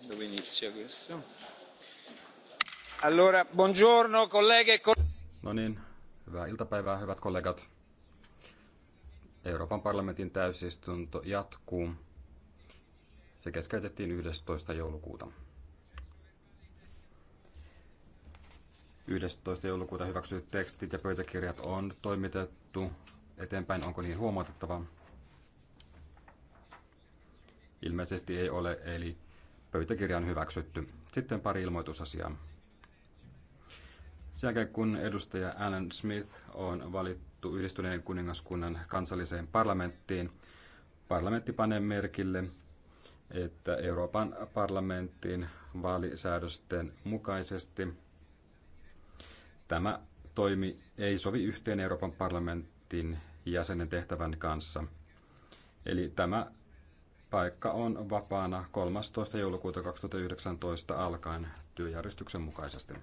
E no niin, hyvää iltapäivää, hyvät kollegat. Euroopan parlamentin täysistunto jatkuu. Se keskeytettiin 11. joulukuuta. 11. joulukuuta hyväksytyt tekstit ja pöytäkirjat on toimitettu eteenpäin. Onko niin huomautettavaa? Ilmeisesti ei ole, eli Pöytäkirja on hyväksytty. Sitten pari ilmoitusasiaa. Sen jälkeen kun edustaja Alan Smith on valittu yhdistyneen kuningaskunnan kansalliseen parlamenttiin, parlamentti panee merkille, että Euroopan parlamentin vaalisäädösten mukaisesti tämä toimi ei sovi yhteen Euroopan parlamentin jäsenen tehtävän kanssa. Eli tämä Paikka on vapaana 13. joulukuuta 2019 alkaen työjärjestyksen mukaisesti.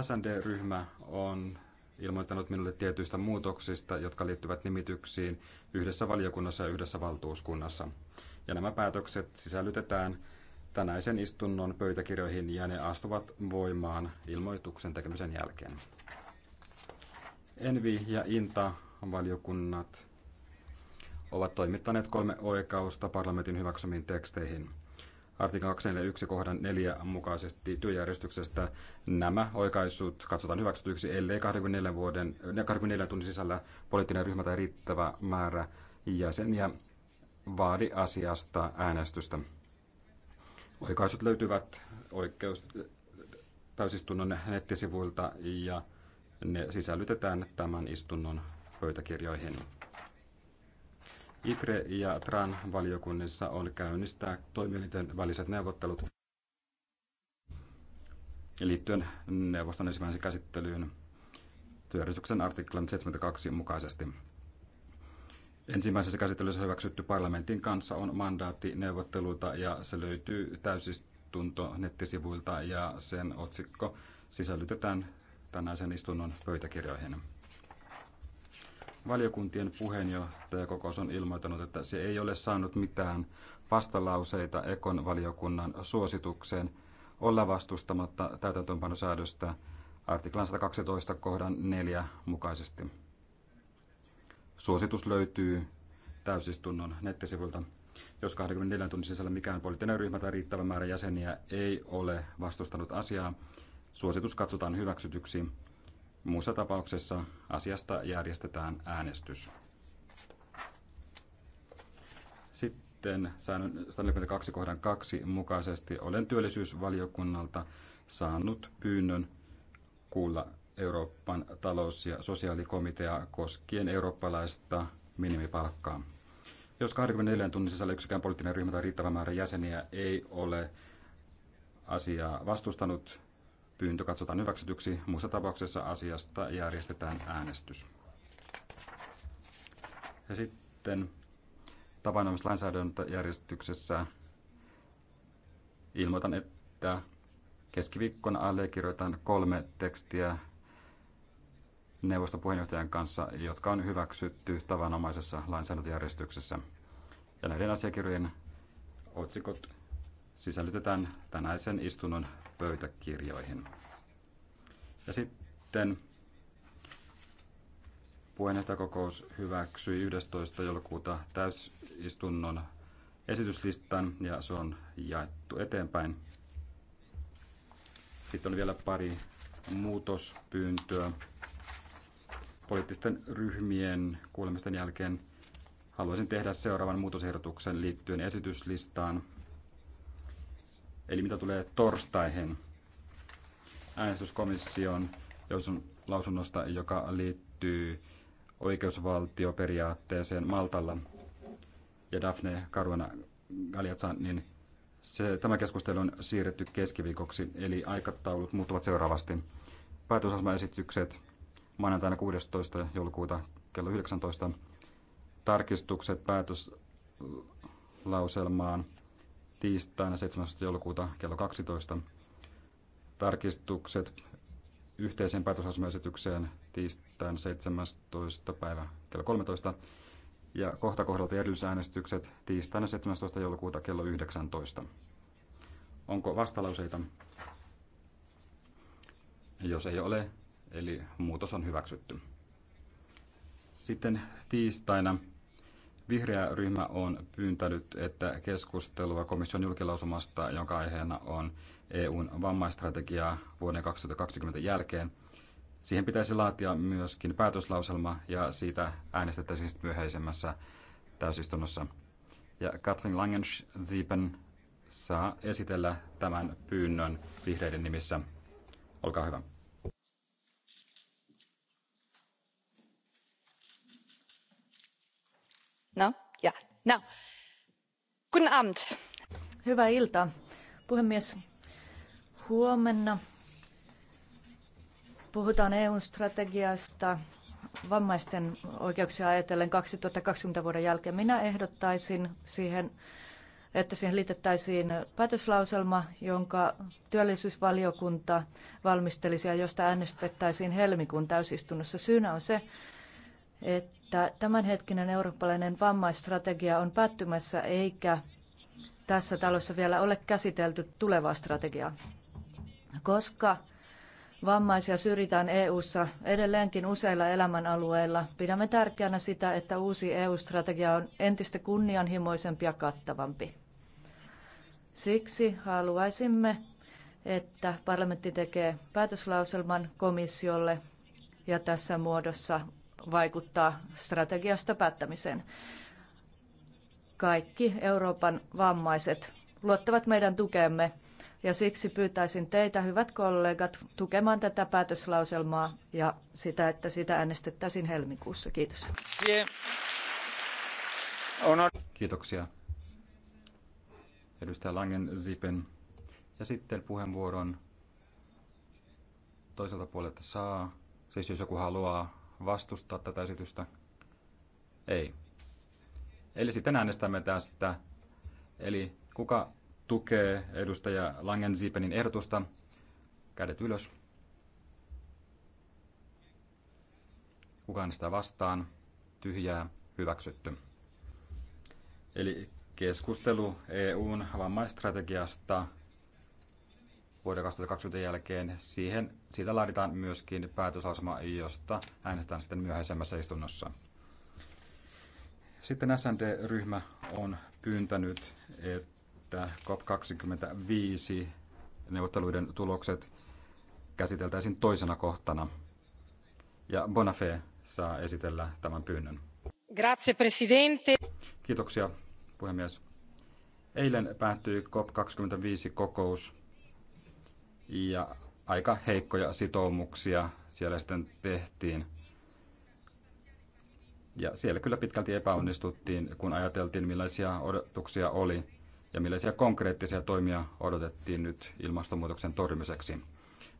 SND-ryhmä on ilmoittanut minulle tietyistä muutoksista, jotka liittyvät nimityksiin yhdessä valiokunnassa ja yhdessä valtuuskunnassa. Ja nämä päätökset sisällytetään tänäisen istunnon pöytäkirjoihin ja ne astuvat voimaan ilmoituksen tekemisen jälkeen. Envi ja Inta valiokunnat ovat toimittaneet kolme oikausta parlamentin hyväksymiin teksteihin. Artiklan 241 kohdan 4 mukaisesti työjärjestyksestä nämä oikaisut katsotaan hyväksytyksi, ellei 24, vuoden, 24 tunnin sisällä poliittinen ryhmä tai riittävä määrä jäseniä vaadi asiasta äänestystä. Oikaisut löytyvät oikeus täysistunnon nettisivuilta ja ne sisällytetään tämän istunnon pöytäkirjoihin. ITRE ja TRAN valiokunnissa on käynnistää toimielinten väliset neuvottelut liittyen neuvoston ensimmäiseen käsittelyyn työjärjestyksen artiklan 72 mukaisesti. Ensimmäisessä käsittelyssä hyväksytty parlamentin kanssa on mandaatti neuvotteluita ja se löytyy täysistunto nettisivuilta ja sen otsikko sisällytetään tänäisen istunnon pöytäkirjoihin. Valiokuntien puheenjohtajakokous on ilmoittanut, että se ei ole saanut mitään vastalauseita Ekon valiokunnan suositukseen olla vastustamatta täytäntöönpanosäädöstä artiklan 112 kohdan 4 mukaisesti. Suositus löytyy täysistunnon nettisivuilta. Jos 24 tunnin sisällä mikään poliittinen ryhmä tai riittävä määrä jäseniä ei ole vastustanut asiaa, suositus katsotaan hyväksytyksi Muussa tapauksessa asiasta järjestetään äänestys. Sitten säännön 142 kohdan 2 mukaisesti olen työllisyysvaliokunnalta saanut pyynnön kuulla Euroopan talous- ja sosiaalikomitea koskien eurooppalaista minimipalkkaa. Jos 24 tunnin sisällä yksikään poliittinen ryhmä tai riittävä määrä jäseniä ei ole asiaa vastustanut, Pyyntö katsotaan hyväksytyksi, muussa tapauksessa asiasta järjestetään äänestys. Ja sitten lainsäädäntöjärjestyksessä ilmoitan, että keskiviikkona allekirjoitan kolme tekstiä neuvoston puheenjohtajan kanssa, jotka on hyväksytty tavanomaisessa lainsäädäntöjärjestyksessä. Ja näiden asiakirjojen otsikot sisällytetään tänäisen istunnon pöytäkirjoihin. Ja sitten puheenjohtajakokous hyväksyi 11. joulukuuta täysistunnon esityslistan ja se on jaettu eteenpäin. Sitten on vielä pari muutospyyntöä. Poliittisten ryhmien kuulemisten jälkeen haluaisin tehdä seuraavan muutosehdotuksen liittyen esityslistaan. Eli mitä tulee torstaihin äänestyskomission lausunnosta, joka liittyy oikeusvaltioperiaatteeseen Maltalla ja Daphne Caruana Galiatsan, niin se, tämä keskustelu on siirretty keskiviikoksi, eli aikataulut muuttuvat seuraavasti. Päätösasmaesitykset maanantaina 16. joulukuuta kello 19. Tarkistukset päätöslauselmaan tiistaina 17. joulukuuta kello 12. Tarkistukset yhteiseen päätösasemaesitykseen tiistaina 17. päivä kello 13 ja kohta kohdalta erillisäänestykset tiistaina 17. joulukuuta kello 19. Onko vastalauseita? Jos ei ole, eli muutos on hyväksytty. Sitten tiistaina Vihreä ryhmä on pyyntänyt, että keskustelua komission julkilausumasta, jonka aiheena on EUn vammaistrategiaa vuoden 2020 jälkeen, siihen pitäisi laatia myöskin päätöslauselma ja siitä äänestettäisiin myöhäisemmässä täysistunnossa. Ja Katrin Langensiipen saa esitellä tämän pyynnön vihreiden nimissä. Olkaa hyvä. No? No. hyvää iltaa puhemies huomenna puhutaan eun strategiasta vammaisten oikeuksia ajatellen kaksituhatta kaksikymmentä vuoden jälkeen. minä ehdottaisin siihen että siihen liitettäisiin päätöslauselma, jonka työllisyysvaliokunta valmistelisi ja josta äänestettäisiin helmikuun täysistunnossa. Syynä on se, että tämänhetkinen eurooppalainen vammaistrategia on päättymässä eikä tässä talossa vielä ole käsitelty tulevaa strategiaa. Koska vammaisia syrjitään EU:ssa edelleenkin useilla elämänalueilla, pidämme tärkeänä sitä, että uusi EU-strategia on entistä kunnianhimoisempi ja kattavampi. Siksi haluaisimme, että parlamentti tekee päätöslauselman komissiolle ja tässä muodossa vaikuttaa strategiasta päättämiseen. Kaikki Euroopan vammaiset luottavat meidän tukeemme ja siksi pyytäisin teitä, hyvät kollegat, tukemaan tätä päätöslauselmaa ja sitä, että sitä äänestettäisiin helmikuussa. Kiitos. Kiitoksia. Edustaja Langen Zipen. Ja sitten puheenvuoron toiselta puolelta saa, siis jos joku haluaa vastustaa tätä esitystä? Ei. Eli sitten äänestämme tästä. Eli kuka tukee edustaja langen ehdotusta? Kädet ylös. Kuka äänestää vastaan? Tyhjää. Hyväksytty. Eli keskustelu EUn vammaistrategiasta vuoden 2020 jälkeen. Siihen, siitä laaditaan myöskin päätöslausuma, josta äänestetään sitten myöhäisemmässä istunnossa. Sitten SND-ryhmä on pyyntänyt, että COP25 neuvotteluiden tulokset käsiteltäisiin toisena kohtana. Ja Bonafé saa esitellä tämän pyynnön. Grazie, presidente. Kiitoksia, puhemies. Eilen päättyi COP25-kokous ja aika heikkoja sitoumuksia siellä sitten tehtiin. Ja siellä kyllä pitkälti epäonnistuttiin, kun ajateltiin millaisia odotuksia oli ja millaisia konkreettisia toimia odotettiin nyt ilmastonmuutoksen torjumiseksi.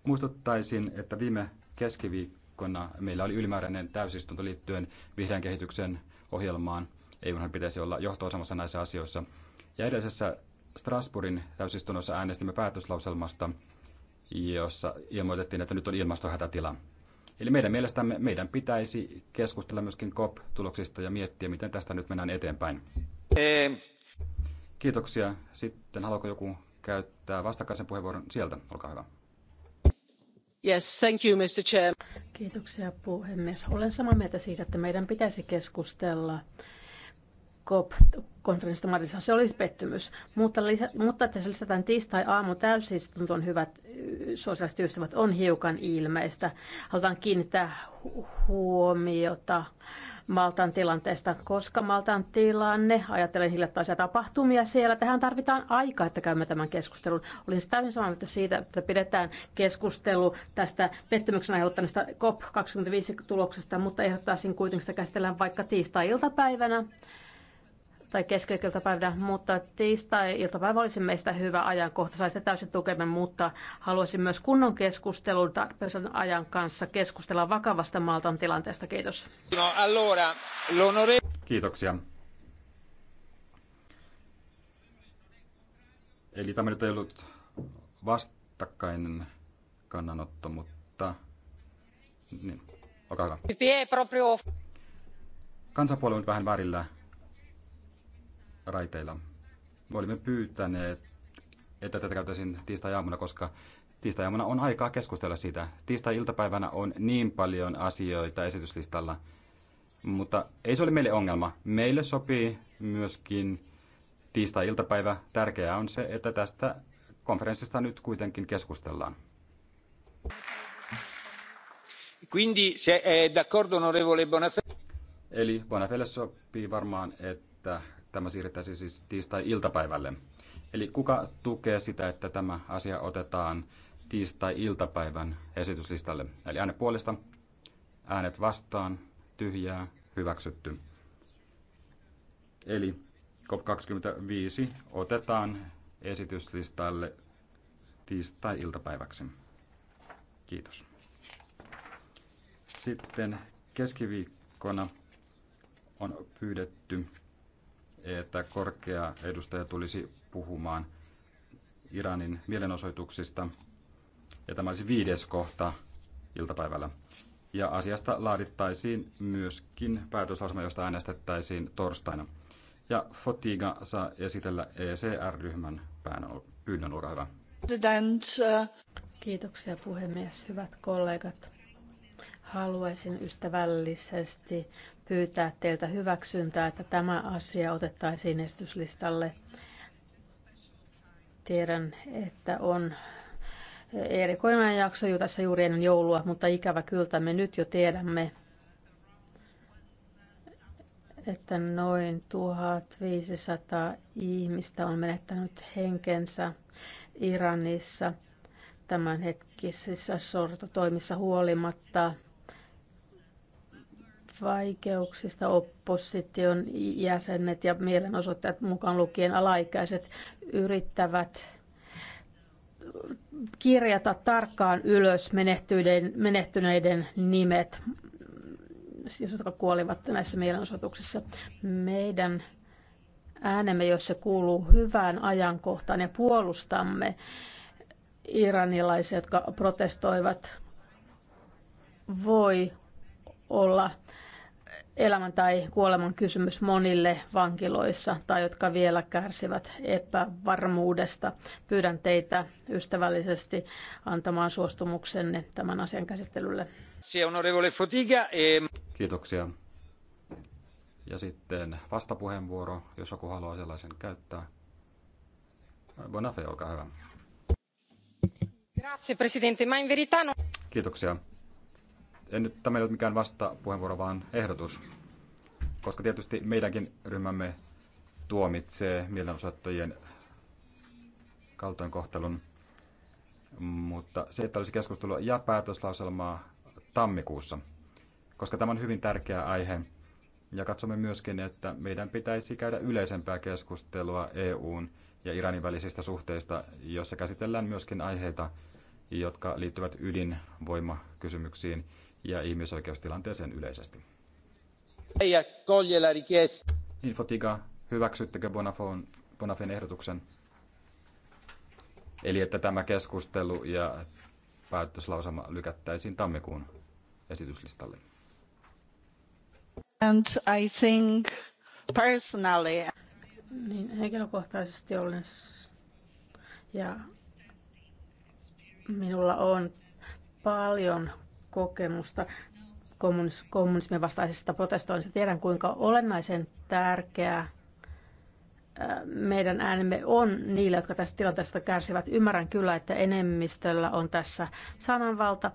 Muistuttaisin, että viime keskiviikkona meillä oli ylimääräinen täysistunto liittyen vihreän kehityksen ohjelmaan. ei EUhan pitäisi olla johtoasemassa näissä asioissa. Ja edellisessä Strasbourgin täysistunnossa äänestimme päätöslauselmasta, jossa ilmoitettiin, että nyt on ilmastohätätila. Eli meidän mielestämme meidän pitäisi keskustella myöskin COP-tuloksista ja miettiä, miten tästä nyt mennään eteenpäin. Ei. Kiitoksia. Sitten haluaako joku käyttää vastakkaisen puheenvuoron sieltä? Olkaa hyvä. Yes, thank you, Mr. Chair. Kiitoksia puhemies. Olen samaa mieltä siitä, että meidän pitäisi keskustella COP konferenssista Madridissa. Se olisi pettymys. Mutta, lisä, mutta että se lisätään tiistai-aamu täysistuntoon hyvät sosiaaliset ystävät on hiukan ilmeistä. Halutaan kiinnittää huomiota Maltan tilanteesta, koska Maltan tilanne, ajattelen hiljattaisia tapahtumia siellä, tähän tarvitaan aikaa, että käymme tämän keskustelun. Olisin täysin samaa mieltä siitä, että pidetään keskustelu tästä pettymyksen aiheuttaneesta COP25-tuloksesta, mutta ehdottaisin kuitenkin sitä käsitellään vaikka tiistai-iltapäivänä tai keskiviikkoiltapäivänä, mutta tiistai-iltapäivä olisi meistä hyvä ajankohta. Saisitte täysin tukemme, mutta haluaisin myös kunnon keskustelun tarpeellisen ajan kanssa keskustella vakavasta Maltan tilanteesta. Kiitos. No, allora, l'onore... Kiitoksia. Eli tämä nyt ei ollut vastakkainen kannanotto, mutta... Niin, olkaa hyvä. Kansanpuolue on vähän värillä raiteilla. Me olimme pyytäneet, että tätä käytäisiin tiistai-aamuna, koska tiistai-aamuna on aikaa keskustella siitä. Tiistai-iltapäivänä on niin paljon asioita esityslistalla, mutta ei se ole meille ongelma. Meille sopii myöskin tiistai-iltapäivä. Tärkeää on se, että tästä konferenssista nyt kuitenkin keskustellaan. Quindi se è d'accordo onorevole Bonafè? Eli Bonafelle sopii varmaan, että tämä siirrettäisiin siis tiistai-iltapäivälle. Eli kuka tukee sitä, että tämä asia otetaan tiistai-iltapäivän esityslistalle? Eli äänet puolesta, äänet vastaan, tyhjää, hyväksytty. Eli COP25 otetaan esityslistalle tiistai-iltapäiväksi. Kiitos. Sitten keskiviikkona on pyydetty että korkea edustaja tulisi puhumaan Iranin mielenosoituksista. Ja tämä olisi viides kohta iltapäivällä. Ja asiasta laadittaisiin myöskin päätösasema, josta äänestettäisiin torstaina. Ja Fotiga saa esitellä ECR-ryhmän pyynnön, olkaa hyvä. Uh, Kiitoksia puhemies, hyvät kollegat. Haluaisin ystävällisesti pyytää teiltä hyväksyntää, että tämä asia otettaisiin esityslistalle. Tiedän, että on erikoinen jakso jo tässä juuri ennen joulua, mutta ikävä kyllä me nyt jo tiedämme, että noin 1500 ihmistä on menettänyt henkensä Iranissa tämänhetkisissä sortotoimissa huolimatta vaikeuksista opposition jäsenet ja mielenosoittajat mukaan lukien alaikäiset yrittävät kirjata tarkkaan ylös menehtyneiden, menehtyneiden nimet, siis jotka kuolivat näissä mielenosoituksissa. Meidän äänemme, jos se kuuluu hyvään ajankohtaan ja puolustamme iranilaisia, jotka protestoivat, voi olla elämän tai kuoleman kysymys monille vankiloissa tai jotka vielä kärsivät epävarmuudesta. Pyydän teitä ystävällisesti antamaan suostumuksenne tämän asian käsittelylle. E- Kiitoksia. Ja sitten vastapuheenvuoro, jos joku haluaa sellaisen käyttää. Bonafe, olkaa hyvä. Grazie, presidente. Ma in verità Kiitoksia en nyt tämä ei ole mikään vastapuheenvuoro, vaan ehdotus. Koska tietysti meidänkin ryhmämme tuomitsee mielenosoittajien kaltoinkohtelun. Mutta se, että olisi keskustelua ja päätöslauselmaa tammikuussa, koska tämä on hyvin tärkeä aihe. Ja katsomme myöskin, että meidän pitäisi käydä yleisempää keskustelua EUn ja Iranin välisistä suhteista, jossa käsitellään myöskin aiheita, jotka liittyvät ydinvoimakysymyksiin ja ihmisoikeustilanteeseen yleisesti. Infotiga, niin, hyväksyttekö Bonafon, Bonafin ehdotuksen? Eli että tämä keskustelu ja päätöslausama lykättäisiin tammikuun esityslistalle. And I think personally... Niin, henkilökohtaisesti olen ja minulla on paljon kokemusta kommunismin vastaisesta protestoinnista. Tiedän, kuinka olennaisen tärkeää äh, meidän äänemme on niillä, jotka tästä tilanteesta kärsivät. Ymmärrän kyllä, että enemmistöllä on tässä sananvalta.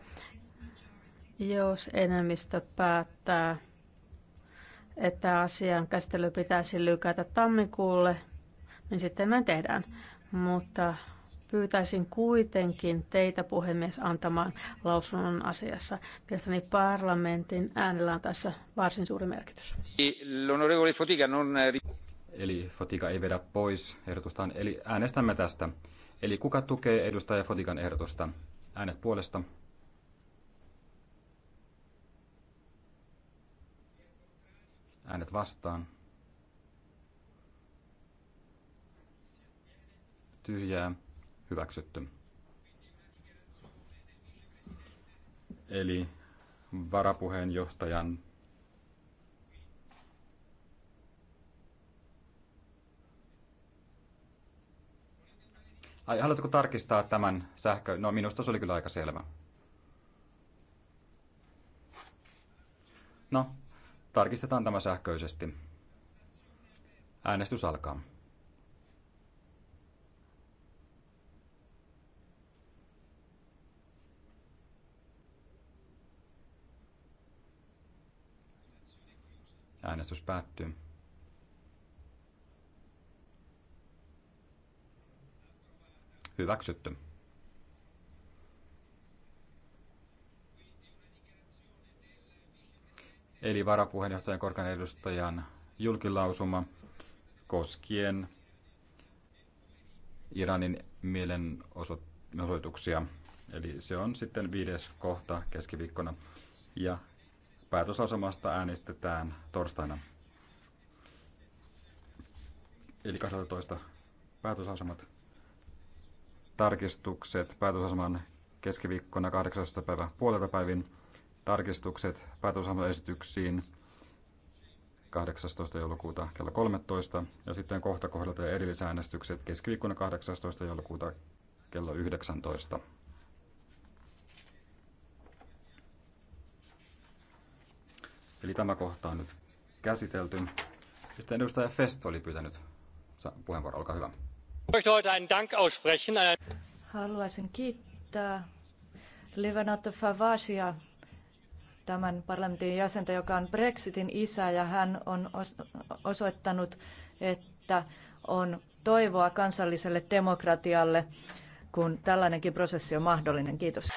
Jos enemmistö päättää, että asian käsittely pitäisi lykätä tammikuulle, niin sitten näin tehdään. Mutta Pyytäisin kuitenkin teitä, puhemies, antamaan lausunnon asiassa. Mielestäni parlamentin äänellä on tässä varsin suuri merkitys. Eli Fotika ei vedä pois ehdotustaan, eli äänestämme tästä. Eli kuka tukee edustaja Fotikan ehdotusta? Äänet puolesta. Äänet vastaan. Tyhjää hyväksytty. Eli varapuheenjohtajan Ai, haluatko tarkistaa tämän sähkö? No minusta se oli kyllä aika selvä. No, tarkistetaan tämä sähköisesti. Äänestys alkaa. Äänestys päättyy. Hyväksytty. Eli varapuheenjohtajan korkean edustajan julkilausuma koskien Iranin mielenosoituksia. Eli se on sitten viides kohta keskiviikkona. Ja päätösasemasta äänestetään torstaina. Eli 12 päätösasemat. Tarkistukset päätösaseman keskiviikkona 18. päivä puolelta päivin. Tarkistukset päätösaseman esityksiin 18. joulukuuta kello 13. Ja sitten kohta kohdalta erillisäänestykset keskiviikkona 18. joulukuuta kello 19. Eli tämä kohta on nyt käsitelty. Ja sitten edustaja Fest oli pyytänyt puheenvuoro, olkaa hyvä. Haluaisin kiittää Livenato Favasia, tämän parlamentin jäsentä, joka on Brexitin isä, ja hän on osoittanut, että on toivoa kansalliselle demokratialle, kun tällainenkin prosessi on mahdollinen. Kiitos.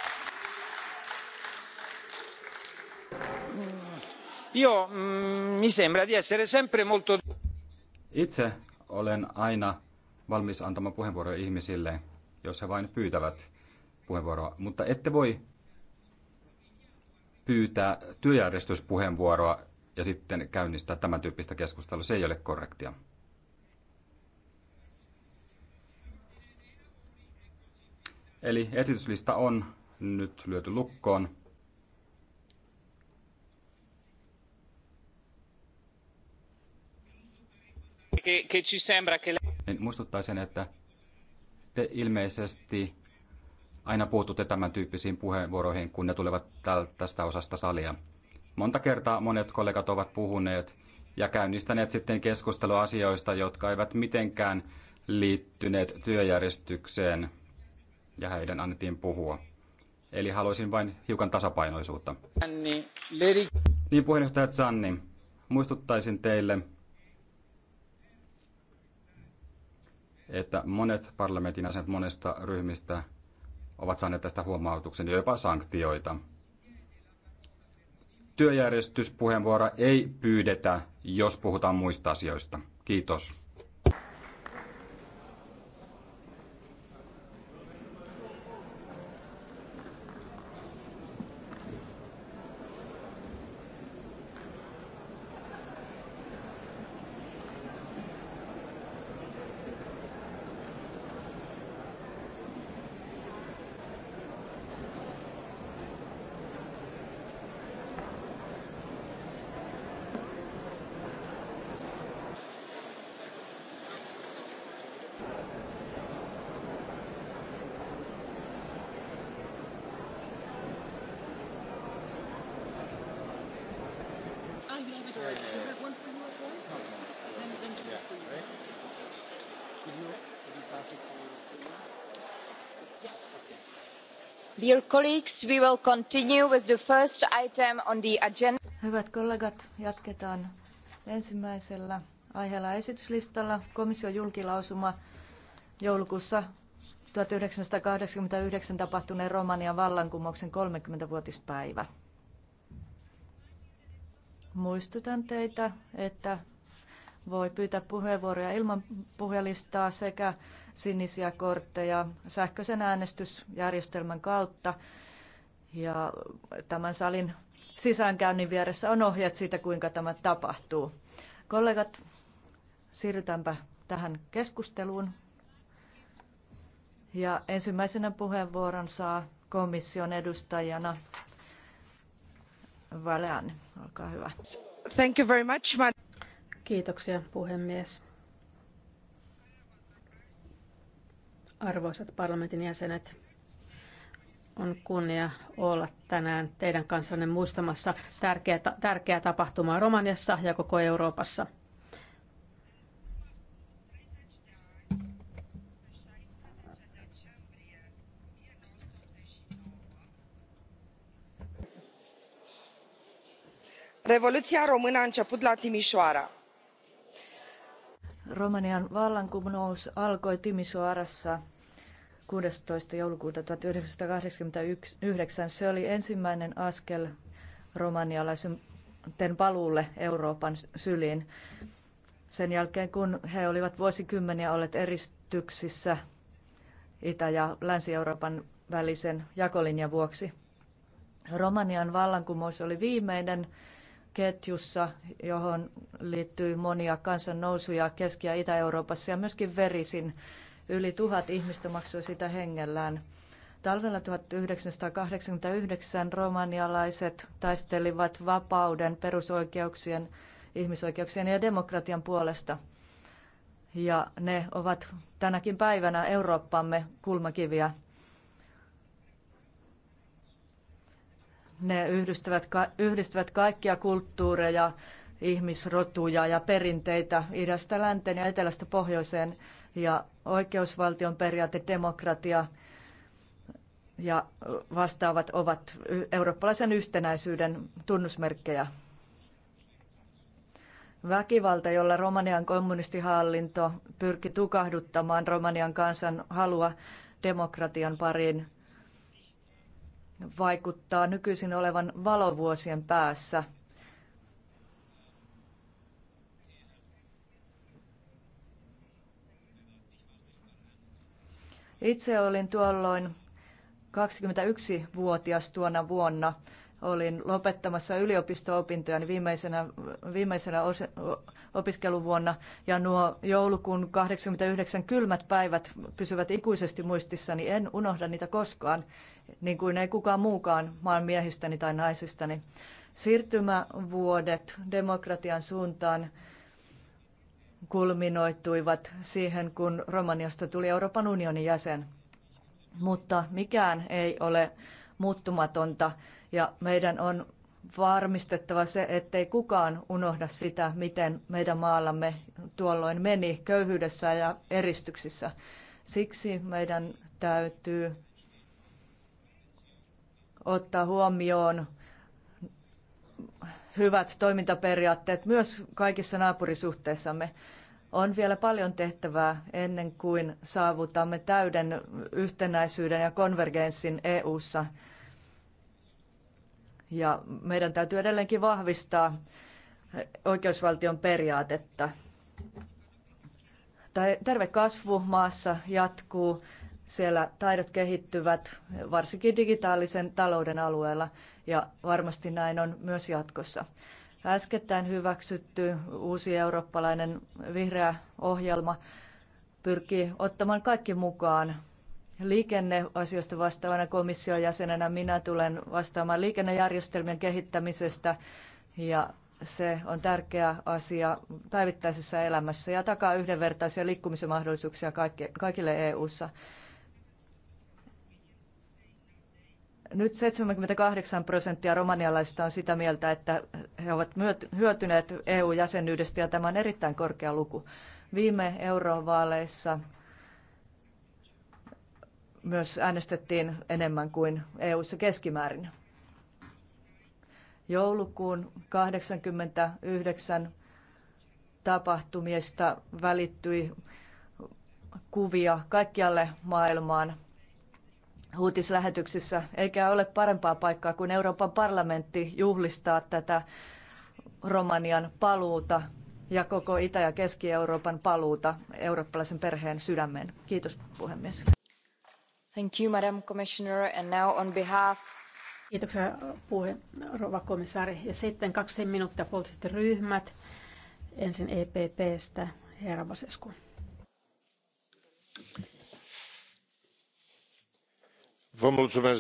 Mm. Mm, Itse olen aina valmis antamaan puheenvuoroja ihmisille, jos he vain pyytävät puheenvuoroa, mutta ette voi pyytää työjärjestyspuheenvuoroa ja sitten käynnistää tämän tyyppistä keskustelua. Se ei ole korrektia. Eli esityslista on nyt lyöty lukkoon. Niin muistuttaisin, että te ilmeisesti aina puututte tämän tyyppisiin puheenvuoroihin, kun ne tulevat tästä osasta salia. Monta kertaa monet kollegat ovat puhuneet ja käynnistäneet sitten keskustelua asioista, jotka eivät mitenkään liittyneet työjärjestykseen ja heidän annettiin puhua. Eli haluaisin vain hiukan tasapainoisuutta. Niin, puheenjohtaja Zanni, muistuttaisin teille, että monet parlamentin jäsenet monesta ryhmistä ovat saaneet tästä huomautuksen ja jopa sanktioita. Työjärjestyspuheenvuoro ei pyydetä, jos puhutaan muista asioista. Kiitos. Hyvät kollegat, jatketaan ensimmäisellä aiheella esityslistalla. Komission julkilausuma joulukuussa 1989 tapahtuneen Romanian vallankumouksen 30-vuotispäivä. Muistutan teitä, että voi pyytää puheenvuoroja ilman puhelistaa sekä sinisiä kortteja sähköisen äänestysjärjestelmän kautta. Ja tämän salin sisäänkäynnin vieressä on ohjeet siitä, kuinka tämä tapahtuu. Kollegat, siirrytäänpä tähän keskusteluun. Ja ensimmäisenä puheenvuoron saa komission edustajana Valean. Olkaa hyvä. Thank you very much, Kiitoksia puhemies. Arvoisat parlamentin jäsenet, on kunnia olla tänään teidän kanssanne muistamassa tärkeää tärkeä tapahtumaa Romaniassa ja koko Euroopassa. Revoluția română a început la Timișoara Romanian vallankumous alkoi Timisoarassa 16. joulukuuta 1989. Se oli ensimmäinen askel romanialaisen paluulle Euroopan syliin. Sen jälkeen, kun he olivat vuosikymmeniä olleet eristyksissä Itä- ja Länsi-Euroopan välisen jakolinjan vuoksi. Romanian vallankumous oli viimeinen ketjussa, johon liittyy monia kansannousuja Keski- ja Itä-Euroopassa ja myöskin verisin. Yli tuhat ihmistä maksoi sitä hengellään. Talvella 1989 romanialaiset taistelivat vapauden, perusoikeuksien, ihmisoikeuksien ja demokratian puolesta. Ja ne ovat tänäkin päivänä Eurooppamme kulmakiviä. Ne yhdistävät, yhdistävät kaikkia kulttuureja, ihmisrotuja ja perinteitä idästä länteen ja etelästä pohjoiseen ja oikeusvaltion periaate, demokratia ja vastaavat ovat eurooppalaisen yhtenäisyyden tunnusmerkkejä. Väkivalta, jolla Romanian kommunistihallinto pyrki tukahduttamaan Romanian kansan halua demokratian pariin, vaikuttaa nykyisin olevan valovuosien päässä. Itse olin tuolloin 21-vuotias tuona vuonna, olin lopettamassa yliopisto-opintojani viimeisenä, viimeisenä os, opiskeluvuonna ja nuo joulukuun 89 kylmät päivät pysyvät ikuisesti muistissani. En unohda niitä koskaan, niin kuin ei kukaan muukaan maan miehistäni tai naisistani. Siirtymävuodet demokratian suuntaan kulminoituivat siihen, kun Romaniasta tuli Euroopan unionin jäsen. Mutta mikään ei ole muuttumatonta ja meidän on varmistettava se, ettei kukaan unohda sitä, miten meidän maallamme tuolloin meni köyhyydessä ja eristyksissä. Siksi meidän täytyy ottaa huomioon hyvät toimintaperiaatteet myös kaikissa naapurisuhteissamme. On vielä paljon tehtävää ennen kuin saavutamme täyden yhtenäisyyden ja konvergenssin EU:ssa. ssa ja meidän täytyy edelleenkin vahvistaa oikeusvaltion periaatetta. Terve kasvu maassa jatkuu, siellä taidot kehittyvät, varsinkin digitaalisen talouden alueella, ja varmasti näin on myös jatkossa. Äskettäin hyväksytty uusi eurooppalainen vihreä ohjelma pyrkii ottamaan kaikki mukaan liikenneasioista vastaavana komission jäsenenä minä tulen vastaamaan liikennejärjestelmien kehittämisestä ja se on tärkeä asia päivittäisessä elämässä ja takaa yhdenvertaisia liikkumisen mahdollisuuksia kaikille EU-ssa. Nyt 78 prosenttia romanialaisista on sitä mieltä, että he ovat hyötyneet EU-jäsenyydestä ja tämä on erittäin korkea luku. Viime eurovaaleissa myös äänestettiin enemmän kuin EU:ssa keskimäärin. Joulukuun 89 tapahtumista välittyi kuvia kaikkialle maailmaan uutislähetyksissä, eikä ole parempaa paikkaa kuin Euroopan parlamentti juhlistaa tätä Romanian paluuta ja koko Itä- ja Keski-Euroopan paluuta eurooppalaisen perheen sydämeen. Kiitos puhemies. Kiitoksia puhe, rouva komissaari. Ja sitten kaksi minuuttia poliittiset ryhmät. Ensin EPPstä, herra Basescu.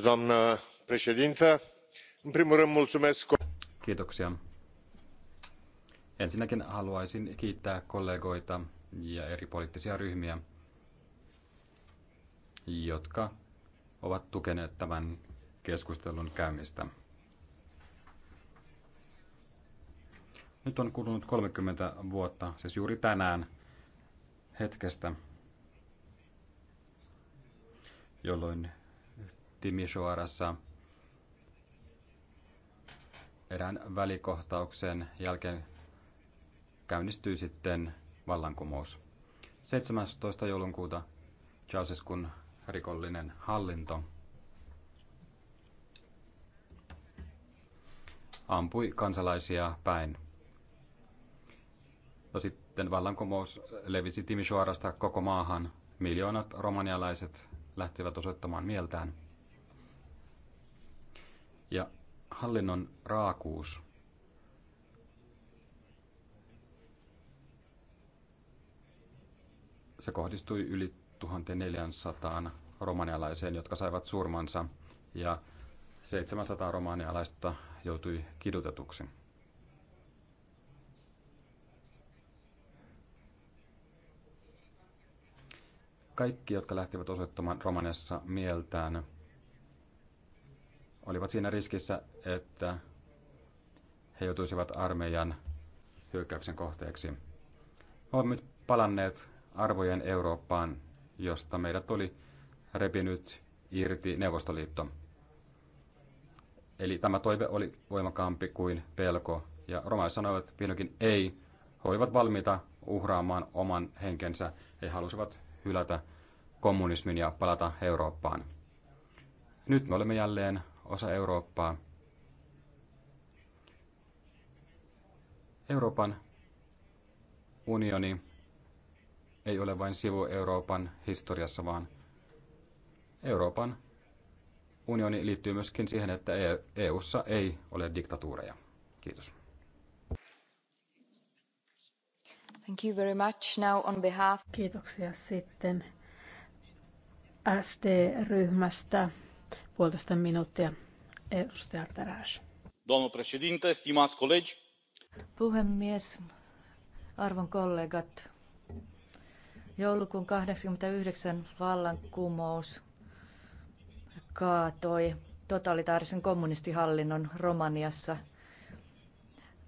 doamnă președintă în primul rând mulțumesc. Kiitoksia. Ensinnäkin haluaisin kiittää kollegoita ja eri poliittisia ryhmiä jotka ovat tukeneet tämän keskustelun käymistä. Nyt on kulunut 30 vuotta, siis juuri tänään hetkestä, jolloin Timisoarassa erään välikohtauksen jälkeen käynnistyi sitten vallankumous. 17. joulukuuta kun rikollinen hallinto ampui kansalaisia päin. No sitten vallankumous levisi Timisoarasta koko maahan. Miljoonat romanialaiset lähtivät osoittamaan mieltään. Ja hallinnon raakuus se kohdistui yli 1400 romanialaiseen, jotka saivat surmansa ja 700 romanialaista joutui kidutetuksi. Kaikki, jotka lähtivät osoittamaan Romaniassa mieltään, olivat siinä riskissä, että he joutuisivat armeijan hyökkäyksen kohteeksi. olemme nyt palanneet arvojen Eurooppaan, josta meidät oli repinyt irti Neuvostoliitto. Eli tämä toive oli voimakkaampi kuin pelko, ja romaiset sanoivat vihdoinkin ei. He olivat valmiita uhraamaan oman henkensä. He halusivat hylätä kommunismin ja palata Eurooppaan. Nyt me olemme jälleen osa Eurooppaa. Euroopan unioni ei ole vain sivu Euroopan historiassa, vaan Euroopan unioni liittyy myöskin siihen, että e- EU:ssa ei ole diktatuureja. Kiitos. Thank you very much. Now on behalf... Kiitoksia sitten SD-ryhmästä puolitoista minuuttia edustaja Tarash. Domnul președinte, stimați colegi. Puhemies, arvon kollegat, Joulukuun 89 vallankumous kaatoi totalitaarisen kommunistihallinnon Romaniassa.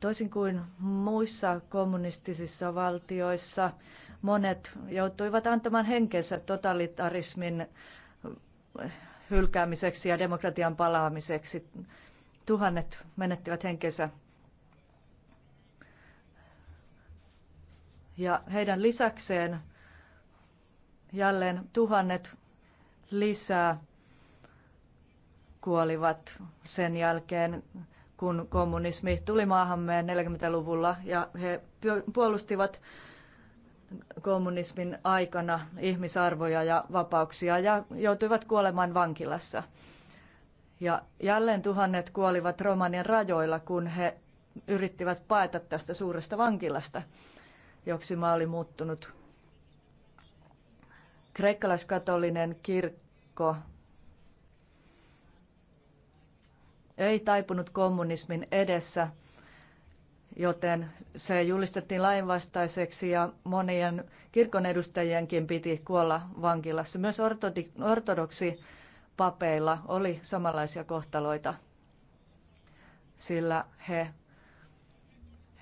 Toisin kuin muissa kommunistisissa valtioissa, monet joutuivat antamaan henkensä totalitarismin hylkäämiseksi ja demokratian palaamiseksi. Tuhannet menettivät henkensä. Ja heidän lisäkseen jälleen tuhannet lisää kuolivat sen jälkeen, kun kommunismi tuli maahamme 40-luvulla ja he puolustivat kommunismin aikana ihmisarvoja ja vapauksia ja joutuivat kuolemaan vankilassa. Ja jälleen tuhannet kuolivat Romanian rajoilla, kun he yrittivät paeta tästä suuresta vankilasta, joksi maa oli muuttunut kreikkalaiskatolinen kirkko ei taipunut kommunismin edessä, joten se julistettiin lainvastaiseksi ja monien kirkon edustajienkin piti kuolla vankilassa. Myös ortodoksi papeilla oli samanlaisia kohtaloita, sillä he,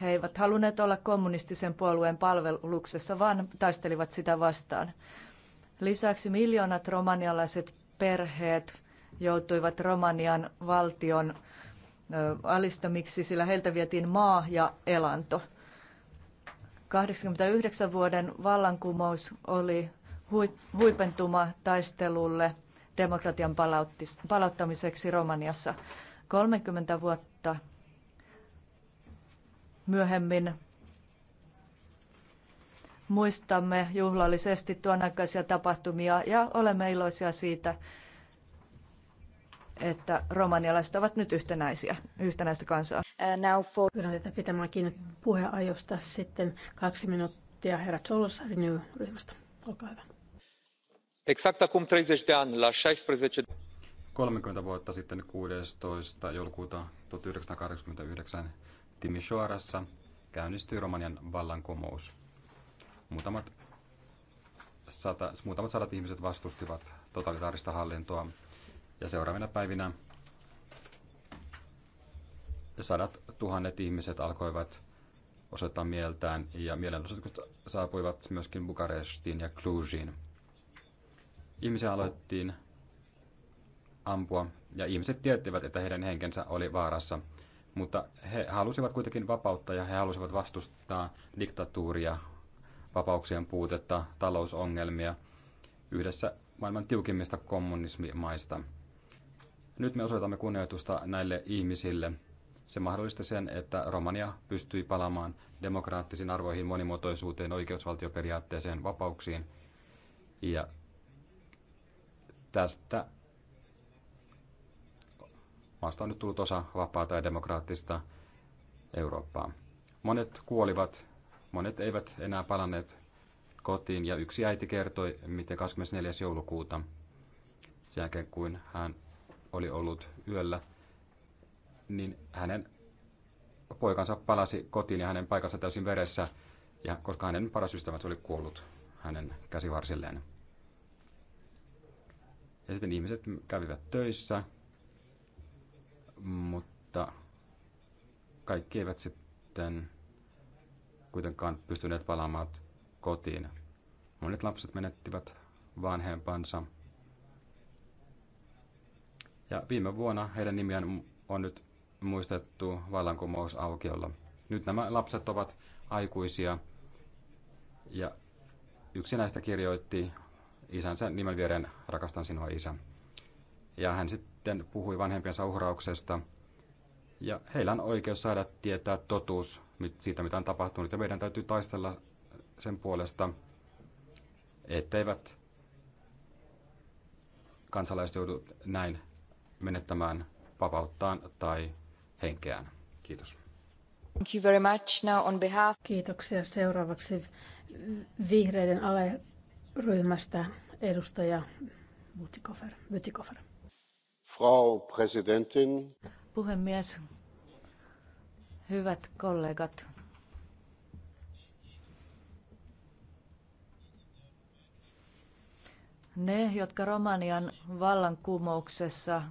he eivät halunneet olla kommunistisen puolueen palveluksessa, vaan taistelivat sitä vastaan. Lisäksi miljoonat romanialaiset perheet joutuivat Romanian valtion alistamiksi, sillä heiltä vietiin maa ja elanto. 89 vuoden vallankumous oli huipentuma taistelulle demokratian palauttamiseksi Romaniassa. 30 vuotta myöhemmin muistamme juhlallisesti tuon aikaisia tapahtumia ja olemme iloisia siitä, että romanialaiset ovat nyt yhtenäisiä, yhtenäistä kansaa. Äh, Pyydän pitämään kiinni puheenajosta sitten kaksi minuuttia herra Cholos ryhmästä. Olkaa hyvä. Exact acum 30 de ani, la 16... 30 vuotta sitten 16. joulukuuta 1989 Timisoarassa käynnistyi Romanian vallankumous. Muutamat sata, muutamat sadat ihmiset vastustivat totalitaarista hallintoa ja seuraavina päivinä sadat tuhannet ihmiset alkoivat osoittaa mieltään ja mielenosoitukset saapuivat myöskin Bukarestiin ja Clujiin. Ihmisiä aloittiin ampua ja ihmiset tiettivät, että heidän henkensä oli vaarassa, mutta he halusivat kuitenkin vapautta ja he halusivat vastustaa diktatuuria vapauksien puutetta, talousongelmia yhdessä maailman tiukimmista kommunismimaista. Nyt me osoitamme kunnioitusta näille ihmisille. Se mahdollisti sen, että Romania pystyi palaamaan demokraattisiin arvoihin, monimuotoisuuteen, oikeusvaltioperiaatteeseen, vapauksiin. Ja tästä maasta on nyt tullut osa vapaata ja demokraattista Eurooppaa. Monet kuolivat Monet eivät enää palanneet kotiin ja yksi äiti kertoi, miten 24. joulukuuta, sen jälkeen kuin hän oli ollut yöllä, niin hänen poikansa palasi kotiin ja hänen paikansa täysin veressä, ja koska hänen paras ystävänsä oli kuollut hänen käsivarsilleen. Ja sitten ihmiset kävivät töissä, mutta kaikki eivät sitten kuitenkaan pystyneet palaamaan kotiin. Monet lapset menettivät vanhempansa. Ja viime vuonna heidän nimiään on nyt muistettu vallankumousaukiolla. Nyt nämä lapset ovat aikuisia ja yksi näistä kirjoitti isänsä nimen viereen Rakastan sinua isä. Ja hän sitten puhui vanhempiensa uhrauksesta ja heillä on oikeus saada tietää totuus siitä, mitä on tapahtunut. Ja meidän täytyy taistella sen puolesta, etteivät kansalaiset joudu näin menettämään vapauttaan tai henkeään. Kiitos. Thank you very much. Now on behalf... Kiitoksia. Seuraavaksi vihreiden aleryhmästä edustaja Butikofer. Frau Präsidentin. Puhemies, Hyvät kollegat, ne, jotka Romanian vallankumouksessa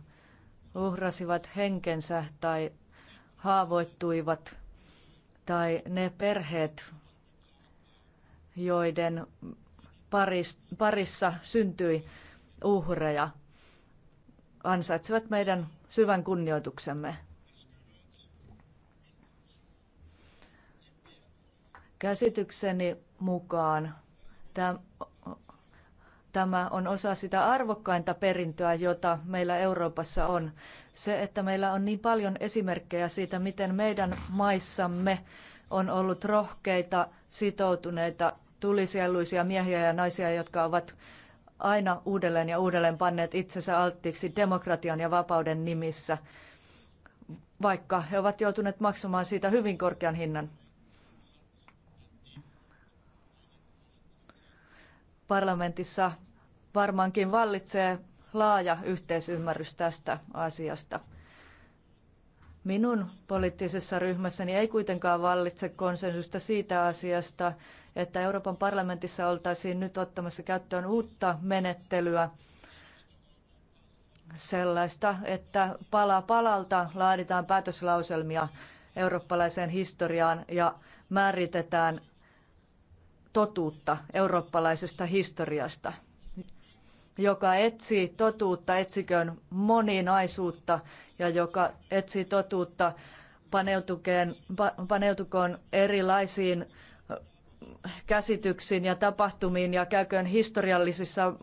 uhrasivat henkensä tai haavoittuivat, tai ne perheet, joiden parissa syntyi uhreja, ansaitsevat meidän syvän kunnioituksemme. Käsitykseni mukaan tämä on osa sitä arvokkainta perintöä, jota meillä Euroopassa on. Se, että meillä on niin paljon esimerkkejä siitä, miten meidän maissamme on ollut rohkeita, sitoutuneita, tulisieluisia miehiä ja naisia, jotka ovat aina uudelleen ja uudelleen panneet itsensä alttiiksi demokratian ja vapauden nimissä, vaikka he ovat joutuneet maksamaan siitä hyvin korkean hinnan. parlamentissa varmaankin vallitsee laaja yhteisymmärrys tästä asiasta. Minun poliittisessa ryhmässäni ei kuitenkaan vallitse konsensusta siitä asiasta, että Euroopan parlamentissa oltaisiin nyt ottamassa käyttöön uutta menettelyä, sellaista, että pala palalta laaditaan päätöslauselmia eurooppalaiseen historiaan ja määritetään totuutta eurooppalaisesta historiasta. Joka etsii totuutta, etsiköön moninaisuutta ja joka etsii totuutta, paneutukoon erilaisiin äh, käsityksiin ja tapahtumiin ja käyköön historiallisissa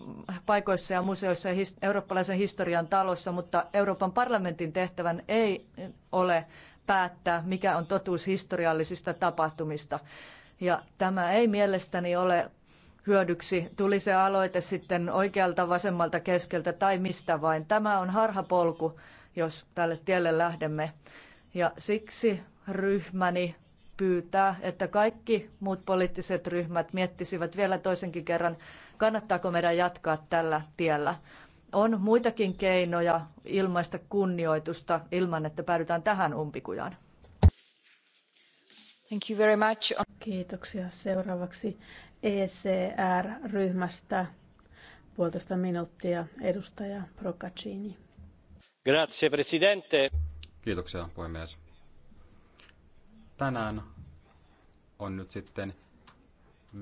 paikoissa ja museoissa ja eurooppalaisen historian talossa, mutta Euroopan parlamentin tehtävän ei ole päättää, mikä on totuus historiallisista tapahtumista. Ja tämä ei mielestäni ole hyödyksi, tuli se aloite sitten oikealta, vasemmalta, keskeltä tai mistä vain. Tämä on harhapolku, jos tälle tielle lähdemme. Ja siksi ryhmäni pyytää, että kaikki muut poliittiset ryhmät miettisivät vielä toisenkin kerran, kannattaako meidän jatkaa tällä tiellä. On muitakin keinoja ilmaista kunnioitusta ilman, että päädytään tähän umpikujaan. Thank you very much. Kiitoksia. Seuraavaksi ECR-ryhmästä puolitoista minuuttia edustaja Procaccini. Grazie, presidente. Kiitoksia, puhemies. Tänään on nyt sitten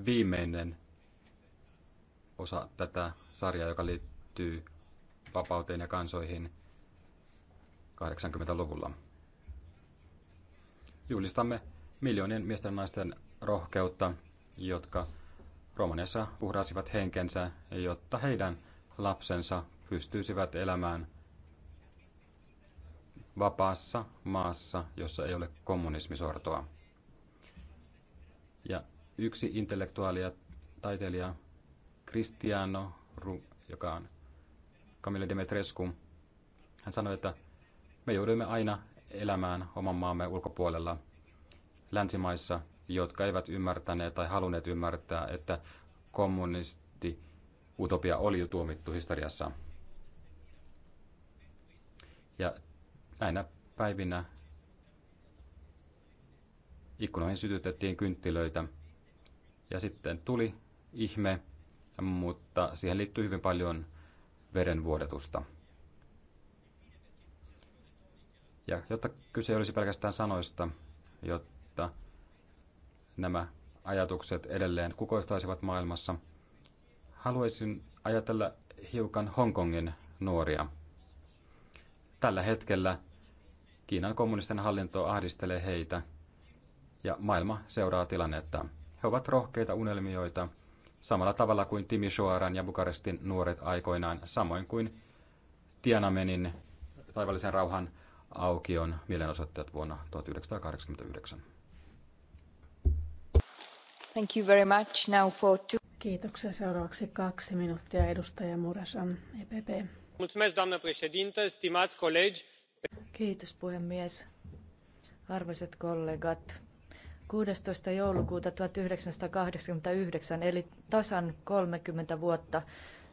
viimeinen osa tätä sarjaa, joka liittyy vapauteen ja kansoihin 80-luvulla. Julistamme miljoonien miesten ja naisten rohkeutta, jotka Romaniassa uhrasivat henkensä, jotta heidän lapsensa pystyisivät elämään vapaassa maassa, jossa ei ole kommunismisortoa. Ja yksi intellektuaali ja taiteilija Cristiano, joka on Camille Demetrescu, hän sanoi, että me joudumme aina elämään oman maamme ulkopuolella – länsimaissa, jotka eivät ymmärtäneet tai halunneet ymmärtää, että kommunisti utopia oli jo tuomittu historiassa. Ja näinä päivinä ikkunoihin sytytettiin kynttilöitä ja sitten tuli ihme, mutta siihen liittyy hyvin paljon verenvuodetusta. Ja jotta kyse olisi pelkästään sanoista, jo, nämä ajatukset edelleen kukoistaisivat maailmassa. Haluaisin ajatella hiukan Hongkongin nuoria. Tällä hetkellä Kiinan kommunisten hallinto ahdistelee heitä ja maailma seuraa tilannetta. He ovat rohkeita unelmioita samalla tavalla kuin Shoaran ja Bukarestin nuoret aikoinaan, samoin kuin Tiananmenin taivallisen rauhan aukion mielenosoittajat vuonna 1989. Thank you very much. Now for two... Kiitoksia. Seuraavaksi kaksi minuuttia edustaja Muresan, EPP. Mulțumesc, doamnă președintă, stimați colegi. Kiitos puhemies. Arvoisat kollegat, 16. joulukuuta 1989, eli tasan 30 vuotta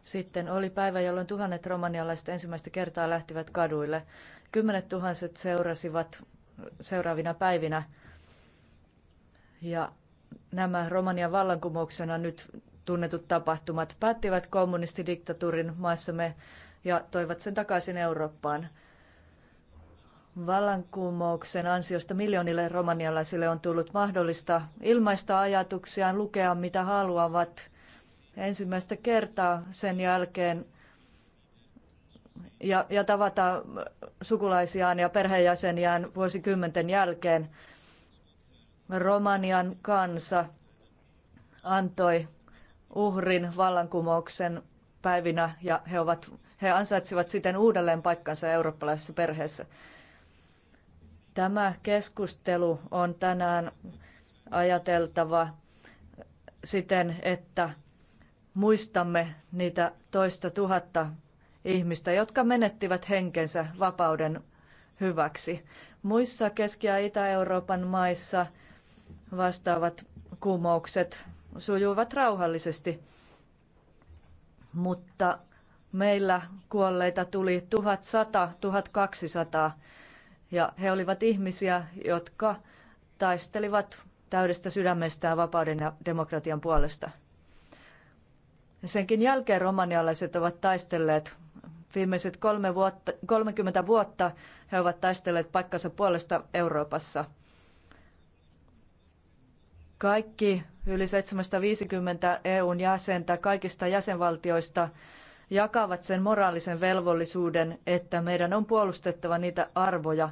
sitten, oli päivä, jolloin tuhannet romanialaiset ensimmäistä kertaa lähtivät kaduille. Kymmenet tuhanset seurasivat seuraavina päivinä ja nämä Romanian vallankumouksena nyt tunnetut tapahtumat päättivät kommunistidiktatuurin maassamme ja toivat sen takaisin Eurooppaan. Vallankumouksen ansiosta miljoonille romanialaisille on tullut mahdollista ilmaista ajatuksiaan, lukea mitä haluavat. Ensimmäistä kertaa sen jälkeen ja, ja tavata sukulaisiaan ja perheenjäseniään vuosikymmenten jälkeen. Romanian kansa antoi uhrin vallankumouksen päivinä ja he, ovat, he ansaitsivat siten uudelleen paikkansa eurooppalaisessa perheessä. Tämä keskustelu on tänään ajateltava siten, että muistamme niitä toista tuhatta ihmistä, jotka menettivät henkensä vapauden hyväksi. Muissa Keski- ja Itä-Euroopan maissa – vastaavat kumoukset sujuivat rauhallisesti. Mutta meillä kuolleita tuli 1100, 1200 ja he olivat ihmisiä, jotka taistelivat täydestä sydämestään vapauden ja demokratian puolesta. Senkin jälkeen romanialaiset ovat taistelleet viimeiset kolme vuotta, 30 vuotta he ovat taistelleet paikkansa puolesta Euroopassa – kaikki yli 750 EUn jäsentä kaikista jäsenvaltioista jakavat sen moraalisen velvollisuuden, että meidän on puolustettava niitä arvoja,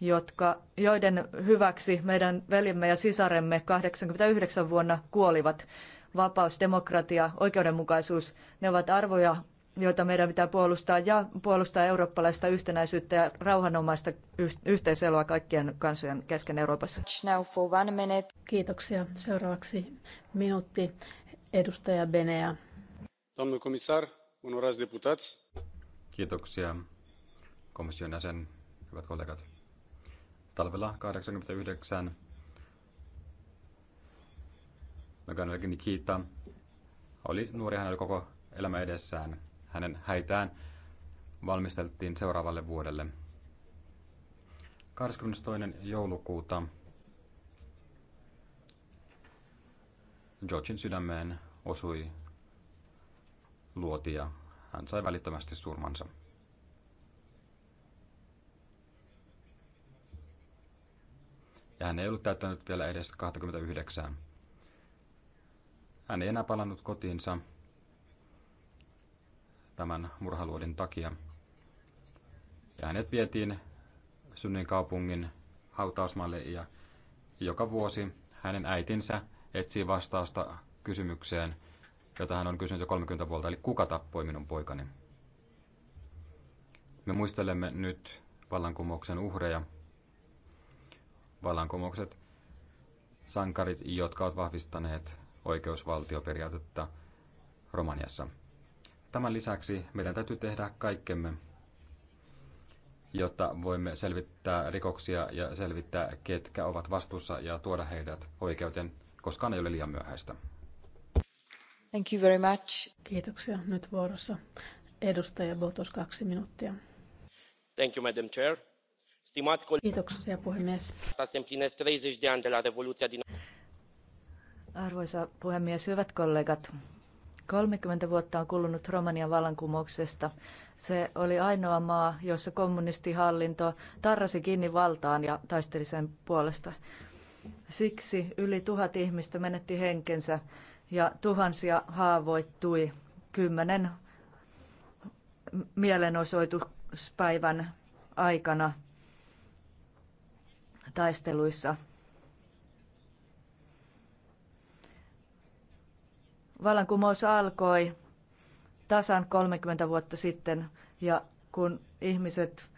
jotka, joiden hyväksi meidän veljemme ja sisaremme 89 vuonna kuolivat. Vapaus, demokratia, oikeudenmukaisuus, ne ovat arvoja, joita meidän pitää puolustaa ja puolustaa eurooppalaista yhtenäisyyttä ja rauhanomaista yhteiseloa kaikkien kansojen kesken Euroopassa. Kiitoksia. Seuraavaksi minuutti edustaja Benea. Domnul komissar, onorați deputați. Kiitoksia komission jäsen, hyvät kollegat. Talvella 89 kannan kiittää. oli nuori, hän oli koko elämä edessään hänen häitään valmisteltiin seuraavalle vuodelle. 22. joulukuuta Georgin sydämeen osui luotia, hän sai välittömästi surmansa. Ja hän ei ollut täyttänyt vielä edes 29. Hän ei enää palannut kotiinsa tämän murhaluodin takia. Ja hänet vietiin Synnin kaupungin hautausmaalle ja joka vuosi hänen äitinsä etsii vastausta kysymykseen, jota hän on kysynyt jo 30 vuotta, eli kuka tappoi minun poikani? Me muistelemme nyt vallankumouksen uhreja, vallankumoukset, sankarit, jotka ovat vahvistaneet oikeusvaltioperiaatetta Romaniassa. Tämän lisäksi meidän täytyy tehdä kaikkemme, jotta voimme selvittää rikoksia ja selvittää, ketkä ovat vastuussa ja tuoda heidät oikeuteen. Koskaan ei ole liian myöhäistä. Thank you very much. Kiitoksia. Nyt vuorossa edustaja Botos kaksi minuuttia. Thank you, Madam Chair. Stimați colegi, Kiitoksia puhemies. se împlinesc 30 de ani de la Revoluția din... Arvoisa puhemies, hyvät kollegat, 30 vuotta on kulunut Romanian vallankumouksesta. Se oli ainoa maa, jossa kommunistihallinto tarrasi kiinni valtaan ja taisteli sen puolesta. Siksi yli tuhat ihmistä menetti henkensä ja tuhansia haavoittui kymmenen mielenosoituspäivän aikana taisteluissa. Vallankumous alkoi tasan 30 vuotta sitten ja kun ihmiset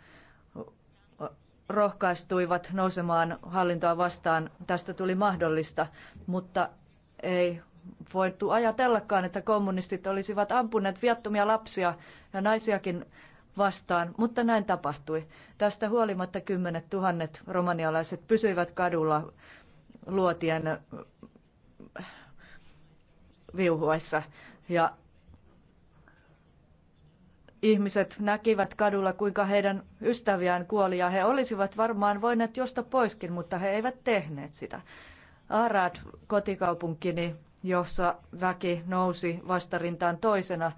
rohkaistuivat nousemaan hallintoa vastaan, tästä tuli mahdollista, mutta ei voitu ajatellakaan, että kommunistit olisivat ampuneet viattomia lapsia ja naisiakin vastaan, mutta näin tapahtui. Tästä huolimatta kymmenet tuhannet romanialaiset pysyivät kadulla luotien viuhuessa. Ja ihmiset näkivät kadulla, kuinka heidän ystäviään kuoli ja he olisivat varmaan voineet josta poiskin, mutta he eivät tehneet sitä. Arad, kotikaupunkini, jossa väki nousi vastarintaan toisena,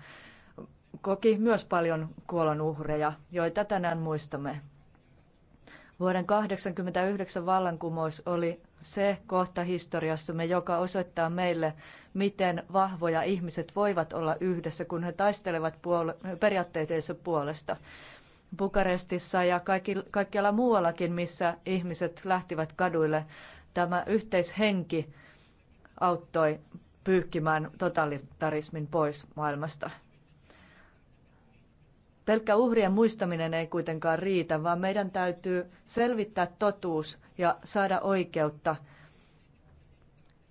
koki myös paljon kuolonuhreja, joita tänään muistamme. Vuoden 1989 vallankumous oli se kohta historiassamme, joka osoittaa meille, miten vahvoja ihmiset voivat olla yhdessä, kun he taistelevat puol- periaatteidensa puolesta. Bukarestissa ja kaikki, kaikkialla muuallakin, missä ihmiset lähtivät kaduille, tämä yhteishenki auttoi pyyhkimään totalitarismin pois maailmasta. Pelkkä uhrien muistaminen ei kuitenkaan riitä, vaan meidän täytyy selvittää totuus ja saada oikeutta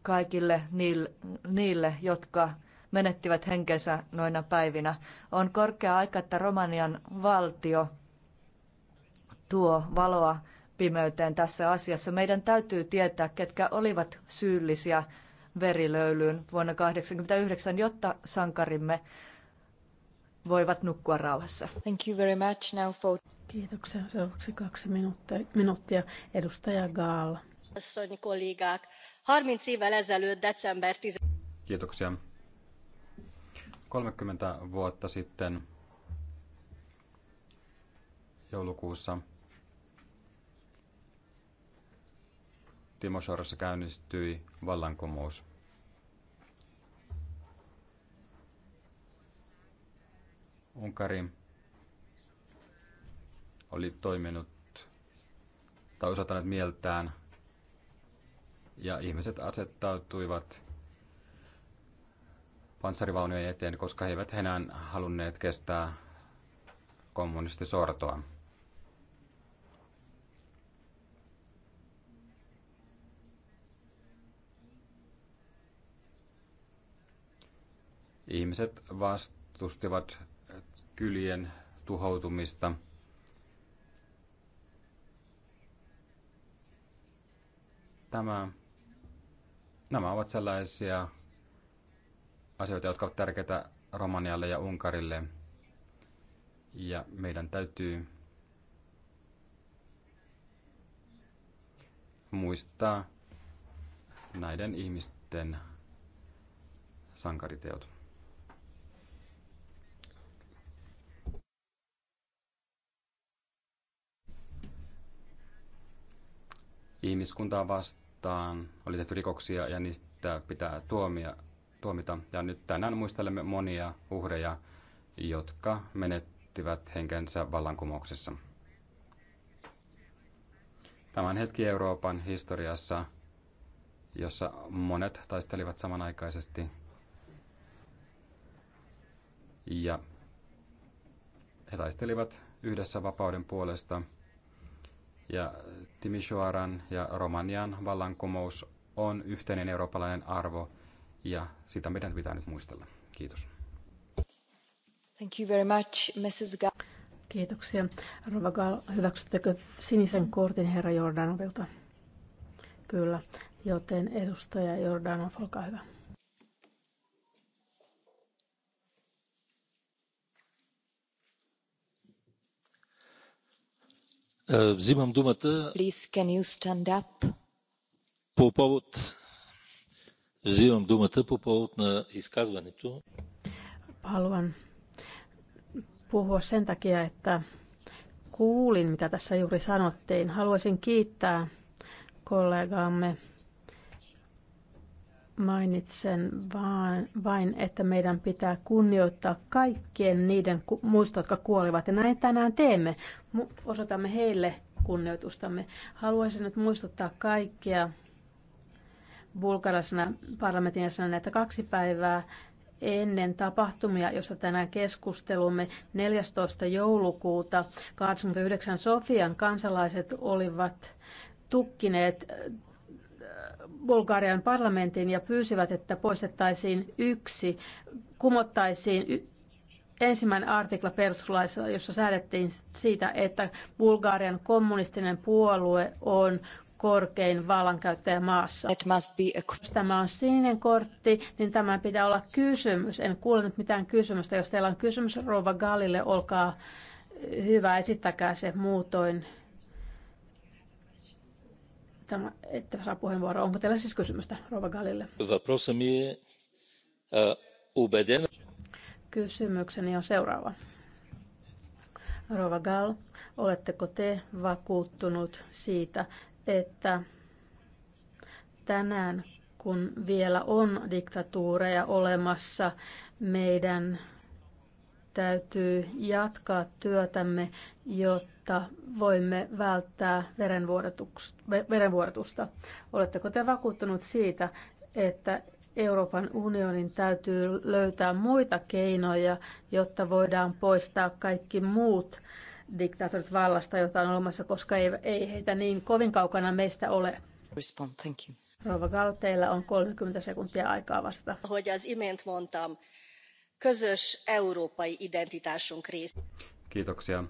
kaikille niille, jotka menettivät henkensä noina päivinä. On korkea aika, että Romanian valtio tuo valoa pimeyteen tässä asiassa. Meidän täytyy tietää, ketkä olivat syyllisiä verilöylyyn vuonna 1989, jotta sankarimme voivat nukkua rauhassa. Thank you very much now for... Kiitoksia. Seuraavaksi kaksi minuuttia, minuuttia. edustaja Gaal. Kiitoksia. 30 vuotta sitten joulukuussa Timosaurassa käynnistyi vallankumous. Unkari oli toiminut tai osoittanut mieltään ja ihmiset asettautuivat panssarivaunujen eteen, koska he eivät enää halunneet kestää kommunistisortoa. Ihmiset vastustivat kylien tuhoutumista. Tämä, nämä ovat sellaisia asioita, jotka ovat tärkeitä Romanialle ja Unkarille. Ja meidän täytyy muistaa näiden ihmisten sankariteot. ihmiskuntaa vastaan oli tehty rikoksia ja niistä pitää tuomia, tuomita. Ja nyt tänään muistelemme monia uhreja, jotka menettivät henkensä vallankumouksessa. Tämä on hetki Euroopan historiassa, jossa monet taistelivat samanaikaisesti. Ja he taistelivat yhdessä vapauden puolesta – ja Timisoaran ja Romanian vallankumous on yhteinen eurooppalainen arvo ja sitä meidän pitää nyt muistella. Kiitos. Thank you very much, Mrs. Kiitoksia. Rova Gall, hyväksyttekö sinisen kortin herra Jordanovilta? Kyllä, joten edustaja Jordanov, olkaa hyvä. взимам думата по повод взимам думата по повод на изказването. Haluan puhua sen takia, että kuulin, mitä tässä juuri sanottiin. Haluaisin kiittää kollegaamme Mainitsen vaan, vain, että meidän pitää kunnioittaa kaikkien niiden muista, jotka kuolivat. Ja näin tänään teemme. Osoitamme heille kunnioitustamme. Haluaisin nyt muistuttaa kaikkia bulgarisena parlamentin jäsenenä, että kaksi päivää ennen tapahtumia, josta tänään keskustelumme 14. joulukuuta 89 Sofian kansalaiset olivat tukkineet Bulgarian parlamentin ja pyysivät, että poistettaisiin yksi, kumottaisiin ensimmäinen artikla perustuslaissa, jossa säädettiin siitä, että Bulgarian kommunistinen puolue on korkein vallankäyttäjä maassa. It must be a... Jos tämä on sininen kortti, niin tämä pitää olla kysymys. En kuule nyt mitään kysymystä. Jos teillä on kysymys Rova Gallille, olkaa hyvä, esittäkää se muutoin tämä, että saa puheenvuoro. Onko teillä siis kysymystä Rova Galille? Kysymykseni on seuraava. Rova Gal, oletteko te vakuuttunut siitä, että tänään kun vielä on diktatuureja olemassa, meidän täytyy jatkaa työtämme, jotta voimme välttää verenvuodatusta. Oletteko te vakuuttunut siitä, että Euroopan unionin täytyy löytää muita keinoja, jotta voidaan poistaa kaikki muut diktaattorit vallasta, joita on olemassa, koska ei, ei heitä niin kovin kaukana meistä ole. Respond, thank you. teillä on 30 sekuntia aikaa vastata közös európai identitásunk része. Kiitoksia.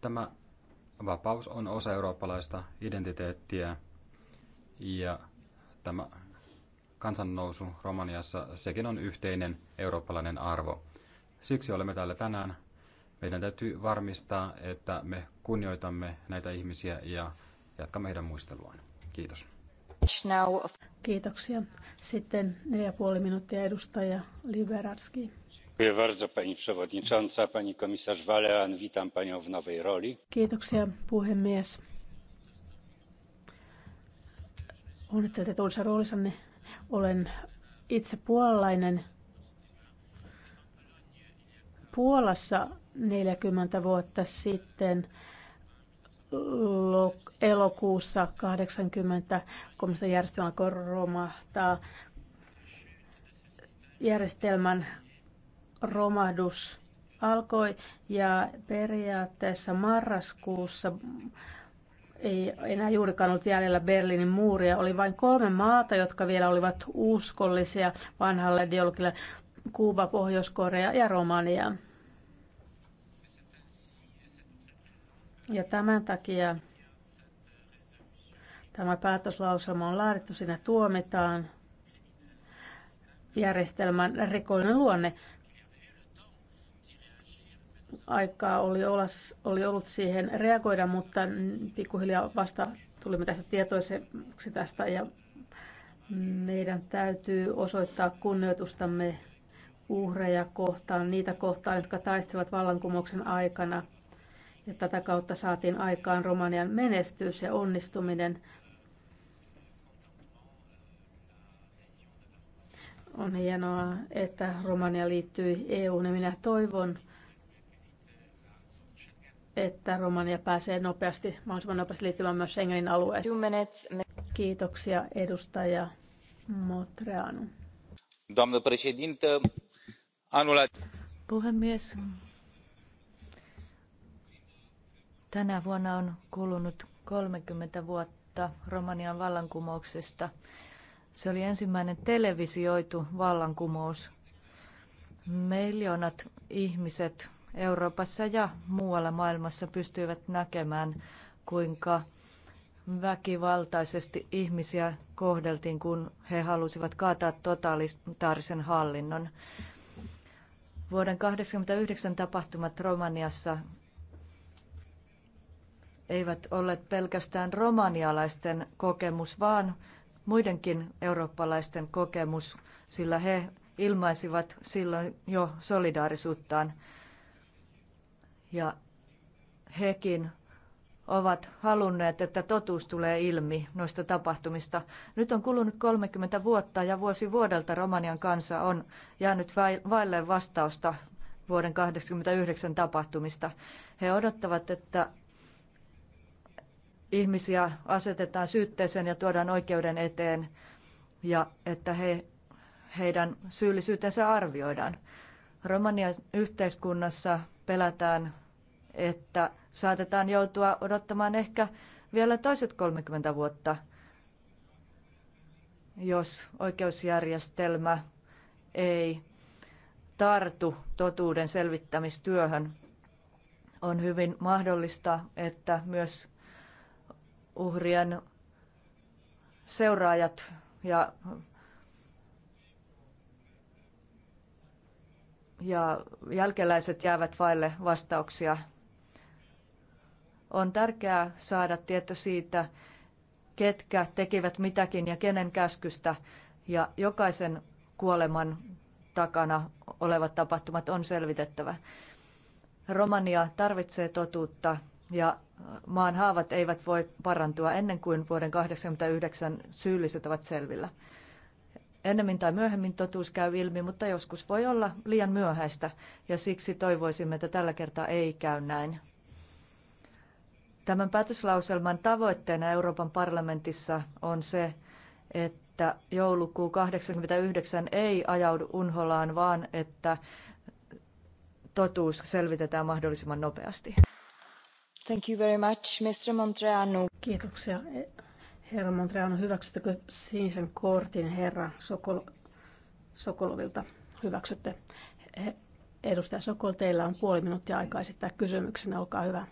Tämä vapaus on osa eurooppalaista identiteettiä ja tämä kansannousu Romaniassa, sekin on yhteinen eurooppalainen arvo. Siksi olemme täällä tänään. Meidän täytyy varmistaa, että me kunnioitamme näitä ihmisiä ja jatkamme heidän muisteluaan. Kiitos. Kiitoksia. Sitten neljä puoli minuuttia edustaja Liberatski. pani przewodnicząca, pani komisarz Valean, witam panią w nowej roli. Kiitoksia puhemies. Onnittelen teitä uudessa roolissanne. Olen itse puolalainen. Puolassa 40 vuotta sitten elokuussa 80 komission järjestelmä romahtaa. Järjestelmän romahdus alkoi ja periaatteessa marraskuussa ei enää juurikaan ollut jäljellä Berliinin muuria. Oli vain kolme maata, jotka vielä olivat uskollisia vanhalle ideologille, Kuuba, Pohjois-Korea ja Romania. Ja tämän takia tämä päätöslausuma on laadittu, siinä tuomitaan järjestelmän rikollinen luonne. Aikaa oli, olas, oli ollut siihen reagoida, mutta pikkuhiljaa vasta tulimme tästä tietoiseksi tästä ja meidän täytyy osoittaa kunnioitustamme uhreja kohtaan, niitä kohtaan, jotka taistelivat vallankumouksen aikana – ja tätä kautta saatiin aikaan Romanian menestys ja onnistuminen. On hienoa, että Romania liittyi EU:hun ja minä toivon, että Romania pääsee nopeasti, mahdollisimman nopeasti liittymään myös Schengenin alueeseen. Kiitoksia edustaja Motreanu. Puhemies, Tänä vuonna on kulunut 30 vuotta Romanian vallankumouksesta. Se oli ensimmäinen televisioitu vallankumous. Miljoonat ihmiset Euroopassa ja muualla maailmassa pystyivät näkemään, kuinka väkivaltaisesti ihmisiä kohdeltiin, kun he halusivat kaataa totalitaarisen hallinnon. Vuoden 1989 tapahtumat Romaniassa eivät olleet pelkästään romanialaisten kokemus, vaan muidenkin eurooppalaisten kokemus, sillä he ilmaisivat silloin jo solidaarisuuttaan. Ja hekin ovat halunneet, että totuus tulee ilmi noista tapahtumista. Nyt on kulunut 30 vuotta ja vuosi vuodelta Romanian kansa on jäänyt vaille vastausta vuoden 1989 tapahtumista. He odottavat, että ihmisiä asetetaan syytteeseen ja tuodaan oikeuden eteen ja että he, heidän syyllisyytensä arvioidaan. Romanian yhteiskunnassa pelätään, että saatetaan joutua odottamaan ehkä vielä toiset 30 vuotta, jos oikeusjärjestelmä ei tartu totuuden selvittämistyöhön. On hyvin mahdollista, että myös uhrien seuraajat ja, ja jälkeläiset jäävät vaille vastauksia. On tärkeää saada tieto siitä, ketkä tekivät mitäkin ja kenen käskystä. Ja jokaisen kuoleman takana olevat tapahtumat on selvitettävä. Romania tarvitsee totuutta ja äh, maan haavat eivät voi parantua ennen kuin vuoden 1989 syylliset ovat selvillä. Ennemmin tai myöhemmin totuus käy ilmi, mutta joskus voi olla liian myöhäistä ja siksi toivoisimme, että tällä kertaa ei käy näin. Tämän päätöslauselman tavoitteena Euroopan parlamentissa on se, että joulukuu 89 ei ajaudu unholaan, vaan että totuus selvitetään mahdollisimman nopeasti. Thank you very much, Mr. Montreanu. Kiitoksia. E, herra Montreanu, hyväksyttekö sinisen kortin herra Sokol, Sokolovilta? Hyväksytte. Edustaja Sokol, teillä on puoli minuuttia aikaa esittää kysymyksen. Olkaa hyvä.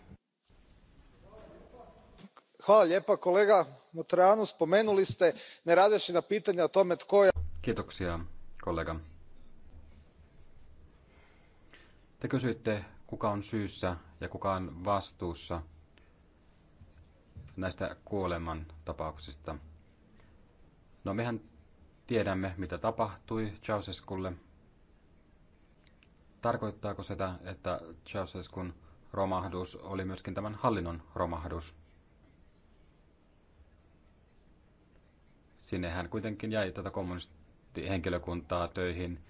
Hvala lijepa kolega Motranu, spomenuli ste nerazjašnjena pitanja o tome tko je... Kiitoksia kollega. Te kysyitte, kuka on syyssä ja kuka on vastuussa näistä kuoleman tapauksista. No mehän tiedämme, mitä tapahtui Ceausesculle. Tarkoittaako sitä, että Ceausescun romahdus oli myöskin tämän hallinnon romahdus? Sinne hän kuitenkin jäi tätä kommunistihenkilökuntaa töihin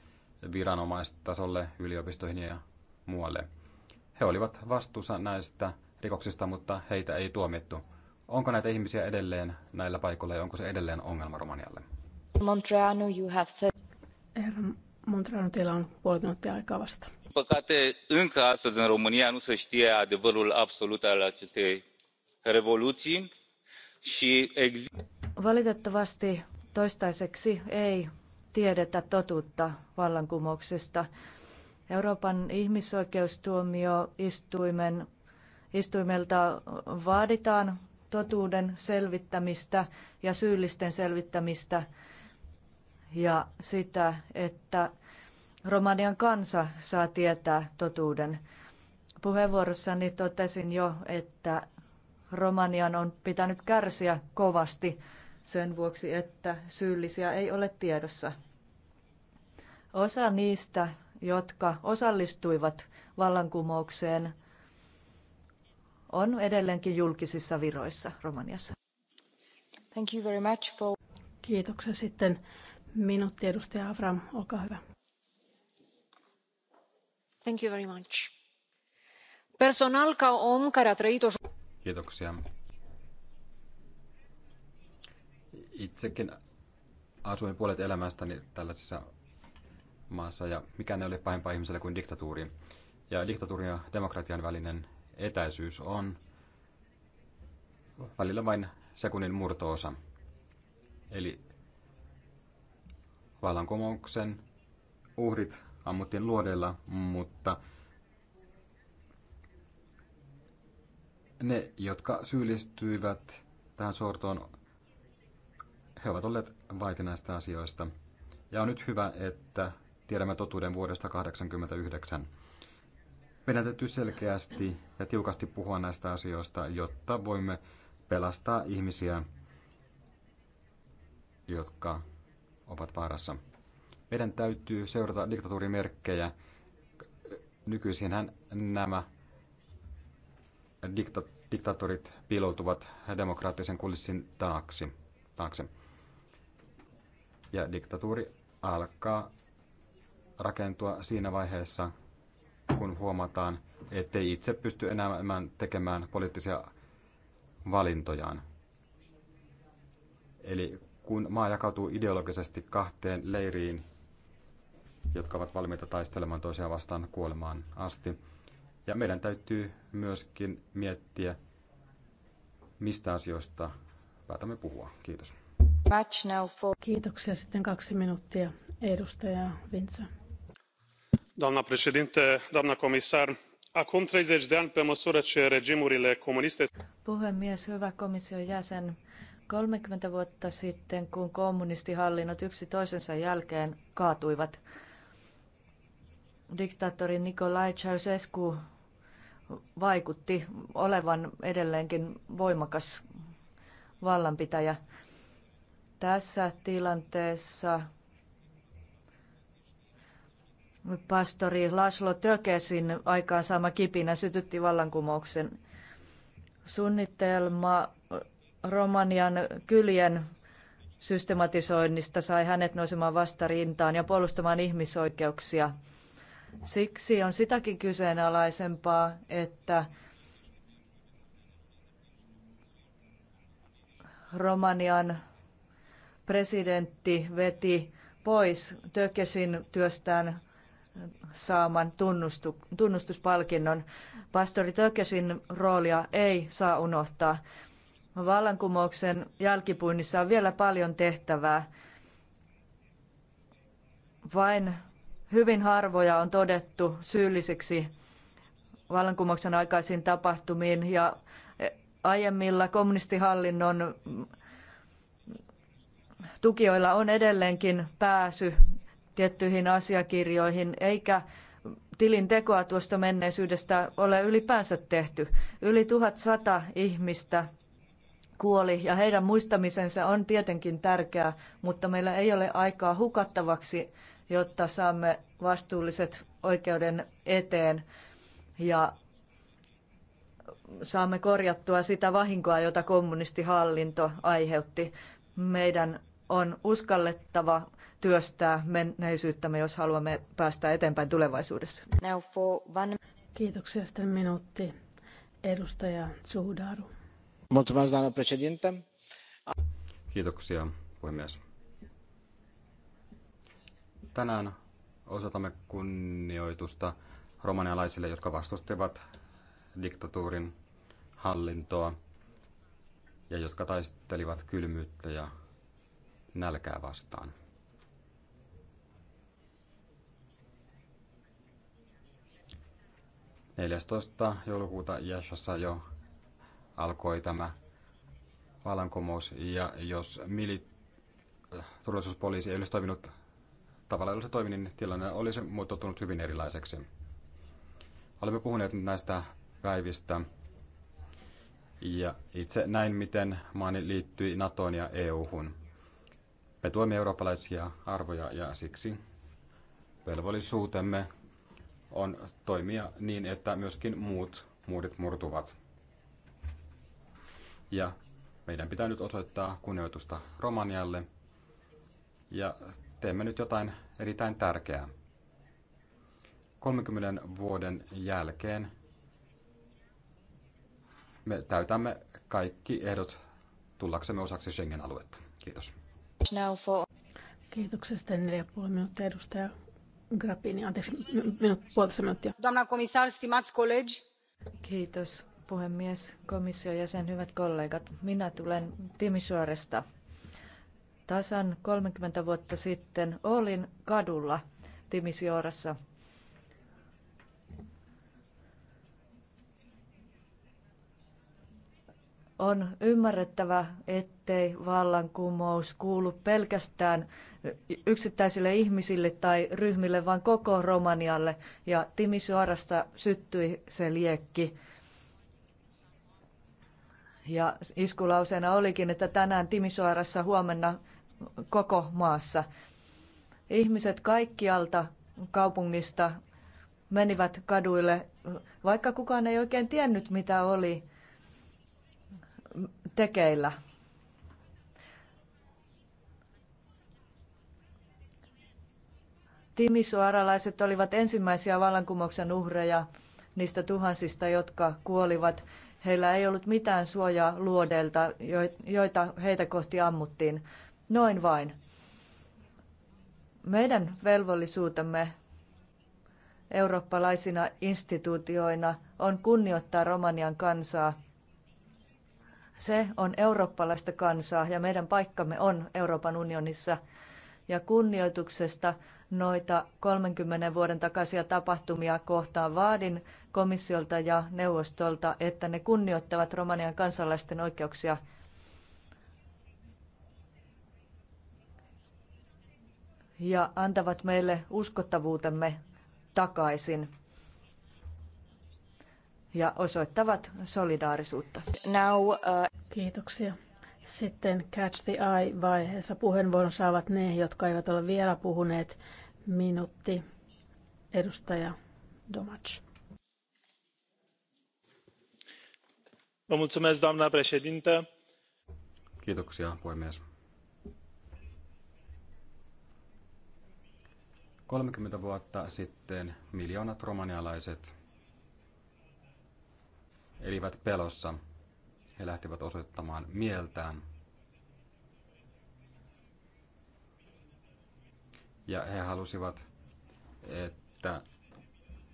viranomaistasolle, yliopistoihin ja muualle. He olivat vastuussa näistä rikoksista, mutta heitä ei tuomittu. Onko näitä ihmisiä edelleen näillä paikoilla ja onko se edelleen ongelma Romanialle? Montreanu, you have said... Herra Montreanu, teillä on puoli minuuttia aikaa vastata. Păcate, încă astăzi în România nu se știe adevărul absolut al acestei revoluții și Valitettavasti toistaiseksi ei tiedetä totuutta vallankumouksesta. Euroopan ihmisoikeustuomioistuimen istuimelta vaaditaan totuuden selvittämistä ja syyllisten selvittämistä ja sitä, että Romanian kansa saa tietää totuuden. Puheenvuorossani totesin jo, että Romanian on pitänyt kärsiä kovasti sen vuoksi, että syyllisiä ei ole tiedossa. Osa niistä, jotka osallistuivat vallankumoukseen, on edelleenkin julkisissa viroissa Romaniassa. Thank you very much for... Kiitoksia sitten. Minuutti edustaja Avram, olkaa hyvä. Thank you very much. om Kiitoksia. Itsekin asuin puolet elämästäni tällaisissa maassa ja mikään ei ole pahempaa ihmiselle kuin diktatuuri. Ja diktatuurin ja demokratian välinen etäisyys on välillä vain sekunnin murtoosa. Eli vallankumouksen uhrit ammuttiin luodella, mutta ne, jotka syyllistyivät tähän sortoon, he ovat olleet vaitinaista asioista. Ja on nyt hyvä, että Tiedämme totuuden vuodesta 1989. Meidän täytyy selkeästi ja tiukasti puhua näistä asioista, jotta voimme pelastaa ihmisiä, jotka ovat vaarassa. Meidän täytyy seurata diktatuurimerkkejä. Nykyisinhän nämä dikta- diktatorit piiloutuvat demokraattisen kulissin taaksi, taakse. Ja diktatuuri alkaa rakentua siinä vaiheessa, kun huomataan, ettei itse pysty enää tekemään poliittisia valintojaan. Eli kun maa jakautuu ideologisesti kahteen leiriin, jotka ovat valmiita taistelemaan toisiaan vastaan kuolemaan asti. Ja meidän täytyy myöskin miettiä, mistä asioista päätämme puhua. Kiitos. Kiitoksia. Sitten kaksi minuuttia edustaja Vintsa doamnă președintă doamnă comisar acum treizeci de ani pe măsură ce regimurile comuniste. puhemies hyvä komission jäsen kolmekymmentä vuotta sitten kun kommunistihallinnot yksi toisensa jälkeen kaatuivat diktaattori Nikolai Ceausescu vaikutti olevan edelleenkin voimakas vallanpitäjä. Tässä tilanteessa pastori Laszlo Tökesin aikaansaama kipinä sytytti vallankumouksen. Suunnitelma Romanian kylien systematisoinnista sai hänet nousemaan vastarintaan ja puolustamaan ihmisoikeuksia. Siksi on sitäkin kyseenalaisempaa, että Romanian presidentti veti pois Tökesin työstään saaman tunnustu, tunnustuspalkinnon. Pastori Tökesin roolia ei saa unohtaa. Vallankumouksen jälkipuinnissa on vielä paljon tehtävää. Vain hyvin harvoja on todettu syylliseksi vallankumouksen aikaisiin tapahtumiin ja e, aiemmilla kommunistihallinnon tukijoilla on edelleenkin pääsy tiettyihin asiakirjoihin, eikä tilin tekoa tuosta menneisyydestä ole ylipäänsä tehty. Yli 1100 ihmistä kuoli ja heidän muistamisensa on tietenkin tärkeää, mutta meillä ei ole aikaa hukattavaksi, jotta saamme vastuulliset oikeuden eteen ja saamme korjattua sitä vahinkoa, jota kommunistihallinto aiheutti. Meidän on uskallettava työstää menneisyyttämme, jos haluamme päästä eteenpäin tulevaisuudessa. Now for one... Kiitoksia. Sitten minuutti. Edustaja Zuhdaru. Kiitoksia, puhemies. Tänään osoitamme kunnioitusta romanialaisille, jotka vastustivat diktatuurin hallintoa ja jotka taistelivat kylmyyttä ja nälkää vastaan. 14. joulukuuta Jashossa jo alkoi tämä vallankumous, ja jos mili- turvallisuuspoliisi ei olisi toiminut tavalla, jolla se toimi, niin tilanne olisi muuttunut hyvin erilaiseksi. Olemme puhuneet nyt näistä päivistä, ja itse näin, miten maani liittyi NATOon ja EU-hun. Me tuemme eurooppalaisia arvoja ja siksi velvollisuutemme on toimia niin, että myöskin muut muurit murtuvat. Ja meidän pitää nyt osoittaa kunnioitusta Romanialle ja teemme nyt jotain erittäin tärkeää. 30 vuoden jälkeen me täytämme kaikki ehdot tullaksemme osaksi Schengen-aluetta. Kiitos. Kiitoksia. 4,5 minuuttia edustaja Grappini, komissaari, stimați colegi. Kiitos puhemies, komission jäsen, hyvät kollegat. Minä tulen Timisoaresta. Tasan kolmekymmentä vuotta sitten olin kadulla Timisoarassa. On ymmärrettävä, ettei vallankumous kuulu pelkästään yksittäisille ihmisille tai ryhmille, vaan koko Romanialle. Ja Timi syttyi se liekki. Ja iskulauseena olikin, että tänään Timisoarassa, huomenna koko maassa. Ihmiset kaikkialta kaupungista menivät kaduille, vaikka kukaan ei oikein tiennyt, mitä oli tekeillä. Timisoaralaiset olivat ensimmäisiä vallankumouksen uhreja niistä tuhansista, jotka kuolivat. Heillä ei ollut mitään suojaa luodelta, joita heitä kohti ammuttiin. Noin vain. Meidän velvollisuutemme eurooppalaisina instituutioina on kunnioittaa Romanian kansaa. Se on eurooppalaista kansaa ja meidän paikkamme on Euroopan unionissa. Ja kunnioituksesta noita 30 vuoden takaisia tapahtumia kohtaan. Vaadin komissiolta ja neuvostolta, että ne kunnioittavat Romanian kansalaisten oikeuksia. ja antavat meille uskottavuutemme takaisin ja osoittavat solidaarisuutta. Now, uh... Kiitoksia. Sitten Catch the Eye-vaiheessa puheenvuoron saavat ne, jotka eivät ole vielä puhuneet. Minuutti. Edustaja Domac. doamnă președintă kiitoksia puhemies kolmekymmentä vuotta sitten miljoonat romanialaiset elivät pelossa he lähtivät osoittamaan mieltään. Ja he halusivat, että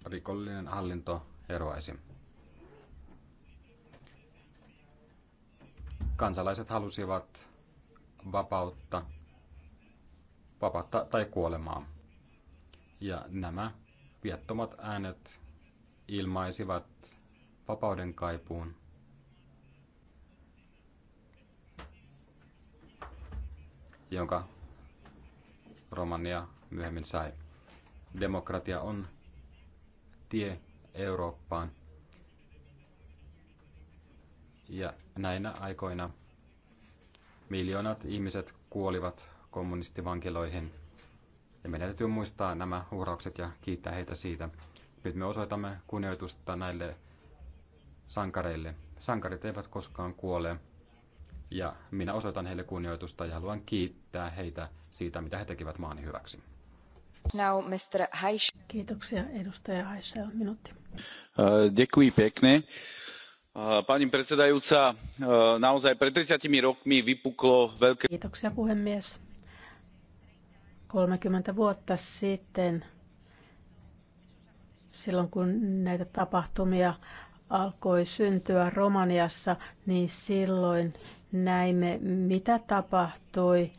rikollinen hallinto eroaisi. Kansalaiset halusivat vapautta, vapautta tai kuolemaa. Ja nämä viattomat äänet ilmaisivat vapauden kaipuun jonka Romania myöhemmin sai. Demokratia on tie Eurooppaan. Ja näinä aikoina miljoonat ihmiset kuolivat kommunistivankiloihin. Ja meidän täytyy muistaa nämä uhraukset ja kiittää heitä siitä. Nyt me osoitamme kunnioitusta näille sankareille. Sankarit eivät koskaan kuole ja minä osoitan heille kunnioitusta ja haluan kiittää heitä siitä, mitä he tekivät maani hyväksi. Now, Mr. Heisch. Kiitoksia, edustaja Haishel, minuutti. Děkuji pekne. Pani predsedajúca, naozaj pred 30 rokmi vypuklo veľké... Kiitoksia puhemies. 30 vuotta sitten, silloin kun näitä tapahtumia alkoi syntyä Romaniassa, niin silloin näimme, mitä tapahtui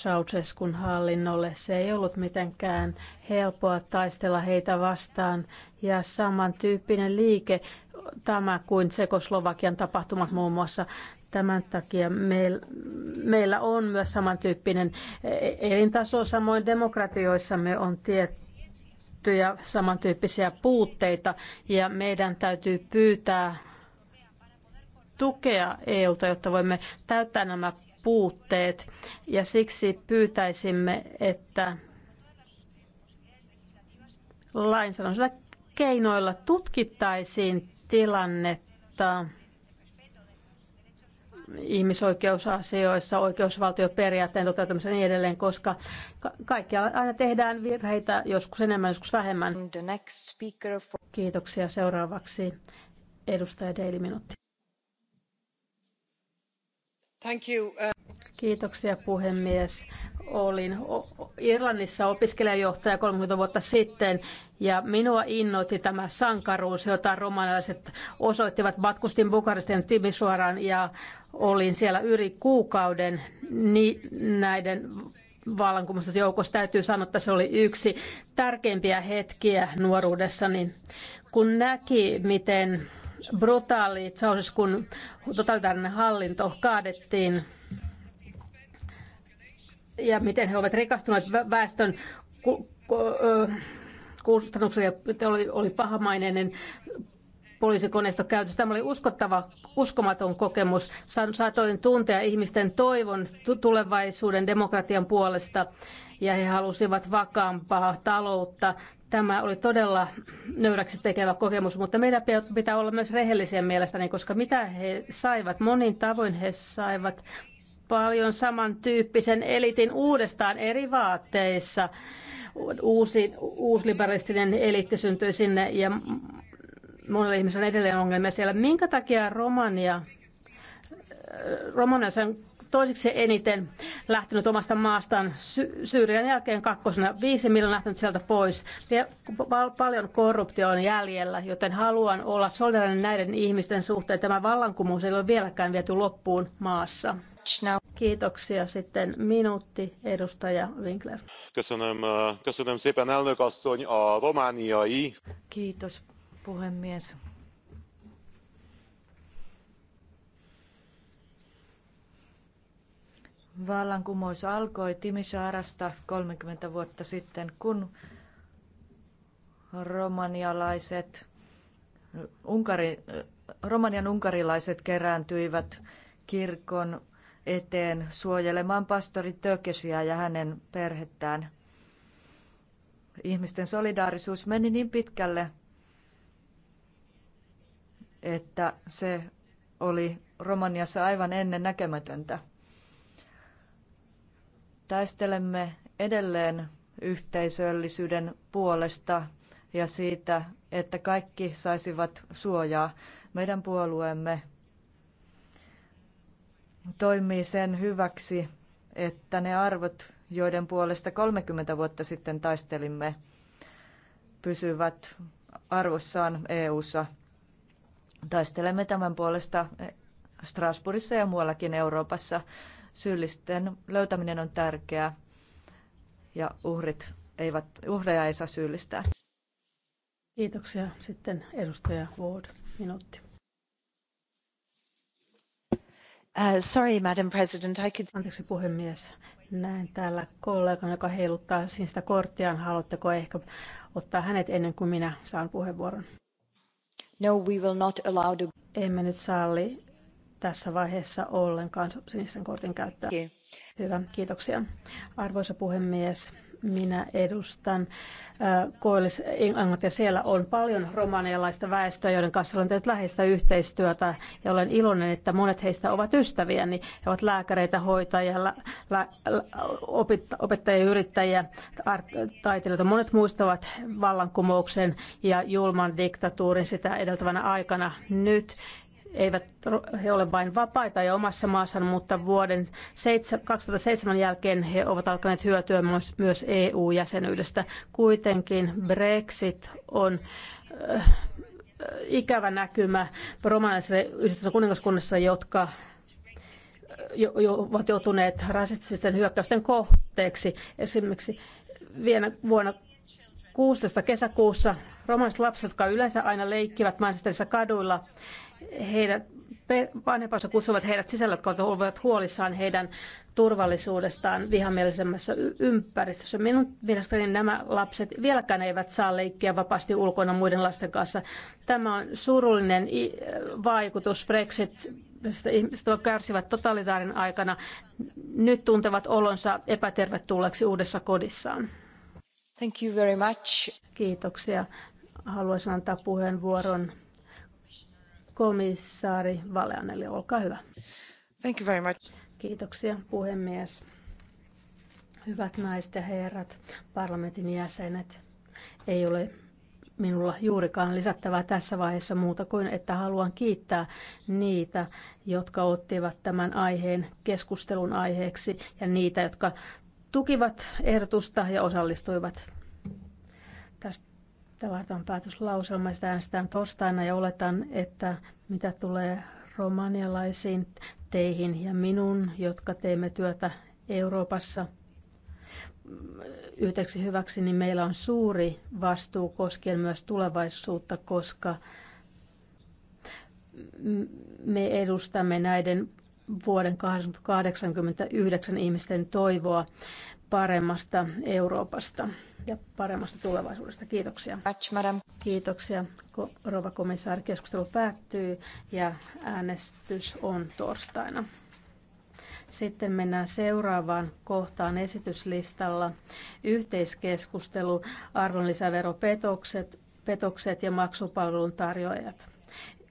Ceausescun hallinnolle. Se ei ollut mitenkään helpoa taistella heitä vastaan. Ja samantyyppinen liike tämä kuin Tsekoslovakian tapahtumat muun muassa. Tämän takia meil, meillä on myös samantyyppinen e-, elintaso. Samoin demokratioissamme on tietty tiettyjä samantyyppisiä puutteita ja meidän täytyy pyytää tukea EUta, jotta voimme täyttää nämä puutteet. Ja siksi pyytäisimme, että lainsäädännöllä keinoilla tutkittaisiin tilannetta ihmisoikeusasioissa, oikeusvaltioperiaatteen toteutumisen niin edelleen, koska kaikki aina tehdään virheitä, joskus enemmän, joskus vähemmän. For... Kiitoksia. Seuraavaksi edustaja Daily Minutti. Thank you. Uh- Kiitoksia puhemies olin Irlannissa opiskelijajohtaja 30 vuotta sitten ja minua innoitti tämä sankaruus, jota romanilaiset osoittivat. Matkustin Bukarestin Timisuoran ja olin siellä yli kuukauden näiden vallankumousten joukossa. Täytyy sanoa, että se oli yksi tärkeimpiä hetkiä nuoruudessani, niin kun näki, miten brutaali kun totalitaarinen hallinto kaadettiin ja miten he ovat rikastuneet väestön kustannuksia, oli, oli pahamaineinen poliisikoneisto käytössä. Tämä oli uskottava, uskomaton kokemus. Saatoin tuntea ihmisten toivon tulevaisuuden demokratian puolesta ja he halusivat vakaampaa taloutta. Tämä oli todella nöyräksi tekevä kokemus, mutta meidän pitää olla myös rehellisiä mielestäni, koska mitä he saivat, monin tavoin he saivat paljon samantyyppisen elitin uudestaan eri vaatteissa. Uusi, uusliberalistinen eliitti syntyi sinne ja monella ihmisellä on edelleen ongelmia siellä. Minkä takia Romania, Romania on toiseksi eniten lähtenyt omasta maastaan Sy- Syyrian jälkeen kakkosena. Viisi miljoonaa lähtenyt sieltä pois. Pal- paljon korruptio on jäljellä, joten haluan olla solidaarinen näiden ihmisten suhteen. Tämä vallankumous ei ole vieläkään viety loppuun maassa much now. Kiitoksia sitten minuutti edustaja Winkler. Köszönöm, köszönöm szépen elnök a romániai. Kiitos puhemies. Vallankumous alkoi Timisaarasta 30 vuotta sitten, kun romanialaiset, Unkari, romanian unkarilaiset kerääntyivät kirkon eteen suojelemaan pastori Tökesiä ja hänen perhettään. Ihmisten solidaarisuus meni niin pitkälle, että se oli Romaniassa aivan ennen näkemätöntä. Taistelemme edelleen yhteisöllisyyden puolesta ja siitä, että kaikki saisivat suojaa. Meidän puolueemme toimii sen hyväksi, että ne arvot, joiden puolesta 30 vuotta sitten taistelimme, pysyvät arvossaan EU:ssa. Taistelemme tämän puolesta Strasbourgissa ja muuallakin Euroopassa. Syyllisten löytäminen on tärkeää ja uhrit eivät, uhreja ei saa syyllistää. Kiitoksia. Sitten edustaja Ward, minuutti. Uh, sorry, Madam President, I could... Anteeksi puhemies. Näin täällä kollegan, joka heiluttaa sinistä korttiaan. Haluatteko ehkä ottaa hänet ennen kuin minä saan puheenvuoron? No, we will not allow the... Emme nyt salli tässä vaiheessa ollenkaan sinisen kortin käyttöä. Hyvä, kiitoksia. Arvoisa puhemies, minä edustan koillis englantia siellä on paljon romanialaista väestöä, joiden kanssa olen tehnyt läheistä yhteistyötä ja olen iloinen, että monet heistä ovat ystäviä, niin he ovat lääkäreitä, hoitajia, lä- lä- opettajia, yrittäjiä, taiteilijoita. Monet muistavat vallankumouksen ja julman diktatuurin sitä edeltävänä aikana. Nyt eivät he ole vain vapaita ja omassa maassaan, mutta vuoden 2007 jälkeen he ovat alkaneet hyötyä myös EU-jäsenyydestä. Kuitenkin Brexit on äh, ikävä näkymä romanaisille yhdistyksessä kuningaskunnassa, jotka äh, ovat joutuneet rasististen hyökkäysten kohteeksi. Esimerkiksi vielä vuonna 16. kesäkuussa romanaiset lapset, jotka yleensä aina leikkivät Manchesterissa kaduilla, heidän vanhempansa kutsuvat heidät sisällä, jotka ovat huolissaan heidän turvallisuudestaan vihamielisemmässä ympäristössä. Minun mielestäni nämä lapset vieläkään eivät saa leikkiä vapaasti ulkona muiden lasten kanssa. Tämä on surullinen vaikutus Brexit ihmiset kärsivät totalitaarin aikana, nyt tuntevat olonsa epätervetulleeksi uudessa kodissaan. Thank you very much. Kiitoksia. Haluaisin antaa puheenvuoron komissaari Valeanelle, olkaa hyvä. Thank you very much. Kiitoksia puhemies. Hyvät naiset ja herrat, parlamentin jäsenet, ei ole minulla juurikaan lisättävää tässä vaiheessa muuta kuin, että haluan kiittää niitä, jotka ottivat tämän aiheen keskustelun aiheeksi ja niitä, jotka tukivat ehdotusta ja osallistuivat tästä Tällainen päätöslauselma sitä äänestetään torstaina ja oletan, että mitä tulee romanialaisiin teihin ja minun, jotka teemme työtä Euroopassa yhdeksi hyväksi, niin meillä on suuri vastuu koskien myös tulevaisuutta, koska me edustamme näiden vuoden 1989 ihmisten toivoa paremmasta Euroopasta ja paremmasta tulevaisuudesta. Kiitoksia. Kiitoksia. Rova komissaari, keskustelu päättyy ja äänestys on torstaina. Sitten mennään seuraavaan kohtaan esityslistalla. Yhteiskeskustelu, arvonlisäveropetokset petokset ja maksupalvelun tarjoajat.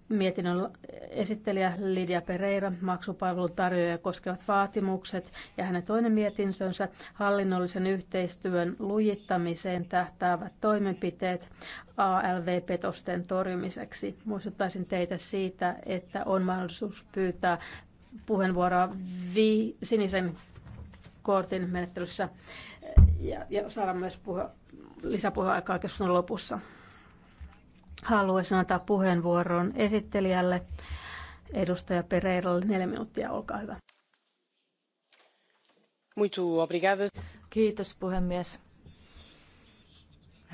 Mietinnön esittelijä Lidia Pereira, maksupalvelun tarjoaja koskevat vaatimukset ja hänen toinen mietintönsä hallinnollisen yhteistyön lujittamiseen tähtäävät toimenpiteet ALV-petosten torjumiseksi. Muistuttaisin teitä siitä, että on mahdollisuus pyytää puheenvuoroa vi- sinisen kortin menettelyssä ja, ja saada myös puhe- lisäpuheaikaa keskustelun lopussa. Haluaisin antaa puheenvuoron esittelijälle, edustaja Pereiralle. Neljä minuuttia, olkaa hyvä. Kiitos puhemies.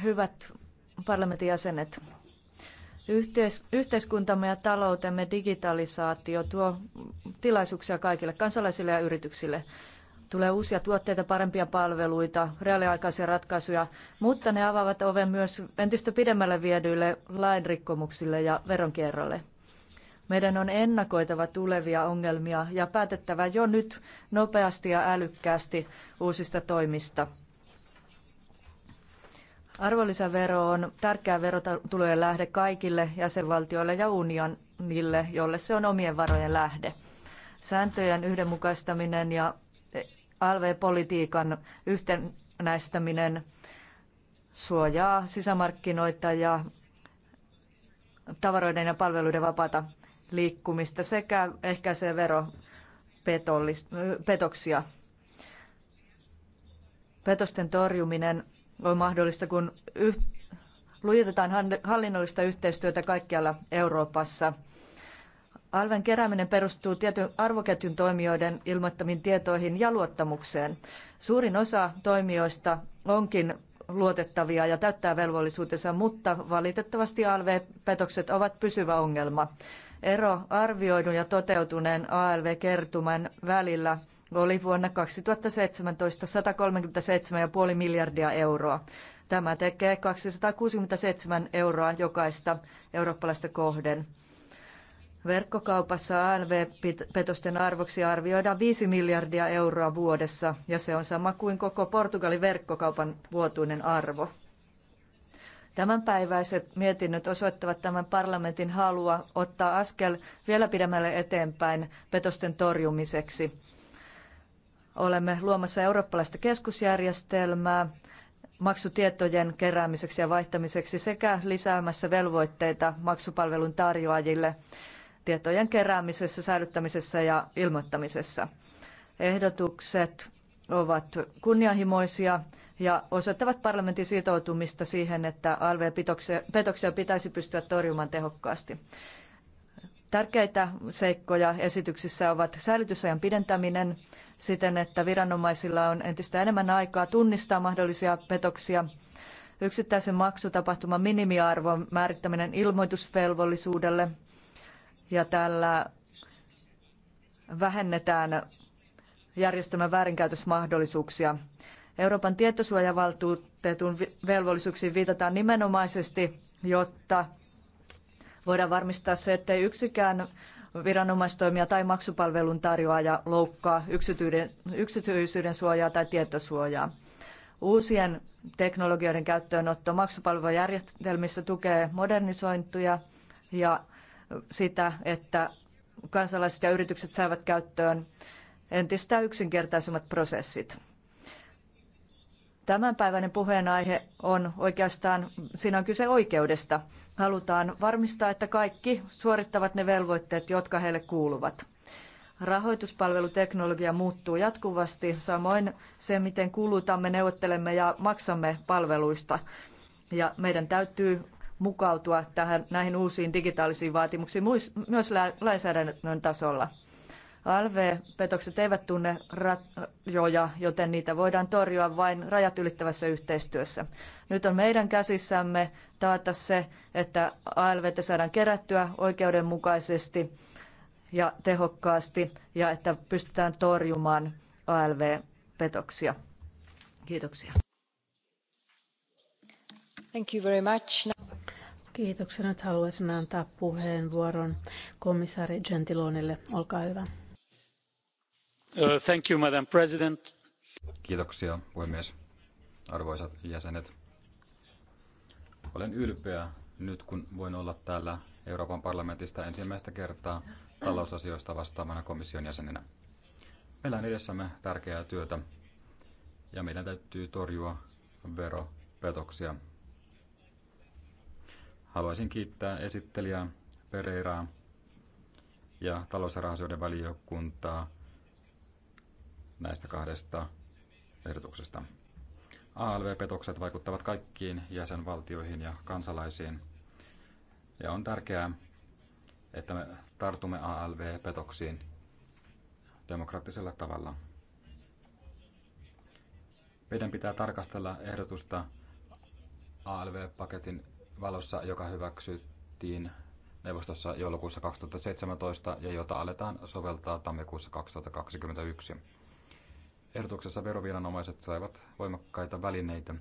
Hyvät parlamentin jäsenet, Yhteis- yhteiskuntamme ja taloutemme digitalisaatio tuo tilaisuuksia kaikille kansalaisille ja yrityksille. Tulee uusia tuotteita, parempia palveluita, reaaliaikaisia ratkaisuja, mutta ne avaavat oven myös entistä pidemmälle viedyille lainrikkomuksille ja veronkierrolle. Meidän on ennakoitava tulevia ongelmia ja päätettävä jo nyt nopeasti ja älykkäästi uusista toimista. Arvonlisävero on tärkeä verotulojen lähde kaikille jäsenvaltioille ja unionille, jolle se on omien varojen lähde. Sääntöjen yhdenmukaistaminen ja ALV-politiikan yhtenäistäminen suojaa sisämarkkinoita ja tavaroiden ja palveluiden vapaata liikkumista sekä ehkäisee veropetoksia. Petosten torjuminen on mahdollista, kun yh- lujitetaan hallinnollista yhteistyötä kaikkialla Euroopassa – Alven kerääminen perustuu tietyn arvoketjun toimijoiden ilmoittamiin tietoihin ja luottamukseen. Suurin osa toimijoista onkin luotettavia ja täyttää velvollisuutensa, mutta valitettavasti ALV-petokset ovat pysyvä ongelma. Ero arvioidun ja toteutuneen alv kertuman välillä oli vuonna 2017 137,5 miljardia euroa. Tämä tekee 267 euroa jokaista eurooppalaista kohden. Verkkokaupassa ALV-petosten arvoksi arvioidaan 5 miljardia euroa vuodessa, ja se on sama kuin koko Portugalin verkkokaupan vuotuinen arvo. Tämänpäiväiset mietinnöt osoittavat tämän parlamentin halua ottaa askel vielä pidemmälle eteenpäin petosten torjumiseksi. Olemme luomassa eurooppalaista keskusjärjestelmää maksutietojen keräämiseksi ja vaihtamiseksi sekä lisäämässä velvoitteita maksupalvelun tarjoajille tietojen keräämisessä, säilyttämisessä ja ilmoittamisessa. Ehdotukset ovat kunnianhimoisia ja osoittavat parlamentin sitoutumista siihen, että ALV-petoksia pitäisi pystyä torjumaan tehokkaasti. Tärkeitä seikkoja esityksissä ovat säilytysajan pidentäminen siten, että viranomaisilla on entistä enemmän aikaa tunnistaa mahdollisia petoksia, yksittäisen maksutapahtuman minimiarvon määrittäminen ilmoitusvelvollisuudelle – ja tällä vähennetään järjestelmän väärinkäytösmahdollisuuksia. Euroopan tietosuojavaltuutetun velvollisuuksiin viitataan nimenomaisesti, jotta voidaan varmistaa se, ettei yksikään viranomaistoimija tai maksupalvelun tarjoaja loukkaa yksityisyyden suojaa tai tietosuojaa. Uusien teknologioiden käyttöönotto maksupalvelujärjestelmissä tukee modernisointuja ja sitä, että kansalaiset ja yritykset saavat käyttöön entistä yksinkertaisemmat prosessit. Tämänpäiväinen puheenaihe on oikeastaan, siinä on kyse oikeudesta. Halutaan varmistaa, että kaikki suorittavat ne velvoitteet, jotka heille kuuluvat. Rahoituspalveluteknologia muuttuu jatkuvasti, samoin se, miten kulutamme, neuvottelemme ja maksamme palveluista. Ja meidän täytyy mukautua tähän, näihin uusiin digitaalisiin vaatimuksiin myös lainsäädännön tasolla. ALV-petokset eivät tunne rajoja, joten niitä voidaan torjua vain rajat ylittävässä yhteistyössä. Nyt on meidän käsissämme taata se, että alv saadaan kerättyä oikeudenmukaisesti ja tehokkaasti ja että pystytään torjumaan ALV-petoksia. Kiitoksia. Thank you very much. Kiitoksia. Nyt haluaisin antaa puheenvuoron komissaari Gentilonille. Olkaa hyvä. Uh, thank you, Madam President. Kiitoksia, puhemies. Arvoisat jäsenet. Olen ylpeä nyt, kun voin olla täällä Euroopan parlamentista ensimmäistä kertaa talousasioista vastaavana komission jäsenenä. Meillä on edessämme tärkeää työtä ja meidän täytyy torjua veropetoksia Haluaisin kiittää esittelijää Pereiraa ja talous- ja valiokuntaa näistä kahdesta ehdotuksesta. ALV-petokset vaikuttavat kaikkiin jäsenvaltioihin ja kansalaisiin. Ja on tärkeää, että me tartumme ALV-petoksiin demokraattisella tavalla. Meidän pitää tarkastella ehdotusta ALV-paketin valossa, joka hyväksyttiin neuvostossa joulukuussa 2017 ja jota aletaan soveltaa tammikuussa 2021. Ehdotuksessa veroviranomaiset saivat voimakkaita välineitä,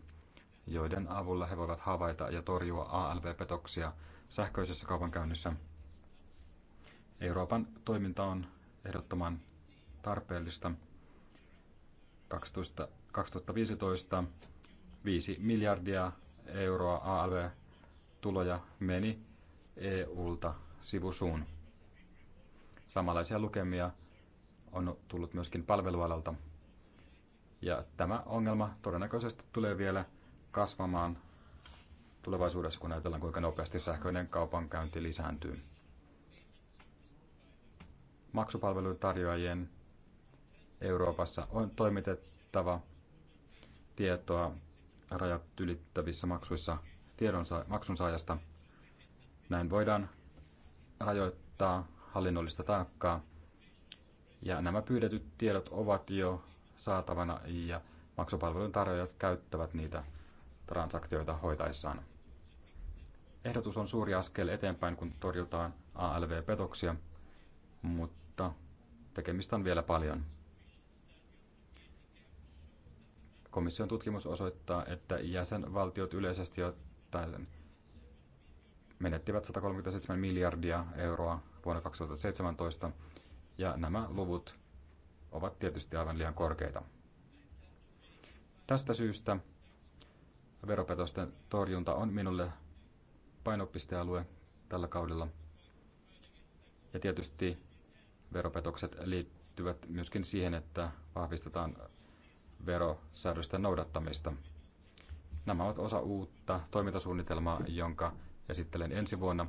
joiden avulla he voivat havaita ja torjua ALV-petoksia sähköisessä kaupankäynnissä. Euroopan toiminta on ehdottoman tarpeellista. 2015 5 miljardia euroa ALV tuloja meni EUlta sivusuun. Samanlaisia lukemia on tullut myöskin palvelualalta. Ja tämä ongelma todennäköisesti tulee vielä kasvamaan tulevaisuudessa, kun ajatellaan kuinka nopeasti sähköinen kaupankäynti lisääntyy. Maksupalvelutarjoajien Euroopassa on toimitettava tietoa rajat ylittävissä maksuissa tiedonsa- maksunsaajasta. Näin voidaan rajoittaa hallinnollista taakkaa. Ja nämä pyydetyt tiedot ovat jo saatavana ja maksupalvelun tarjoajat käyttävät niitä transaktioita hoitaessaan. Ehdotus on suuri askel eteenpäin, kun torjutaan ALV-petoksia, mutta tekemistä on vielä paljon. Komission tutkimus osoittaa, että jäsenvaltiot yleisesti tämän menettivät 137 miljardia euroa vuonna 2017, ja nämä luvut ovat tietysti aivan liian korkeita. Tästä syystä veropetosten torjunta on minulle painopistealue tällä kaudella. Ja tietysti veropetokset liittyvät myöskin siihen, että vahvistetaan verosäädösten noudattamista – Nämä ovat osa uutta toimintasuunnitelmaa, jonka esittelen ensi vuonna.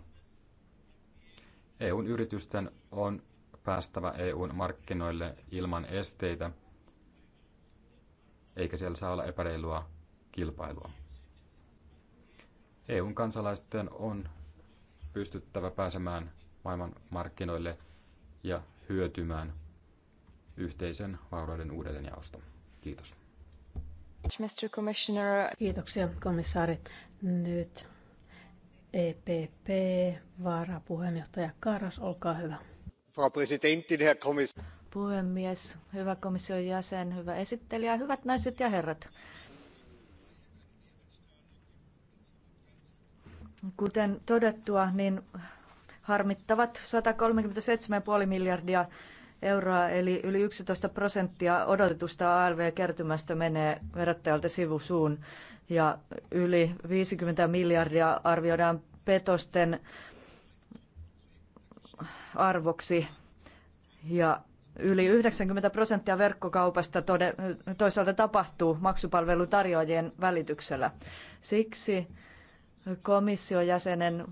EUn yritysten on päästävä EUn markkinoille ilman esteitä, eikä siellä saa olla epäreilua kilpailua. EUn kansalaisten on pystyttävä pääsemään maailman markkinoille ja hyötymään yhteisen vaurauden uudelleenjaosta. Kiitos. Mr. Commissioner. Kiitoksia, komissaari. Nyt EPP, varapuheenjohtaja Karas, olkaa hyvä. Frau Präsidentin, Herr Kommissar. Puhemies, hyvä komission jäsen, hyvä esittelijä, hyvät naiset ja herrat. Kuten todettua, niin harmittavat 137,5 miljardia euroa, eli yli 11 prosenttia odotetusta ALV-kertymästä menee verottajalta sivusuun ja yli 50 miljardia arvioidaan petosten arvoksi ja yli 90 prosenttia verkkokaupasta toisaalta tapahtuu maksupalvelutarjoajien välityksellä. Siksi komission jäsenen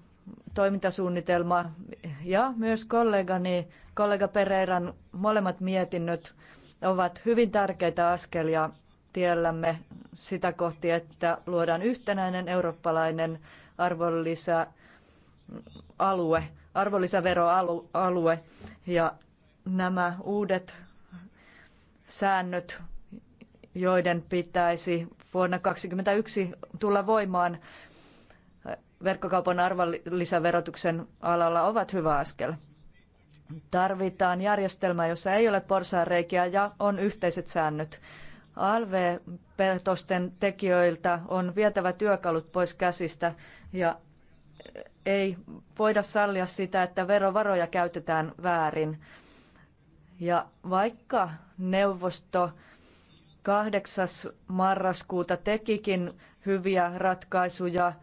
toimintasuunnitelma ja myös kollegani, kollega Pereiran molemmat mietinnöt ovat hyvin tärkeitä askelia tiellämme sitä kohti, että luodaan yhtenäinen eurooppalainen alue, arvonlisäveroalue ja nämä uudet säännöt, joiden pitäisi vuonna 2021 tulla voimaan, verkkokaupan arvonlisäverotuksen alalla ovat hyvä askel. Tarvitaan järjestelmä, jossa ei ole porsaanreikiä ja on yhteiset säännöt. ALV-petosten tekijöiltä on vietävä työkalut pois käsistä ja ei voida sallia sitä, että verovaroja käytetään väärin. Ja vaikka neuvosto 8. marraskuuta tekikin hyviä ratkaisuja,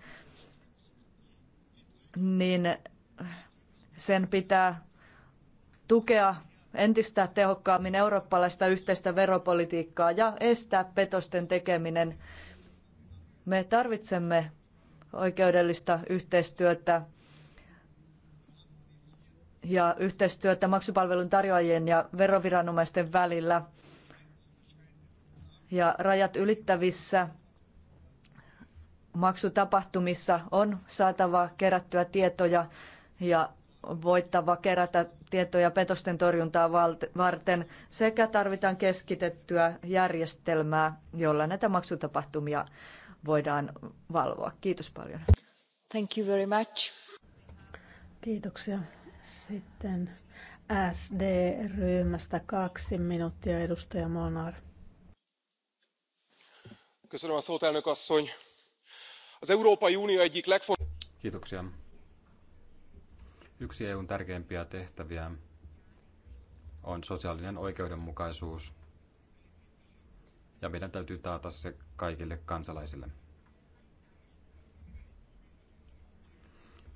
niin sen pitää tukea entistä tehokkaammin eurooppalaista yhteistä veropolitiikkaa ja estää petosten tekeminen. Me tarvitsemme oikeudellista yhteistyötä ja yhteistyötä maksupalvelun tarjoajien ja veroviranomaisten välillä ja rajat ylittävissä maksutapahtumissa on saatava kerättyä tietoja ja voittava kerätä tietoja petosten torjuntaa varten sekä tarvitaan keskitettyä järjestelmää, jolla näitä maksutapahtumia voidaan valvoa. Kiitos paljon. Thank you very much. Kiitoksia. Sitten SD-ryhmästä kaksi minuuttia edustaja Monar. Köszönöm a szót, elnök Az Európai Unió egyik legfontosabb... Kiitoksia. Yksi EUn tärkeimpiä tehtäviä on sosiaalinen oikeudenmukaisuus, ja meidän täytyy taata se kaikille kansalaisille.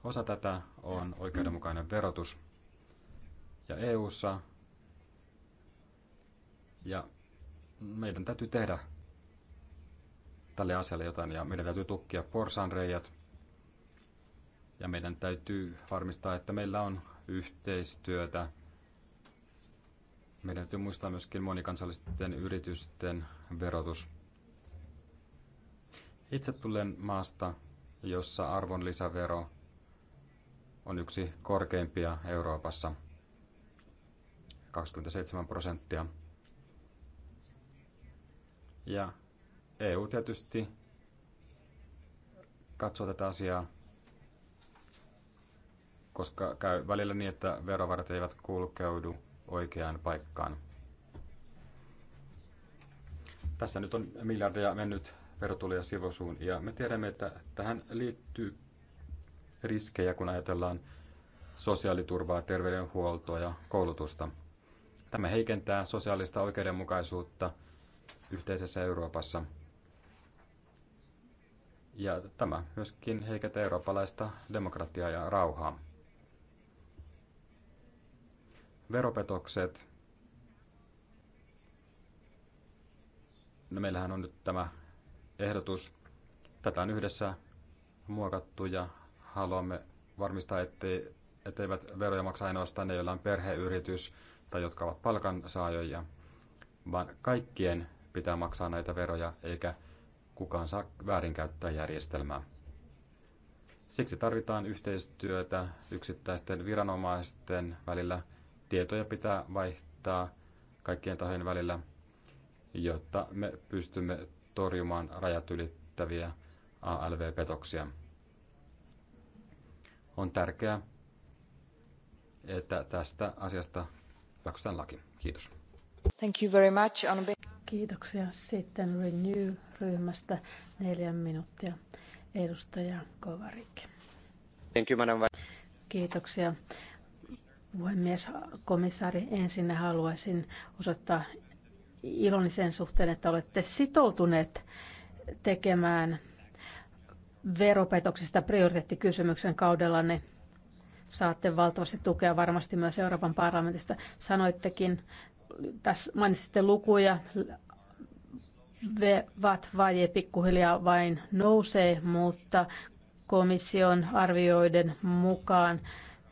Osa tätä on oikeudenmukainen verotus. Ja EU:ssa ja meidän täytyy tehdä tälle asialle jotain ja meidän täytyy tukkia porsanreijat ja meidän täytyy varmistaa, että meillä on yhteistyötä. Meidän täytyy muistaa myöskin monikansallisten yritysten verotus. Itse tulen maasta, jossa arvonlisävero on yksi korkeimpia Euroopassa, 27 prosenttia. Ja EU tietysti katsoo tätä asiaa, koska käy välillä niin, että verovarat eivät kulkeudu oikeaan paikkaan. Tässä nyt on miljardeja mennyt verotulia sivusuun ja me tiedämme, että tähän liittyy riskejä, kun ajatellaan sosiaaliturvaa, terveydenhuoltoa ja koulutusta. Tämä heikentää sosiaalista oikeudenmukaisuutta yhteisessä Euroopassa – ja tämä myöskin heikentää eurooppalaista demokratiaa ja rauhaa. Veropetokset. No meillähän on nyt tämä ehdotus. Tätä on yhdessä muokattu ja haluamme varmistaa, ettei, etteivät veroja maksa ainoastaan ne, joilla on perheyritys tai jotka ovat palkansaajoja, vaan kaikkien pitää maksaa näitä veroja, eikä kukaan saa väärinkäyttää järjestelmää. Siksi tarvitaan yhteistyötä yksittäisten viranomaisten välillä. Tietoja pitää vaihtaa kaikkien tahojen välillä, jotta me pystymme torjumaan rajat ylittäviä ALV-petoksia. On tärkeää, että tästä asiasta hyväksytään laki. Kiitos. Thank you very much. Kiitoksia. Sitten Renew-ryhmästä neljän minuuttia. Edustaja Kovarik. Kiitoksia. Puhemies, komissaari, ensin haluaisin osoittaa iloni sen suhteen, että olette sitoutuneet tekemään veropetoksista prioriteettikysymyksen kaudellanne. Saatte valtavasti tukea varmasti myös Euroopan parlamentista. Sanoittekin, tässä mainitsitte lukuja, VAT-vaje pikkuhiljaa vain nousee, mutta komission arvioiden mukaan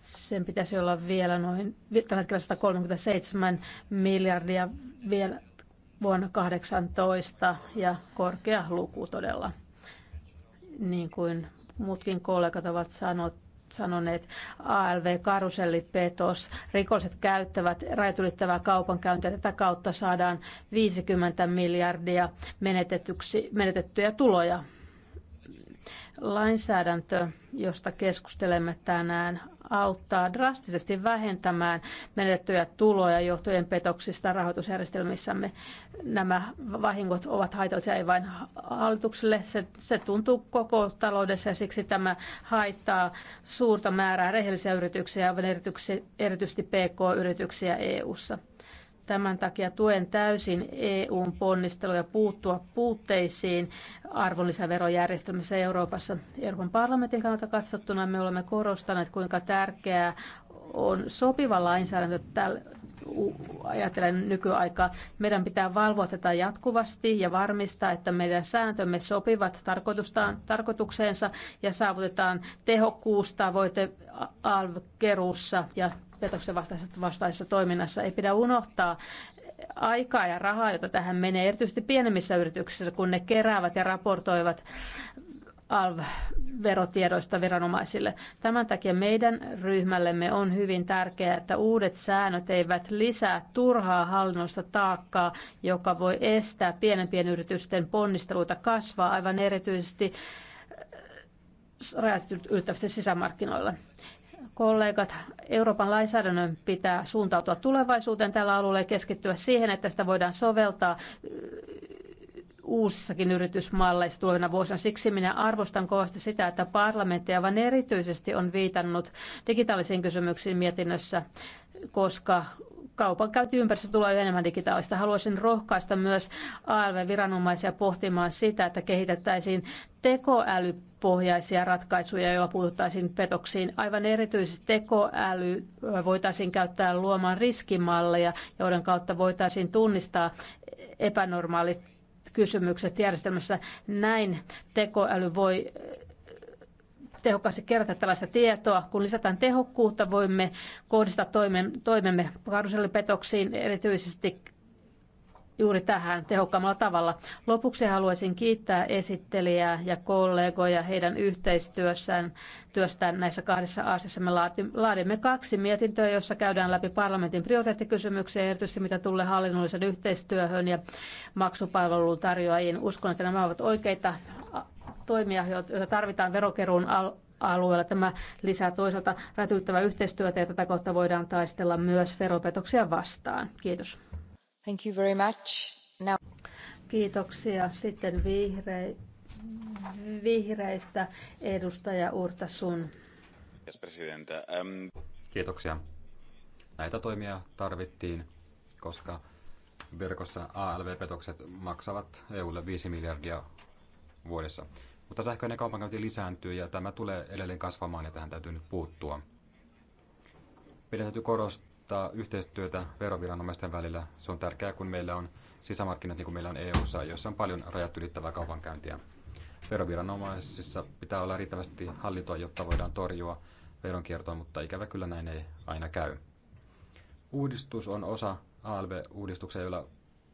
sen pitäisi olla vielä noin tällä hetkellä 137 miljardia vielä vuonna 2018 ja korkea luku todella, niin kuin muutkin kollegat ovat sanoneet ALV, petos, rikolliset käyttävät rajat ylittävää kaupankäyntiä. Tätä kautta saadaan 50 miljardia menetettyjä tuloja Lainsäädäntö, josta keskustelemme tänään, auttaa drastisesti vähentämään menettyjä tuloja johtuen petoksista rahoitusjärjestelmissämme. Nämä vahingot ovat haitallisia ei vain hallitukselle, se, se tuntuu koko taloudessa ja siksi tämä haittaa suurta määrää rehellisiä yrityksiä, erityisesti PK-yrityksiä EU-ssa. Tämän takia tuen täysin EUn ponnisteluja puuttua puutteisiin arvonlisäverojärjestelmässä Euroopassa. Euroopan parlamentin kannalta katsottuna me olemme korostaneet, kuinka tärkeää on sopiva lainsäädäntö tällä ajatellen nykyaikaa. Meidän pitää valvoa tätä jatkuvasti ja varmistaa, että meidän sääntömme sopivat tarkoitukseensa ja saavutetaan tehokkuus tavoite ja petoksen vastaisessa, vastaisessa toiminnassa. Ei pidä unohtaa aikaa ja rahaa, jota tähän menee, erityisesti pienemmissä yrityksissä, kun ne keräävät ja raportoivat ALV-verotiedoista viranomaisille. Tämän takia meidän ryhmällemme on hyvin tärkeää, että uudet säännöt eivät lisää turhaa hallinnosta taakkaa, joka voi estää pienempien yritysten ponnisteluita kasvaa aivan erityisesti rajat ylittävästi sisämarkkinoilla kollegat, Euroopan lainsäädännön pitää suuntautua tulevaisuuteen tällä alueella ja keskittyä siihen, että sitä voidaan soveltaa äh, uusissakin yritysmalleissa tulevina vuosina. Siksi minä arvostan kovasti sitä, että parlamentti aivan erityisesti on viitannut digitaalisiin kysymyksiin mietinnössä koska käyttöympäristö tulee enemmän digitaalista. Haluaisin rohkaista myös ALV-viranomaisia pohtimaan sitä, että kehitettäisiin tekoälypohjaisia ratkaisuja, joilla puututtaisiin petoksiin. Aivan erityisesti tekoäly voitaisiin käyttää luomaan riskimalleja, joiden kautta voitaisiin tunnistaa epänormaalit kysymykset järjestelmässä. Näin tekoäly voi tehokkaasti kerätä tällaista tietoa. Kun lisätään tehokkuutta, voimme kohdistaa toimen, toimemme karusellipetoksiin erityisesti juuri tähän tehokkaammalla tavalla. Lopuksi haluaisin kiittää esittelijää ja kollegoja heidän yhteistyössään työstään näissä kahdessa asiassa. Me laadimme kaksi mietintöä, jossa käydään läpi parlamentin prioriteettikysymyksiä, erityisesti mitä tulee hallinnollisen yhteistyöhön ja maksupalvelun tarjoajiin. Uskon, että nämä ovat oikeita toimia, joita tarvitaan verokeruun alueella. Tämä lisää toisaalta rätyyttävää yhteistyötä ja tätä kautta voidaan taistella myös veropetoksia vastaan. Kiitos. Thank you very much. Now... Kiitoksia. Sitten vihre... vihreistä edustaja Urta Sun. Kiitoksia. Näitä toimia tarvittiin, koska verkossa ALV-petokset maksavat EUlle 5 miljardia vuodessa. Mutta sähköinen kaupankäynti lisääntyy ja tämä tulee edelleen kasvamaan ja tähän täytyy nyt puuttua. Meidän täytyy korostaa yhteistyötä veroviranomaisten välillä. Se on tärkeää, kun meillä on sisämarkkinat, niin kuin meillä on EU-ssa, jossa on paljon rajat ylittävää kaupankäyntiä. Veroviranomaisissa pitää olla riittävästi hallintoa, jotta voidaan torjua veronkiertoa, mutta ikävä kyllä näin ei aina käy. Uudistus on osa ALV-uudistuksia, joilla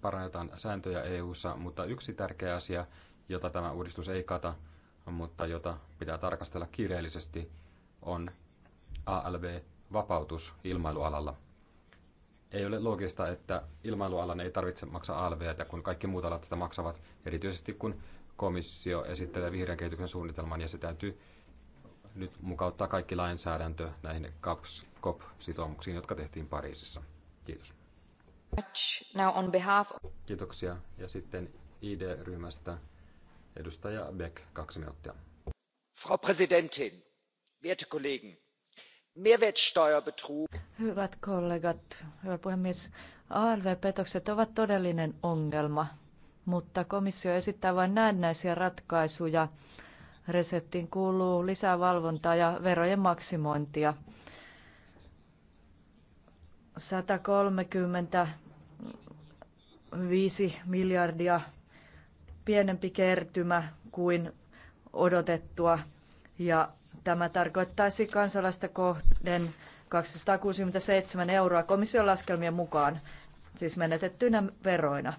parannetaan sääntöjä EU:ssa, mutta yksi tärkeä asia, jota tämä uudistus ei kata, mutta jota pitää tarkastella kiireellisesti, on ALV-vapautus ilmailualalla. Ei ole loogista, että ilmailualan ei tarvitse maksaa ALVtä, kun kaikki muut alat sitä maksavat, erityisesti kun komissio esittelee vihreän kehityksen suunnitelman ja se täytyy nyt mukauttaa kaikki lainsäädäntö näihin COP-sitoumuksiin, jotka tehtiin Pariisissa. Kiitos. Now on behalf... Kiitoksia. Ja sitten ID-ryhmästä Edustaja Beck, kaksi minuuttia. Frau Präsidentin, werte Kollegen, Mehrwertsteuerbetrug. Hyvät kollegat, hyvä puhemies, ALV-petokset ovat todellinen ongelma, mutta komissio esittää vain näennäisiä ratkaisuja. Reseptiin kuuluu lisää valvontaa ja verojen maksimointia. 130 miljardia pienempi kertymä kuin odotettua ja tämä tarkoittaisi kansalaista kohden 267 euroa komission laskelmien mukaan, siis menetettyinä veroina.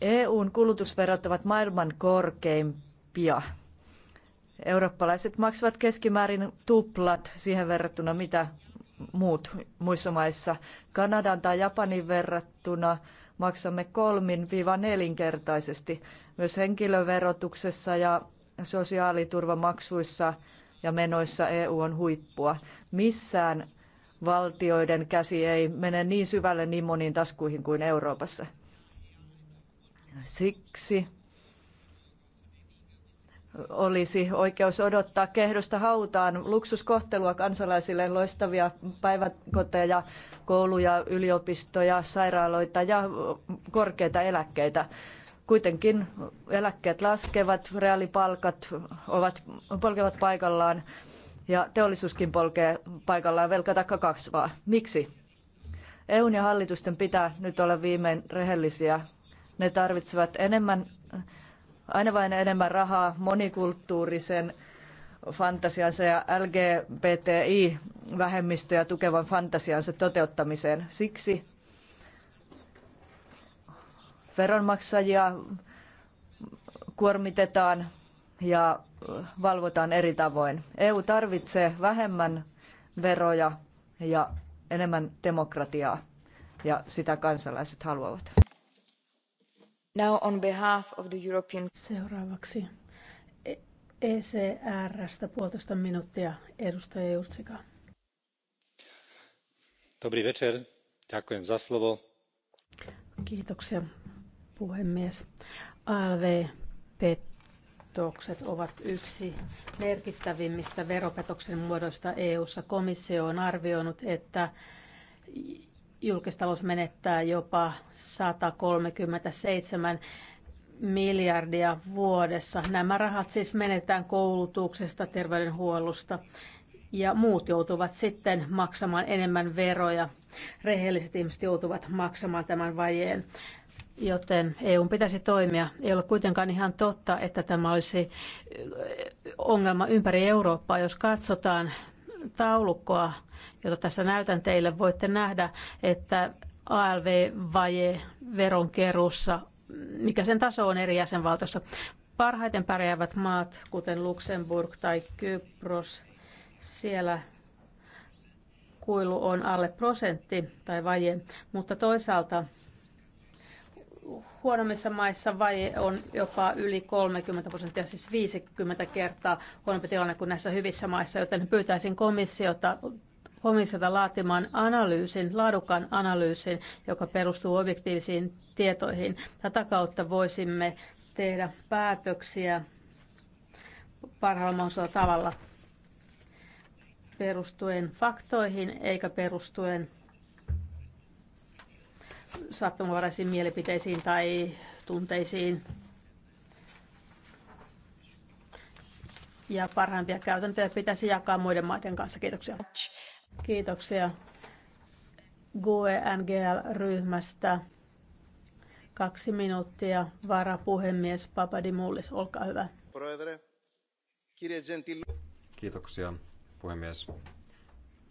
EUn kulutusverot ovat maailman korkeimpia. Eurooppalaiset maksavat keskimäärin tuplat siihen verrattuna, mitä muut muissa maissa. Kanadan tai Japanin verrattuna maksamme kolmin nelinkertaisesti myös henkilöverotuksessa ja sosiaaliturvamaksuissa ja menoissa EU on huippua. Missään valtioiden käsi ei mene niin syvälle niin moniin taskuihin kuin Euroopassa. Siksi olisi oikeus odottaa kehdosta hautaan luksuskohtelua kansalaisille, loistavia päiväkoteja, kouluja, yliopistoja, sairaaloita ja korkeita eläkkeitä. Kuitenkin eläkkeet laskevat, reaalipalkat ovat, polkevat paikallaan ja teollisuuskin polkee paikallaan, velkatakka kasvaa. Miksi? EUn ja hallitusten pitää nyt olla viimein rehellisiä. Ne tarvitsevat enemmän aina vain enemmän rahaa monikulttuurisen fantasiansa ja LGBTI-vähemmistöjä tukevan fantasiansa toteuttamiseen. Siksi veronmaksajia kuormitetaan ja valvotaan eri tavoin. EU tarvitsee vähemmän veroja ja enemmän demokratiaa ja sitä kansalaiset haluavat. Now on behalf of the European... Seuraavaksi ECRstä e puolitoista minuuttia edustaja Jutsika. Dobrý večer. Ďakujem za slovo. Kiitoksia puhemies. ALV-petokset ovat yksi merkittävimmistä veropetoksen muodoista EU:ssa. Komissio on arvioinut, että julkistalous menettää jopa 137 miljardia vuodessa. Nämä rahat siis menetään koulutuksesta, terveydenhuollosta ja muut joutuvat sitten maksamaan enemmän veroja. Rehelliset ihmiset joutuvat maksamaan tämän vajeen. Joten EU pitäisi toimia. Ei ole kuitenkaan ihan totta, että tämä olisi ongelma ympäri Eurooppaa. Jos katsotaan taulukkoa jota tässä näytän teille, voitte nähdä, että ALV-vaje veronkeruussa, mikä sen taso on eri jäsenvaltiossa. Parhaiten pärjäävät maat, kuten Luxemburg tai Kypros, siellä kuilu on alle prosentti tai vaje, mutta toisaalta huonommissa maissa vaje on jopa yli 30 prosenttia, siis 50 kertaa huonompi tilanne kuin näissä hyvissä maissa, joten pyytäisin komissiota komissiota laatimaan analyysin, laadukkaan analyysin, joka perustuu objektiivisiin tietoihin. Tätä kautta voisimme tehdä päätöksiä parhaalla mahdollisella tavalla perustuen faktoihin eikä perustuen sattumanvaraisiin mielipiteisiin tai tunteisiin. Ja parhaimpia käytäntöjä pitäisi jakaa muiden maiden kanssa. Kiitoksia. Kiitoksia GUE-NGL-ryhmästä. Kaksi minuuttia. Varapuhemies Papadimoulis, olkaa hyvä. Kiitoksia, puhemies.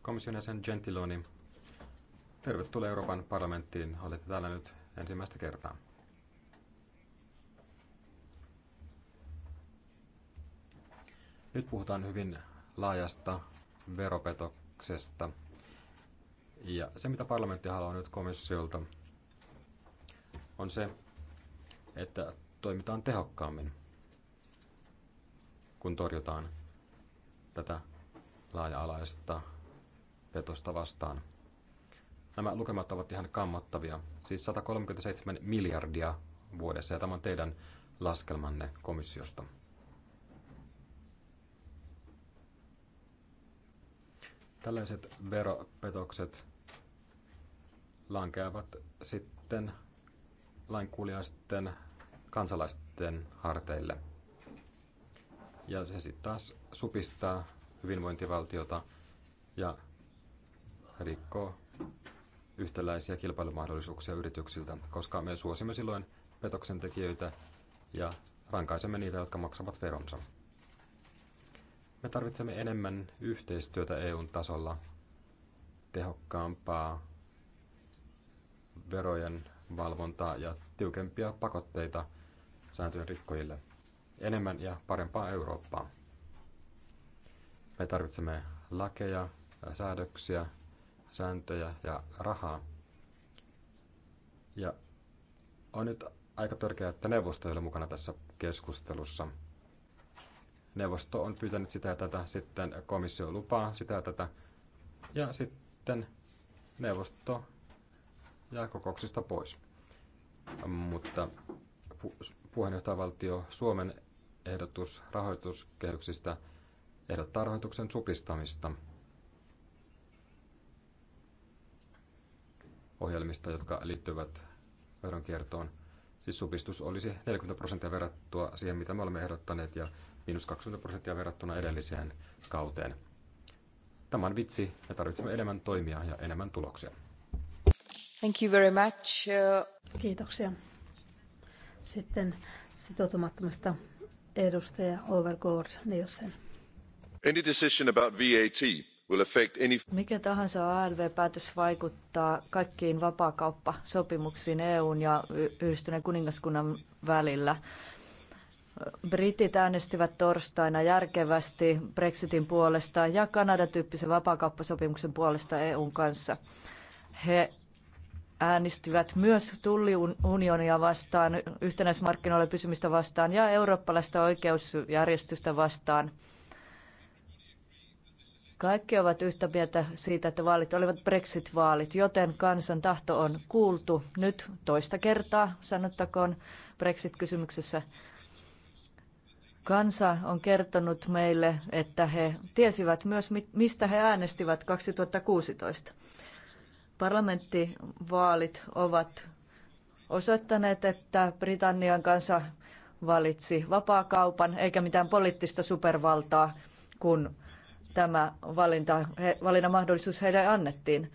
Komission jäsen Gentiloni, tervetuloa Euroopan parlamenttiin. Olette täällä nyt ensimmäistä kertaa. Nyt puhutaan hyvin laajasta veropetoksesta ehdotuksesta. Ja se, mitä parlamentti haluaa nyt komissiolta, on se, että toimitaan tehokkaammin, kun torjutaan tätä laaja-alaista petosta vastaan. Nämä lukemat ovat ihan kammottavia, siis 137 miljardia vuodessa, ja tämä on teidän laskelmanne komissiosta. Tällaiset veropetokset lankeavat sitten lainkuuliaisten kansalaisten harteille. Ja se sitten taas supistaa hyvinvointivaltiota ja rikkoo yhtäläisiä kilpailumahdollisuuksia yrityksiltä, koska me suosimme silloin petoksentekijöitä ja rankaisemme niitä, jotka maksavat veronsa. Me tarvitsemme enemmän yhteistyötä EUn tasolla, tehokkaampaa verojen valvontaa ja tiukempia pakotteita sääntöjen rikkojille. Enemmän ja parempaa Eurooppaa. Me tarvitsemme lakeja, säädöksiä, sääntöjä ja rahaa. Ja on nyt aika tärkeää, että neuvosto ei ole mukana tässä keskustelussa – neuvosto on pyytänyt sitä ja tätä, sitten komissio lupaa sitä ja tätä, ja sitten neuvosto jää kokouksista pois. Mutta pu- puheenjohtajavaltio Suomen ehdotus rahoituskehyksistä ehdottaa rahoituksen supistamista ohjelmista, jotka liittyvät veronkiertoon. Siis supistus olisi 40 prosenttia verrattua siihen, mitä me olemme ehdottaneet, ja miinus 20 prosenttia verrattuna edelliseen kauteen. Tämän vitsi. Me tarvitsemme enemmän toimia ja enemmän tuloksia. Thank you very much. Kiitoksia. Sitten sitoutumattomasta edustaja Overgaard Nielsen. Any decision about VAT will affect any... Mikä tahansa ALV-päätös vaikuttaa kaikkiin vapaakauppasopimuksiin EUn ja Yhdistyneen kuningaskunnan välillä. Britit äänestivät torstaina järkevästi Brexitin puolesta ja Kanada-tyyppisen vapaakauppasopimuksen puolesta EUn kanssa. He äänestivät myös tulliunionia vastaan, yhtenäismarkkinoilla pysymistä vastaan ja eurooppalaista oikeusjärjestystä vastaan. Kaikki ovat yhtä mieltä siitä, että vaalit olivat Brexit-vaalit, joten kansan tahto on kuultu nyt toista kertaa, sanottakoon Brexit-kysymyksessä. Kansa on kertonut meille, että he tiesivät myös, mistä he äänestivät 2016. Parlamenttivaalit ovat osoittaneet, että Britannian kansa valitsi vapaakaupan eikä mitään poliittista supervaltaa, kun tämä valinta, valinnan mahdollisuus heille annettiin.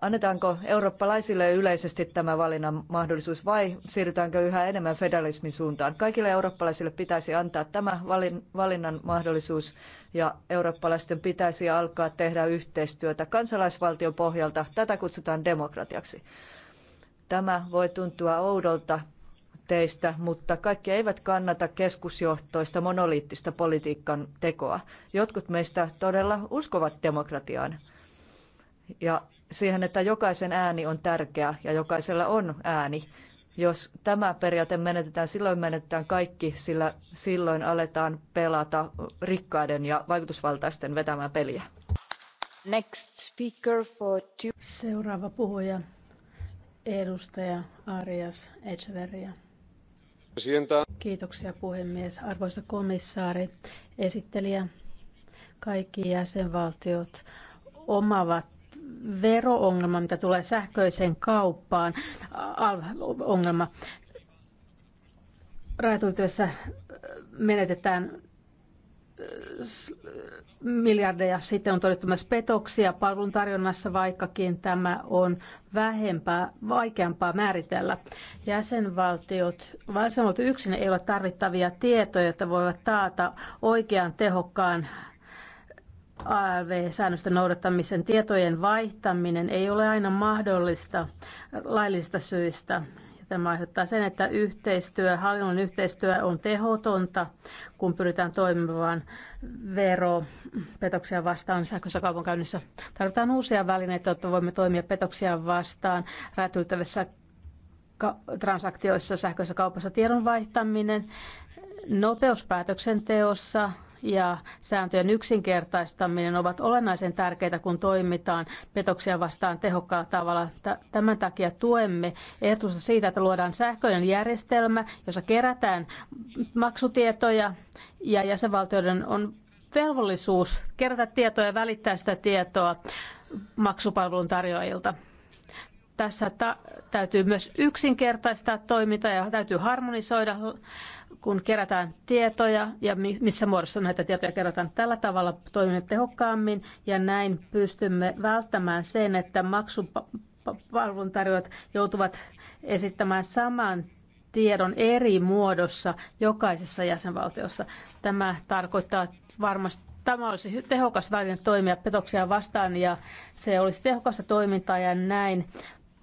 Annetaanko eurooppalaisille yleisesti tämä valinnan mahdollisuus vai siirrytäänkö yhä enemmän federalismin suuntaan? Kaikille eurooppalaisille pitäisi antaa tämä valinnan mahdollisuus ja eurooppalaisten pitäisi alkaa tehdä yhteistyötä kansalaisvaltion pohjalta. Tätä kutsutaan demokratiaksi. Tämä voi tuntua oudolta teistä, mutta kaikki eivät kannata keskusjohtoista monoliittista politiikan tekoa. Jotkut meistä todella uskovat demokratiaan. Ja siihen, että jokaisen ääni on tärkeä ja jokaisella on ääni. Jos tämä periaate menetetään, silloin menetetään kaikki, sillä silloin aletaan pelata rikkaiden ja vaikutusvaltaisten vetämään peliä. Next speaker for two. Seuraava puhuja, edustaja Arias Echeveria. Kiitoksia puhemies. Arvoisa komissaari, esittelijä, kaikki jäsenvaltiot omavat veroongelma, mitä tulee sähköiseen kauppaan, ongelma. Rajatuntiossa äh, menetetään äh, miljardeja. Sitten on todettu myös petoksia palvelun tarjonnassa, vaikkakin tämä on vähempää, vaikeampaa määritellä. Jäsenvaltiot, jäsenvaltiot yksin ei ole tarvittavia tietoja, jotta voivat taata oikean tehokkaan ALV-säännösten noudattamisen tietojen vaihtaminen ei ole aina mahdollista laillisista syistä. Tämä aiheuttaa sen, että yhteistyö, hallinnon yhteistyö on tehotonta, kun pyritään toimimaan veropetoksia vastaan sähköisessä kaupankäynnissä. Tarvitaan uusia välineitä, jotta voimme toimia petoksia vastaan räätyltävissä transaktioissa, sähköisessä kaupassa tiedon vaihtaminen, nopeus päätöksenteossa, ja sääntöjen yksinkertaistaminen ovat olennaisen tärkeitä, kun toimitaan petoksia vastaan tehokkaalla tavalla. Tämän takia tuemme ehdotusta siitä, että luodaan sähköinen järjestelmä, jossa kerätään maksutietoja ja jäsenvaltioiden on velvollisuus kerätä tietoa ja välittää sitä tietoa maksupalvelun tarjoajilta tässä ta- täytyy myös yksinkertaistaa toimintaa ja täytyy harmonisoida kun kerätään tietoja ja missä muodossa näitä tietoja kerätään tällä tavalla toimimme tehokkaammin ja näin pystymme välttämään sen, että maksupalveluntarjoajat joutuvat esittämään saman tiedon eri muodossa jokaisessa jäsenvaltiossa. Tämä tarkoittaa varmasti Tämä olisi tehokas väline toimia petoksia vastaan ja se olisi tehokasta toimintaa ja näin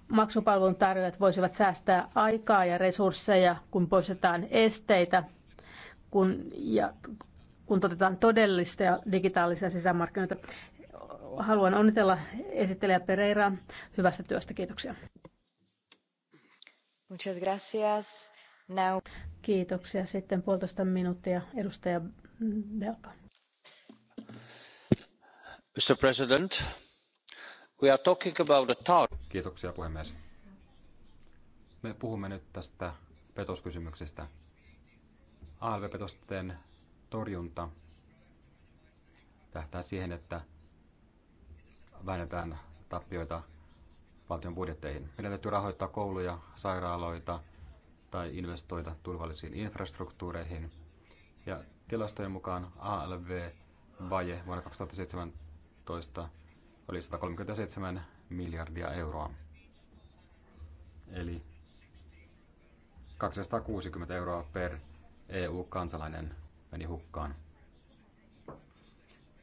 maksupalvelun tarjoajat voisivat säästää aikaa ja resursseja, kun poistetaan esteitä, kun, ja, kun otetaan ja digitaalisia sisämarkkinoita. Haluan onnitella esittelijä Pereira hyvästä työstä. Kiitoksia. Muchas gracias. Now. Kiitoksia. Sitten puolitoista minuuttia edustaja Belka. Mr. President, We are talking about tar- Kiitoksia puhemies. Me puhumme nyt tästä petoskysymyksestä. ALV-petosten torjunta tähtää siihen, että vähennetään tappioita valtion budjetteihin. Meidän täytyy rahoittaa kouluja, sairaaloita tai investoida turvallisiin infrastruktuureihin. Ja tilastojen mukaan ALV-vaje vuonna 2017 oli 137 miljardia euroa. Eli 260 euroa per EU-kansalainen meni hukkaan.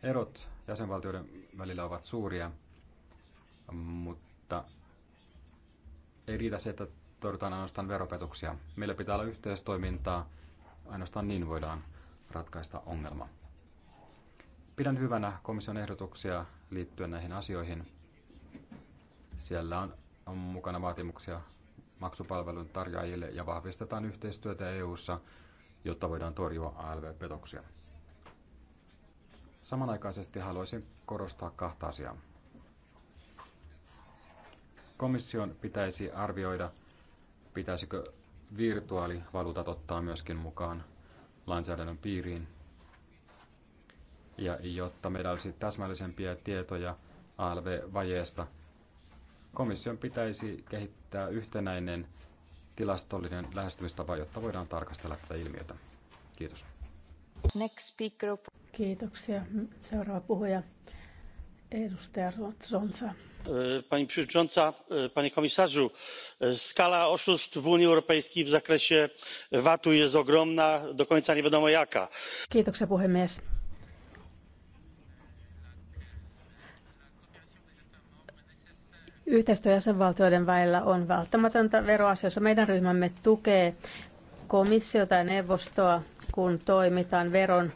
Erot jäsenvaltioiden välillä ovat suuria, mutta ei riitä se, että torjutaan ainoastaan veropetuksia. Meillä pitää olla yhteistoimintaa, ainoastaan niin voidaan ratkaista ongelma. Pidän hyvänä komission ehdotuksia liittyen näihin asioihin. Siellä on, on mukana vaatimuksia maksupalvelun tarjoajille ja vahvistetaan yhteistyötä EU:ssa, jotta voidaan torjua ALV-petoksia. Samanaikaisesti haluaisin korostaa kahta asiaa. Komission pitäisi arvioida, pitäisikö virtuaalivaluutat ottaa myöskin mukaan lainsäädännön piiriin ja jotta meillä olisi täsmällisempiä tietoja ALV-vajeesta. Komission pitäisi kehittää yhtenäinen tilastollinen lähestymistapa, jotta voidaan tarkastella tätä ilmiötä. Kiitos. Next speaker. Kiitoksia. Seuraava puhuja, edustaja Ronsa. E, pani przewodnicząca, e, panie komisarzu! E, skala oszustw w Unii Europejskiej w zakresie VAT-u jest ogromna, do końca nie wiadomo jaka. Kiitoksia puhemies Yhteistyö jäsenvaltioiden välillä on välttämätöntä veroasioissa. Meidän ryhmämme tukee komissiota ja neuvostoa, kun toimitaan veron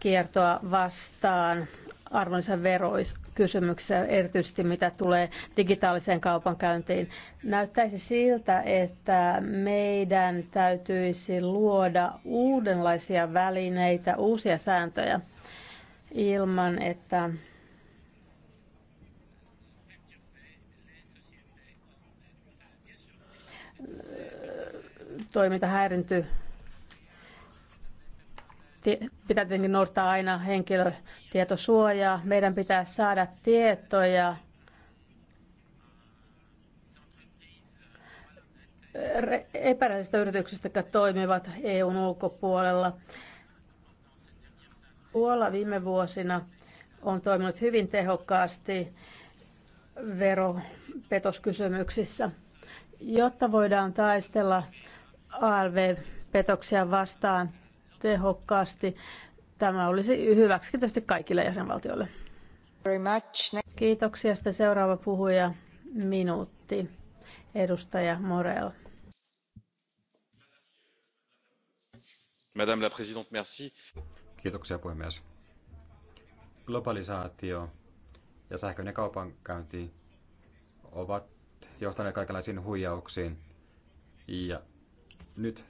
kiertoa vastaan arvonlisäverokysymyksiä, erityisesti mitä tulee digitaaliseen kaupankäyntiin. Näyttäisi siltä, että meidän täytyisi luoda uudenlaisia välineitä, uusia sääntöjä ilman, että toiminta häirintyy. Pitää tietenkin noudattaa aina henkilötietosuojaa. Meidän pitää saada tietoja epäräisistä yrityksistä, jotka toimivat EUn ulkopuolella. Puola viime vuosina on toiminut hyvin tehokkaasti veropetoskysymyksissä. Jotta voidaan taistella ALV-petoksia vastaan tehokkaasti. Tämä olisi hyväksi tietysti kaikille jäsenvaltioille. Kiitoksia. Sitten seuraava puhuja, minuutti, edustaja Morel. Madame la présidente, merci. Kiitoksia puhemies. Globalisaatio ja sähköinen kaupankäynti ovat johtaneet kaikenlaisiin huijauksiin ja nyt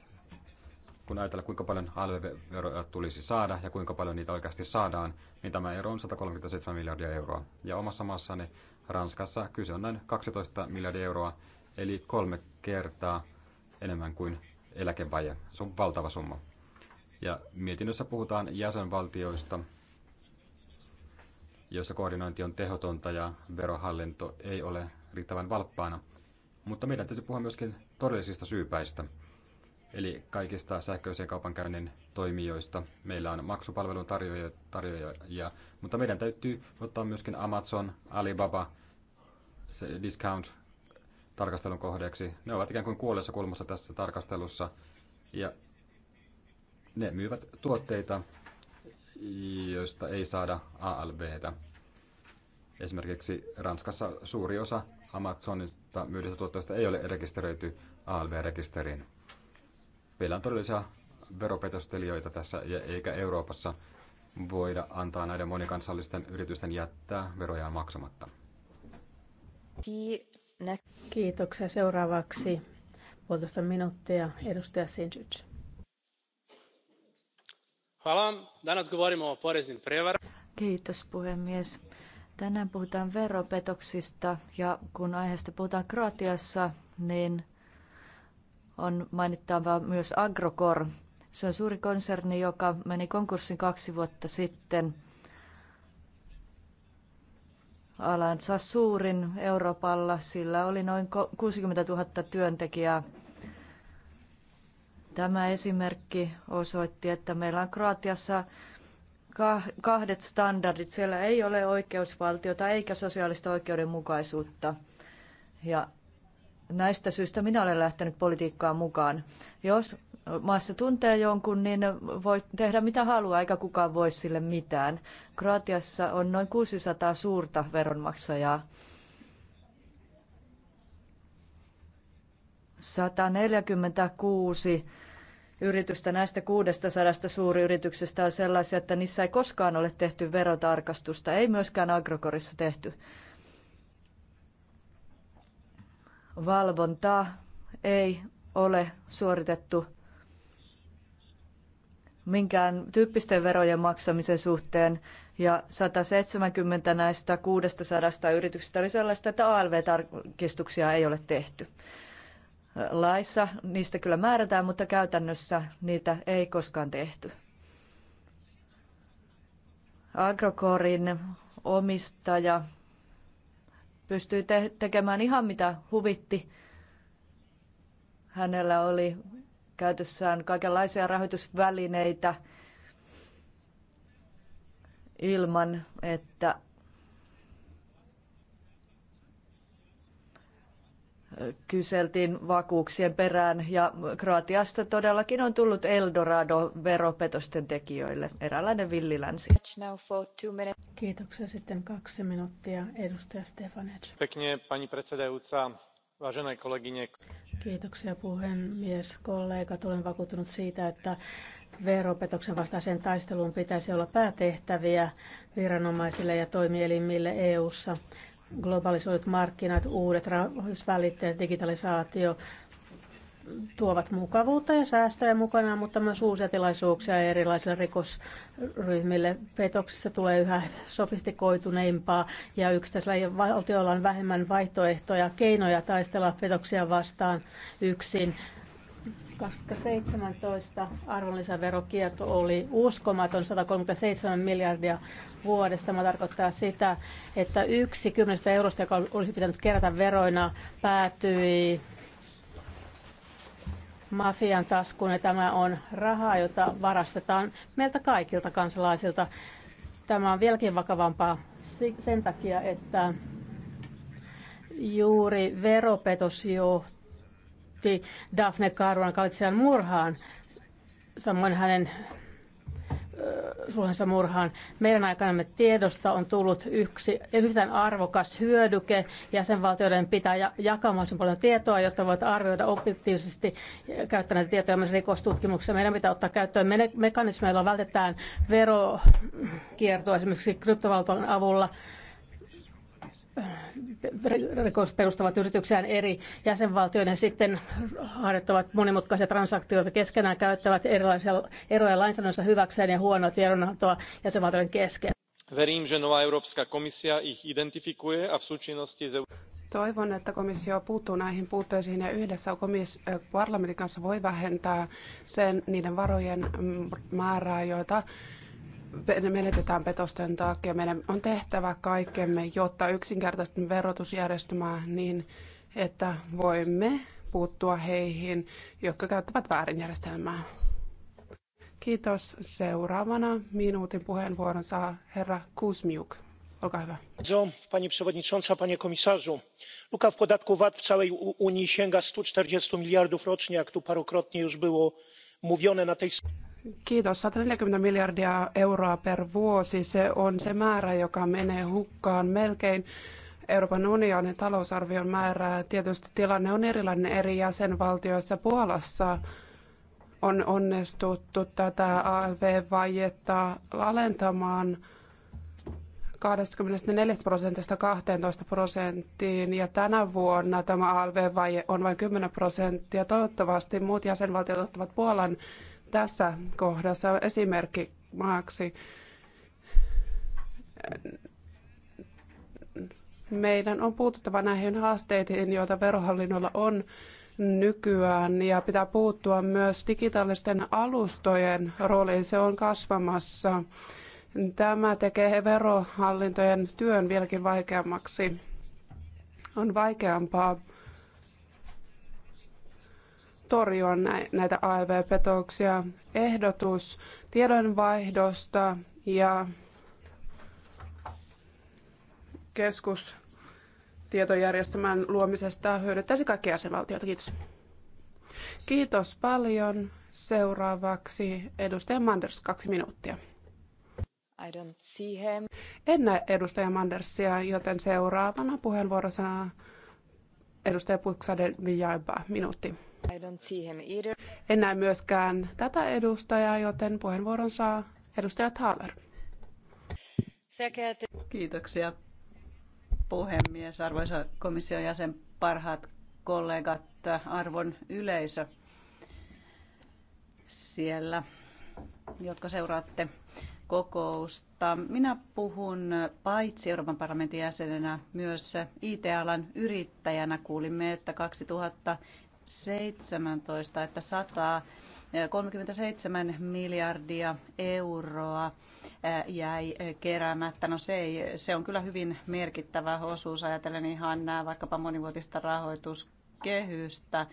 kun ajatellaan, kuinka paljon alv-veroja tulisi saada ja kuinka paljon niitä oikeasti saadaan, niin tämä ero on 137 miljardia euroa. Ja omassa maassani Ranskassa kyse on noin 12 miljardia euroa, eli kolme kertaa enemmän kuin eläkevaje. Se on valtava summa. Ja mietinnössä puhutaan jäsenvaltioista, joissa koordinointi on tehotonta ja verohallinto ei ole riittävän valppaana. Mutta meidän täytyy puhua myöskin todellisista syypäistä – Eli kaikista sähköisen kaupankäynnin toimijoista. Meillä on maksupalvelun tarjoajia, mutta meidän täytyy ottaa myöskin Amazon, Alibaba, se discount tarkastelun kohdeeksi. Ne ovat ikään kuin kuolleessa kulmassa tässä tarkastelussa ja ne myyvät tuotteita, joista ei saada ALVtä. Esimerkiksi Ranskassa suuri osa Amazonista myydistä tuotteista ei ole rekisteröity ALV-rekisteriin. Meillä on todellisia veropetostelijoita tässä, eikä Euroopassa voida antaa näiden monikansallisten yritysten jättää verojaan maksamatta. Kiitoksia. Seuraavaksi puolitoista minuuttia edustaja Sinjic. Kiitos puhemies. Tänään puhutaan veropetoksista ja kun aiheesta puhutaan Kroatiassa, niin on mainittava myös Agrokor. Se on suuri konserni, joka meni konkurssin kaksi vuotta sitten. Alansa suurin Euroopalla, sillä oli noin 60 000 työntekijää. Tämä esimerkki osoitti, että meillä on Kroatiassa kahdet standardit. Siellä ei ole oikeusvaltiota eikä sosiaalista oikeudenmukaisuutta. Ja Näistä syistä minä olen lähtenyt politiikkaan mukaan. Jos maassa tuntee jonkun, niin voi tehdä mitä haluaa, eikä kukaan voi sille mitään. Kroatiassa on noin 600 suurta veronmaksajaa. 146 yritystä näistä 600 suuryrityksestä on sellaisia, että niissä ei koskaan ole tehty verotarkastusta, ei myöskään Agrokorissa tehty. valvontaa ei ole suoritettu minkään tyyppisten verojen maksamisen suhteen ja 170 näistä 600 yrityksestä oli sellaista, että ALV-tarkistuksia ei ole tehty. Laissa niistä kyllä määrätään, mutta käytännössä niitä ei koskaan tehty. Agrokorin omistaja pystyi te- tekemään ihan mitä huvitti. Hänellä oli käytössään kaikenlaisia rahoitusvälineitä ilman, että kyseltiin vakuuksien perään ja Kroatiasta todellakin on tullut Eldorado veropetosten tekijöille, eräänlainen villilänsi. Kiitoksia sitten kaksi minuuttia, edustaja Stefanec. Pekne, pani predsedajúca, vážené kollegine. Kiitoksia puhemies, kollegat. Olen vakuuttunut siitä, että veropetoksen vastaiseen taisteluun pitäisi olla päätehtäviä viranomaisille ja toimielimille EU:ssa. ssa globalisoidut markkinat, uudet rahoitusvälitteet, digitalisaatio tuovat mukavuutta ja säästöjä mukanaan, mutta myös uusia tilaisuuksia erilaisille rikosryhmille. Petoksista tulee yhä sofistikoituneimpaa ja yksittäisillä valtioilla on vähemmän vaihtoehtoja, keinoja taistella petoksia vastaan yksin. 2017 arvonlisäverokierto oli uskomaton 137 miljardia vuodessa. Tämä tarkoittaa sitä, että yksi kymmenestä eurosta, joka olisi pitänyt kerätä veroina, päätyi mafian taskuun ja tämä on rahaa, jota varastetaan meiltä kaikilta kansalaisilta. Tämä on vieläkin vakavampaa sen takia, että juuri veropetos johti Daphne Caruan Galizian murhaan, samoin hänen sulhansa murhaan. Meidän aikanamme tiedosta on tullut yksi erittäin arvokas hyödyke. Jäsenvaltioiden pitää jakaa mahdollisimman paljon tietoa, jotta voit arvioida objektiivisesti käyttää näitä tietoja myös rikostutkimuksessa. Meidän pitää ottaa käyttöön mekanismeilla vältetään verokiertoa esimerkiksi kryptovaltojen avulla rikosperustavat yritykseen eri jäsenvaltioiden sitten harjoittavat monimutkaisia transaktioita keskenään, käyttävät erilaisia eroja lainsäädännössä hyväkseen ja huonoa tiedonantoa jäsenvaltioiden kesken. Verím, že nová Európska komisia ich identifikuje a v súčinnosti s Toivon, että komissio puuttuu näihin puutteisiin ja yhdessä komis- eh, parlamentin kanssa voi vähentää sen, niiden varojen mm, määrää, joita menetetään petosten takia. Meidän on tehtävä kaikkemme, jotta yksinkertaisesti verotusjärjestelmää niin, että voimme puuttua heihin, jotka käyttävät väärin järjestelmää. Kiitos. Seuraavana minuutin puheenvuoron saa herra Kuzmiuk. Olkaa hyvä. Pani przewodnicząca, panie komisarzu. Luka w podatku VAT w całej Unii sięga 140 miliardów rocznie, jak tu parokrotnie już było mówione na tej Kiitos. 140 miljardia euroa per vuosi, se on se määrä, joka menee hukkaan melkein Euroopan unionin talousarvion määrää. Tietysti tilanne on erilainen eri jäsenvaltioissa. Puolassa on onnistuttu tätä ALV-vajetta alentamaan 24 prosentista 12 prosenttiin ja tänä vuonna tämä ALV-vaje on vain 10 prosenttia. Toivottavasti muut jäsenvaltiot ottavat Puolan tässä kohdassa esimerkki maaksi. Meidän on puututtava näihin haasteisiin, joita verohallinnolla on nykyään ja pitää puuttua myös digitaalisten alustojen rooliin. Se on kasvamassa. Tämä tekee verohallintojen työn vieläkin vaikeammaksi. On vaikeampaa torjua näitä ALV-petoksia. Ehdotus tiedonvaihdosta ja keskustietojärjestelmän luomisesta hyödyttäisi kaikkia jäsenvaltioita. Kiitos. Kiitos paljon. Seuraavaksi edustaja Manders, kaksi minuuttia. I don't see him. En näe edustaja Mandersia, joten seuraavana puheenvuoro Edustaja Puksaden Vijaeba, minuutti. En näe myöskään tätä edustajaa, joten puheenvuoron saa edustaja Thaler. Kiitoksia puhemies, arvoisa komission jäsen, parhaat kollegat, arvon yleisö siellä, jotka seuraatte kokousta. Minä puhun paitsi Euroopan parlamentin jäsenenä myös IT-alan yrittäjänä. Kuulimme, että 2017, että 137 miljardia euroa jäi keräämättä. No se, ei, se on kyllä hyvin merkittävä osuus, ajatellen ihan nämä vaikkapa monivuotista rahoitus kehystä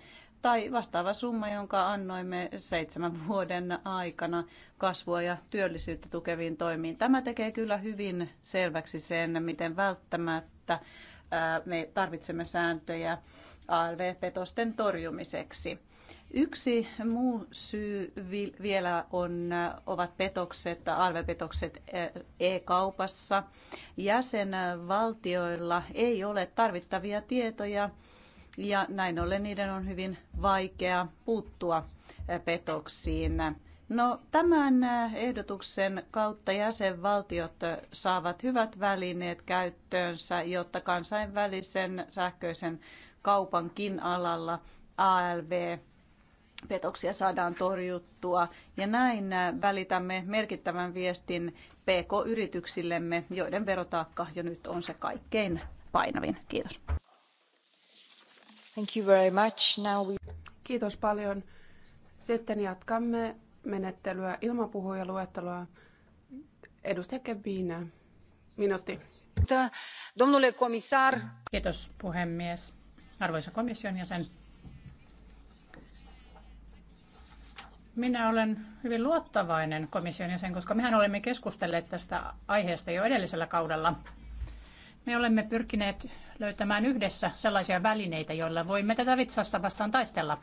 tai vastaava summa, jonka annoimme seitsemän vuoden aikana kasvua ja työllisyyttä tukeviin toimiin. Tämä tekee kyllä hyvin selväksi sen, miten välttämättä me tarvitsemme sääntöjä ALV-petosten torjumiseksi. Yksi muu syy vielä on, ovat petokset, alvepetokset e-kaupassa. Jäsenvaltioilla ei ole tarvittavia tietoja ja näin ollen niiden on hyvin vaikea puuttua eh, petoksiin. No, tämän eh, ehdotuksen kautta jäsenvaltiot eh, saavat hyvät välineet käyttöönsä, jotta kansainvälisen sähköisen kaupankin alalla ALV petoksia saadaan torjuttua ja näin välitämme merkittävän viestin PK-yrityksillemme, joiden verotaakka jo nyt on se kaikkein painavin. Kiitos. Thank you very much. Now we... Kiitos paljon. Sitten jatkamme menettelyä ilman puhujaluetteloa. Edustaja Kebina, minuutti. Domnule komissar. Kiitos puhemies. Arvoisa komission jäsen. Minä olen hyvin luottavainen komission jäsen, koska mehän olemme keskustelleet tästä aiheesta jo edellisellä kaudella me olemme pyrkineet löytämään yhdessä sellaisia välineitä, joilla voimme tätä vitsausta vastaan taistella.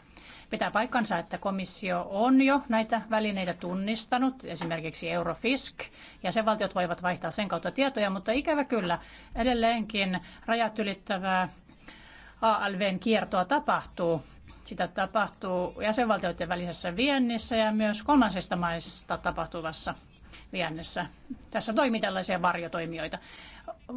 Pitää paikkansa, että komissio on jo näitä välineitä tunnistanut, esimerkiksi Eurofisk, ja sen valtiot voivat vaihtaa sen kautta tietoja, mutta ikävä kyllä edelleenkin rajat ylittävää ALVn kiertoa tapahtuu. Sitä tapahtuu jäsenvaltioiden välisessä viennissä ja myös kolmansista maista tapahtuvassa Viennessä. Tässä toimii tällaisia varjotoimijoita.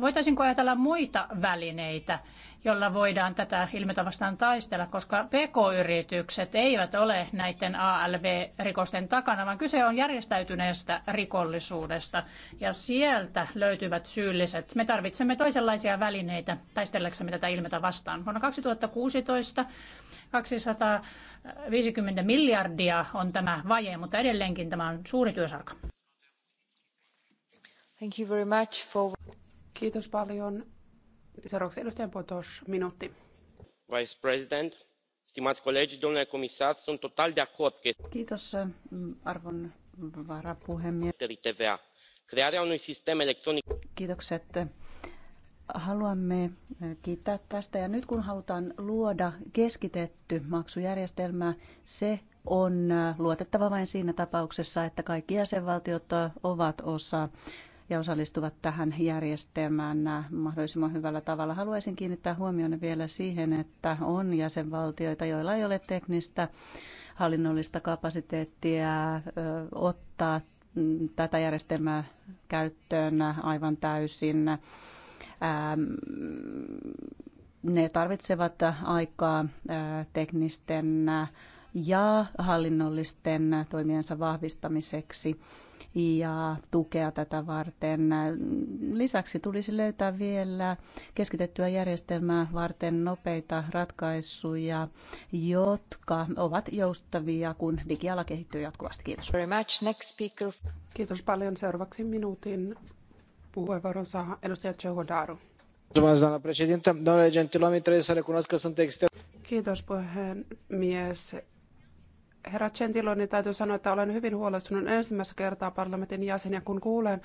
Voitaisinko ajatella muita välineitä, joilla voidaan tätä ilmiötä vastaan taistella, koska PK-yritykset eivät ole näiden ALV-rikosten takana, vaan kyse on järjestäytyneestä rikollisuudesta ja sieltä löytyvät syylliset. Me tarvitsemme toisenlaisia välineitä taistellaksemme tätä ilmiötä vastaan. Vuonna 2016 250 miljardia on tämä vaje, mutta edelleenkin tämä on suuri työsarka. Thank you very much for... Kiitos paljon. Seuraavaksi edustaja Potos, minuutti. Vice President, stimați colegi, domnule comisar, sunt total de acord că... Kiitos, mm, arvon varapuhemies. TVA. Crearea unui sistem electronic... Kiitokset haluamme eh, kiittää tästä. Ja nyt kun halutaan luoda keskitetty maksujärjestelmä, se on eh, luotettava vain siinä tapauksessa, että kaikki jäsenvaltiot eh, ovat osa ja osallistuvat tähän järjestelmään mahdollisimman hyvällä tavalla. Haluaisin kiinnittää huomioon vielä siihen, että on jäsenvaltioita, joilla ei ole teknistä hallinnollista kapasiteettia ottaa tätä järjestelmää käyttöön aivan täysin. Ähm, ne tarvitsevat aikaa teknisten ja hallinnollisten toimiensa vahvistamiseksi ja tukea tätä varten. Lisäksi tulisi löytää vielä keskitettyä järjestelmää varten nopeita ratkaisuja, jotka ovat joustavia, kun digiala kehittyy jatkuvasti. Kiitos. Very much. Next speaker. Kiitos paljon. Seuraavaksi minuutin puheenvuoron saa edustaja Cehodaru. Doamna Kiitos puhemies herra Gentiloni, niin täytyy sanoa, että olen hyvin huolestunut ensimmäistä kertaa parlamentin jäseniä, kun kuulen,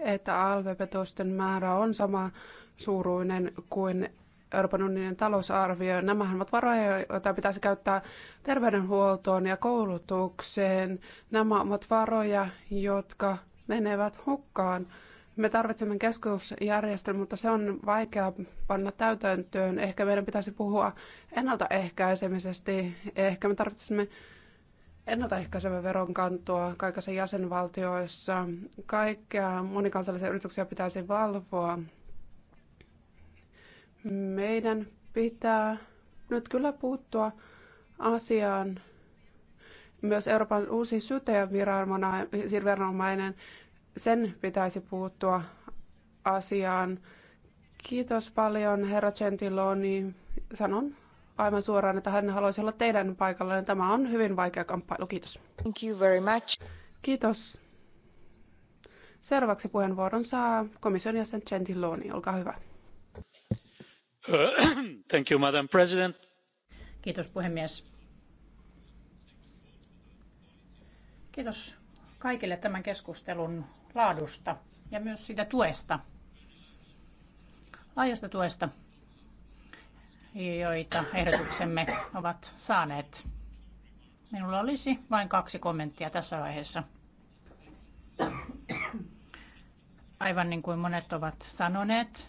että alvepetosten määrä on sama suuruinen kuin Euroopan unionin talousarvio. Nämähän ovat varoja, joita pitäisi käyttää terveydenhuoltoon ja koulutukseen. Nämä ovat varoja, jotka menevät hukkaan. Me tarvitsemme keskusjärjestelmä, mutta se on vaikea panna täytäntöön. Ehkä meidän pitäisi puhua ennaltaehkäisemisestä. Ehkä me tarvitsemme ennaltaehkäisevä veronkantoa kaikissa jäsenvaltioissa. Kaikkea monikansallisia yrityksiä pitäisi valvoa. Meidän pitää nyt kyllä puuttua asiaan. Myös Euroopan uusi syyttäjäviranomainen, sen pitäisi puuttua asiaan. Kiitos paljon, herra Gentiloni. Sanon aivan suoraan, että hän haluaisi olla teidän paikallanne. Niin tämä on hyvin vaikea kamppailu. Kiitos. Thank you very much. Kiitos. Seuraavaksi puheenvuoron saa komission jäsen Gentiloni. Olkaa hyvä. Thank you, Madam President. Kiitos puhemies. Kiitos kaikille tämän keskustelun laadusta ja myös siitä tuesta, laajasta tuesta joita ehdotuksemme ovat saaneet. Minulla olisi vain kaksi kommenttia tässä vaiheessa. Aivan niin kuin monet ovat sanoneet,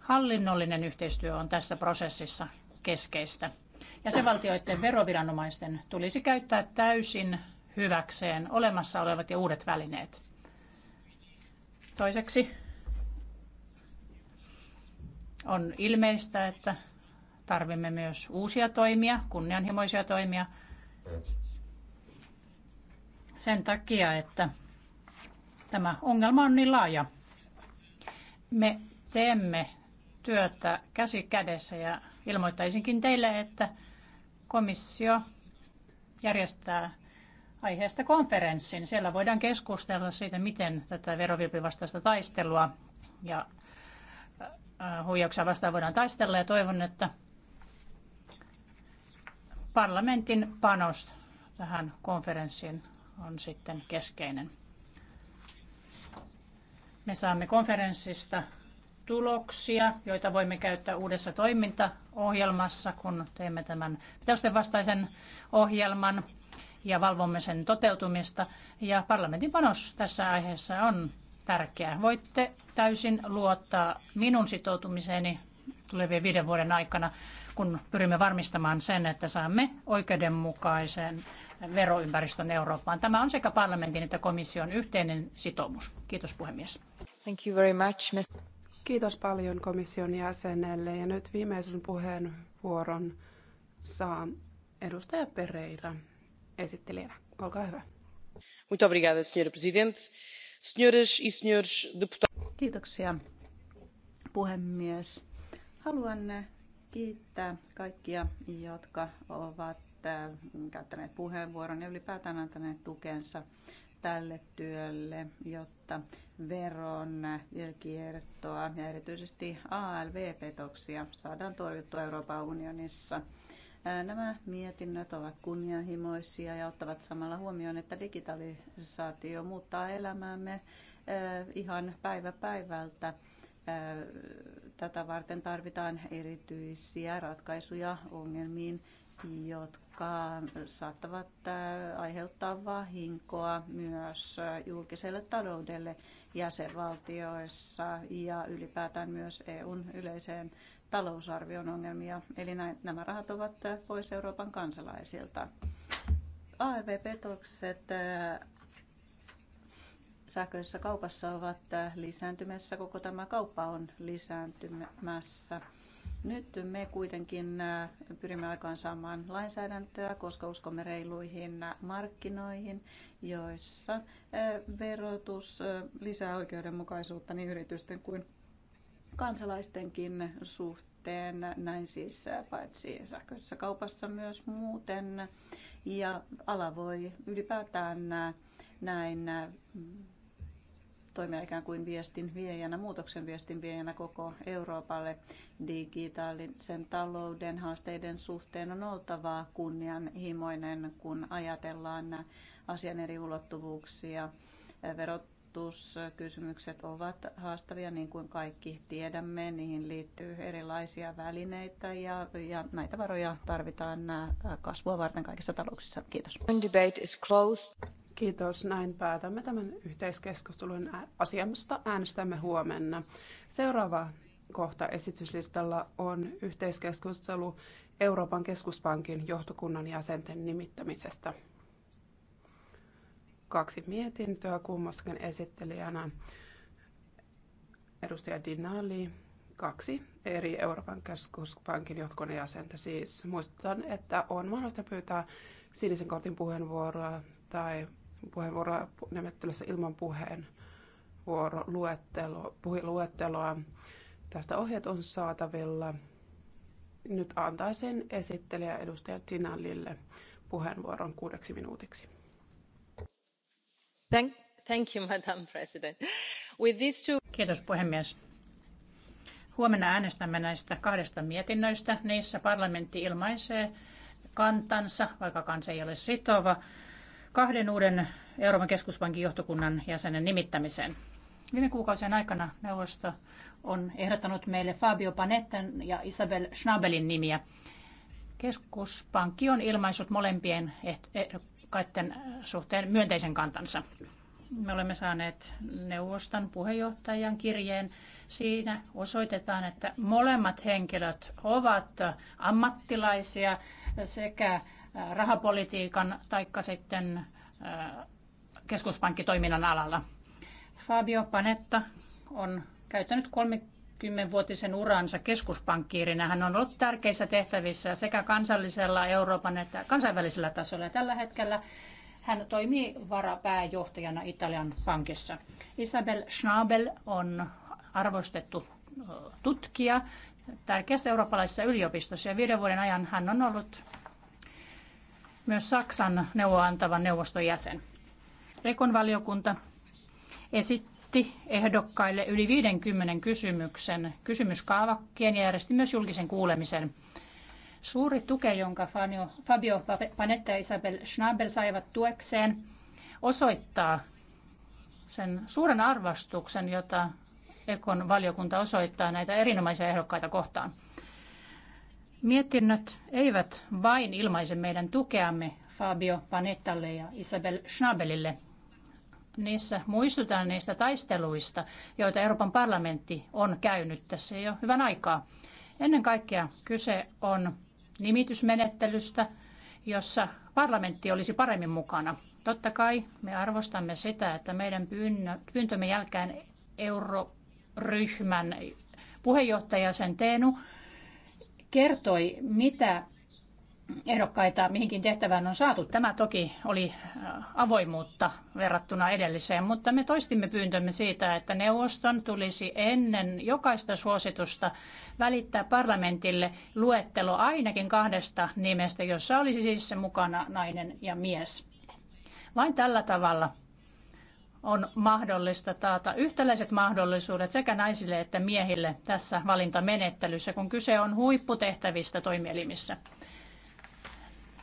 hallinnollinen yhteistyö on tässä prosessissa keskeistä. Jäsenvaltioiden veroviranomaisten tulisi käyttää täysin hyväkseen olemassa olevat ja uudet välineet. Toiseksi on ilmeistä, että tarvimme myös uusia toimia, kunnianhimoisia toimia sen takia, että tämä ongelma on niin laaja. Me teemme työtä käsi kädessä ja ilmoittaisinkin teille, että komissio järjestää aiheesta konferenssin. Siellä voidaan keskustella siitä, miten tätä verovilpivastaista taistelua ja Äh, huijauksia vastaan voidaan taistella ja toivon, että parlamentin panos tähän konferenssiin on sitten keskeinen. Me saamme konferenssista tuloksia, joita voimme käyttää uudessa toimintaohjelmassa, kun teemme tämän pitäysten vastaisen ohjelman ja valvomme sen toteutumista. Ja parlamentin panos tässä aiheessa on tärkeä Voitte täysin luottaa minun sitoutumiseeni tulevien viiden vuoden aikana, kun pyrimme varmistamaan sen, että saamme oikeudenmukaisen veroympäristön Eurooppaan. Tämä on sekä parlamentin että komission yhteinen sitoumus. Kiitos puhemies. Thank you very much, Mr. Kiitos paljon komission jäsenelle ja nyt viimeisen puheenvuoron saa edustaja Pereira esittelijänä. Olkaa hyvä. Muito obrigada, senhora presidente. E Kiitoksia puhemies. Haluan kiittää kaikkia, jotka ovat äh, käyttäneet puheenvuoron ja ylipäätään antaneet tukensa tälle työlle, jotta veron kiertoa ja erityisesti ALV-petoksia saadaan torjuttua Euroopan unionissa. Nämä mietinnöt ovat kunnianhimoisia ja ottavat samalla huomioon, että digitalisaatio muuttaa elämäämme ihan päivä päivältä. Tätä varten tarvitaan erityisiä ratkaisuja ongelmiin, jotka saattavat aiheuttaa vahinkoa myös julkiselle taloudelle jäsenvaltioissa ja ylipäätään myös EUn yleiseen talousarvion ongelmia, eli nämä rahat ovat äh, pois Euroopan kansalaisilta. ARV-petokset äh, sähköisessä kaupassa ovat äh, lisääntymässä, koko tämä kauppa on lisääntymässä. Nyt me kuitenkin pyrimme aikaan saamaan lainsäädäntöä, koska uskomme reiluihin markkinoihin, joissa verotus lisää oikeudenmukaisuutta niin yritysten kuin kansalaistenkin suhteen, näin siis eh, paitsi sähköisessä kaupassa myös muuten. Ja ala voi ylipäätään eh, näin eh, toimia ikään kuin viestin viejänä, muutoksen viestin viejänä koko Euroopalle digitaalisen talouden haasteiden suhteen on oltava kunnianhimoinen, kun ajatellaan asian eri ulottuvuuksia, verot, rahoituskysymykset ovat haastavia, niin kuin kaikki tiedämme. Niihin liittyy erilaisia välineitä ja, ja näitä varoja tarvitaan kasvua varten kaikissa talouksissa. Kiitos. Debate is closed. Kiitos. Näin päätämme tämän yhteiskeskustelun asiasta. Äänestämme huomenna. Seuraava kohta esityslistalla on yhteiskeskustelu Euroopan keskuspankin johtokunnan jäsenten nimittämisestä kaksi mietintöä kummassakin esittelijänä. Edustaja Dinali, kaksi eri Euroopan keskuspankin jotkone jäsentä. Siis muistutan, että on mahdollista pyytää sinisen kortin puheenvuoroa tai puheenvuoroa nimettelyssä ilman puheen puheluetteloa. Tästä ohjeet on saatavilla. Nyt antaisin esittelijä edustaja Tinallille puheenvuoron kuudeksi minuutiksi arvoisa puhemies. Huomenna äänestämme näistä kahdesta mietinnöstä. Niissä parlamentti ilmaisee kantansa, vaikka kansa ei ole sitova, kahden uuden Euroopan keskuspankin johtokunnan jäsenen nimittämiseen. Viime kuukausien aikana neuvosto on ehdottanut meille Fabio Panetten ja Isabel Schnabelin nimiä. Keskuspankki on ilmaissut molempien ehdokkaiden suhteen myönteisen kantansa. Me olemme saaneet neuvoston puheenjohtajan kirjeen. Siinä osoitetaan, että molemmat henkilöt ovat ammattilaisia sekä äh, rahapolitiikan taikka sitten äh, keskuspankkitoiminnan alalla. Fabio Panetta on käyttänyt 30 kymmenvuotisen uransa keskuspankkiirina. Hän on ollut tärkeissä tehtävissä sekä kansallisella, Euroopan että kansainvälisellä tasolla. Ja tällä hetkellä hän toimii varapääjohtajana Italian pankissa. Isabel Schnabel on arvostettu tutkija tärkeässä eurooppalaisessa yliopistossa ja viiden vuoden ajan hän on ollut myös Saksan neuvoantavan neuvoston jäsen. Ekon valiokunta esittää jätti ehdokkaille yli 50 kysymyksen kysymyskaavakkeen ja järjesti myös julkisen kuulemisen. Suuri tuke, jonka Fabio Panetta ja Isabel Schnabel saivat tuekseen, osoittaa sen suuren arvostuksen, jota Ekon valiokunta osoittaa näitä erinomaisia ehdokkaita kohtaan. Mietinnöt eivät vain ilmaise meidän tukeamme Fabio Panettalle ja Isabel Schnabelille, niissä muistutan niistä taisteluista, joita Euroopan parlamentti on käynyt tässä jo hyvän aikaa. Ennen kaikkea kyse on nimitysmenettelystä, jossa parlamentti olisi paremmin mukana. Totta kai me arvostamme sitä, että meidän pyyntömme jälkeen euroryhmän puheenjohtaja sen Teenu kertoi, mitä ehdokkaita mihinkin tehtävään on saatu. Tämä toki oli äh, avoimuutta verrattuna edelliseen, mutta me toistimme pyyntömme siitä, että neuvoston tulisi ennen jokaista suositusta välittää parlamentille luettelo ainakin kahdesta nimestä, jossa olisi siis mukana nainen ja mies. Vain tällä tavalla on mahdollista taata yhtäläiset mahdollisuudet sekä naisille että miehille tässä valintamenettelyssä, kun kyse on huipputehtävistä toimielimissä.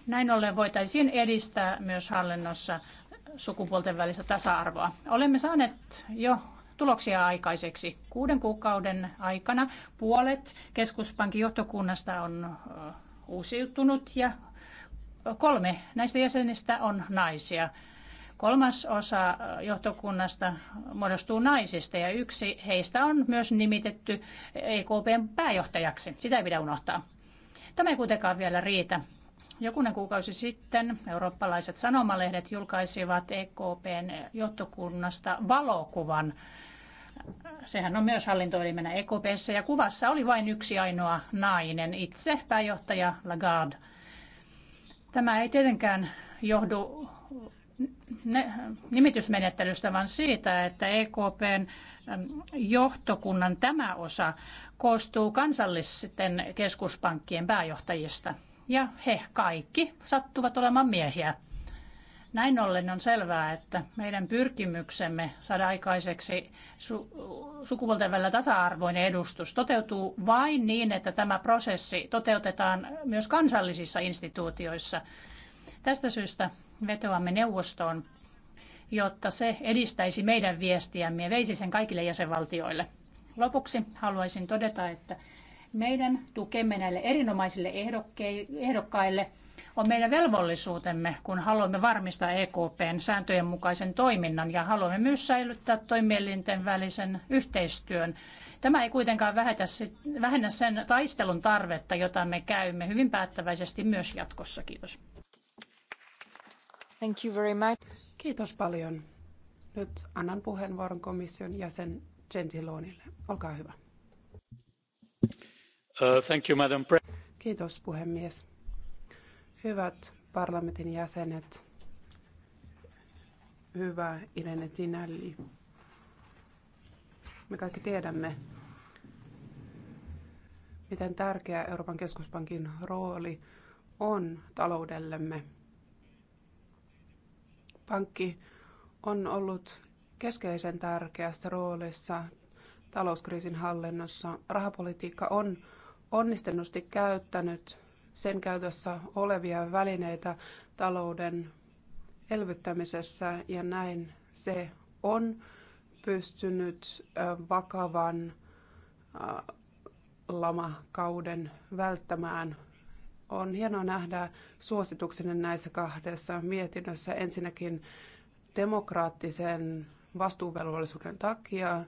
Näin ollen voitaisiin edistää myös hallinnossa sukupuolten välistä tasa-arvoa. Olemme saaneet jo tuloksia aikaiseksi. Kuuden kuukauden aikana puolet keskuspankin johtokunnasta on uusiutunut ja kolme näistä jäsenistä on naisia. Kolmas osa johtokunnasta muodostuu naisista ja yksi heistä on myös nimitetty EKPn pääjohtajaksi. Sitä ei pidä unohtaa. Tämä ei kuitenkaan vielä riitä. Jokunen kuukausi sitten eurooppalaiset sanomalehdet julkaisivat EKPn johtokunnasta valokuvan. Sehän on myös hallintoelimenä EKPssä ja kuvassa oli vain yksi ainoa nainen, itse pääjohtaja Lagarde. Tämä ei tietenkään johdu nimitysmenettelystä, vaan siitä, että EKPn johtokunnan tämä osa koostuu kansallisten keskuspankkien pääjohtajista ja he kaikki sattuvat olemaan miehiä. Näin ollen on selvää, että meidän pyrkimyksemme saada aikaiseksi su- sukupuolten välillä tasa-arvoinen edustus toteutuu vain niin, että tämä prosessi toteutetaan myös kansallisissa instituutioissa. Tästä syystä vetoamme neuvostoon, jotta se edistäisi meidän viestiämme ja veisi sen kaikille jäsenvaltioille. Lopuksi haluaisin todeta, että meidän tukemme näille erinomaisille ehdokkaille on meidän velvollisuutemme, kun haluamme varmistaa EKPn sääntöjen mukaisen toiminnan ja haluamme myös säilyttää toimielinten välisen yhteistyön. Tämä ei kuitenkaan vähennä sen taistelun tarvetta, jota me käymme hyvin päättäväisesti myös jatkossa. Kiitos. Thank you very much. Kiitos paljon. Nyt annan puheenvuoron komission jäsen Gentilonille. Olkaa hyvä. Uh, Kiitos puhemies. Hyvät parlamentin jäsenet, hyvä Irene Tinelli. Me kaikki tiedämme, miten tärkeä Euroopan keskuspankin rooli on taloudellemme. Pankki on ollut keskeisen tärkeässä roolissa talouskriisin hallinnassa. Rahapolitiikka on onnistuneesti käyttänyt sen käytössä olevia välineitä talouden elvyttämisessä ja näin se on pystynyt vakavan lamakauden välttämään. On hienoa nähdä suosituksenne näissä kahdessa mietinnössä ensinnäkin demokraattisen vastuuvelvollisuuden takia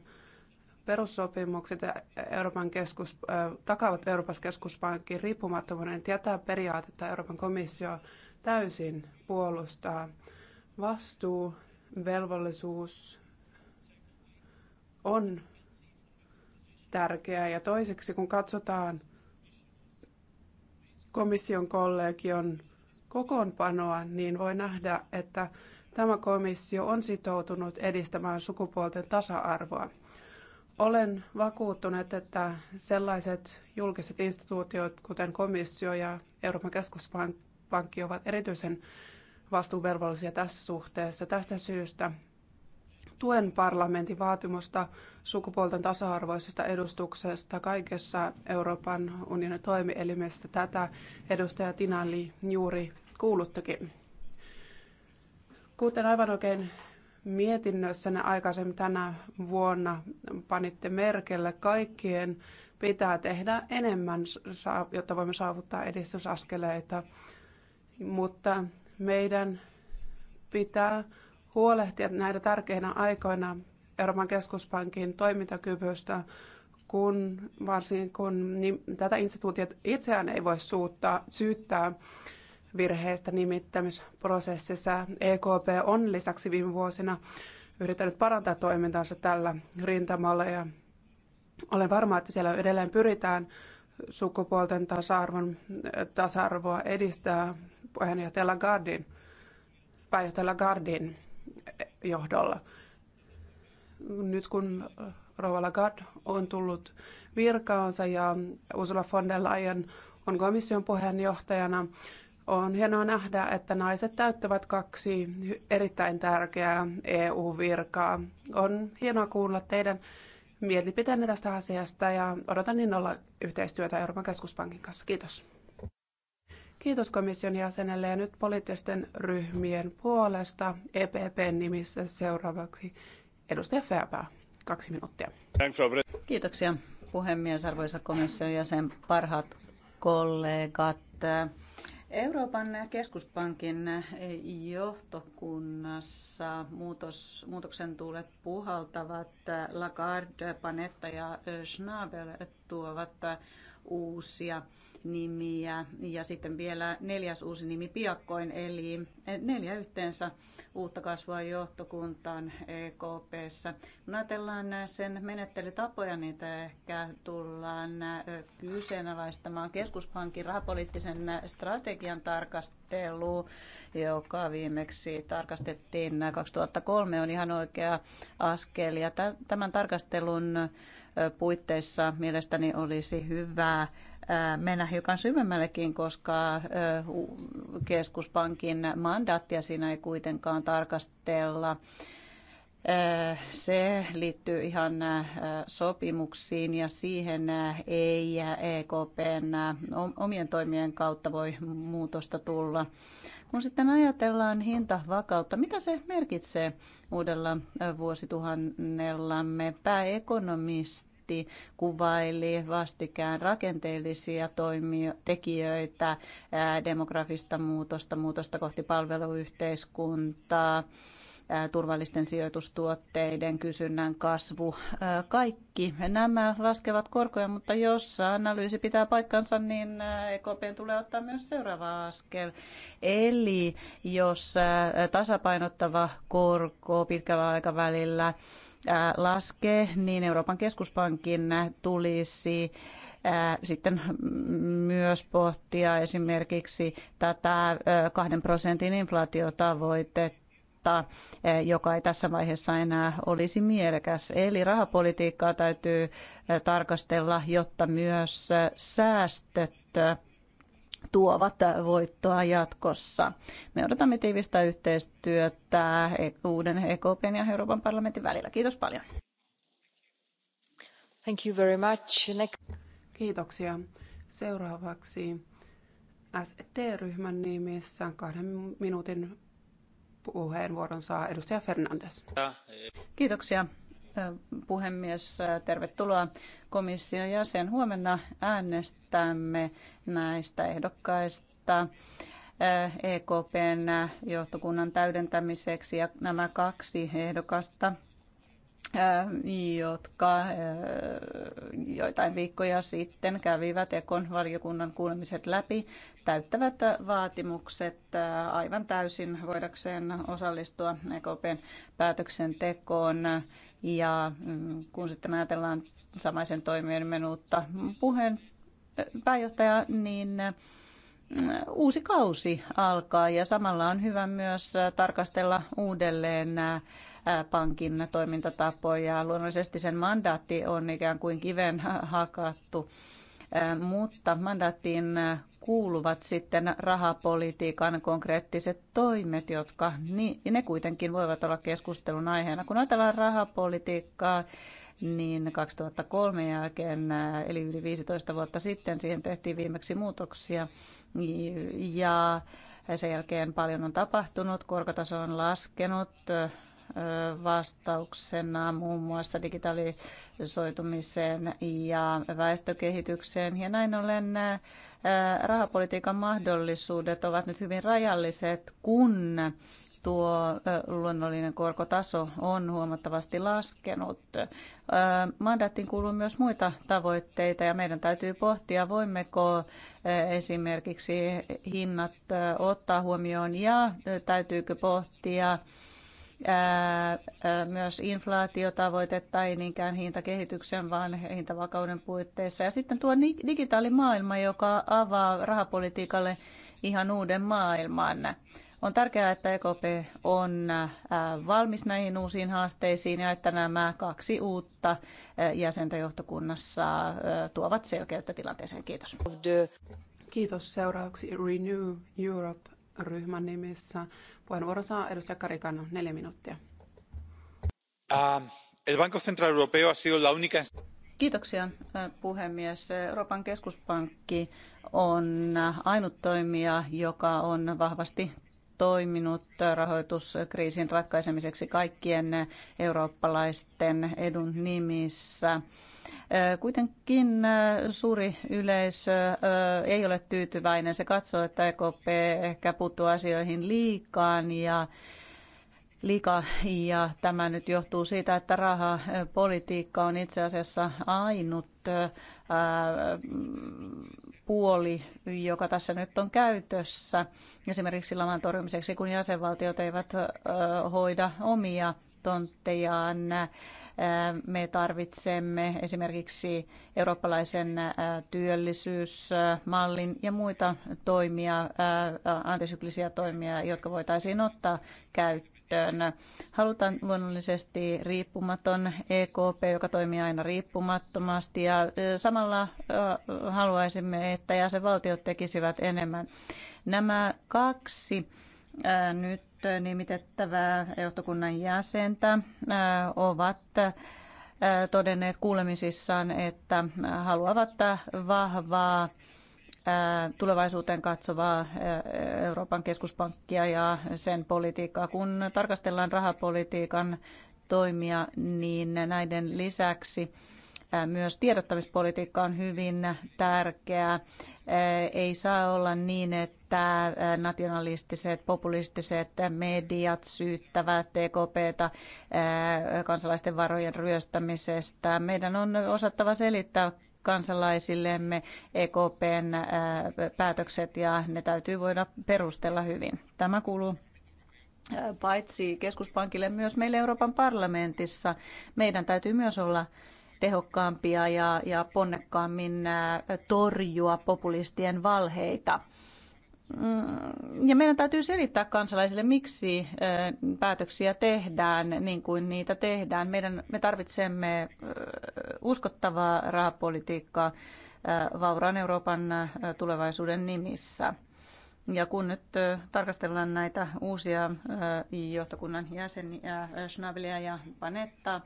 perussopimukset ja Euroopan keskus, takaavat Euroopan keskuspankin riippumattomuuden. Niin Tätä periaatetta Euroopan komissio täysin puolustaa. Vastuu, velvollisuus on tärkeää. Ja toiseksi, kun katsotaan komission kollegion kokoonpanoa, niin voi nähdä, että tämä komissio on sitoutunut edistämään sukupuolten tasa-arvoa. Olen vakuuttunut, että sellaiset julkiset instituutiot, kuten komissio ja Euroopan keskuspankki, ovat erityisen vastuuvelvollisia tässä suhteessa. Tästä syystä tuen parlamentin vaatimusta sukupuolten tasa-arvoisesta edustuksesta kaikessa Euroopan unionin toimielimestä. Tätä edustaja Tinali juuri kuuluttikin. Kuten aivan oikein mietinnössänne aikaisemmin tänä vuonna panitte merkelle, kaikkien pitää tehdä enemmän, jotta voimme saavuttaa edistysaskeleita. Mutta meidän pitää huolehtia näitä tärkeinä aikoina Euroopan keskuspankin toimintakyvystä, kun, varsinkin kun niin, tätä instituutiota itseään ei voi suuttaa, syyttää virheestä nimittämisprosessissa. EKP on lisäksi viime vuosina yrittänyt parantaa toimintaansa tällä rintamalla ja olen varma, että siellä edelleen pyritään sukupuolten tasa-arvon, tasa-arvoa edistää puheenjohtaja Lagardin, pääjohtaja Lagardin johdolla. Nyt kun Rova Lagarde on tullut virkaansa ja Ursula von der Leyen on komission puheenjohtajana, on hienoa nähdä, että naiset täyttävät kaksi erittäin tärkeää EU-virkaa. On hienoa kuulla teidän mielipiteenne tästä asiasta ja odotan innolla yhteistyötä Euroopan keskuspankin kanssa. Kiitos. Kiitos komission jäsenelle ja nyt poliittisten ryhmien puolesta EPPn nimissä seuraavaksi edustaja Fäbää. Kaksi minuuttia. Kiitoksia puhemies, arvoisa komission jäsen, parhaat kollegat. Euroopan keskuspankin johtokunnassa muutos, muutoksen tuulet puhaltavat Lagarde, Panetta ja Schnabel tuovat uusia nimiä ja sitten vielä neljäs uusi nimi piakkoin, eli neljä yhteensä uutta kasvua johtokuntaan EKPssä. Kun ajatellaan sen menettelytapoja, niin niitä ehkä tullaan kyseenalaistamaan keskuspankin rahapoliittisen strategian tarkastelu, joka viimeksi tarkastettiin 2003, on ihan oikea askel. Ja tämän tarkastelun puitteissa mielestäni olisi hyvä mennä hiukan syvemmällekin, koska keskuspankin mandaattia siinä ei kuitenkaan tarkastella. Se liittyy ihan sopimuksiin ja siihen ei EKPn omien toimien kautta voi muutosta tulla. Kun sitten ajatellaan hintavakautta, mitä se merkitsee uudella vuosituhannellamme? Pääekonomisti kuvaili vastikään rakenteellisia toimio, tekijöitä, demografista muutosta, muutosta kohti palveluyhteiskuntaa, turvallisten sijoitustuotteiden kysynnän kasvu. Kaikki nämä laskevat korkoja, mutta jos analyysi pitää paikkansa, niin EKP tulee ottaa myös seuraava askel. Eli jos tasapainottava korko pitkällä aikavälillä laskee, niin Euroopan keskuspankin tulisi sitten myös pohtia esimerkiksi tätä kahden prosentin inflaatiotavoitetta mutta eh, joka ei tässä vaiheessa enää olisi mielekäs. Eli rahapolitiikkaa täytyy eh, tarkastella, jotta myös eh, säästöt tuovat voittoa jatkossa. Me odotamme tiivistä yhteistyötä e- uuden EKPn ja Euroopan parlamentin välillä. Kiitos paljon. Thank you very much. Next. Kiitoksia. Seuraavaksi ST-ryhmän nimissä kahden minuutin puheenvuoron saa edustaja Fernandes. Kiitoksia puhemies. Tervetuloa komission jäsen. Huomenna äänestämme näistä ehdokkaista. EKPn johtokunnan täydentämiseksi ja nämä kaksi ehdokasta jotka joitain viikkoja sitten kävivät Ekon valiokunnan kuulemiset läpi, täyttävät vaatimukset aivan täysin voidakseen osallistua EKPn päätöksentekoon. Ja mm, kun sitten ajatellaan samaisen menuutta puheen pääjohtaja, niin uusi kausi alkaa ja samalla on hyvä myös tarkastella uudelleen pankin toimintatapoja. Luonnollisesti sen mandaatti on ikään kuin kiven hakattu, eh, mutta mandaattiin kuuluvat sitten rahapolitiikan konkreettiset toimet, jotka niin, ne kuitenkin voivat olla keskustelun aiheena. Kun ajatellaan rahapolitiikkaa, niin 2003 jälkeen, eh, eli yli 15 vuotta sitten, siihen tehtiin viimeksi muutoksia. Ja sen jälkeen paljon on tapahtunut, korkotaso on laskenut, eh, vastauksena muun muassa digitalisoitumiseen ja väestökehitykseen. Ja näin ollen rahapolitiikan mahdollisuudet ovat nyt hyvin rajalliset, kun tuo luonnollinen korkotaso on huomattavasti laskenut. Mandaattiin kuuluu myös muita tavoitteita ja meidän täytyy pohtia, voimmeko esimerkiksi hinnat ottaa huomioon ja täytyykö pohtia myös inflaatiotavoitetta, ei niinkään hintakehityksen, vaan hintavakauden puitteissa. Ja sitten tuo digitaalimaailma, joka avaa rahapolitiikalle ihan uuden maailman. On tärkeää, että EKP on valmis näihin uusiin haasteisiin ja että nämä kaksi uutta jäsentä johtokunnassa tuovat selkeyttä tilanteeseen. Kiitos. Kiitos. Seuraavaksi Renew Europe-ryhmän nimissä Puheenvuoro saa edustaja Karikano, neljä minuuttia. Ähm, el Banco Central Europeo ha sido la única... Kiitoksia äh, puhemies. Euroopan keskuspankki on ainut toimija, joka on vahvasti toiminut rahoituskriisin ratkaisemiseksi kaikkien eurooppalaisten edun nimissä. Kuitenkin suuri yleisö ei ole tyytyväinen. Se katsoo, että EKP ehkä puuttuu asioihin liikaa ja lika ja tämä nyt johtuu siitä, että rahapolitiikka on itse asiassa ainut puoli, joka tässä nyt on käytössä. Esimerkiksi laman torjumiseksi, kun jäsenvaltiot eivät hoida omia tonttejaan. Me tarvitsemme esimerkiksi eurooppalaisen työllisyysmallin ja muita toimia, antisyklisiä toimia, jotka voitaisiin ottaa käyttöön. Halutaan luonnollisesti riippumaton EKP, joka toimii aina riippumattomasti ja samalla haluaisimme, että jäsenvaltiot tekisivät enemmän. Nämä kaksi nyt nimitettävää johtokunnan jäsentä äh, ovat äh, todenneet kuulemisissaan, että haluavat vahvaa äh, tulevaisuuteen katsovaa Euroopan keskuspankkia ja sen politiikkaa. Kun tarkastellaan rahapolitiikan toimia, niin näiden lisäksi myös tiedottamispolitiikka on hyvin tärkeää. Ei saa olla niin, että nationalistiset, populistiset mediat syyttävät EKPtä kansalaisten varojen ryöstämisestä. Meidän on osattava selittää kansalaisillemme EKPn päätökset ja ne täytyy voida perustella hyvin. Tämä kuuluu paitsi keskuspankille myös meille Euroopan parlamentissa. Meidän täytyy myös olla tehokkaampia ja, ja ponnekkaammin äh, torjua populistien valheita. Mm, ja meidän täytyy selittää kansalaisille, miksi äh, päätöksiä tehdään niin kuin niitä tehdään. Meidän, me tarvitsemme äh, uskottavaa rahapolitiikkaa vauraan Euroopan tulevaisuuden nimissä. Ja kun nyt tarkastellaan näitä uusia johtokunnan jäseniä, Schnabelia ja Panetta,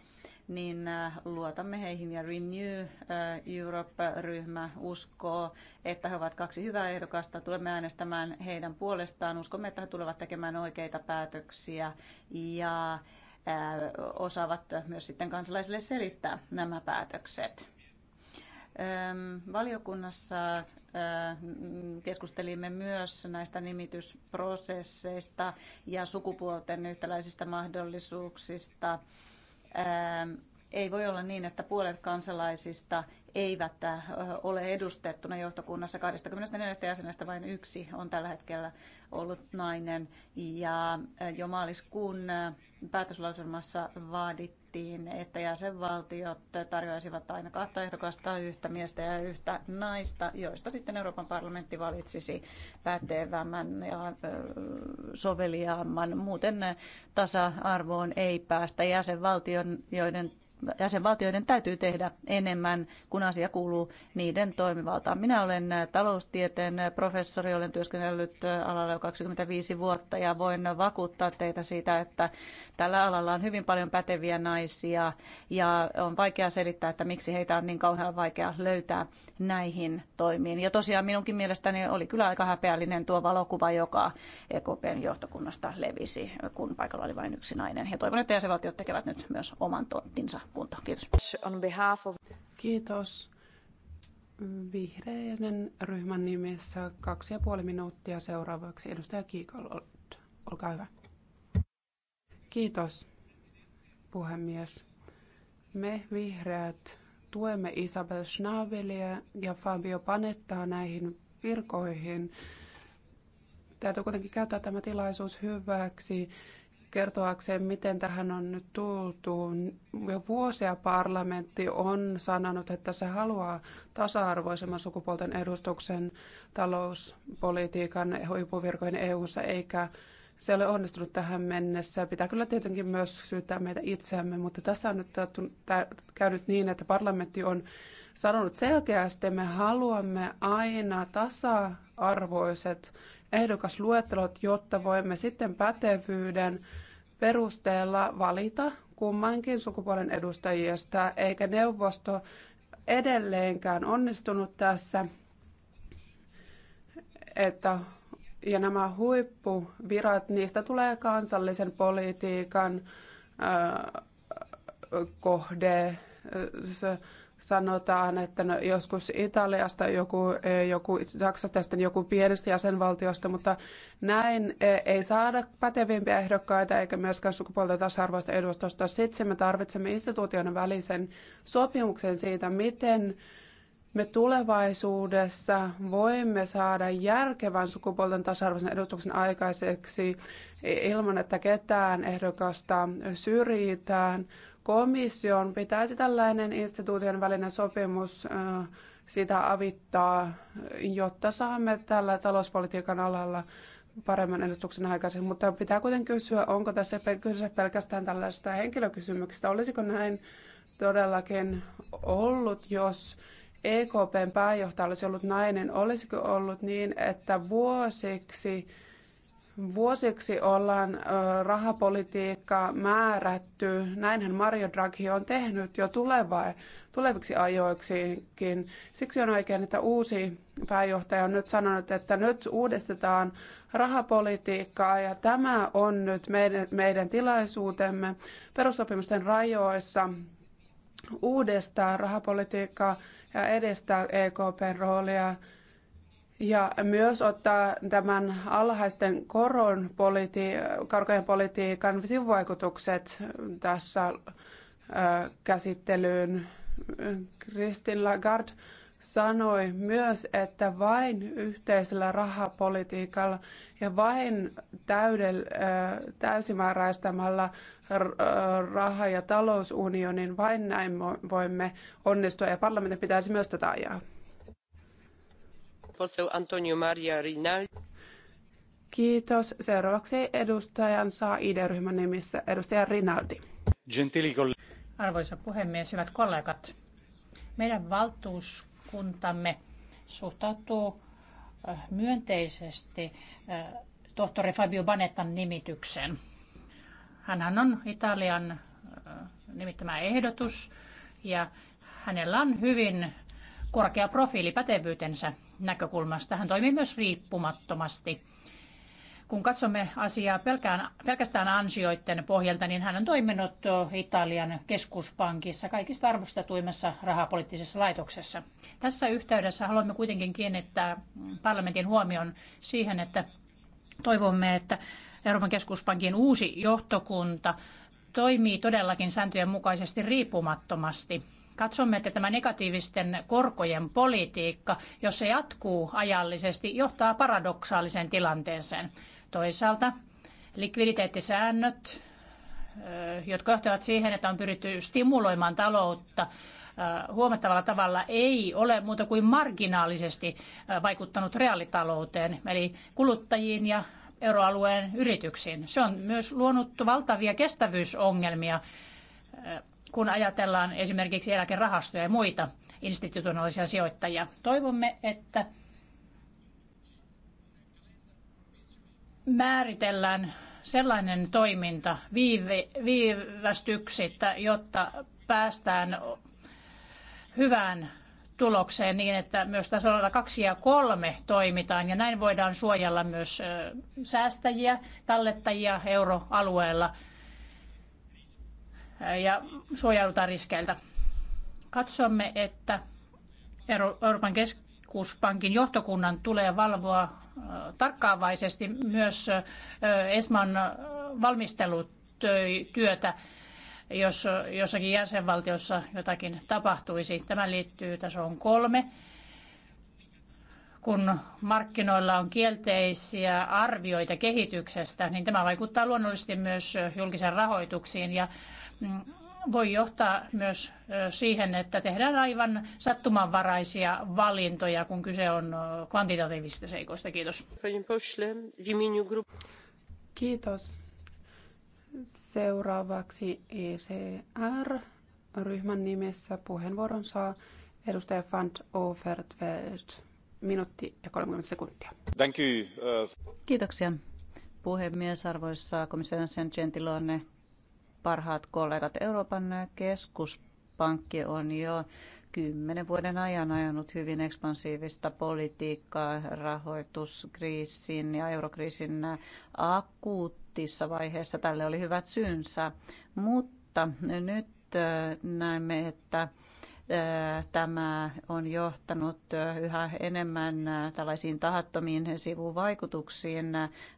niin äh, luotamme heihin ja Renew äh, Europe-ryhmä uskoo, että he ovat kaksi hyvää ehdokasta. Tulemme äänestämään heidän puolestaan. Uskomme, että he tulevat tekemään oikeita päätöksiä ja äh, osaavat myös sitten kansalaisille selittää nämä päätökset. Ähm, valiokunnassa keskustelimme myös näistä nimitysprosesseista ja sukupuolten yhtäläisistä mahdollisuuksista Um. Ei voi olla niin, että puolet kansalaisista eivät äh, ole edustettuna johtokunnassa. 24 jäsenestä vain yksi on tällä hetkellä ollut nainen. Ja äh, jo maaliskuun äh, päätöslauselmassa vaadittiin, että jäsenvaltiot tarjoaisivat aina kahta ehdokasta, yhtä miestä ja yhtä naista, joista sitten Euroopan parlamentti valitsisi pätevämmän ja soveliaamman. Muuten tasa-arvoon ei päästä jäsenvaltion, joiden jäsenvaltioiden täytyy tehdä enemmän, kun asia kuuluu niiden toimivaltaan. Minä olen taloustieteen professori, olen työskennellyt alalla jo 25 vuotta ja voin vakuuttaa teitä siitä, että tällä alalla on hyvin paljon päteviä naisia ja on vaikea selittää, että miksi heitä on niin kauhean vaikea löytää näihin toimiin. Ja tosiaan minunkin mielestäni oli kyllä aika häpeällinen tuo valokuva, joka EKPn johtokunnasta levisi, kun paikalla oli vain yksi nainen. Ja toivon, että jäsenvaltiot tekevät nyt myös oman tonttinsa kuntoon. Kiitos. Kiitos. Vihreiden ryhmän nimessä kaksi ja puoli minuuttia seuraavaksi. Edustaja Kiikol, olkaa hyvä. Kiitos, puhemies. Me vihreät tuemme Isabel Schnabelia ja Fabio Panettaa näihin virkoihin. Täytyy kuitenkin käyttää tämä tilaisuus hyväksi kertoakseen, miten tähän on nyt tultu. Jo vuosia parlamentti on sanonut, että se haluaa tasa-arvoisemman sukupuolten edustuksen talouspolitiikan huippuvirkoihin EU-ssa, eikä se ole onnistunut tähän mennessä. Pitää kyllä tietenkin myös syyttää meitä itseämme, mutta tässä on nyt käynyt niin, että parlamentti on sanonut selkeästi, että me haluamme aina tasa-arvoiset ehdokasluettelot, jotta voimme sitten pätevyyden perusteella valita kummankin sukupuolen edustajista, eikä neuvosto edelleenkään onnistunut tässä, että ja nämä huippuvirat, niistä tulee kansallisen politiikan kohde sanotaan, että no, joskus Italiasta joku, e, joku Saksa tästä niin joku pienestä jäsenvaltiosta, mutta näin e, ei saada pätevimpiä ehdokkaita eikä myöskään sukupuolta tasa-arvoista edustusta. Sitten me tarvitsemme instituutioiden välisen sopimuksen siitä, miten me tulevaisuudessa voimme saada järkevän sukupuolten tasa-arvoisen edustuksen aikaiseksi ilman, että ketään ehdokasta syrjitään. Komission pitäisi tällainen instituution välinen sopimus sitä avittaa, jotta saamme tällä talouspolitiikan alalla paremman edustuksen aikaiseksi, mutta pitää kuitenkin kysyä, onko tässä kyse pelkästään tällaista henkilökysymyksestä. Olisiko näin todellakin ollut, jos EKPn pääjohtaja olisi ollut nainen, olisiko ollut niin, että vuosiksi Vuosiksi ollaan rahapolitiikka määrätty, näinhän Mario Draghi on tehnyt jo tuleva, tuleviksi ajoiksikin. Siksi on oikein, että uusi pääjohtaja on nyt sanonut, että nyt uudistetaan rahapolitiikkaa ja tämä on nyt meidän, meidän tilaisuutemme perussopimusten rajoissa uudistaa rahapolitiikkaa ja edistää EKPn roolia ja myös ottaa tämän alhaisten koron politi- korkojen politiikan sivuvaikutukset tässä käsittelyyn. Kristin Lagarde sanoi myös, että vain yhteisellä rahapolitiikalla ja vain täydel, täysimääräistämällä raha- ja talousunionin, vain näin voimme onnistua. Ja parlamentti pitäisi myös tätä ajaa. Kiitos. Seuraavaksi edustajan saa ID-ryhmän nimissä edustaja Rinaldi. Arvoisa puhemies, hyvät kollegat. Meidän valtuuskuntamme suhtautuu äh, myönteisesti äh, tohtori Fabio Banettan nimitykseen. Hänhän on Italian äh, nimittämä ehdotus ja hänellä on hyvin korkea profiili pätevyytensä näkökulmasta. Hän toimii myös riippumattomasti. Kun katsomme asiaa pelkään, pelkästään ansioiden pohjalta, niin hän on toiminut Italian keskuspankissa kaikista arvostetuimmassa rahapoliittisessa laitoksessa. Tässä yhteydessä haluamme kuitenkin kiinnittää parlamentin huomion siihen, että toivomme, että Euroopan keskuspankin uusi johtokunta toimii todellakin sääntöjen mukaisesti riippumattomasti Katsomme, että tämä negatiivisten korkojen politiikka, jos se jatkuu ajallisesti, johtaa paradoksaaliseen tilanteeseen. Toisaalta likviditeettisäännöt, jotka johtavat siihen, että on pyritty stimuloimaan taloutta huomattavalla tavalla, ei ole muuta kuin marginaalisesti vaikuttanut reaalitalouteen, eli kuluttajiin ja euroalueen yrityksiin. Se on myös luonut valtavia kestävyysongelmia kun ajatellaan esimerkiksi eläkerahastoja ja muita institutionaalisia sijoittajia. Toivomme, että määritellään sellainen toiminta viivästyksittä, jotta päästään hyvään tulokseen niin, että myös tasolla kaksi ja kolme toimitaan ja näin voidaan suojella myös säästäjiä, tallettajia euroalueella – ja suojaudutaan riskeiltä. Katsomme, että Euroopan keskuspankin johtokunnan tulee valvoa tarkkaavaisesti myös ESMAn valmistelutyötä, jos jossakin jäsenvaltiossa jotakin tapahtuisi. Tämä liittyy tasoon kolme kun markkinoilla on kielteisiä arvioita kehityksestä, niin tämä vaikuttaa luonnollisesti myös julkisen rahoituksiin ja voi johtaa myös siihen, että tehdään aivan sattumanvaraisia valintoja, kun kyse on kvantitatiivisista seikoista. Kiitos. Kiitos. Seuraavaksi ECR-ryhmän nimessä puheenvuoron saa edustaja Van Overtveld. Minuutti ja 30 sekuntia. Thank you. Kiitoksia puhemies, arvoisa komission sen Gentilone parhaat kollegat. Euroopan keskuspankki on jo kymmenen vuoden ajan ajanut hyvin ekspansiivista politiikkaa rahoituskriisin ja eurokriisin akuuttissa vaiheessa. Tälle oli hyvät syynsä, mutta nyt äh, näemme, että tämä on johtanut yhä enemmän tällaisiin tahattomiin sivuvaikutuksiin.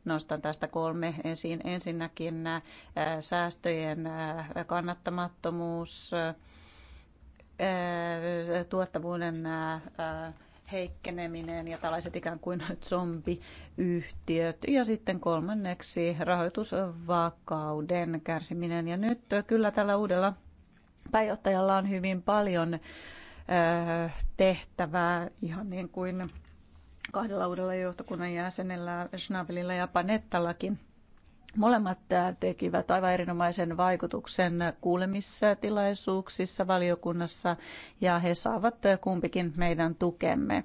Nostan tästä kolme esiin. Ensinnäkin säästöjen kannattamattomuus, tuottavuuden heikkeneminen ja tällaiset ikään kuin zombiyhtiöt. Ja sitten kolmanneksi rahoitusvakauden kärsiminen. Ja nyt kyllä tällä uudella Pääjohtajalla on hyvin paljon tehtävää, ihan niin kuin kahdella uudella johtokunnan jäsenellä, Schnabelilla ja Panettallakin. Molemmat tekivät aivan erinomaisen vaikutuksen kuulemissa tilaisuuksissa valiokunnassa ja he saavat kumpikin meidän tukemme.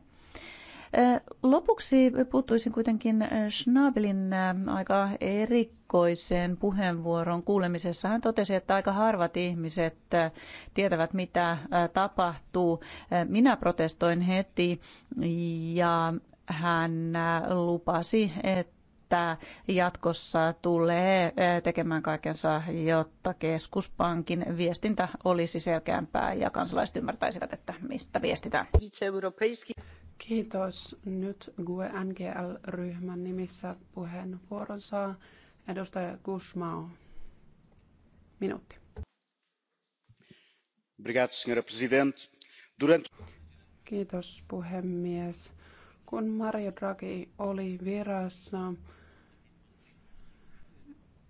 Lopuksi puuttuisin kuitenkin Schnabelin aika erikoiseen puheenvuoron kuulemisessa. Hän totesi, että aika harvat ihmiset tietävät, mitä tapahtuu. Minä protestoin heti ja hän lupasi, että että jatkossa tulee eh, tekemään kaikensa, jotta keskuspankin viestintä olisi selkeämpää ja kansalaiset ymmärtäisivät, että mistä viestitään. Kiitos. Nyt GUE NGL-ryhmän nimissä puheenvuoron saa edustaja Kusmao. Minuutti. Kiitos puhemies. Kun Mario Draghi oli virassa,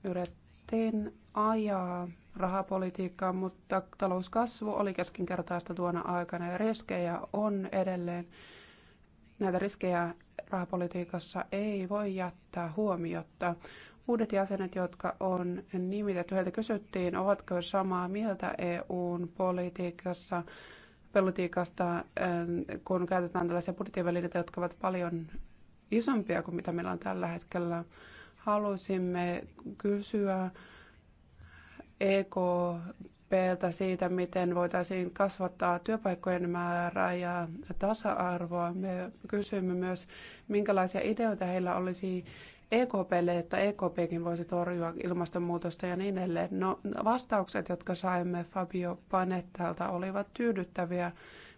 Yritettiin ajaa rahapolitiikkaa, mutta talouskasvu oli keskinkertaista tuona aikana ja riskejä on edelleen. Näitä riskejä rahapolitiikassa ei voi jättää huomiotta. Uudet jäsenet, jotka on nimitetty, heiltä kysyttiin, ovatko samaa mieltä EUn politiikassa, politiikasta, ähm, kun käytetään tällaisia budjettivälineitä, jotka ovat paljon isompia kuin mitä meillä on tällä hetkellä halusimme kysyä EKPltä siitä, miten voitaisiin kasvattaa työpaikkojen määrää ja tasa-arvoa. Me kysyimme myös, minkälaisia ideoita heillä olisi EKPlle, että EKPkin voisi torjua ilmastonmuutosta ja niin edelleen. No, vastaukset, jotka saimme Fabio Panettalta, olivat tyydyttäviä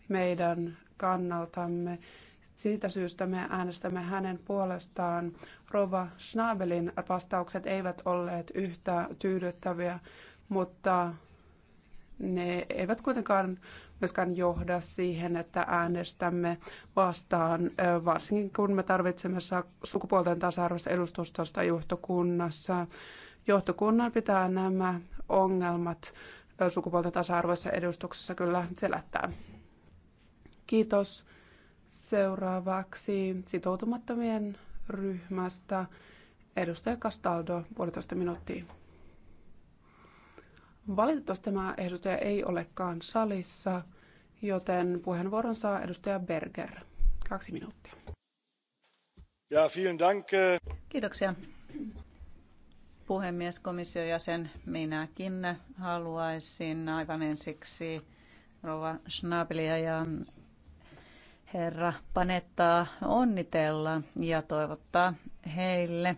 meidän kannaltamme. Siitä syystä me äänestämme hänen puolestaan. Rova Schnabelin vastaukset eivät olleet yhtä tyydyttäviä, mutta ne eivät kuitenkaan myöskään johda siihen, että äänestämme vastaan, varsinkin kun me tarvitsemme sukupuolten tasa-arvoista edustustosta johtokunnassa. Johtokunnan pitää nämä ongelmat sukupuolten tasa-arvoisessa edustuksessa kyllä selättää. Kiitos. Seuraavaksi sitoutumattomien ryhmästä edustaja Castaldo, puolitoista minuuttia. Valitettavasti tämä ehdotaja ei olekaan salissa, joten puheenvuoron saa edustaja Berger. Kaksi minuuttia. Ja, vielen dank. Kiitoksia. Puhemies, komission jäsen, minäkin haluaisin aivan ensiksi rouva Schnabelia ja herra Panettaa onnitella ja toivottaa heille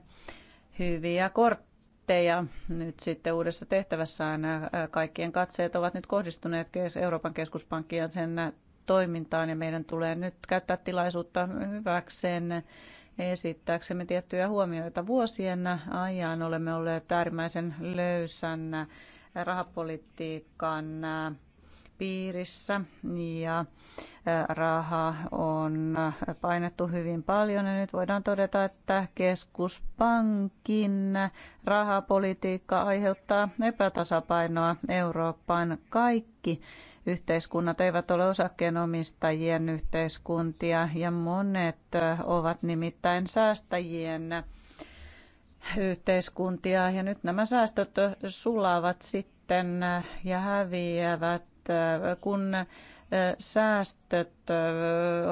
hyviä kortteja. Nyt sitten uudessa tehtävässään kaikkien katseet ovat nyt kohdistuneet Euroopan keskuspankkiin ja sen toimintaan ja meidän tulee nyt käyttää tilaisuutta hyväkseen esittääksemme tiettyjä huomioita. Vuosien ajan olemme olleet äärimmäisen löysän rahapolitiikan piirissä ja rahaa on painettu hyvin paljon. Ja nyt voidaan todeta, että keskuspankin rahapolitiikka aiheuttaa epätasapainoa Eurooppaan. Kaikki yhteiskunnat eivät ole osakkeenomistajien yhteiskuntia ja monet ovat nimittäin säästäjien yhteiskuntia ja nyt nämä säästöt sulavat sitten ja häviävät kun säästöt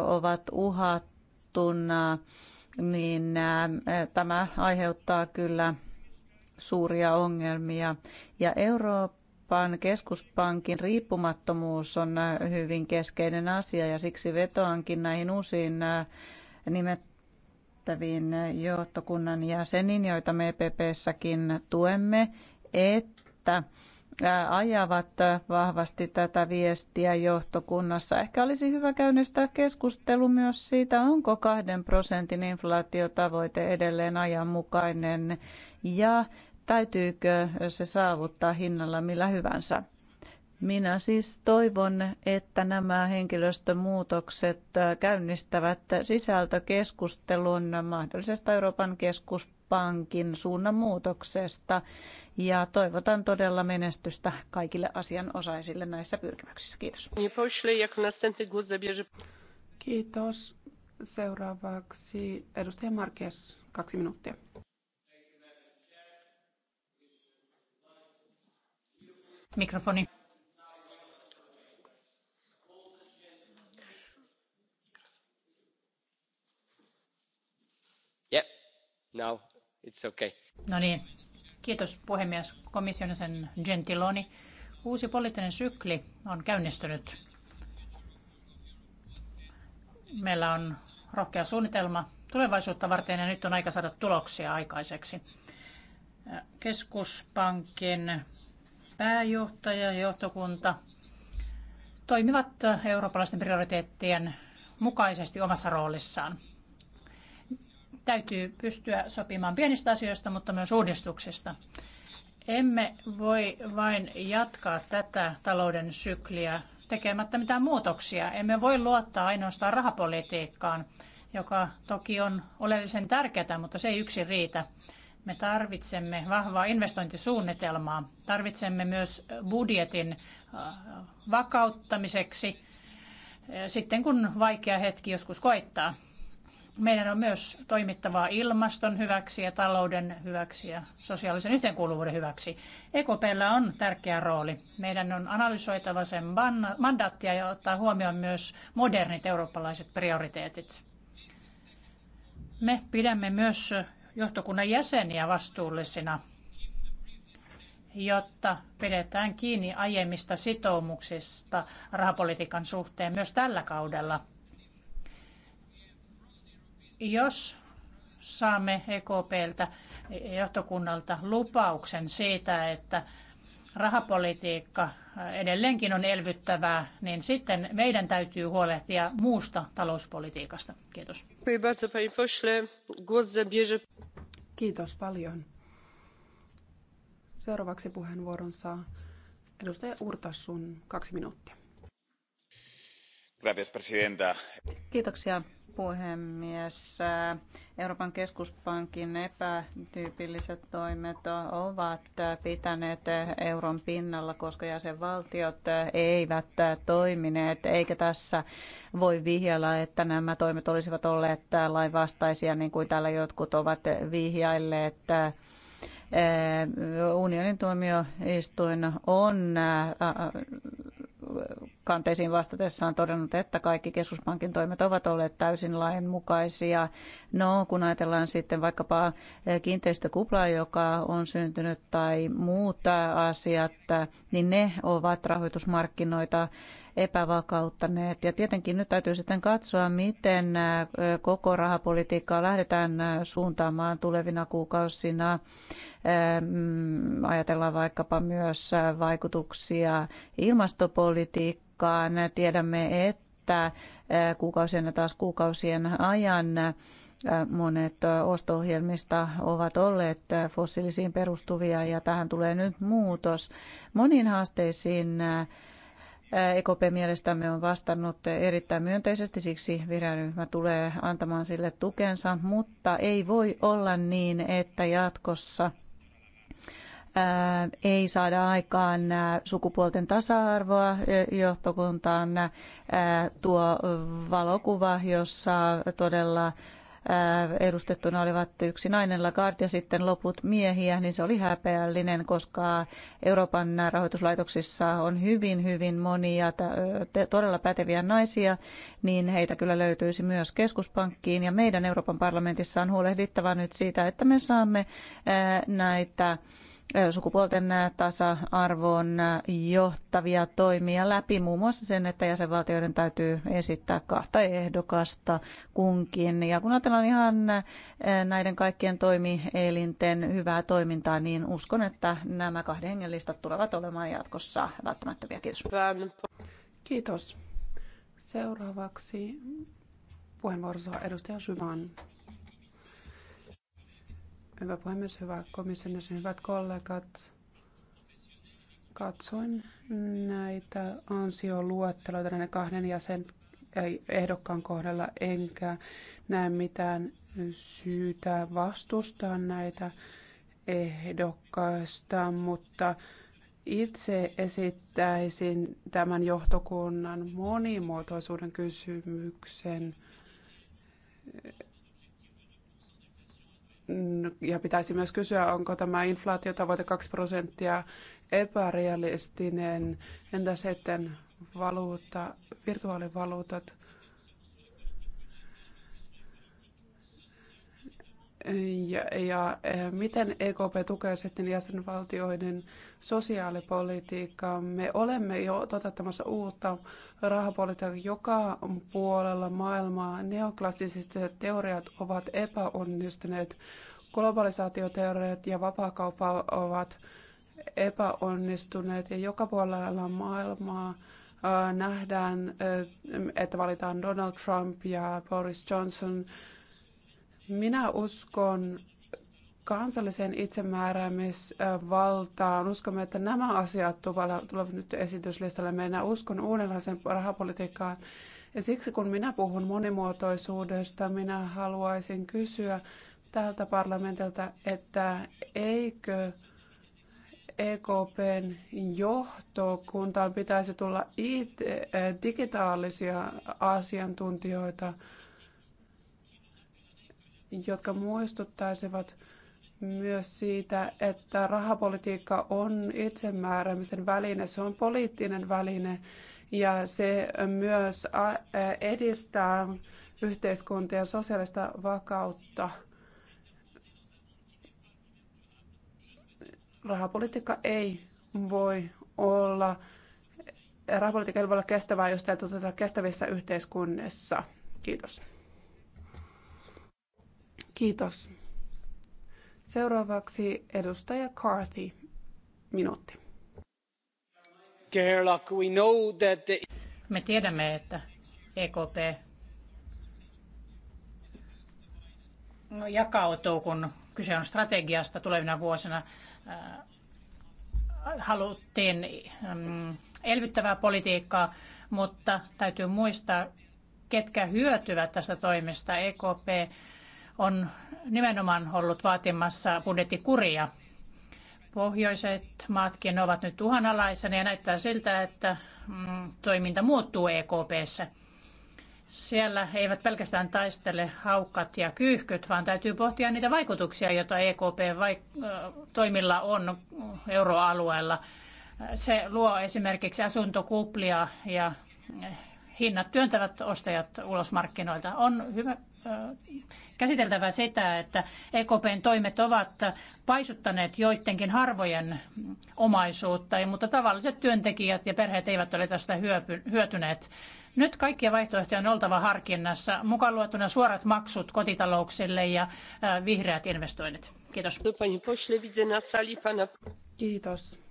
ovat uhattuna, niin tämä aiheuttaa kyllä suuria ongelmia. Ja Euroopan keskuspankin riippumattomuus on hyvin keskeinen asia ja siksi vetoankin näihin uusiin nimettäviin johtokunnan jäseniin, joita me EPP-säkin tuemme, että ajavat vahvasti tätä viestiä johtokunnassa. Ehkä olisi hyvä käynnistää keskustelu myös siitä, onko kahden prosentin inflaatiotavoite edelleen ajanmukainen ja täytyykö se saavuttaa hinnalla millä hyvänsä. Minä siis toivon, että nämä henkilöstömuutokset käynnistävät sisältökeskustelun mahdollisesta Euroopan keskuspankin suunnanmuutoksesta ja toivotan todella menestystä kaikille asianosaisille näissä pyrkimyksissä. Kiitos. Kiitos. Seuraavaksi edustaja Markias, kaksi minuuttia. Mikrofoni. Yeah, now it's okay. No niin, Kiitos puhemies komission Gentiloni. Uusi poliittinen sykli on käynnistynyt. Meillä on rohkea suunnitelma tulevaisuutta varten ja nyt on aika saada tuloksia aikaiseksi. Keskuspankin pääjohtaja ja johtokunta toimivat eurooppalaisten prioriteettien mukaisesti omassa roolissaan. Täytyy pystyä sopimaan pienistä asioista, mutta myös uudistuksista. Emme voi vain jatkaa tätä talouden sykliä tekemättä mitään muutoksia. Emme voi luottaa ainoastaan rahapolitiikkaan, joka toki on oleellisen tärkeää, mutta se ei yksin riitä. Me tarvitsemme vahvaa investointisuunnitelmaa. Tarvitsemme myös budjetin äh, vakauttamiseksi äh, sitten, kun vaikea hetki joskus koittaa. Meidän on myös toimittava ilmaston hyväksi ja talouden hyväksi ja sosiaalisen yhteenkuuluvuuden hyväksi. EKPllä on tärkeä rooli. Meidän on analysoitava sen mandaattia ja ottaa huomioon myös modernit eurooppalaiset prioriteetit. Me pidämme myös johtokunnan jäseniä vastuullisina, jotta pidetään kiinni aiemmista sitoumuksista rahapolitiikan suhteen myös tällä kaudella – jos saamme EKPltä johtokunnalta lupauksen siitä, että rahapolitiikka edelleenkin on elvyttävää, niin sitten meidän täytyy huolehtia muusta talouspolitiikasta. Kiitos. Kiitos paljon. Seuraavaksi puheenvuoron saa edustaja Urtasun kaksi minuuttia. Kiitoksia puhemies. Euroopan keskuspankin epätyypilliset toimet ovat pitäneet euron pinnalla, koska jäsenvaltiot eivät toimineet, eikä tässä voi vihjailla, että nämä toimet olisivat olleet lainvastaisia, niin kuin täällä jotkut ovat vihjailleet. Eh, unionin tuomioistuin on eh, kanteisiin vastatessa on todennut, että kaikki keskuspankin toimet ovat olleet täysin lainmukaisia. No, kun ajatellaan sitten vaikkapa kiinteistökuplaa, joka on syntynyt tai muuta asiat, niin ne ovat rahoitusmarkkinoita epävakauttaneet. Ja tietenkin nyt täytyy sitten katsoa, miten koko rahapolitiikkaa lähdetään suuntaamaan tulevina kuukausina. Mm, ajatellaan vaikkapa myös vaikutuksia ilmastopolitiikkaan. Tiedämme, että kuukausien ja taas kuukausien ajan monet osto ovat olleet fossiilisiin perustuvia ja tähän tulee nyt muutos. Moniin haasteisiin EKP mielestämme on vastannut erittäin myönteisesti, siksi vihreäryhmä tulee antamaan sille tukensa, mutta ei voi olla niin, että jatkossa ei saada aikaan sukupuolten tasa-arvoa johtokuntaan tuo valokuva, jossa todella Äh, edustettuna olivat yksi nainen Lagarde ja sitten loput miehiä, niin se oli häpeällinen, koska Euroopan rahoituslaitoksissa on hyvin, hyvin monia todella päteviä naisia, niin heitä kyllä löytyisi myös keskuspankkiin. Ja meidän Euroopan parlamentissa on huolehdittava nyt siitä, että me saamme äh, näitä sukupuolten tasa arvon johtavia toimia läpi, muun muassa sen, että jäsenvaltioiden täytyy esittää kahta ehdokasta kunkin. Ja kun ajatellaan ihan näiden kaikkien toimielinten hyvää toimintaa, niin uskon, että nämä kahden hengen listat tulevat olemaan jatkossa välttämättömiä. Kiitos. Kiitos. Seuraavaksi puheenvuoro saa edustaja Syvän. Hyvä puhemies, hyvä komission jäsen, hyvät kollegat. Katsoin näitä ansioluetteloita näiden kahden jäsen ehdokkaan kohdalla, enkä näe mitään syytä vastustaa näitä ehdokkaista, mutta itse esittäisin tämän johtokunnan monimuotoisuuden kysymyksen ja pitäisi myös kysyä, onko tämä inflaatiotavoite 2 prosenttia epärealistinen. Entä sitten valuutta, virtuaalivaluutat? ja, ja eh, miten EKP tukee sitten jäsenvaltioiden sosiaalipolitiikkaa? Me olemme jo toteuttamassa uutta rahapolitiikkaa joka puolella maailmaa. Neoklassiset teoriat ovat epäonnistuneet. Globalisaatioteoriat ja vapaakauppa ovat epäonnistuneet ja joka puolella maailmaa eh, nähdään, eh, että valitaan Donald Trump ja Boris Johnson – minä uskon kansalliseen itsemääräämisvaltaan. Uskomme, että nämä asiat tulevat nyt esityslistalle. Meidän uskon uudenlaiseen rahapolitiikkaan. Ja siksi kun minä puhun monimuotoisuudesta, minä haluaisin kysyä tältä parlamentilta, että eikö EKPn johtokuntaan pitäisi tulla digitaalisia asiantuntijoita – jotka muistuttaisivat myös siitä, että rahapolitiikka on itsemääräämisen väline, se on poliittinen väline ja se myös edistää yhteiskuntien sosiaalista vakautta. Rahapolitiikka ei voi olla, rahapolitiikka ei voi olla kestävää, jos tätä tuota kestävissä yhteiskunnissa. Kiitos. Kiitos. Seuraavaksi edustaja Carthy, minuutti. Me tiedämme, että EKP jakautuu, kun kyse on strategiasta tulevina vuosina. Äh, haluttiin mm, elvyttävää politiikkaa, mutta täytyy muistaa, ketkä hyötyvät tästä toimesta. EKP on nimenomaan ollut vaatimassa budjettikuria. Pohjoiset maatkin ovat nyt uhanalaisena ja näyttää siltä, että mm, toiminta muuttuu EKPssä. Siellä eivät pelkästään taistele haukat ja kyyhkyt, vaan täytyy pohtia niitä vaikutuksia, joita EKP-toimilla on euroalueella. Se luo esimerkiksi asuntokuplia ja hinnat työntävät ostajat ulos markkinoilta. On hyvä, käsiteltävä sitä, että EKPn toimet ovat paisuttaneet joidenkin harvojen omaisuutta, mutta tavalliset työntekijät ja perheet eivät ole tästä hyötyneet. Nyt kaikkia vaihtoehtoja on oltava harkinnassa, mukaan luettuna suorat maksut kotitalouksille ja vihreät investoinnit. Kiitos. Kiitos.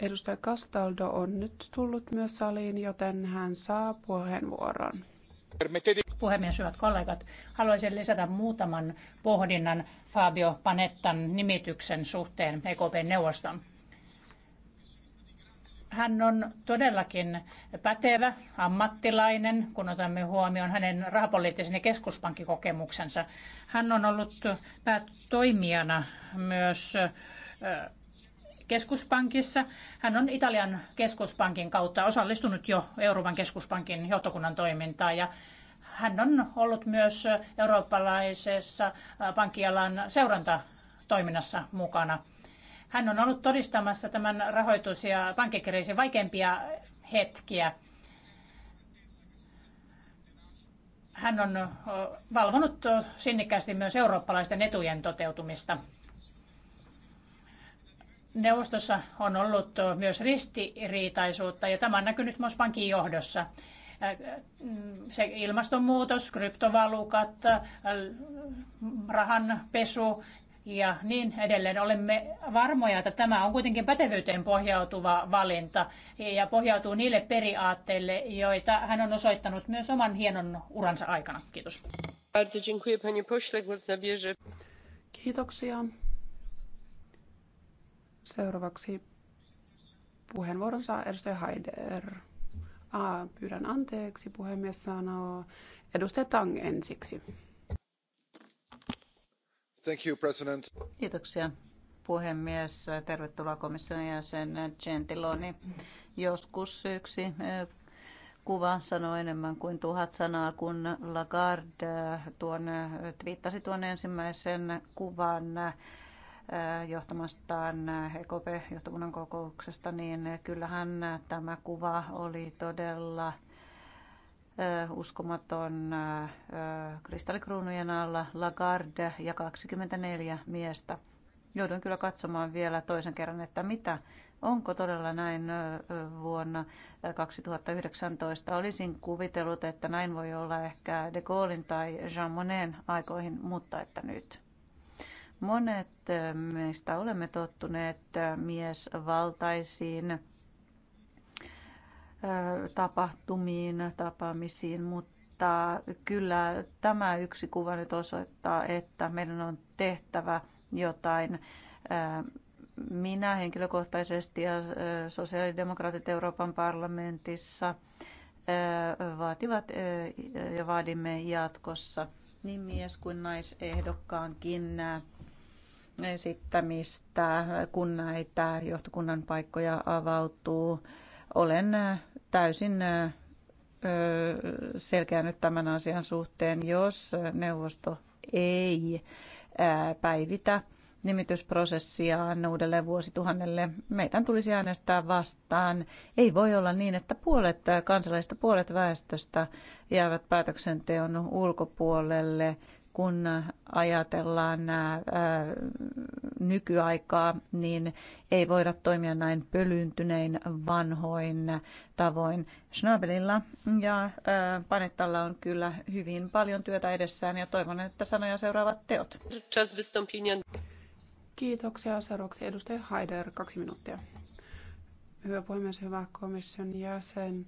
Edustaja Castaldo on nyt tullut myös saliin, joten hän saa puheenvuoron. Puhemies, hyvät kollegat, haluaisin lisätä muutaman pohdinnan Fabio Panettan nimityksen suhteen EKPn neuvoston. Hän on todellakin pätevä ammattilainen, kun otamme huomioon hänen rahapoliittisen ja keskuspankkikokemuksensa. Hän on ollut päätoimijana myös keskuspankissa. Hän on Italian keskuspankin kautta osallistunut jo Euroopan keskuspankin johtokunnan toimintaan ja hän on ollut myös eurooppalaisessa pankkialan seurantatoiminnassa mukana. Hän on ollut todistamassa tämän rahoitus- ja pankkikriisin vaikeimpia hetkiä. Hän on valvonut sinnikkäästi myös eurooppalaisten etujen toteutumista. Neuvostossa on ollut myös ristiriitaisuutta ja tämä on näkynyt myös pankin johdossa. Se ilmastonmuutos, kryptovaluukat, rahanpesu ja niin edelleen. Olemme varmoja, että tämä on kuitenkin pätevyyteen pohjautuva valinta ja pohjautuu niille periaatteille, joita hän on osoittanut myös oman hienon uransa aikana. Kiitos. Kiitoksia. Seuraavaksi puheenvuoron saa edustaja Haider. Ah, pyydän anteeksi, puhemies sanoo edustaja Tang ensiksi. Thank you, President. Kiitoksia, puhemies. Tervetuloa komission jäsen Gentiloni. Joskus yksi kuva sanoi enemmän kuin tuhat sanaa, kun Lagarde tuon, twiittasi tuon ensimmäisen kuvan Äh, johtamastaan äh, EKP-johtokunnan kokouksesta, niin kyllähän tämä kuva oli todella äh, uskomaton kristallikruunujen alla Lagarde ja 24 miestä. Joudun kyllä katsomaan vielä toisen kerran, että mitä onko todella näin vuonna 2019. Olisin kuvitellut, että näin voi olla ehkä De Gaulin tai Jean Monnetin aikoihin, mutta että nyt. Monet meistä olemme tottuneet miesvaltaisiin tapahtumiin, tapaamisiin, mutta kyllä tämä yksi kuva nyt osoittaa, että meidän on tehtävä jotain. Minä henkilökohtaisesti ja sosiaalidemokraatit Euroopan parlamentissa vaativat ja vaadimme jatkossa niin mies- kuin naisehdokkaankin esittämistä, kun näitä johtokunnan paikkoja avautuu. Olen täysin selkeänyt tämän asian suhteen, jos neuvosto ei päivitä nimitysprosessiaan uudelle vuosituhannelle. Meidän tulisi äänestää vastaan. Ei voi olla niin, että puolet kansalaisista, puolet väestöstä jäävät päätöksenteon ulkopuolelle kun ajatellaan nykyaikaa, niin ei voida toimia näin pölyyntynein vanhoin tavoin. Schnabelilla ja Panettalla on kyllä hyvin paljon työtä edessään ja toivon, että sanoja seuraavat teot. Kiitoksia. Seuraavaksi edustaja Haider, kaksi minuuttia. Hyvä puhemies, hyvä komission jäsen.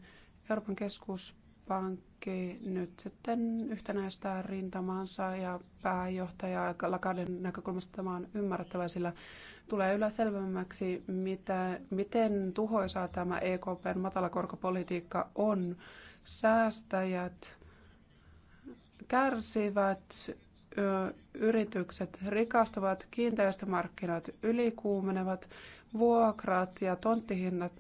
Euroopan keskus pankki nyt sitten yhtenäistää rintamansa ja pääjohtaja Lakaden näkökulmasta tämä on ymmärrettävä, sillä tulee yllä selvemmäksi, mitä, miten tuhoisaa tämä EKPn matalakorkopolitiikka on. Säästäjät kärsivät, yritykset rikastuvat, kiinteistömarkkinat ylikuumenevat, vuokrat ja tonttihinnat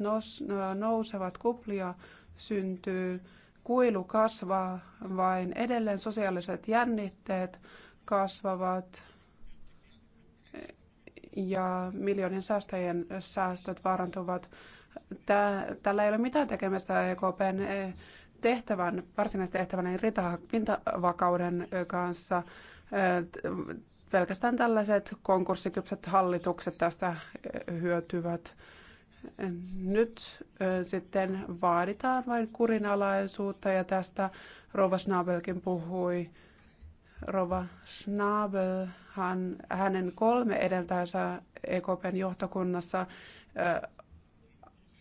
nousevat, kuplia syntyy kuilu kasvaa vain edelleen sosiaaliset jännitteet kasvavat ja miljoonien säästäjien säästöt vaarantuvat. Tää, tällä ei ole mitään tekemistä EKPn eh, tehtävän, varsinaisen tehtävän, eli pintavakauden eh, kanssa. Eh, pelkästään tällaiset konkurssikypset hallitukset tästä hyötyvät. Nyt sitten vaaditaan vain kurinalaisuutta ja tästä Rova Schnabelkin puhui. Rova Schnabel, hän, hänen kolme edeltäjänsä EKPn johtokunnassa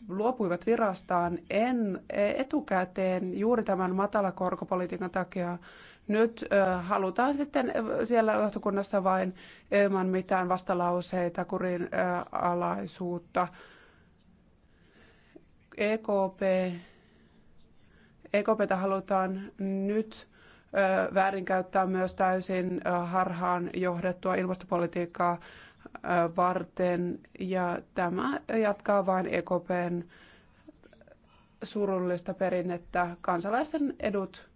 luopuivat virastaan en, e, etukäteen juuri tämän matalakorkopolitiikan takia. Nyt ö, halutaan sitten siellä johtokunnassa vain ilman mitään vastalauseita kurin alaisuutta. EKP, EKPtä halutaan nyt väärinkäyttää myös täysin harhaan johdettua ilmastopolitiikkaa varten. Ja tämä jatkaa vain EKPn surullista perinnettä. Kansalaisten edut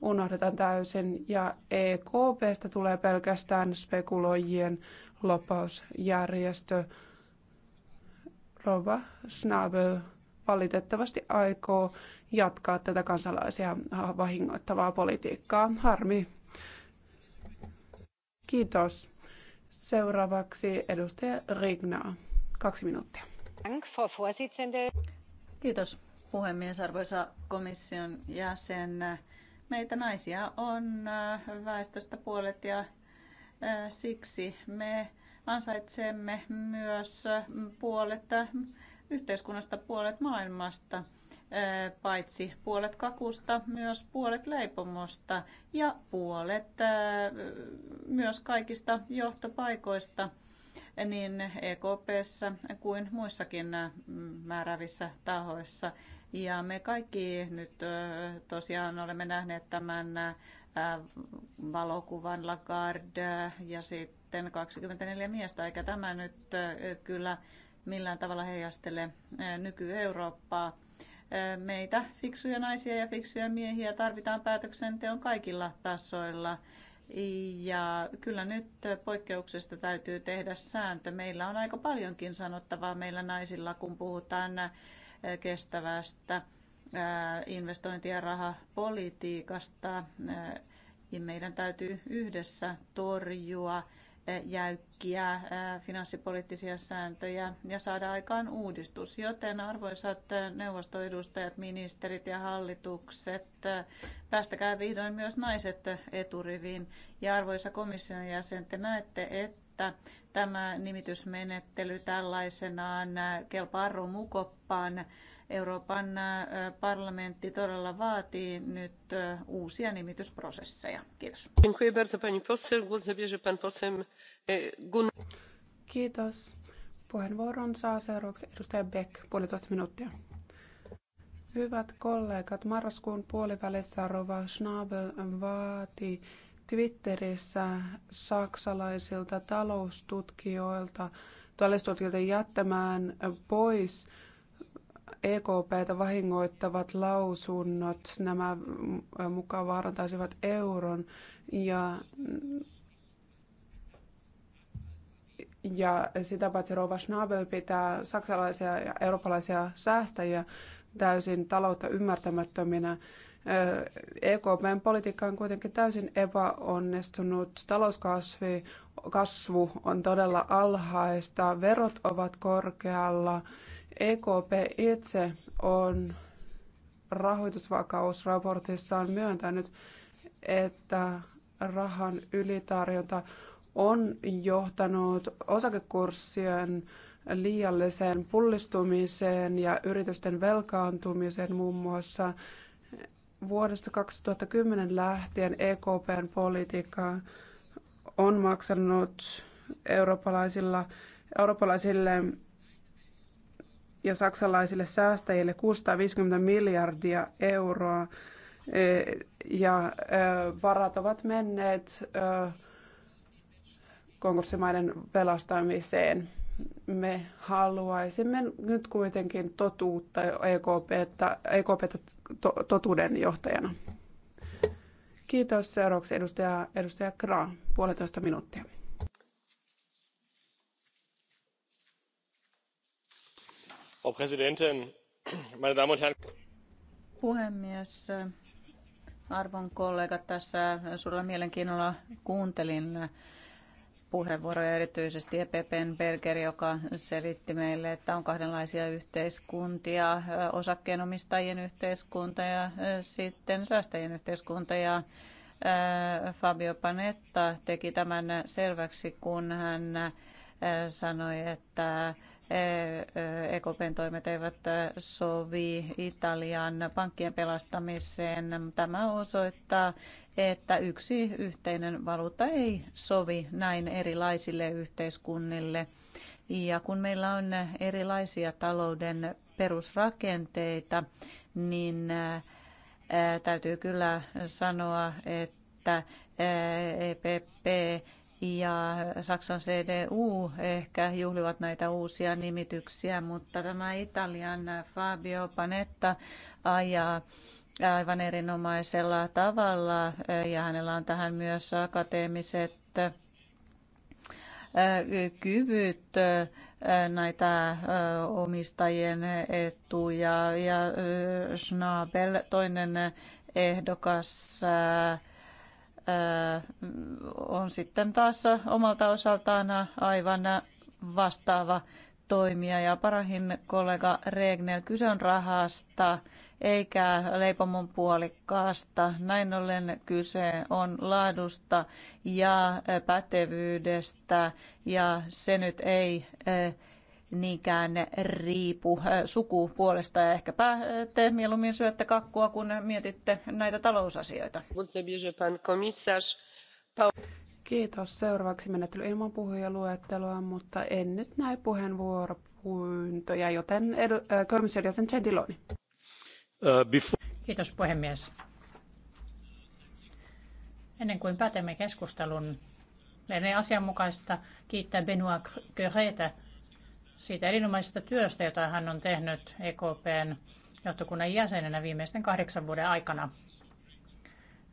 unohdetaan täysin ja EKPstä tulee pelkästään spekuloijien lopausjärjestö. Rova Schnabel valitettavasti aikoo jatkaa tätä kansalaisia vahingoittavaa politiikkaa. Harmi. Kiitos. Seuraavaksi edustaja Rigna. Kaksi minuuttia. Kiitos puhemies, arvoisa komission jäsen. Meitä naisia on äh, väestöstä puolet ja äh, siksi me ansaitsemme myös puolet äh, yhteiskunnasta puolet maailmasta, paitsi puolet kakusta, myös puolet leipomosta ja puolet myös kaikista johtopaikoista niin EKPssä kuin muissakin määrävissä tahoissa. Ja me kaikki nyt tosiaan olemme nähneet tämän valokuvan Lagarde ja sitten 24 miestä, eikä tämä nyt kyllä millään tavalla heijastele nyky-Eurooppaa. Meitä, fiksuja naisia ja fiksuja miehiä, tarvitaan päätöksenteon kaikilla tasoilla. Ja kyllä nyt poikkeuksesta täytyy tehdä sääntö. Meillä on aika paljonkin sanottavaa meillä naisilla, kun puhutaan kestävästä investointi- ja rahapolitiikasta. meidän täytyy yhdessä torjua jäykkiä finanssipoliittisia sääntöjä ja saada aikaan uudistus. Joten arvoisat neuvostoedustajat, ministerit ja hallitukset, päästäkää vihdoin myös naiset eturiviin. Ja arvoisa komission jäsen, te näette, että tämä nimitysmenettely tällaisenaan kelpaa romukoppaan Euroopan parlamentti todella vaatii nyt uusia nimitysprosesseja. Kiitos. Kiitos. Puheenvuoron saa seuraavaksi edustaja Beck, puolitoista minuuttia. Hyvät kollegat, marraskuun puolivälissä Rova Schnabel vaati Twitterissä saksalaisilta taloustutkijoilta taloustutkijoilta jättämään pois EKPtä vahingoittavat lausunnot, nämä mukaan vaarantaisivat euron ja ja sitä paitsi Rova Schnabel pitää saksalaisia ja eurooppalaisia säästäjiä täysin taloutta ymmärtämättöminä. EKPn politiikka on kuitenkin täysin epäonnistunut. Talouskasvu on todella alhaista, verot ovat korkealla EKP itse on rahoitusvakausraportissaan myöntänyt, että rahan ylitarjonta on johtanut osakekurssien liialliseen pullistumiseen ja yritysten velkaantumiseen muun muassa. Vuodesta 2010 lähtien EKPn politiikka on maksanut eurooppalaisilla, eurooppalaisille ja saksalaisille säästäjille 650 miljardia euroa e, ja e, varat ovat menneet e, konkurssimaiden pelastamiseen. Me haluaisimme nyt kuitenkin totuutta EKPtä, EKPtä totuuden johtajana. Kiitos. Seuraavaksi edustaja, edustaja Kra, puolitoista minuuttia. frau präsidentin meine damen und herren! puhemies arvon kollegat tässä suurella mielenkiinnolla kuuntelin puheenvuoroja erityisesti EPPn Berger, joka selitti meille, että on kahdenlaisia yhteiskuntia, osakkeenomistajien yhteiskunta ja sitten säästäjien yhteiskunta. Ja Fabio Panetta teki tämän selväksi, kun hän sanoi, että EKPn toimet eivät sovi Italian pankkien pelastamiseen. Tämä osoittaa, että yksi yhteinen valuutta ei sovi näin erilaisille yhteiskunnille. Ja kun meillä on erilaisia talouden perusrakenteita, niin täytyy kyllä sanoa, että EPP ja Saksan CDU ehkä juhlivat näitä uusia nimityksiä, mutta tämä Italian Fabio Panetta ajaa aivan erinomaisella tavalla eh, ja hänellä on tähän myös akateemiset eh, kyvyt eh, näitä omistajien etuja ja Schnabel, toinen ehdokas on sitten taas omalta osaltaan aivan vastaava toimija. Ja parahin kollega Regnel, kyse on rahasta eikä leipomon puolikkaasta. Näin ollen kyse on laadusta ja pätevyydestä ja se nyt ei niinkään riipu äh, sukupuolesta ja ehkäpä äh, te mieluummin syötte kakkua, kun mietitte näitä talousasioita. Kiitos. Seuraavaksi menettely ilman puhujaluetteloa, mutta en nyt näe puheenvuoropyyntöjä, joten edu- äh, komission jäsen Gentiloni. Kiitos puhemies. Ennen kuin päätämme keskustelun, lienee asianmukaista kiittää Benoit Curetä siitä erinomaisesta työstä, jota hän on tehnyt EKPn johtokunnan jäsenenä viimeisten kahdeksan vuoden aikana.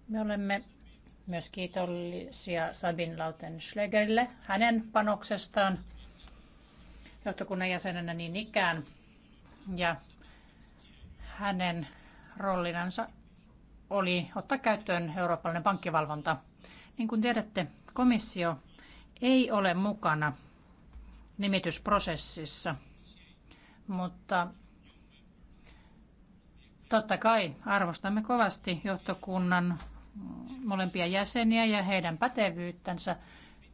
Me olemme myös kiitollisia Sabin Lautenschlägerille hänen panoksestaan johtokunnan jäsenenä niin ikään ja hänen roolinsa oli ottaa käyttöön eurooppalainen pankkivalvonta. Niin kuin tiedätte, komissio ei ole mukana nimitysprosessissa. Mutta totta kai arvostamme kovasti johtokunnan molempia jäseniä ja heidän pätevyyttänsä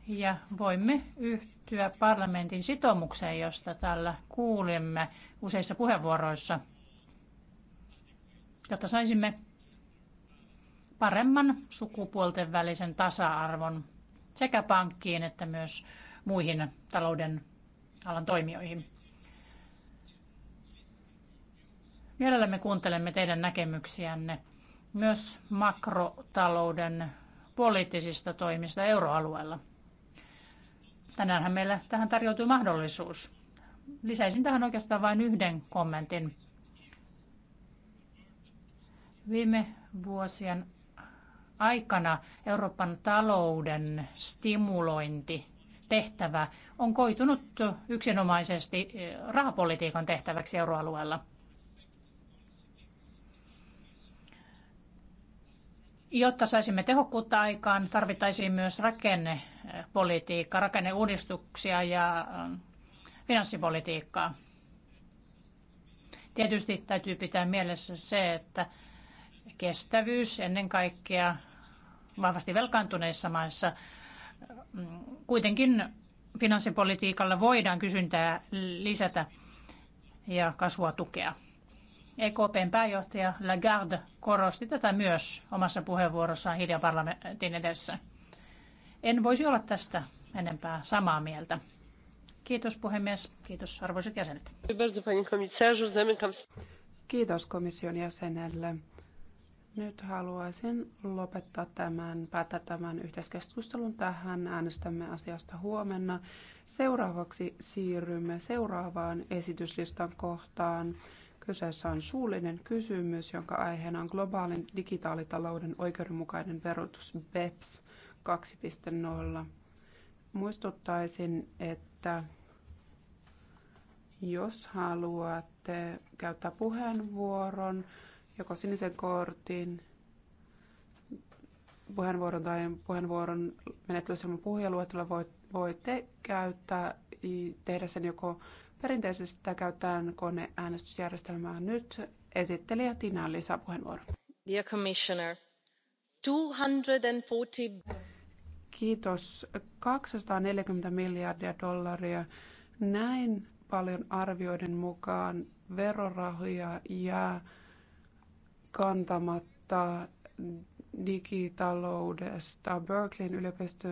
ja voimme yhtyä parlamentin sitoumukseen, josta täällä kuulimme useissa puheenvuoroissa, jotta saisimme paremman sukupuolten välisen tasa-arvon sekä pankkiin että myös muihin talouden alan toimijoihin. Mielellämme kuuntelemme teidän näkemyksiänne myös makrotalouden poliittisista toimista euroalueella. Tänäänhän meillä tähän tarjoutuu mahdollisuus. Lisäisin tähän oikeastaan vain yhden kommentin. Viime vuosien aikana Euroopan talouden stimulointi tehtävä on koitunut yksinomaisesti eh, rahapolitiikan tehtäväksi euroalueella. Jotta saisimme tehokkuutta aikaan, tarvittaisiin myös rakennepolitiikka, rakenneuudistuksia ja eh, finanssipolitiikkaa. Tietysti täytyy pitää mielessä se, että kestävyys ennen kaikkea vahvasti velkaantuneissa maissa Kuitenkin finanssipolitiikalla voidaan kysyntää lisätä ja kasvua tukea. EKPn pääjohtaja Lagarde korosti tätä myös omassa puheenvuorossaan hiljaa parlamentin edessä. En voisi olla tästä enempää samaa mieltä. Kiitos puhemies. Kiitos arvoisat jäsenet. Kiitos komission jäsenelle. Nyt haluaisin lopettaa tämän, päättää tämän yhteiskeskustelun tähän. Äänestämme asiasta huomenna. Seuraavaksi siirrymme seuraavaan esityslistan kohtaan. Kyseessä on suullinen kysymys, jonka aiheena on globaalin digitaalitalouden oikeudenmukainen verotus BEPS 2.0. Muistuttaisin, että jos haluatte käyttää puheenvuoron, joko sinisen kortin puheenvuoron tai puheenvuoron menettelyssä puhujaluettelo voitte käyttää, tehdä sen joko perinteisesti tai käyttäen koneäänestysjärjestelmää. Nyt esittelijä Tina lisää puheenvuoron. Dear Commissioner, 240... Kiitos. 240 miljardia dollaria. Näin paljon arvioiden mukaan verorahoja jää kantamatta digitaloudesta. Berkeleyn yliopisto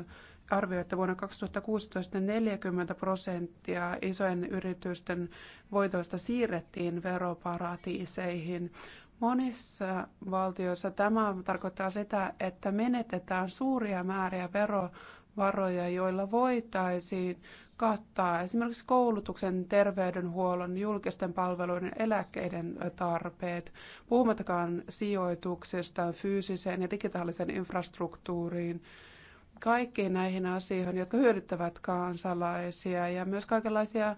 arvioi, että vuonna 2016 40 prosenttia isojen yritysten voitoista siirrettiin veroparatiiseihin. Monissa valtioissa tämä tarkoittaa sitä, että menetetään suuria määriä verovaroja, joilla voitaisiin kattaa esimerkiksi koulutuksen, terveydenhuollon, julkisten palveluiden, eläkkeiden tarpeet, puhumattakaan sijoituksesta fyysiseen ja digitaaliseen infrastruktuuriin, kaikkiin näihin asioihin, jotka hyödyttävät kansalaisia ja myös kaikenlaisia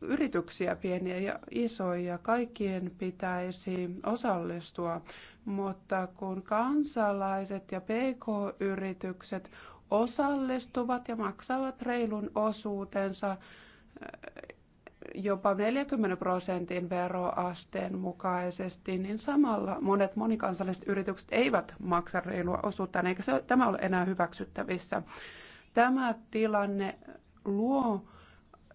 yrityksiä, pieniä ja isoja, kaikkien pitäisi osallistua, mutta kun kansalaiset ja pk-yritykset osallistuvat ja maksavat reilun osuutensa jopa 40 prosentin veroasteen mukaisesti, niin samalla monet monikansalliset yritykset eivät maksa reilua osuuttaan, eikä se, tämä ole enää hyväksyttävissä. Tämä tilanne luo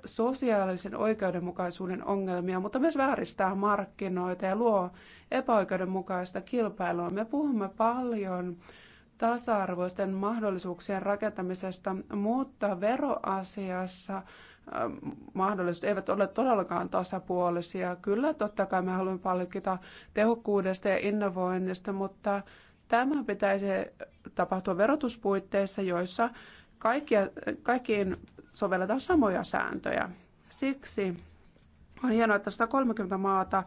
sosiaalisen oikeudenmukaisuuden ongelmia, mutta myös vääristää markkinoita ja luo epäoikeudenmukaista kilpailua. Me puhumme paljon tasa-arvoisten mahdollisuuksien rakentamisesta, mutta veroasiassa ähm, mahdollisuudet eivät ole todellakaan tasapuolisia. Kyllä totta kai me haluamme palkita tehokkuudesta ja innovoinnista, mutta tämä pitäisi tapahtua verotuspuitteissa, joissa kaikkia, kaikkiin sovelletaan samoja sääntöjä. Siksi on hienoa, että 130 maata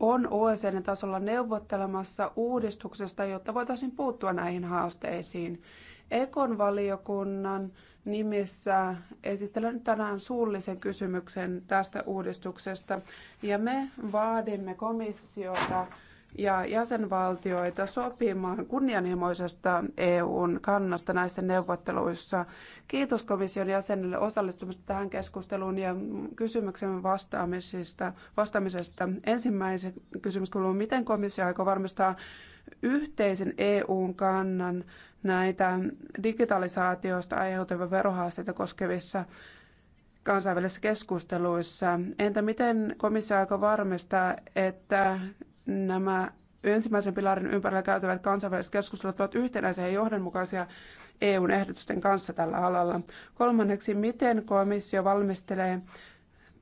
on OECD-tasolla neuvottelemassa uudistuksesta, jotta voitaisiin puuttua näihin haasteisiin. Ekon valiokunnan nimissä esittelen tänään suullisen kysymyksen tästä uudistuksesta ja me vaadimme komissiota ja jäsenvaltioita sopimaan kunnianhimoisesta EUn kannasta näissä neuvotteluissa. Kiitos komission jäsenille osallistumisesta tähän keskusteluun ja kysymyksemme vastaamisesta. vastaamisesta. Ensimmäisen kysymys kuuluu, miten komissio aikoo varmistaa yhteisen EUn kannan näitä digitalisaatiosta aiheutuvia verohaasteita koskevissa kansainvälisissä keskusteluissa. Entä miten komissio aikoo varmistaa, että nämä ensimmäisen pilarin ympärillä käytävät kansainväliset keskustelut ovat yhtenäisiä ja johdonmukaisia EUn ehdotusten kanssa tällä alalla. Kolmanneksi, miten komissio valmistelee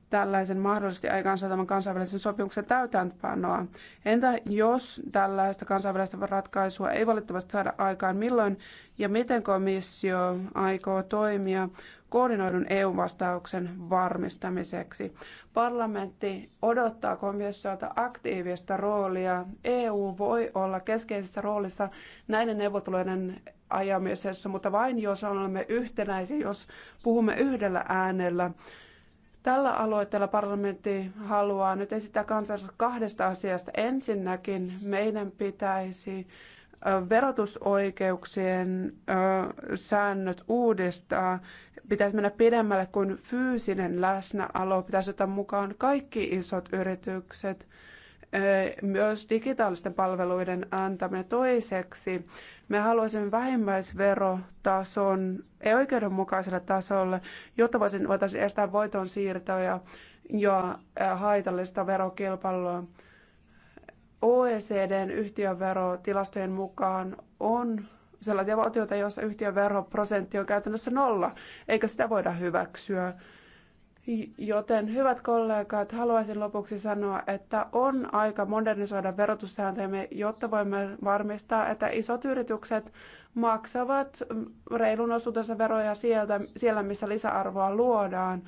tällaisen mahdollisesti aikaansaatavan kansainvälisen sopimuksen täytäntöpanoa? Entä jos tällaista kansainvälistä ratkaisua ei valitettavasti saada aikaan, milloin ja miten komissio aikoo toimia koordinoidun EU-vastauksen varmistamiseksi. Parlamentti odottaa komissiolta aktiivista roolia. EU voi olla keskeisessä roolissa näiden neuvotteluiden ajamisessa, mutta vain jos olemme yhtenäisiä, jos puhumme yhdellä äänellä. Tällä aloitteella parlamentti haluaa nyt esittää kansalaisille kahdesta asiasta. Ensinnäkin meidän pitäisi verotusoikeuksien säännöt uudistaa. Pitäisi mennä pidemmälle kuin fyysinen läsnäolo. Pitäisi ottaa mukaan kaikki isot yritykset, myös digitaalisten palveluiden antaminen toiseksi. Me haluaisimme vähimmäisverotason ei oikeudenmukaiselle tasolle, jotta voitaisiin estää voiton siirtoja ja haitallista verokilpailua. OECDn yhtiöverotilastojen mukaan on sellaisia valtioita, joissa yhtiöveroprosentti on käytännössä nolla, eikä sitä voida hyväksyä. Joten hyvät kollegat, haluaisin lopuksi sanoa, että on aika modernisoida verotussääntöjämme, jotta voimme varmistaa, että isot yritykset maksavat reilun osuutensa veroja sieltä, siellä, missä lisäarvoa luodaan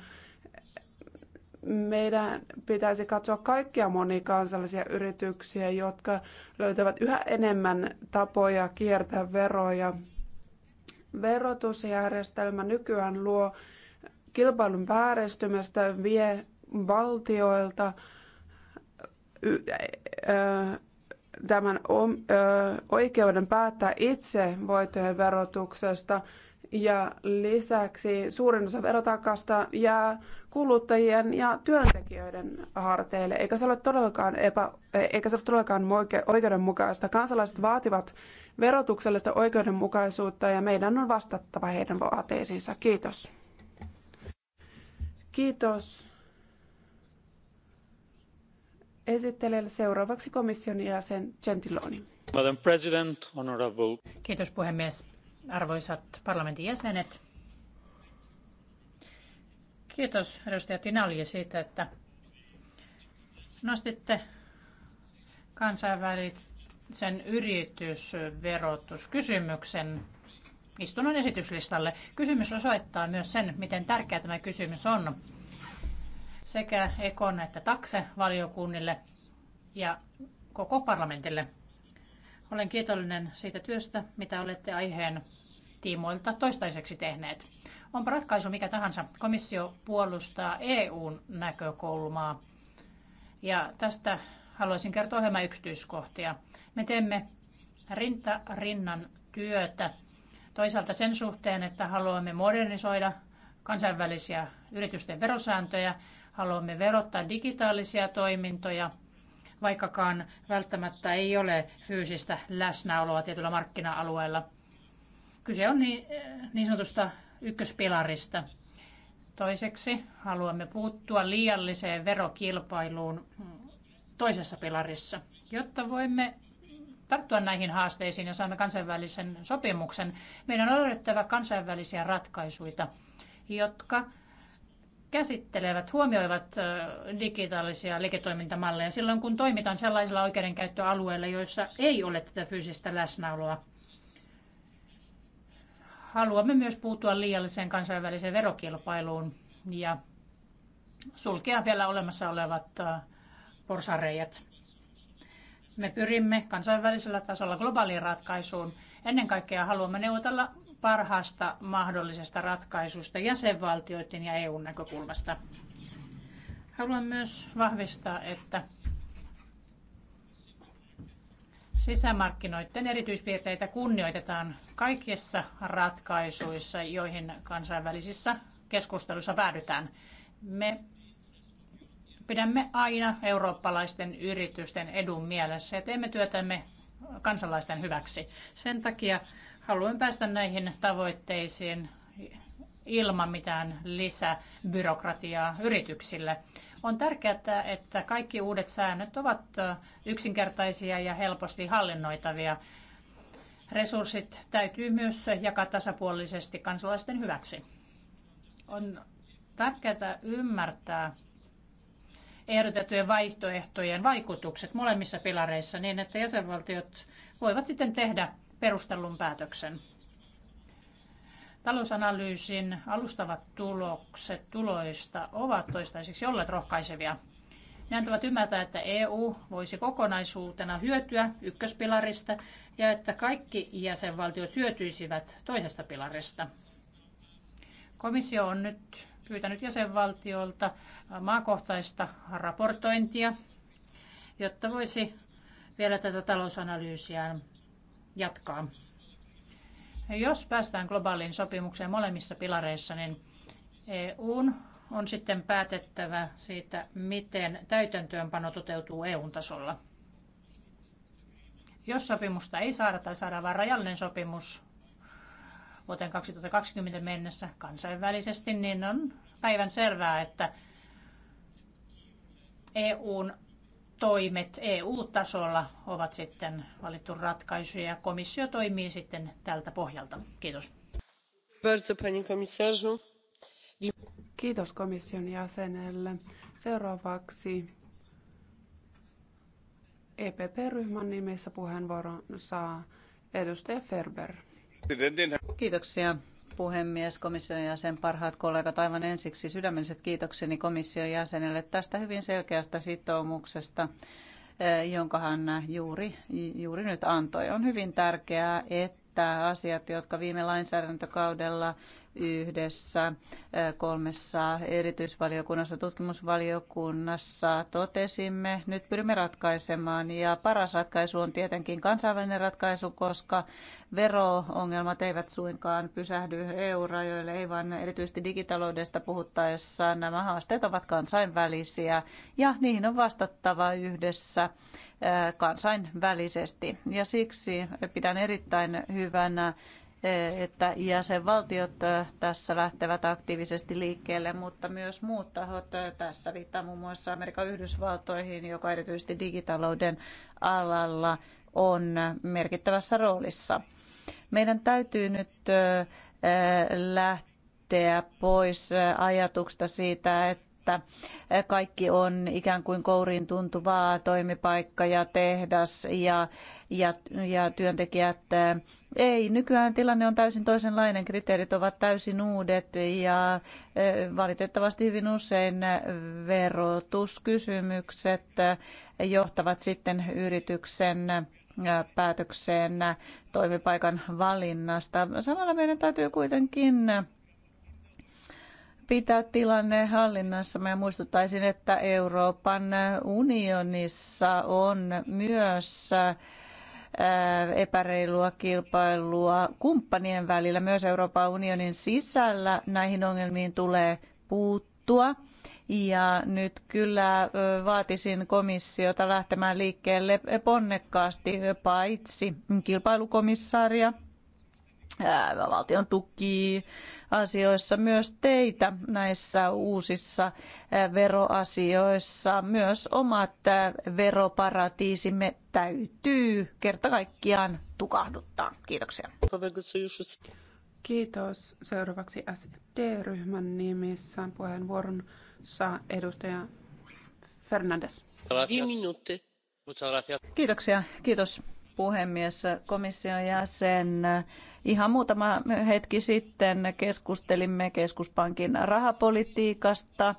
meidän pitäisi katsoa kaikkia monikansallisia yrityksiä, jotka löytävät yhä enemmän tapoja kiertää veroja. Verotusjärjestelmä nykyään luo kilpailun vääristymästä, vie valtioilta tämän oikeuden päättää itse voittojen verotuksesta ja lisäksi suurin osa verotakasta jää kuluttajien ja työntekijöiden harteille, eikä se ole todellakaan, epä, eikä se ole todellakaan oikeudenmukaista. Kansalaiset vaativat verotuksellista oikeudenmukaisuutta ja meidän on vastattava heidän vaateisiinsa. Kiitos. Kiitos esittelijälle seuraavaksi komission jäsen Gentiloni. Madam President, honorable. Kiitos puhemies. Arvoisat parlamentin jäsenet, Kiitos edustaja Tinalje siitä, että nostitte kansainvälisen yritysverotuskysymyksen istunnon esityslistalle. Kysymys osoittaa myös sen, miten tärkeä tämä kysymys on sekä Ekon että Takse-valiokunnille ja koko parlamentille. Olen kiitollinen siitä työstä, mitä olette aiheen tiimoilta toistaiseksi tehneet. Onpa ratkaisu mikä tahansa. Komissio puolustaa EUn näkökulmaa. Ja tästä haluaisin kertoa hieman yksityiskohtia. Me teemme rinta rinnan työtä toisaalta sen suhteen, että haluamme modernisoida kansainvälisiä yritysten verosääntöjä, haluamme verottaa digitaalisia toimintoja, vaikkakaan välttämättä ei ole fyysistä läsnäoloa tietyllä markkina-alueella. Kyse on niin, niin sanotusta ykköspilarista. Toiseksi haluamme puuttua liialliseen verokilpailuun toisessa pilarissa, jotta voimme tarttua näihin haasteisiin ja saamme kansainvälisen sopimuksen. Meidän on löydettävä kansainvälisiä ratkaisuja, jotka käsittelevät, huomioivat digitaalisia liiketoimintamalleja silloin, kun toimitaan sellaisilla oikeudenkäyttöalueilla, joissa ei ole tätä fyysistä läsnäoloa haluamme myös puuttua liialliseen kansainväliseen verokilpailuun ja sulkea vielä olemassa olevat äh, porsareijat. Me pyrimme kansainvälisellä tasolla globaaliin ratkaisuun. Ennen kaikkea haluamme neuvotella parhaasta mahdollisesta ratkaisusta jäsenvaltioiden ja EUn näkökulmasta. Haluan myös vahvistaa, että sisämarkkinoiden erityispiirteitä kunnioitetaan kaikissa ratkaisuissa, joihin kansainvälisissä keskusteluissa päädytään. Me pidämme aina eurooppalaisten yritysten edun mielessä ja teemme työtämme kansalaisten hyväksi. Sen takia haluan päästä näihin tavoitteisiin ilman mitään lisäbyrokratiaa yrityksille. On tärkeää, että kaikki uudet säännöt ovat yksinkertaisia ja helposti hallinnoitavia. Resurssit täytyy myös jakaa tasapuolisesti kansalaisten hyväksi. On tärkeää ymmärtää ehdotettujen vaihtoehtojen vaikutukset molemmissa pilareissa niin, että jäsenvaltiot voivat sitten tehdä perustellun päätöksen. Talousanalyysin alustavat tulokset tuloista ovat toistaiseksi olleet rohkaisevia. Ne antavat ymmärtää, että EU voisi kokonaisuutena hyötyä ykköspilarista ja että kaikki jäsenvaltiot hyötyisivät toisesta pilarista. Komissio on nyt pyytänyt jäsenvaltiolta maakohtaista raportointia, jotta voisi vielä tätä talousanalyysiään jatkaa. Jos päästään globaaliin sopimukseen molemmissa pilareissa, niin EUn on sitten päätettävä siitä, miten täytäntöönpano toteutuu EUn tasolla. Jos sopimusta ei saada tai saadaan vain rajallinen sopimus vuoteen 2020 mennessä kansainvälisesti, niin on päivän selvää, että EUn toimet EU-tasolla ovat sitten valittu ratkaisu ja komissio toimii sitten tältä pohjalta. Kiitos. Kiitos komission jäsenelle. Seuraavaksi EPP-ryhmän nimessä puheenvuoron saa edustaja Ferber. Kiitoksia puhemies, komission jäsen, parhaat kollegat, aivan ensiksi sydämelliset kiitokseni komission jäsenelle tästä hyvin selkeästä sitoumuksesta, eh, jonka hän juuri, juuri nyt antoi. On hyvin tärkeää, että asiat, jotka viime lainsäädäntökaudella yhdessä kolmessa erityisvaliokunnassa, tutkimusvaliokunnassa totesimme. Nyt pyrimme ratkaisemaan ja paras ratkaisu on tietenkin kansainvälinen ratkaisu, koska veroongelmat eivät suinkaan pysähdy EU-rajoille, ei vaan erityisesti digitaloudesta puhuttaessa nämä haasteet ovat kansainvälisiä ja niihin on vastattava yhdessä kansainvälisesti. Ja siksi pidän erittäin hyvänä että jäsenvaltiot tässä lähtevät aktiivisesti liikkeelle, mutta myös muut tahot tässä viittaa muun muassa Amerikan Yhdysvaltoihin, joka erityisesti digitalouden alalla on merkittävässä roolissa. Meidän täytyy nyt lähteä pois ajatuksesta siitä, että että kaikki on ikään kuin kouriin tuntuvaa toimipaikka ja tehdas ja, ja, ja työntekijät. Eh, ei, nykyään tilanne on täysin toisenlainen, kriteerit ovat täysin uudet ja eh, valitettavasti hyvin usein verotuskysymykset eh, johtavat sitten yrityksen päätökseen toimipaikan valinnasta. Samalla meidän täytyy kuitenkin pitää tilanne hallinnassa. Mä muistuttaisin, että Euroopan unionissa on myös epäreilua kilpailua kumppanien välillä. Myös Euroopan unionin sisällä näihin ongelmiin tulee puuttua. Ja nyt kyllä vaatisin komissiota lähtemään liikkeelle ponnekkaasti paitsi kilpailukomissaaria valtion tuki asioissa myös teitä näissä uusissa veroasioissa. Myös omat veroparatiisimme täytyy kerta kaikkiaan tukahduttaa. Kiitoksia. Kiitos. Seuraavaksi SD-ryhmän nimissä puheenvuoron saa edustaja Fernandes. Kiitoksia. Kiitos puhemies, komission jäsen. Ihan muutama hetki sitten keskustelimme keskuspankin rahapolitiikasta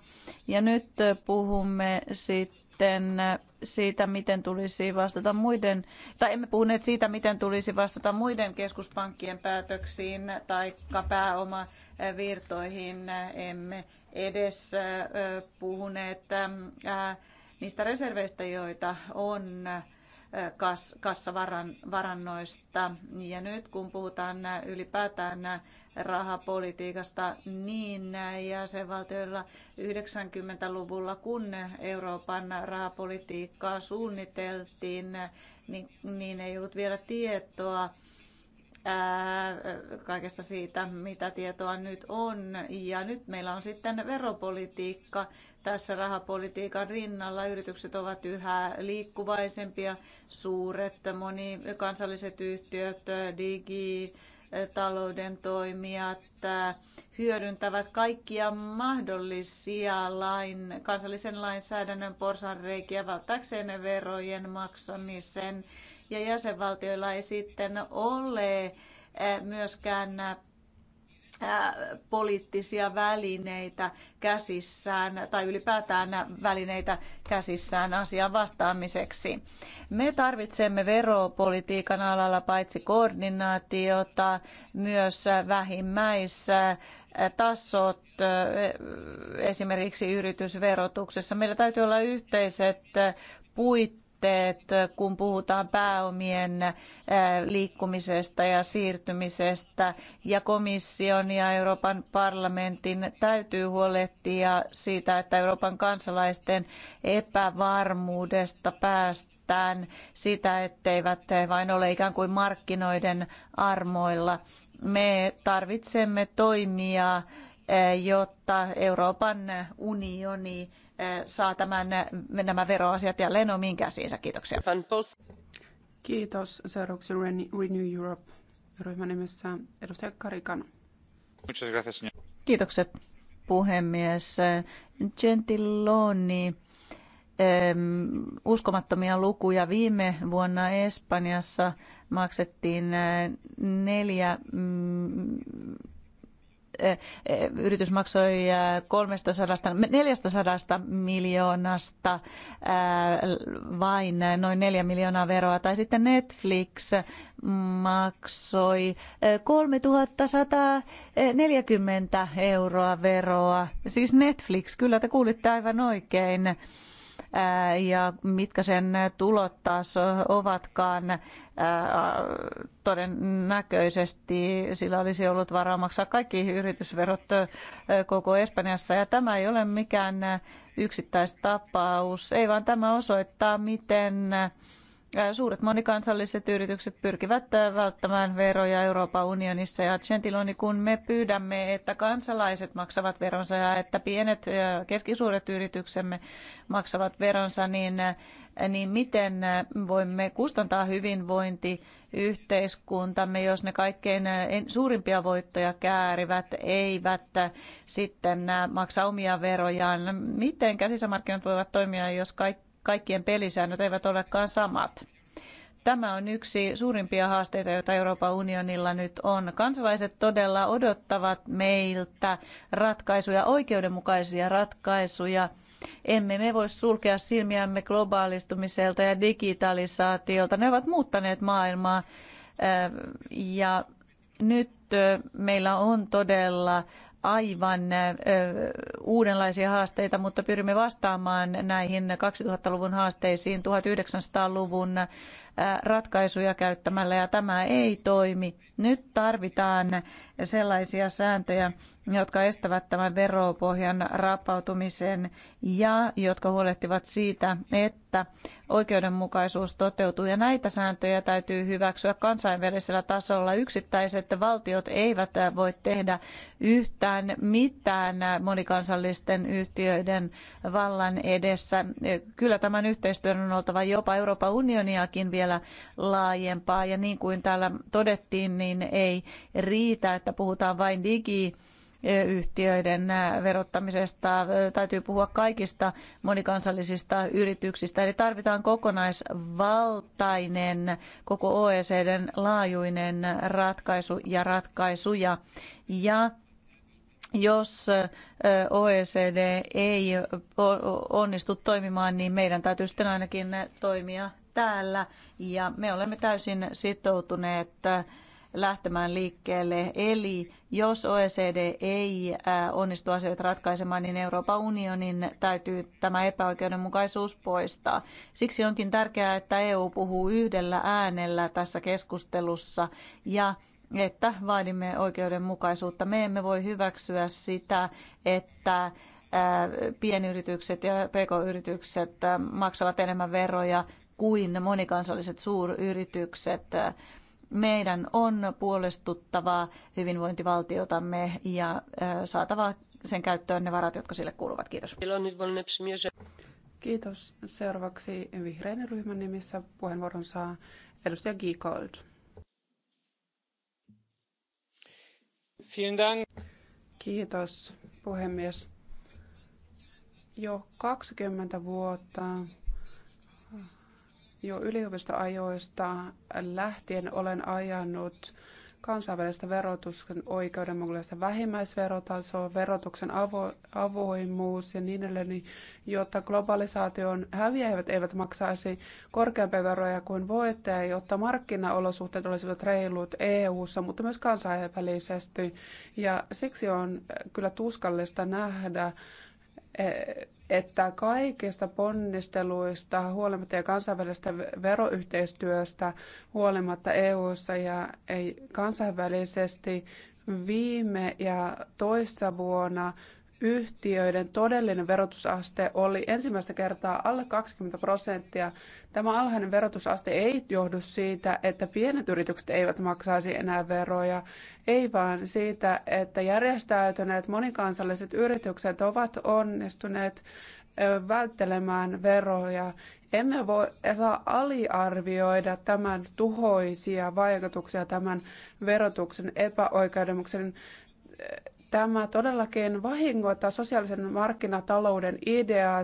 ja nyt puhumme sitten siitä, miten tulisi vastata muiden, tai emme puhuneet siitä, miten tulisi vastata muiden keskuspankkien päätöksiin tai pääomavirtoihin. Emme edes puhuneet niistä reserveistä, joita on kas, kassavarannoista. Ja nyt kun puhutaan ylipäätään rahapolitiikasta, niin jäsenvaltioilla 90-luvulla, kun Euroopan rahapolitiikkaa suunniteltiin, niin, niin ei ollut vielä tietoa kaikesta siitä, mitä tietoa nyt on. Ja nyt meillä on sitten veropolitiikka, tässä rahapolitiikan rinnalla yritykset ovat yhä liikkuvaisempia, suuret monikansalliset yhtiöt, digi, talouden toimijat hyödyntävät kaikkia mahdollisia lain, kansallisen lainsäädännön porsanreikiä välttääkseen verojen maksamisen. Ja jäsenvaltioilla ei sitten ole eh, myöskään poliittisia välineitä käsissään tai ylipäätään välineitä käsissään asian vastaamiseksi. Me tarvitsemme veropolitiikan alalla paitsi koordinaatiota, myös vähimmäissä tasot esimerkiksi yritysverotuksessa. Meillä täytyy olla yhteiset puitteet puitteet, kun puhutaan pääomien äh, liikkumisesta ja siirtymisestä. Ja komission ja Euroopan parlamentin täytyy huolehtia siitä, että Euroopan kansalaisten epävarmuudesta päästään sitä, etteivät he vain ole ikään kuin markkinoiden armoilla. Me tarvitsemme toimia, äh, jotta Euroopan unioni Eh, saa tämän, eh, nämä veroasiat jälleen omiin käsiinsä. Kiitoksia. Kiitos. Seuraavaksi Renew Europe ryhmän nimessä edustaja Karikan. Kiitokset puhemies. Gentiloni, uskomattomia lukuja. Viime vuonna Espanjassa maksettiin eh, neljä mm, Eh, yritys maksoi 400 eh, miljoonasta eh, vain noin 4 miljoonaa veroa, tai sitten Netflix maksoi 3140 euroa veroa. Siis Netflix, kyllä te kuulitte aivan oikein. Äh, ja mitkä sen tulot taas ovatkaan. Äh, todennäköisesti sillä olisi ollut varaa maksaa kaikki yritysverot äh, koko Espanjassa ja tämä ei ole mikään yksittäistapaus, ei vaan tämä osoittaa, miten Suuret monikansalliset yritykset pyrkivät välttämään veroja Euroopan unionissa ja Gentiloni, kun me pyydämme, että kansalaiset maksavat veronsa ja että pienet ja keskisuuret yrityksemme maksavat veronsa, niin, niin miten voimme kustantaa hyvinvointiyhteiskuntamme, jos ne kaikkein suurimpia voittoja käärivät, eivät sitten maksa omia verojaan? Miten käsisämarkkinat voivat toimia, jos kaikki kaikkien pelisäännöt eivät olekaan samat. Tämä on yksi suurimpia haasteita, joita Euroopan unionilla nyt on. Kansalaiset todella odottavat meiltä ratkaisuja, oikeudenmukaisia ratkaisuja. Emme me voi sulkea silmiämme globaalistumiselta ja digitalisaatiolta. Ne ovat muuttaneet maailmaa ja nyt meillä on todella aivan uudenlaisia haasteita, mutta pyrimme vastaamaan näihin 2000-luvun haasteisiin 1900-luvun ratkaisuja käyttämällä ja tämä ei toimi. Nyt tarvitaan sellaisia sääntöjä, jotka estävät tämän veropohjan rapautumisen ja jotka huolehtivat siitä, että oikeudenmukaisuus toteutuu. Ja näitä sääntöjä täytyy hyväksyä kansainvälisellä tasolla. Yksittäiset valtiot eivät voi tehdä yhtään mitään monikansallisten yhtiöiden vallan edessä. Kyllä tämän yhteistyön on oltava jopa Euroopan unioniakin vielä vielä laajempaa. Ja niin kuin täällä todettiin, niin ei riitä, että puhutaan vain digi yhtiöiden äh, verottamisesta. Äh, täytyy puhua kaikista monikansallisista yrityksistä. Eli tarvitaan kokonaisvaltainen, koko OECDn laajuinen ratkaisu ja ratkaisuja. Ja jos äh, OECD ei onnistu toimimaan, niin meidän täytyy sitten ainakin toimia täällä ja me olemme täysin sitoutuneet lähtemään liikkeelle. Eli jos OECD ei äh, onnistu asioita ratkaisemaan, niin Euroopan unionin täytyy tämä epäoikeudenmukaisuus poistaa. Siksi onkin tärkeää, että EU puhuu yhdellä äänellä tässä keskustelussa ja että vaadimme oikeudenmukaisuutta. Me emme voi hyväksyä sitä, että äh, pienyritykset ja pk-yritykset äh, maksavat enemmän veroja kuin monikansalliset suuryritykset. Meidän on puolestuttava hyvinvointivaltiotamme ja saatava sen käyttöön ne varat, jotka sille kuuluvat. Kiitos. Kiitos. Seuraavaksi vihreän ryhmän nimissä puheenvuoron saa edustaja Giegold. Kiitos puhemies. Jo 20 vuotta jo yliopistoajoista lähtien olen ajanut kansainvälistä verotuksen oikeudenmukaista vähimmäisverotasoa, verotuksen avo, avoimuus ja niin edelleen, jotta globalisaation häviäjät eivät maksaisi korkeampia veroja kuin voittaja, jotta markkinaolosuhteet olisivat reilut EU-ssa, mutta myös kansainvälisesti. Ja siksi on kyllä tuskallista nähdä, että kaikista ponnisteluista huolimatta ja kansainvälisestä veroyhteistyöstä huolimatta EU:ssa ja ei kansainvälisesti viime ja toissa vuonna yhtiöiden todellinen verotusaste oli ensimmäistä kertaa alle 20 prosenttia. Tämä alhainen verotusaste ei johdu siitä, että pienet yritykset eivät maksaisi enää veroja, ei vaan siitä, että järjestäytyneet monikansalliset yritykset ovat onnistuneet välttelemään veroja. Emme voi e, saa aliarvioida tämän tuhoisia vaikutuksia tämän verotuksen epäoikeudenmukaisen tämä todellakin vahingoittaa sosiaalisen markkinatalouden ideaa.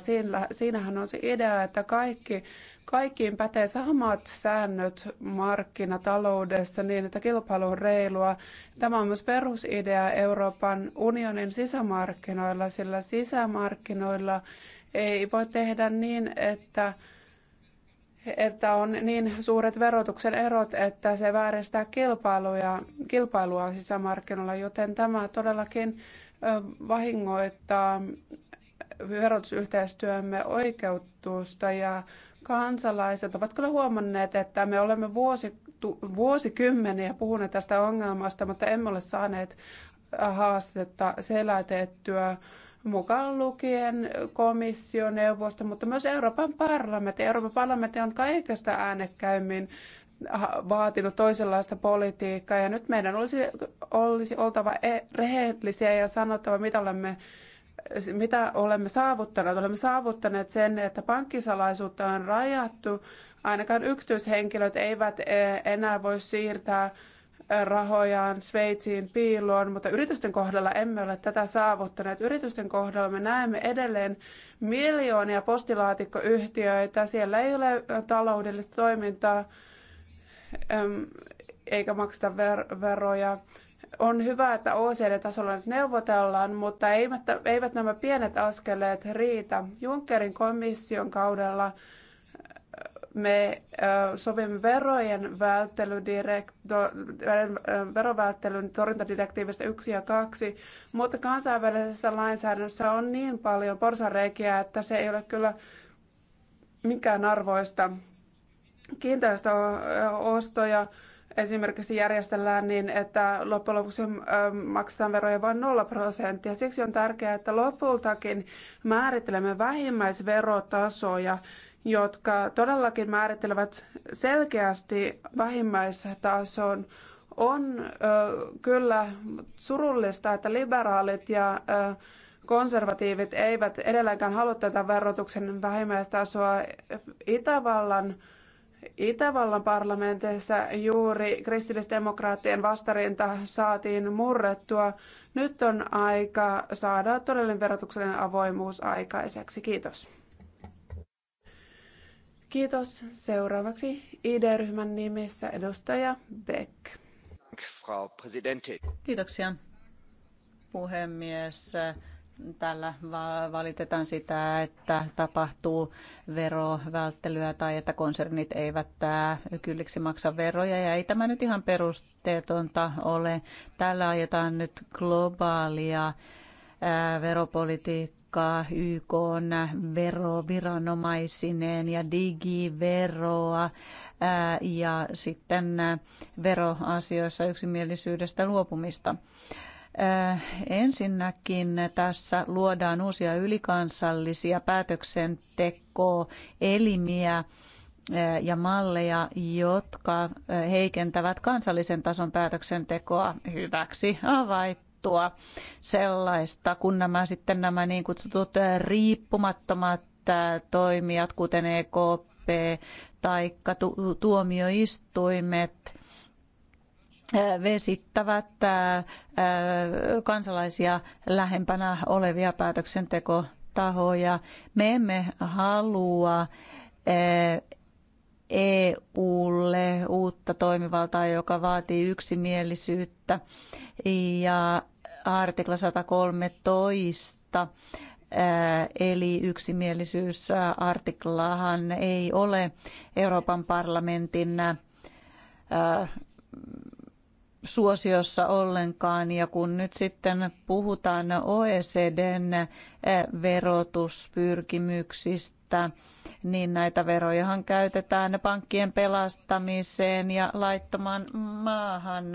Siinähän on se idea, että kaikki, kaikkiin pätee samat säännöt markkinataloudessa niin, että kilpailu on reilua. Tämä on myös perusidea Euroopan unionin sisämarkkinoilla, sillä sisämarkkinoilla ei voi tehdä niin, että että on niin suuret verotuksen erot, että se vääristää kilpailuja, kilpailua sisämarkkinoilla, joten tämä todellakin vahingoittaa verotusyhteistyömme oikeutusta ja kansalaiset ovat kyllä huomanneet, että me olemme vuosi, vuosikymmeniä puhuneet tästä ongelmasta, mutta emme ole saaneet haastetta selätettyä mukaan lukien komissio, neuvosto, mutta myös Euroopan parlamentti. Euroopan parlamentti on kaikesta äänekkäimmin vaatinut toisenlaista politiikkaa ja nyt meidän olisi, olisi oltava e- rehellisiä ja sanottava, mitä olemme mitä olemme saavuttaneet? Olemme saavuttaneet sen, että pankkisalaisuutta on rajattu. Ainakaan yksityishenkilöt eivät e, enää voi siirtää rahojaan Sveitsiin piiloon, mutta yritysten kohdalla emme ole tätä saavuttaneet. Yritysten kohdalla me näemme edelleen miljoonia postilaatikkoyhtiöitä. Siellä ei ole taloudellista toimintaa eikä makseta ver- veroja. On hyvä, että OECD-tasolla nyt neuvotellaan, mutta eivät, eivät nämä pienet askeleet riitä. Junckerin komission kaudella me sovimme verojen verovälttelyn torjuntadirektiivistä 1 ja 2, mutta kansainvälisessä lainsäädännössä on niin paljon porsareikiä, että se ei ole kyllä mikään arvoista. Kiinteistöostoja esimerkiksi järjestellään niin, että loppujen lopuksi maksetaan veroja vain 0 prosenttia. Siksi on tärkeää, että lopultakin määrittelemme vähimmäisverotasoja jotka todellakin määrittelevät selkeästi vähimmäistason. On ö, kyllä surullista, että liberaalit ja ö, konservatiivit eivät edelleenkään halua tätä verotuksen vähimmäistasoa. Itävallan, Itävallan parlamentissa juuri kristillisdemokraattien vastarinta saatiin murrettua. Nyt on aika saada todellinen verotuksellinen avoimuus aikaiseksi. Kiitos. Kiitos. Seuraavaksi ID-ryhmän nimissä edustaja Beck. Kiitoksia, puhemies tällä valitetaan sitä, että tapahtuu verovälttelyä tai että konsernit eivät kylliksi maksa veroja. Ja ei tämä nyt ihan perusteetonta ole. Täällä ajetaan nyt globaalia veropolitiikkaa vaikka YK veroviranomaisineen ja digiveroa ja sitten veroasioissa yksimielisyydestä luopumista. Ensinnäkin tässä luodaan uusia ylikansallisia päätöksentekoelimiä ja malleja, jotka heikentävät kansallisen tason päätöksentekoa hyväksi. havaittu tapahtua sellaista, kun nämä sitten nämä niin kutsutut riippumattomat äh, toimijat, kuten EKP tai tuomioistuimet, äh, vesittävät äh, kansalaisia lähempänä olevia päätöksentekotahoja. Me emme halua EUlle uutta toimivaltaa, joka vaatii yksimielisyyttä. Ja artikla 113 eli yksimielisyysartiklahan ei ole Euroopan parlamentin suosiossa ollenkaan. Ja kun nyt sitten puhutaan OECDn verotuspyrkimyksistä, niin näitä verojahan käytetään pankkien pelastamiseen ja laittoman maahan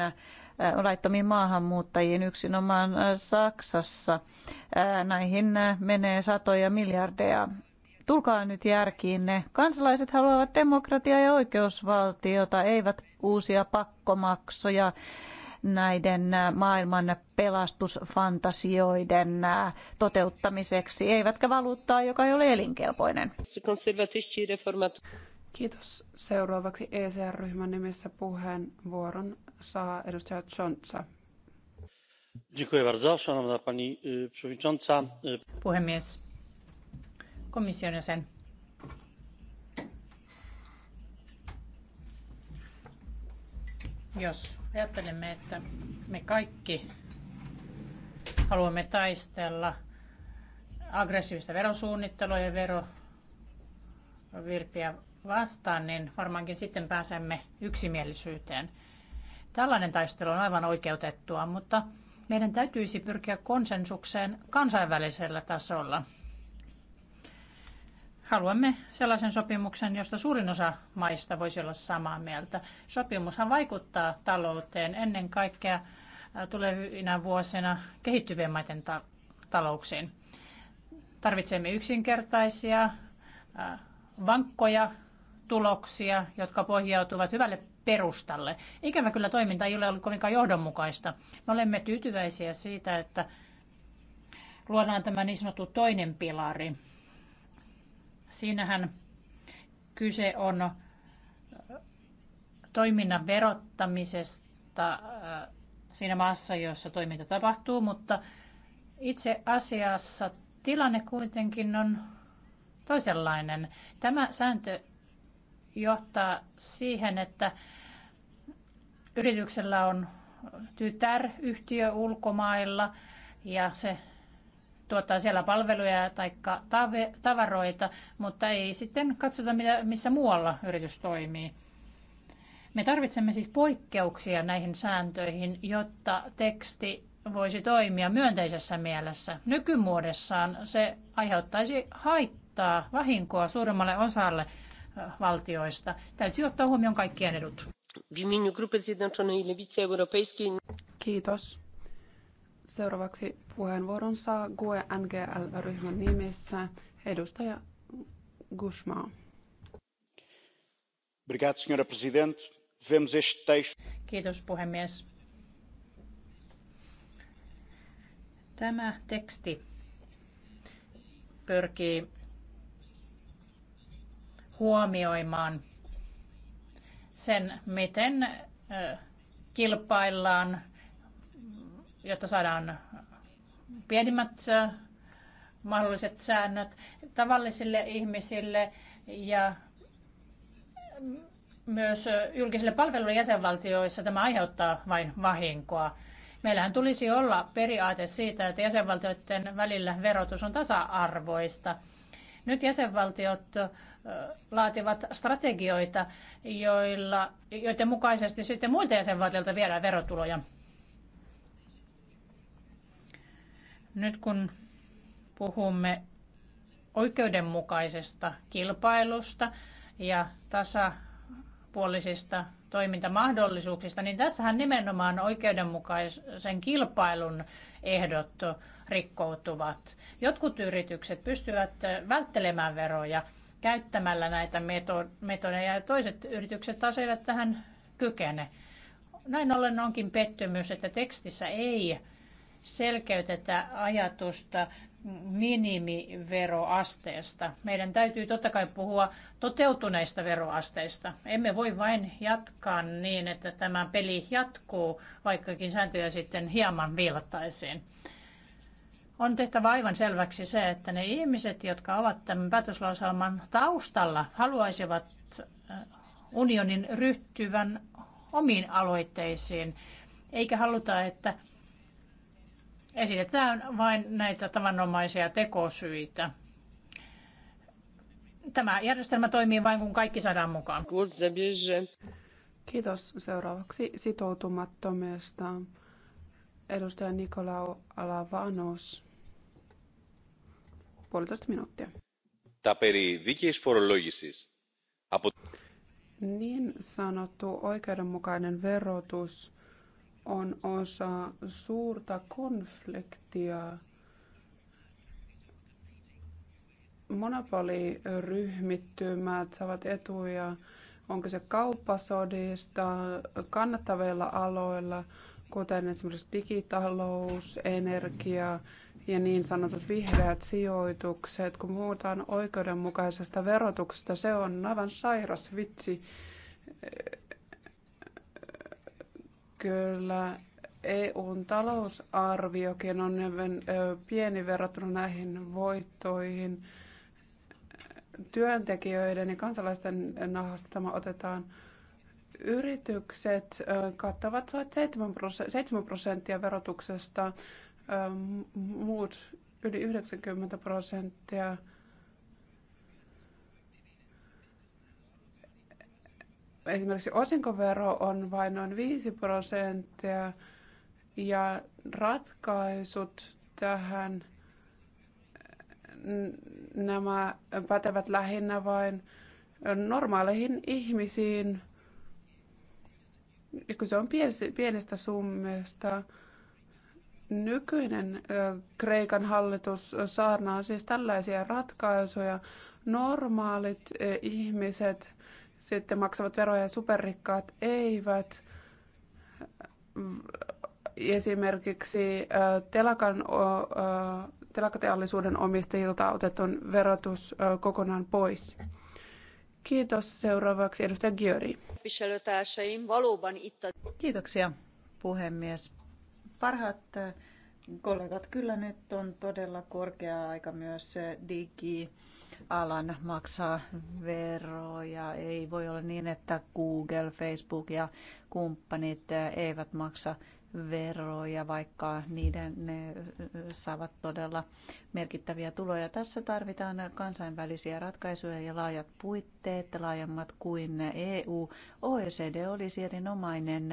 Äh, laittomiin maahanmuuttajiin yksinomaan äh, Saksassa. Äh, näihin menee satoja miljardeja. Tulkaa nyt järkiinne. Kansalaiset haluavat demokratiaa ja oikeusvaltiota, eivät uusia pakkomaksoja näiden maailman pelastusfantasioiden toteuttamiseksi, eivätkä valuuttaa, joka ei ole elinkelpoinen. Kiitos. Seuraavaksi ECR-ryhmän nimissä puheenvuoron saa edustaja Jontsa. Puhemies, komission jäsen. Jos ajattelemme, että me kaikki haluamme taistella aggressiivista verosuunnittelua ja verovirpiä vastaan, niin varmaankin sitten pääsemme yksimielisyyteen. Tällainen taistelu on aivan oikeutettua, mutta meidän täytyisi pyrkiä konsensukseen kansainvälisellä tasolla. Haluamme sellaisen sopimuksen, josta suurin osa maista voisi olla samaa mieltä. Sopimushan vaikuttaa talouteen ennen kaikkea äh, tulevina vuosina kehittyvien maiden ta- talouksiin. Tarvitsemme yksinkertaisia, äh, vankkoja tuloksia, jotka pohjautuvat hyvälle perustalle. Ikävä kyllä toiminta ei ole ollut kovinkaan johdonmukaista. Me olemme tyytyväisiä siitä, että luodaan tämä niin sanottu toinen pilari. Siinähän kyse on toiminnan verottamisesta siinä maassa, jossa toiminta tapahtuu, mutta itse asiassa tilanne kuitenkin on toisenlainen. Tämä sääntö johtaa siihen, että yrityksellä on tytäryhtiö ulkomailla ja se tuottaa siellä palveluja tai tavaroita, mutta ei sitten katsota, missä muualla yritys toimii. Me tarvitsemme siis poikkeuksia näihin sääntöihin, jotta teksti voisi toimia myönteisessä mielessä. Nykymuodessaan se aiheuttaisi haittaa, vahinkoa suuremmalle osalle valtioista. Täytyy ottaa huomioon kaikkien edut. Kiitos. Seuraavaksi puheenvuoron saa GUE NGL-ryhmän nimessä edustaja Gushmaa. Kiitos puhemies. Tämä teksti pyrkii huomioimaan sen, miten kilpaillaan, jotta saadaan pienimmät mahdolliset säännöt tavallisille ihmisille ja myös julkisille palveluille jäsenvaltioissa tämä aiheuttaa vain vahinkoa. Meillähän tulisi olla periaate siitä, että jäsenvaltioiden välillä verotus on tasa-arvoista – nyt jäsenvaltiot laativat strategioita, joilla, joiden mukaisesti sitten muilta jäsenvaltioilta viedään verotuloja. Nyt kun puhumme oikeudenmukaisesta kilpailusta ja tasapuolisista toimintamahdollisuuksista, niin tässähän nimenomaan oikeudenmukaisen kilpailun ehdot rikkoutuvat. Jotkut yritykset pystyvät välttelemään veroja käyttämällä näitä metodeja ja toiset yritykset taas eivät tähän kykene. Näin ollen onkin pettymys, että tekstissä ei selkeytetä ajatusta minimiveroasteesta. Meidän täytyy totta kai puhua toteutuneista veroasteista. Emme voi vain jatkaa niin, että tämä peli jatkuu, vaikkakin sääntöjä sitten hieman viilattaisiin. On tehtävä aivan selväksi se, että ne ihmiset, jotka ovat tämän päätöslauselman taustalla, haluaisivat äh, unionin ryhtyvän omiin aloitteisiin, eikä haluta, että Esitetään vain näitä tavanomaisia tekosyitä. Tämä järjestelmä toimii vain, kun kaikki saadaan mukaan. Kiitos. Seuraavaksi sitoutumattomista. Edustaja Nikolau Alavanos. Puolitoista minuuttia. Τα περί Niin sanottu oikeudenmukainen verotus on osa suurta konfliktia. Monopoliryhmittymät saavat etuja, onko se kauppasodista, kannattavilla aloilla, kuten esimerkiksi digitalous, energia ja niin sanotut vihreät sijoitukset. Kun puhutaan oikeudenmukaisesta verotuksesta, se on aivan sairas vitsi kyllä EUn talousarviokin on pieni verrattuna näihin voittoihin. Työntekijöiden ja kansalaisten nahasta tämä otetaan. Yritykset kattavat 7 prosenttia verotuksesta, muut yli 90 prosenttia. esimerkiksi osinkovero on vain noin 5 prosenttia ja ratkaisut tähän nämä pätevät lähinnä vain normaaleihin ihmisiin, se on pienestä summista. Nykyinen Kreikan hallitus saarnaa siis tällaisia ratkaisuja. Normaalit ihmiset sitten maksavat veroja ja superrikkaat eivät. Esimerkiksi telakan, telakateollisuuden omistajilta otetun verotus kokonaan pois. Kiitos. Seuraavaksi edustaja Giori. Kiitoksia puhemies. Parhaat kollegat, kyllä nyt on todella korkea aika myös digi alan maksaa veroja. Ei voi olla niin, että Google, Facebook ja kumppanit eivät maksa veroja, vaikka niiden ne saavat todella merkittäviä tuloja. Tässä tarvitaan kansainvälisiä ratkaisuja ja laajat puitteet, laajemmat kuin EU. OECD olisi erinomainen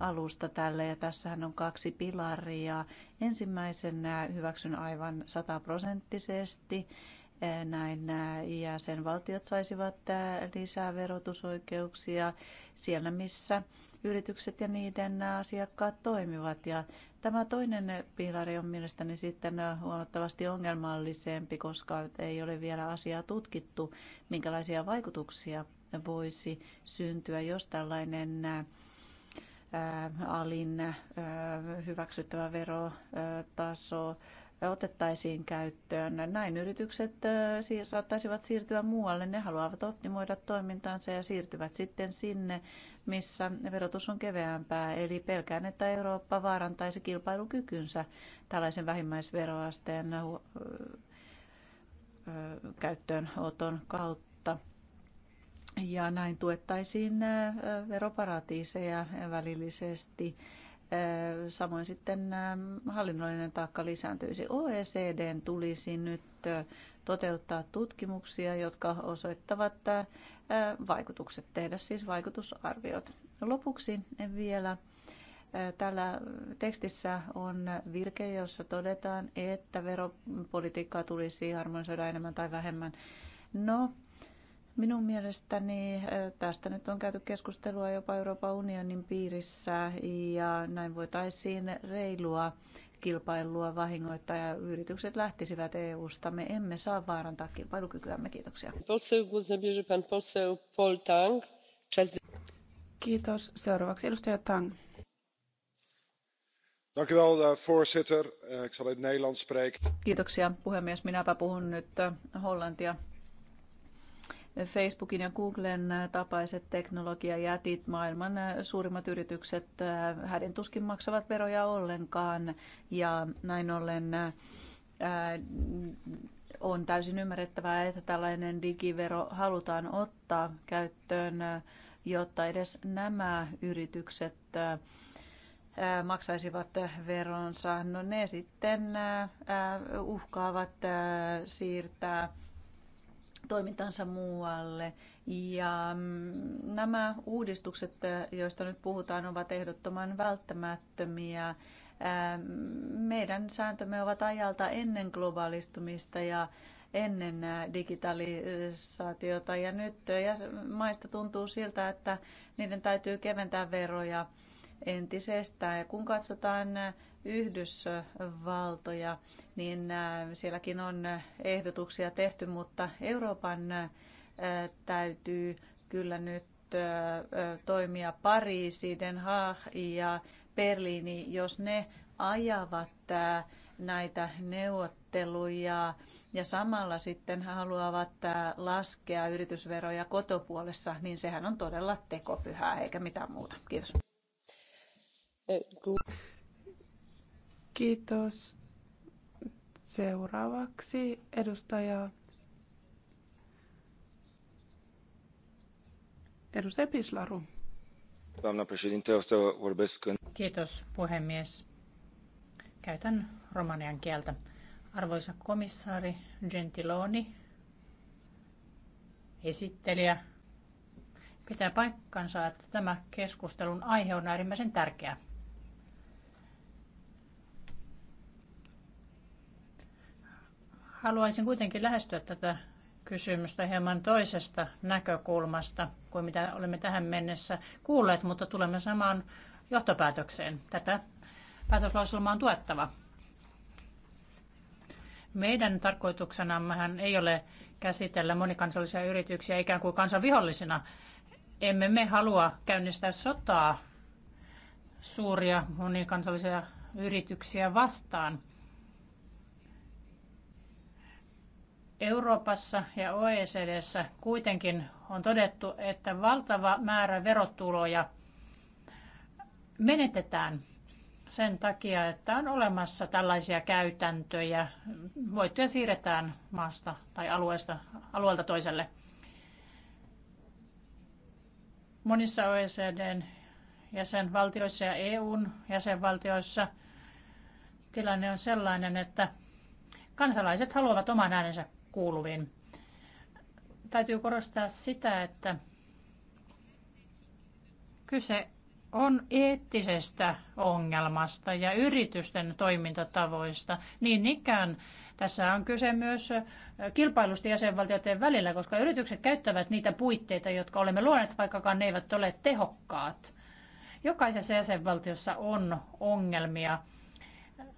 alusta tälle ja tässähän on kaksi pilaria. Ensimmäisenä hyväksyn aivan sataprosenttisesti näin äh, jäsenvaltiot saisivat äh, lisää verotusoikeuksia siellä, missä yritykset ja niiden äh, asiakkaat toimivat. Ja tämä toinen pilari on mielestäni sitten huomattavasti ongelmallisempi, koska ei ole vielä asiaa tutkittu, minkälaisia vaikutuksia voisi syntyä, jos tällainen alin hyväksyttävä verotaso otettaisiin käyttöön. Näin yritykset saattaisivat siirtyä muualle. Ne haluavat optimoida toimintaansa ja siirtyvät sitten sinne, missä verotus on keveämpää. Eli pelkään, että Eurooppa vaarantaisi kilpailukykynsä tällaisen vähimmäisveroasteen käyttöönoton kautta. Ja näin tuettaisiin veroparatiiseja välillisesti Samoin sitten hallinnollinen taakka lisääntyisi. OECDn tulisi nyt toteuttaa tutkimuksia, jotka osoittavat vaikutukset, tehdä siis vaikutusarviot. Lopuksi vielä tällä tekstissä on virke, jossa todetaan, että veropolitiikkaa tulisi harmonisoida enemmän tai vähemmän. No, Minun mielestäni tästä nyt on käyty keskustelua jopa Euroopan unionin piirissä ja näin voitaisiin reilua kilpailua vahingoittaa ja yritykset lähtisivät EU-sta. Me emme saa vaarantaa kilpailukykyämme. Kiitoksia. Kiitos. Seuraavaksi edustaja Tang. Eh, eh, Kiitoksia puhemies. Minäpä puhun nyt eh, hollantia. Facebookin ja Googlen tapaiset teknologiajätit, maailman suurimmat yritykset, häden tuskin maksavat veroja ollenkaan ja näin ollen äh, on täysin ymmärrettävää, että tällainen digivero halutaan ottaa käyttöön, jotta edes nämä yritykset äh, maksaisivat veronsa. No ne sitten äh, uhkaavat siirtää toimintansa muualle. Ja mm, nämä uudistukset, joista nyt puhutaan, ovat ehdottoman välttämättömiä. Ähm, meidän sääntömme ovat ajalta ennen globaalistumista ja ennen äh, digitalisaatiota. Ja nyt äh, maista tuntuu siltä, että niiden täytyy keventää veroja entisestään. Ja kun katsotaan Yhdysvaltoja, niin äh, sielläkin on ehdotuksia tehty, mutta Euroopan äh, täytyy kyllä nyt äh, toimia Pariisi, Den Haag ja Berliini, jos ne ajavat näitä neuvotteluja ja samalla sitten haluavat laskea yritysveroja kotopuolessa, niin sehän on todella tekopyhää eikä mitään muuta. Kiitos. Kiitos. Seuraavaksi edustaja Edustaja Pislaru. Kiitos puhemies. Käytän romanian kieltä. Arvoisa komissaari Gentiloni, esittelijä, pitää paikkansa, että tämä keskustelun aihe on äärimmäisen tärkeä. Haluaisin kuitenkin lähestyä tätä kysymystä hieman toisesta näkökulmasta kuin mitä olemme tähän mennessä kuulleet, mutta tulemme samaan johtopäätökseen. Tätä päätöslauselmaa on tuettava. Meidän tarkoituksenammehan ei ole käsitellä monikansallisia yrityksiä ikään kuin kansanvihollisina. Emme me halua käynnistää sotaa suuria monikansallisia yrityksiä vastaan – Euroopassa ja OECDssä kuitenkin on todettu, että valtava määrä verotuloja menetetään sen takia, että on olemassa tällaisia käytäntöjä. Voittoja siirretään maasta tai alueesta, alueelta toiselle. Monissa OECDn jäsenvaltioissa ja EUn jäsenvaltioissa tilanne on sellainen, että kansalaiset haluavat oman äänensä kuuluviin. Täytyy korostaa sitä, että kyse on eettisestä ongelmasta ja yritysten toimintatavoista. Niin ikään tässä on kyse myös kilpailusta jäsenvaltioiden välillä, koska yritykset käyttävät niitä puitteita, jotka olemme luoneet, vaikkakaan ne eivät ole tehokkaat. Jokaisessa jäsenvaltiossa on ongelmia äh,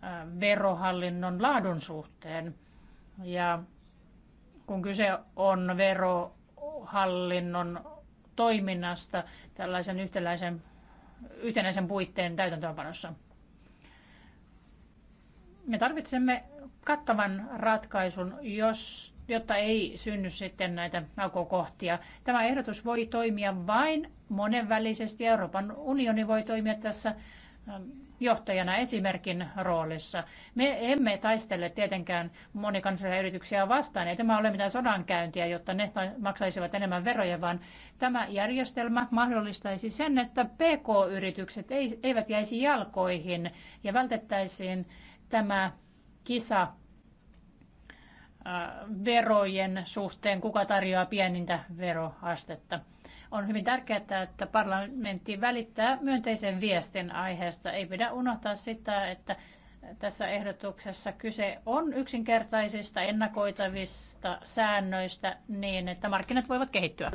verohallinnon laadun suhteen. Ja kun kyse on verohallinnon toiminnasta tällaisen yhtenäisen, yhtenäisen puitteen täytäntöönpanossa. Me tarvitsemme kattavan ratkaisun, jos, jotta ei synny sitten näitä aukokohtia. Tämä ehdotus voi toimia vain monenvälisesti. Euroopan unioni voi toimia tässä johtajana esimerkin roolissa. Me emme taistele tietenkään monikansallisia yrityksiä vastaan. Ei tämä ole mitään sodankäyntiä, jotta ne maksaisivat enemmän veroja, vaan tämä järjestelmä mahdollistaisi sen, että PK-yritykset eivät jäisi jalkoihin ja vältettäisiin tämä kisa äh, verojen suhteen, kuka tarjoaa pienintä veroastetta. On hyvin tärkeää, että parlamentti välittää myönteisen viestin aiheesta. Ei pidä unohtaa sitä, että tässä ehdotuksessa kyse on yksinkertaisista ennakoitavista säännöistä niin, että markkinat voivat kehittyä.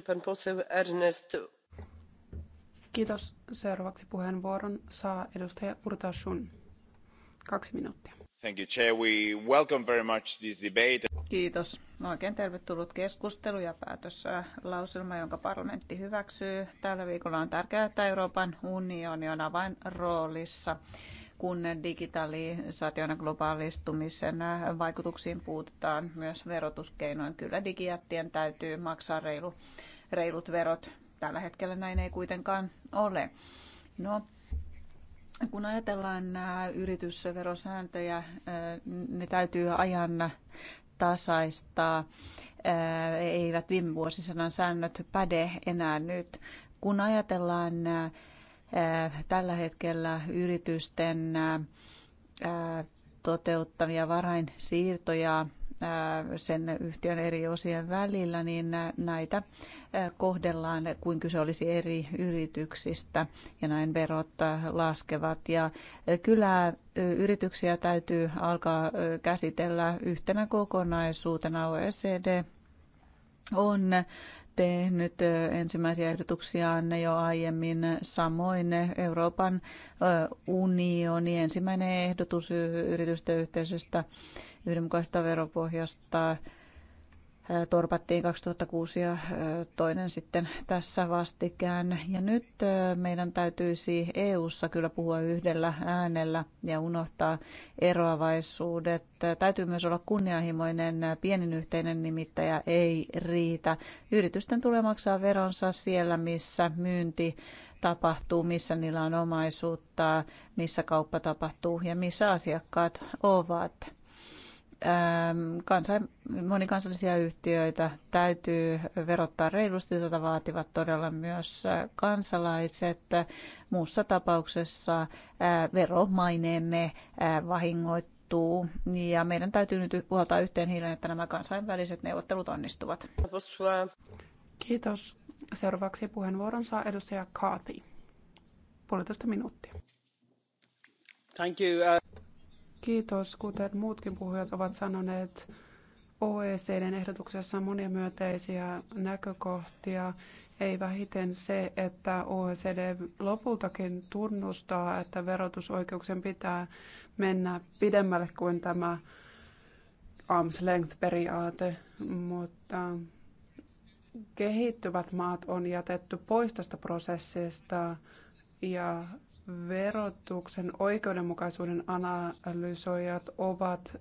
Kiitos. Seuraavaksi puheenvuoron saa edustaja Urta Shun. Kaksi minuuttia. Kiitos. Oikein tervetullut keskustelu ja päätöslauselma, jonka parlamentti hyväksyy. Tällä viikolla on tärkeää, että Euroopan unioni on avainroolissa, kun digitalisaation globaalistumisen vaikutuksiin puututaan myös verotuskeinoin. Kyllä digijättien täytyy maksaa reilu, reilut verot. Tällä hetkellä näin ei kuitenkaan ole. No, kun ajatellaan nämä äh, yritysverosääntöjä, äh, ne täytyy ajan tasaistaa. Äh, eivät viime vuosisadan säännöt päde enää nyt. Kun ajatellaan tällä hetkellä yritysten toteuttavia varainsiirtoja Äh, sen yhtiön eri osien välillä, niin äh, näitä äh, kohdellaan kuin kyse olisi eri yrityksistä ja näin verot laskevat. Ja kyllä yrityksiä täytyy alkaa käsitellä yhtenä kokonaisuutena OECD on tehnyt ensimmäisiä ehdotuksiaan jo aiemmin. Samoin Euroopan unioni ensimmäinen ehdotus yritysten yhteisestä yhdenmukaisesta veropohjasta torpattiin 2006 ja toinen sitten tässä vastikään. Ja nyt meidän täytyisi EU-ssa kyllä puhua yhdellä äänellä ja unohtaa eroavaisuudet. Täytyy myös olla kunnianhimoinen, pienin yhteinen nimittäjä ei riitä. Yritysten tulee maksaa veronsa siellä, missä myynti tapahtuu, missä niillä on omaisuutta, missä kauppa tapahtuu ja missä asiakkaat ovat. Ähm, kansain, monikansallisia yhtiöitä täytyy verottaa reilusti, tätä vaativat todella myös äh, kansalaiset. Muussa tapauksessa äh, veromaineemme äh, vahingoittuu ja meidän täytyy nyt puhaltaa yhteen hiilen, että nämä kansainväliset neuvottelut onnistuvat. Kiitos. Seuraavaksi puheenvuoron saa edustaja Kaati. Puolitoista minuuttia. Thank you. Uh, Kiitos, kuten muutkin puhujat ovat sanoneet. OECDn ehdotuksessa on monia myönteisiä näkökohtia, ei vähiten se, että OECD lopultakin tunnustaa, että verotusoikeuksien pitää mennä pidemmälle kuin tämä arm's length-periaate, mutta kehittyvät maat on jätetty pois tästä prosessista ja verotuksen oikeudenmukaisuuden analysoijat ovat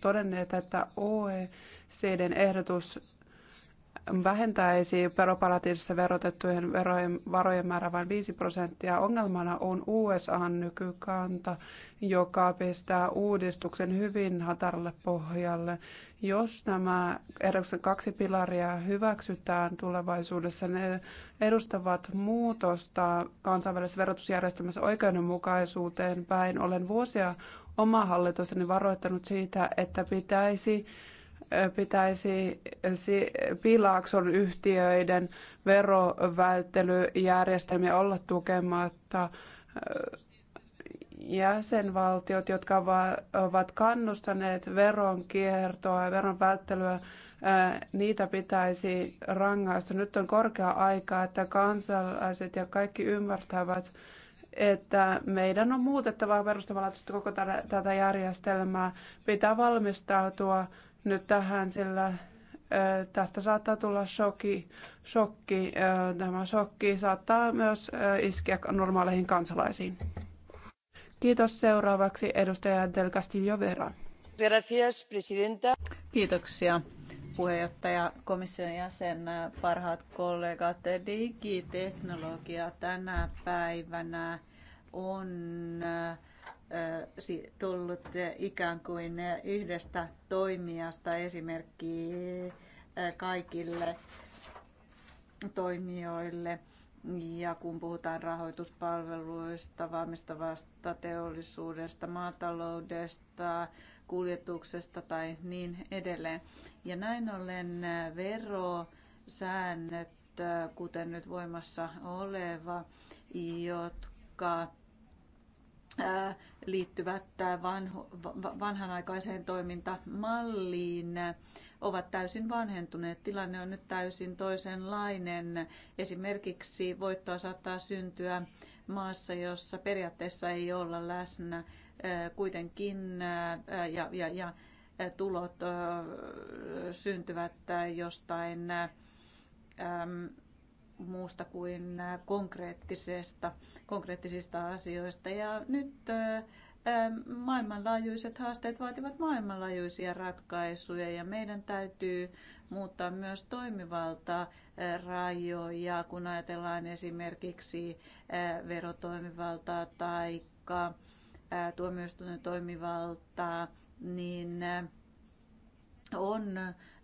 todenneet, että OECDn ehdotus vähentäisi veroparatiisissa verotettujen verojen, varojen määrä vain 5 prosenttia. Ongelmana on USAn nykykanta, joka pistää uudistuksen hyvin hataralle pohjalle. Jos nämä ehdotuksen kaksi pilaria hyväksytään tulevaisuudessa, ne edustavat muutosta kansainvälisessä verotusjärjestelmässä oikeudenmukaisuuteen päin. Olen vuosia oma hallituseni varoittanut siitä, että pitäisi pitäisi Pilaakson yhtiöiden verovälttelyjärjestelmiä olla tukematta jäsenvaltiot, jotka ovat kannustaneet veronkiertoa ja veronvälttelyä, niitä pitäisi rangaista. Nyt on korkea aika, että kansalaiset ja kaikki ymmärtävät, että meidän on muutettava perustavanlaatuisesti koko tätä järjestelmää. Pitää valmistautua nyt tähän, sillä tästä saattaa tulla shokki. shokki. Tämä shokki saattaa myös iskeä normaaleihin kansalaisiin. Kiitos seuraavaksi edustaja Del Castillo Vera. Gracias, presidenta. Kiitoksia puheenjohtaja, komission jäsen, parhaat kollegat. Digiteknologia tänä päivänä on äh, tullut ikään kuin yhdestä toimijasta esimerkki kaikille toimijoille. Ja kun puhutaan rahoituspalveluista, valmistavasta teollisuudesta, maataloudesta, kuljetuksesta tai niin edelleen. Ja näin ollen verosäännöt, kuten nyt voimassa oleva, jotka liittyvät vanhanaikaiseen toimintamalliin ovat täysin vanhentuneet. Tilanne on nyt täysin toisenlainen. Esimerkiksi voittoa saattaa syntyä maassa, jossa periaatteessa ei olla läsnä kuitenkin ja, ja, ja tulot syntyvät jostain muusta kuin äh, konkreettisesta, konkreettisista asioista. Ja nyt äh, äh, maailmanlaajuiset haasteet vaativat maailmanlaajuisia ratkaisuja ja meidän täytyy muuttaa myös toimivalta rajoja, kun ajatellaan esimerkiksi verotoimivaltaa tai tuomioistuinen toimivaltaa, niin on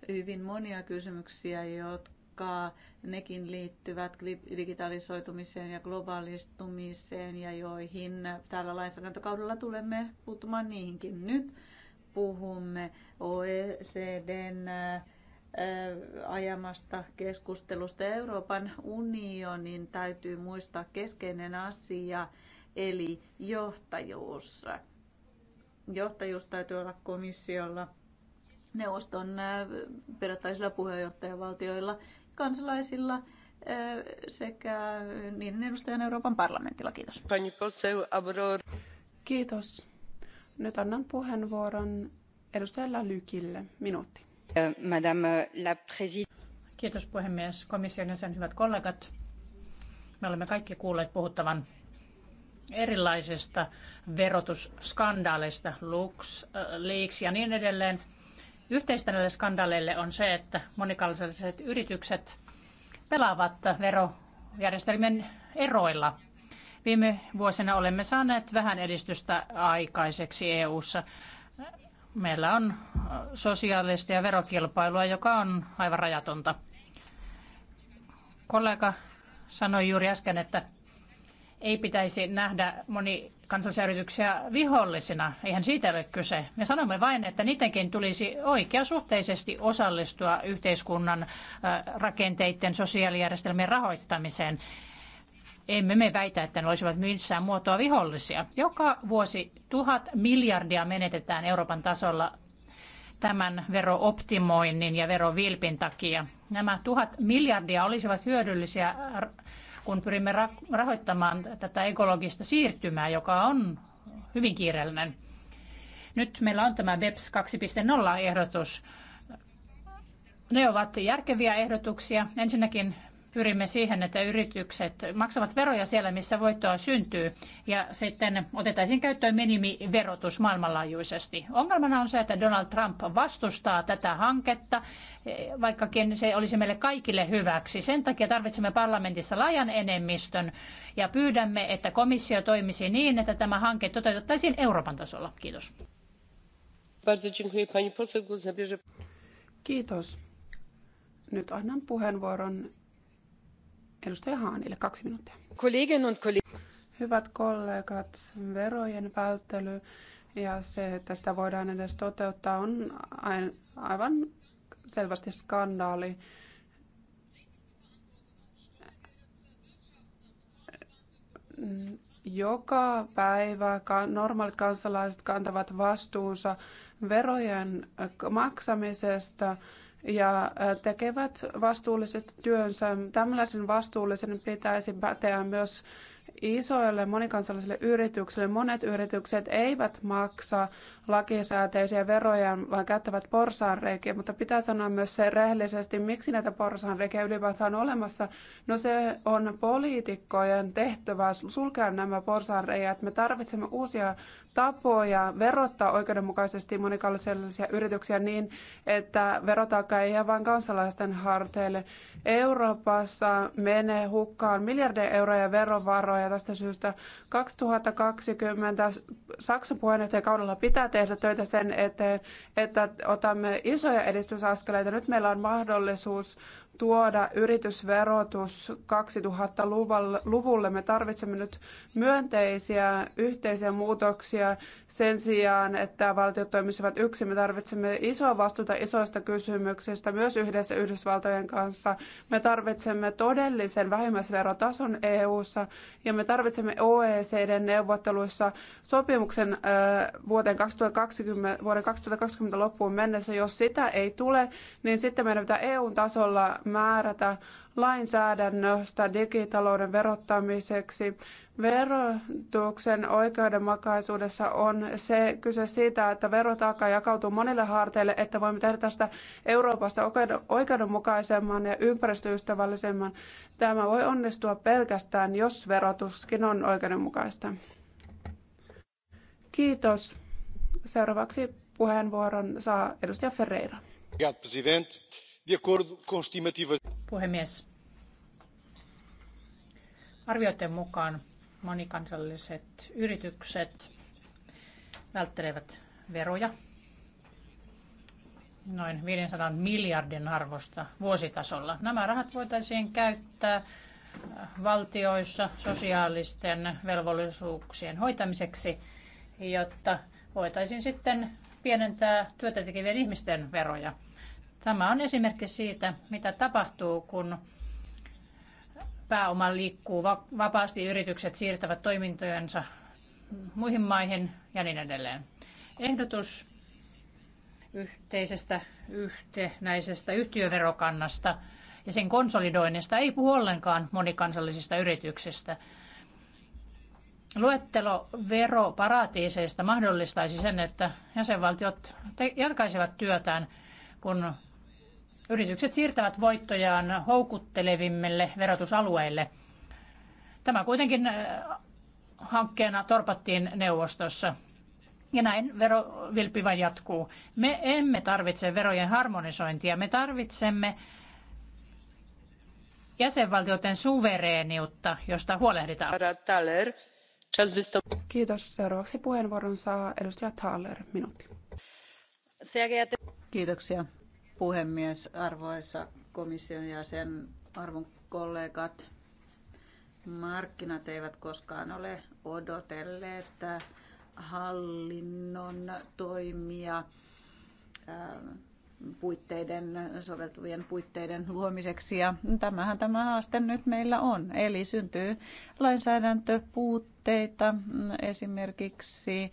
hyvin monia kysymyksiä, jotka taakkaa. Nekin liittyvät digitalisoitumiseen ja globaalistumiseen ja joihin tällä lainsäädäntökaudella tulemme puuttumaan niihinkin. Nyt puhumme OECDn äh, ajamasta keskustelusta. Euroopan unionin täytyy muistaa keskeinen asia, eli johtajuus. Johtajuus täytyy olla komissiolla, neuvoston äh, perättäisillä puheenjohtajavaltioilla kansalaisilla eh, sekä niiden edustajan Euroopan parlamentilla. Kiitos. Kiitos. Nyt annan puheenvuoron edustaja Lykille. Minuutti. Eh, madame la Kiitos puhemies, komission jäsen, hyvät kollegat. Me olemme kaikki kuulleet puhuttavan erilaisista verotusskandaaleista, eh, Leaks ja niin edelleen – Yhteistä näille skandaaleille on se, että monikansalliset yritykset pelaavat verojärjestelmien eroilla. Viime vuosina olemme saaneet vähän edistystä aikaiseksi EU:ssa. Meillä on sosiaalista ja verokilpailua, joka on aivan rajatonta. Kollega sanoi juuri äsken, että ei pitäisi nähdä moni kansallisia vihollisina. Eihän siitä ole kyse. Me sanomme vain, että niidenkin tulisi oikeasuhteisesti osallistua yhteiskunnan rakenteiden sosiaalijärjestelmien rahoittamiseen. Emme me väitä, että ne olisivat missään muotoa vihollisia. Joka vuosi tuhat miljardia menetetään Euroopan tasolla tämän verooptimoinnin ja verovilpin takia. Nämä tuhat miljardia olisivat hyödyllisiä kun pyrimme rahoittamaan tätä ekologista siirtymää, joka on hyvin kiireellinen. Nyt meillä on tämä BEPS 2.0-ehdotus. Ne ovat järkeviä ehdotuksia. Ensinnäkin pyrimme siihen, että yritykset maksavat veroja siellä, missä voittoa syntyy, ja sitten otettaisiin käyttöön minimiverotus maailmanlaajuisesti. Ongelmana on se, että Donald Trump vastustaa tätä hanketta, vaikkakin se olisi meille kaikille hyväksi. Sen takia tarvitsemme parlamentissa laajan enemmistön ja pyydämme, että komissio toimisi niin, että tämä hanke toteutettaisiin Euroopan tasolla. Kiitos. Kiitos. Nyt annan puheenvuoron Edustaja Haanille kaksi minuuttia. kolleg- Hyvät kollegat, verojen välttely ja se, että sitä voidaan edes toteuttaa, on aivan selvästi skandaali. Joka päivä normaalit kansalaiset kantavat vastuunsa verojen maksamisesta ja tekevät vastuullisesti työnsä. Tällaisen vastuullisen pitäisi päteä myös isoille monikansallisille yrityksille. Monet yritykset eivät maksa lakisääteisiä veroja, vaan käyttävät porsaanreikiä, mutta pitää sanoa myös se rehellisesti, miksi näitä porsaanreikiä ylipäänsä on olemassa. No se on poliitikkojen tehtävä sulkea nämä porsaanreijät. Me tarvitsemme uusia tapoja verottaa oikeudenmukaisesti monikansallisia yrityksiä niin, että verotaakka ei jää vain kansalaisten harteille. Euroopassa menee hukkaan miljardeja euroja verovaroja ja tästä syystä 2020 Saksan puheenjohtajakaudella pitää tehdä töitä sen eteen, että otamme isoja edistysaskeleita. Nyt meillä on mahdollisuus tuoda yritysverotus 2000-luvulle. Me tarvitsemme nyt myönteisiä yhteisiä muutoksia sen sijaan, että valtiot toimisivat yksin. Me tarvitsemme isoa vastuuta isoista kysymyksistä myös yhdessä Yhdysvaltojen kanssa. Me tarvitsemme todellisen vähimmäisverotason EU:ssa ja me tarvitsemme OECDn neuvotteluissa sopimuksen vuoden, 2020, vuoden 2020 loppuun mennessä. Jos sitä ei tule, niin sitten meidän pitää EU-tasolla määrätä lainsäädännöstä digitalouden verottamiseksi. Verotuksen oikeudenmukaisuudessa on se kyse siitä, että verotaakka jakautuu monille harteille, että voimme tehdä tästä Euroopasta oikeudenmukaisemman ja ympäristöystävällisemmän. Tämä voi onnistua pelkästään, jos verotuskin on oikeudenmukaista. Kiitos. Seuraavaksi puheenvuoron saa edustaja Ferreira. Puhemies. Arvioiden mukaan monikansalliset yritykset välttelevät veroja noin viisisataa miljardin arvosta vuositasolla. Nämä rahat voitaisiin käyttää valtioissa sosiaalisten velvollisuuksien hoitamiseksi, jotta voitaisiin sitten pienentää työtä tekevien ihmisten veroja. Tämä on esimerkki siitä, mitä tapahtuu, kun pääoma liikkuu vapaasti, yritykset siirtävät toimintojensa muihin maihin ja niin edelleen. Ehdotus yhteisestä yhtenäisestä yhtiöverokannasta ja sen konsolidoinnista ei puhu ollenkaan monikansallisista yrityksistä. Luettelo veroparatiiseista mahdollistaisi sen, että jäsenvaltiot jatkaisivat työtään, kun Yritykset siirtävät voittojaan houkuttelevimmille verotusalueille. Tämä kuitenkin äh, hankkeena torpattiin neuvostossa. Ja näin verovilppi vain jatkuu. Me emme tarvitse verojen harmonisointia, me tarvitsemme jäsenvaltioiden suvereeniutta, josta huolehditaan. Kiitos. Seuraavaksi puheenvuoron saa edustaja Thaler, minuutti. Kiitoksia puhemies, arvoisa komission jäsen, arvon kollegat. Markkinat eivät koskaan ole odotelleet äh, hallinnon toimia äh, puitteiden, soveltuvien puitteiden luomiseksi. Ja tämähän tämä haaste nyt meillä on. Eli syntyy lainsäädäntöpuutteita mm, esimerkiksi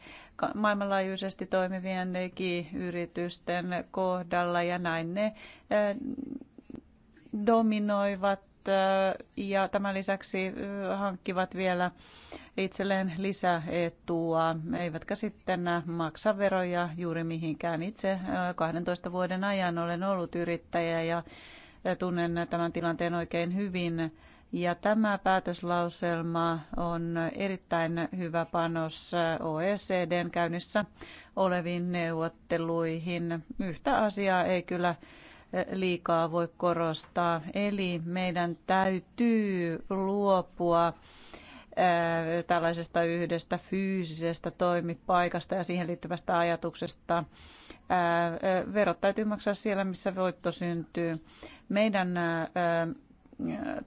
maailmanlaajuisesti toimivien digiyritysten kohdalla ja näin ne dominoivat ja tämän lisäksi hankkivat vielä itselleen lisäetua, eivätkä sitten maksa veroja juuri mihinkään. Itse 12 vuoden ajan olen ollut yrittäjä ja tunnen tämän tilanteen oikein hyvin. Ja tämä päätöslauselma on erittäin hyvä panos OECDn käynnissä oleviin neuvotteluihin. Yhtä asiaa ei kyllä liikaa voi korostaa. Eli meidän täytyy luopua tällaisesta yhdestä fyysisestä toimipaikasta ja siihen liittyvästä ajatuksesta. Verot täytyy maksaa siellä, missä voitto syntyy. Meidän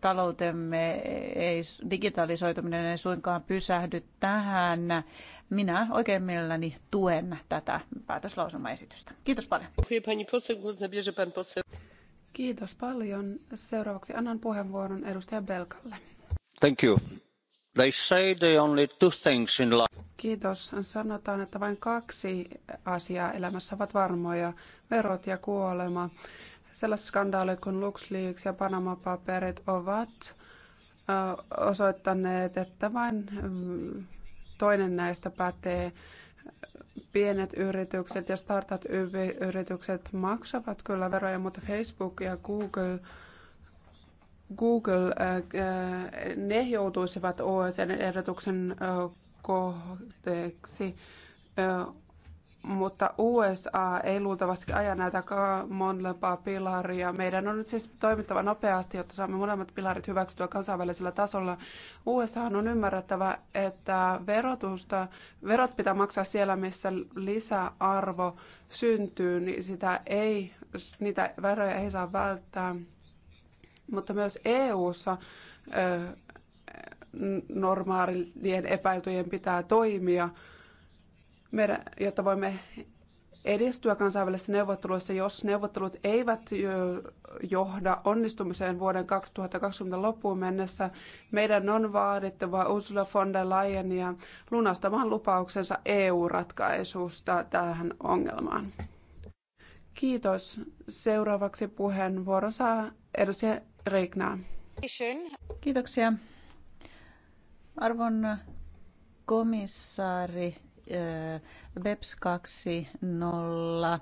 taloutemme ei, digitalisoituminen ei suinkaan pysähdy tähän minä oikein mielelläni tuen tätä päätöslausumaesitystä. Kiitos paljon. Kiitos paljon. Seuraavaksi annan puheenvuoron edustaja Belkalle. Thank you. They say they only two things in life. Kiitos. Sanotaan, että vain kaksi asiaa elämässä ovat varmoja, verot ja kuolema. Sellaiset skandaalit kuin LuxLeaks ja Panama-paperit ovat osoittaneet, että vain mm, Toinen näistä pätee äh, pienet yritykset ja startup-yritykset maksavat kyllä veroja, mutta Facebook ja Google, Google äh, äh, ne joutuisivat oecd ehdotuksen kohteeksi mutta USA ei luultavasti aja näitä monlempaa pilaria. Meidän on nyt siis toimittava nopeasti, jotta saamme molemmat pilarit hyväksytyä kansainvälisellä tasolla. USA on ymmärrettävä, että verotusta, verot pitää maksaa siellä, missä lisäarvo syntyy, niin sitä ei, niitä veroja ei saa välttää. Mutta myös EUssa normaalien epäiltyjen pitää toimia – meidän, jotta voimme edistyä kansainvälisissä neuvotteluissa, jos neuvottelut eivät johda onnistumiseen vuoden 2020 loppuun mennessä. Meidän on vaadittava Ursula von der Leyenia lunastamaan lupauksensa EU-ratkaisusta tähän ongelmaan. Kiitos. Seuraavaksi puheenvuoro saa edustaja Reikna. Kiitoksia. Arvon komissaari, BEPS 2.0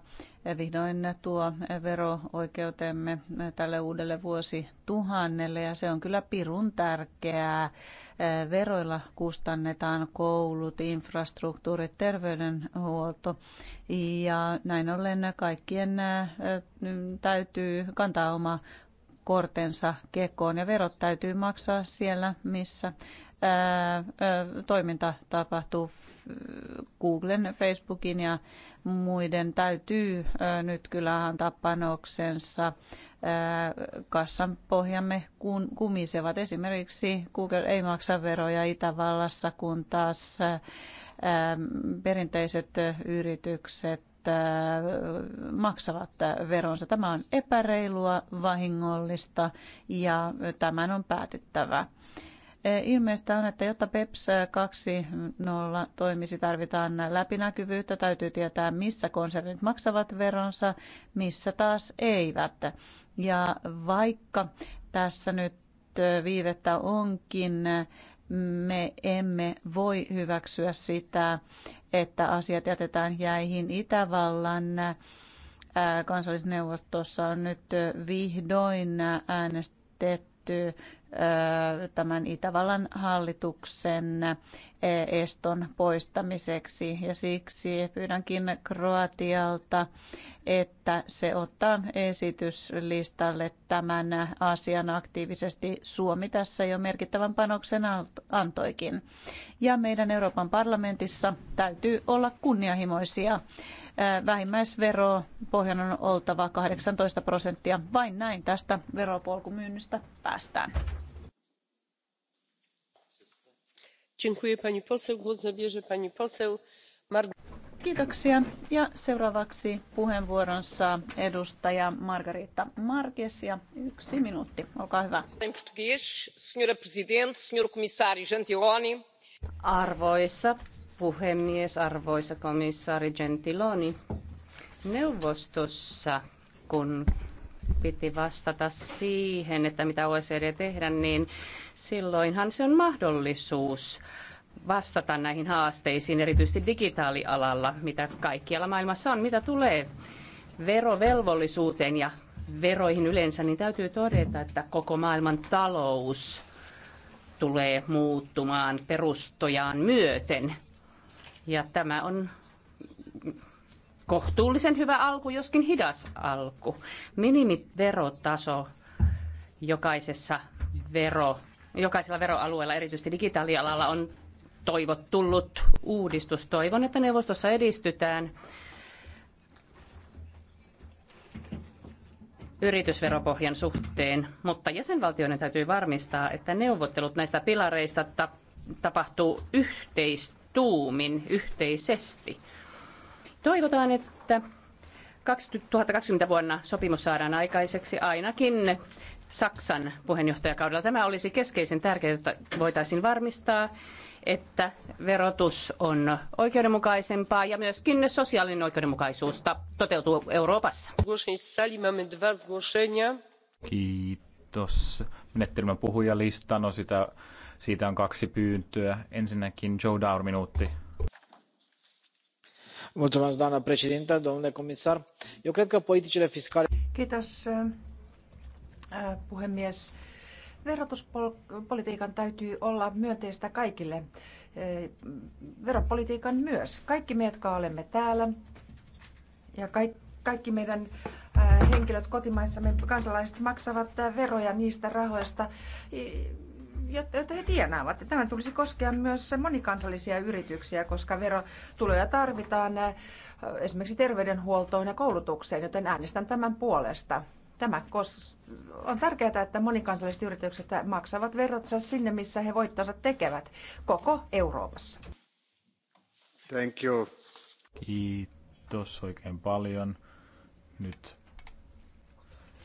vihdoin tuo vero-oikeutemme tälle uudelle vuosituhannelle ja se on kyllä pirun tärkeää. Veroilla kustannetaan koulut, infrastruktuurit, terveydenhuolto ja näin ollen kaikkien täytyy kantaa oma kortensa kekoon ja verot täytyy maksaa siellä, missä toiminta tapahtuu. Googlen, Facebookin ja muiden täytyy nyt kyllä antaa panoksensa. Kassan pohjamme kumisevat. Esimerkiksi Google ei maksa veroja Itävallassa, kun taas perinteiset yritykset maksavat veronsa. Tämä on epäreilua, vahingollista ja tämän on päätyttävä. Ilmeistä on, että jotta PEPS 2.0 toimisi, tarvitaan läpinäkyvyyttä. Täytyy tietää, missä konsernit maksavat veronsa, missä taas eivät. Ja vaikka tässä nyt viivettä onkin, me emme voi hyväksyä sitä, että asiat jätetään jäihin Itävallan kansallisneuvostossa on nyt vihdoin äänestetty tämän Itävallan hallituksen eston poistamiseksi. Ja siksi pyydänkin Kroatialta, että se ottaa esityslistalle tämän asian aktiivisesti. Suomi tässä jo merkittävän panoksen antoikin. Ja meidän Euroopan parlamentissa täytyy olla kunnianhimoisia Vähimmäisvero pohjan on oltava 18 prosenttia. Vain näin tästä veropolkumyynnistä päästään. Kiitoksia. Ja seuraavaksi puheenvuoronsa edustaja Margarita Marques ja yksi minuutti. Olkaa hyvä. Arvoisa puhemies, arvoisa komissaari Gentiloni. Neuvostossa, kun piti vastata siihen, että mitä OECD tehdä, niin silloinhan se on mahdollisuus vastata näihin haasteisiin, erityisesti digitaalialalla, mitä kaikkialla maailmassa on, mitä tulee verovelvollisuuteen ja veroihin yleensä, niin täytyy todeta, että koko maailman talous tulee muuttumaan perustojaan myöten. Ja tämä on kohtuullisen hyvä alku, joskin hidas alku. Minimiverotaso jokaisessa vero, jokaisella veroalueella, erityisesti digitaalialalla, on tullut uudistus. Toivon, että neuvostossa edistytään yritysveropohjan suhteen, mutta jäsenvaltioiden täytyy varmistaa, että neuvottelut näistä pilareista tapahtuu yhteistyössä tuumin yhteisesti. Toivotaan, että 2020 vuonna sopimus saadaan aikaiseksi ainakin Saksan puheenjohtajakaudella. Tämä olisi keskeisen tärkeää, että voitaisiin varmistaa, että verotus on oikeudenmukaisempaa ja myöskin sosiaalinen oikeudenmukaisuus toteutuu Euroopassa. Kiitos. Menettelymän puhujalistan on sitä siitä on kaksi pyyntöä. Ensinnäkin Joe Daur minuutti. Mulțumesc, doamnă președintă, domnule comisar. Eu cred că politicile fiscale... Kiitos, puhemies. Verotuspolitiikan täytyy olla myönteistä kaikille. Veropolitiikan myös. Kaikki me, jotka olemme täällä ja kaikki meidän henkilöt kotimaissamme, kansalaiset maksavat veroja niistä rahoista, jotta he tienaavat. Tämä tämän tulisi koskea myös monikansallisia yrityksiä, koska verotuloja tarvitaan äh, esimerkiksi terveydenhuoltoon ja koulutukseen, joten äänestän tämän puolesta. Tämä on tärkeää, että monikansalliset yritykset maksavat verotsa sinne, missä he voittonsa tekevät, koko Euroopassa. Thank you. Kiitos oikein paljon. Nyt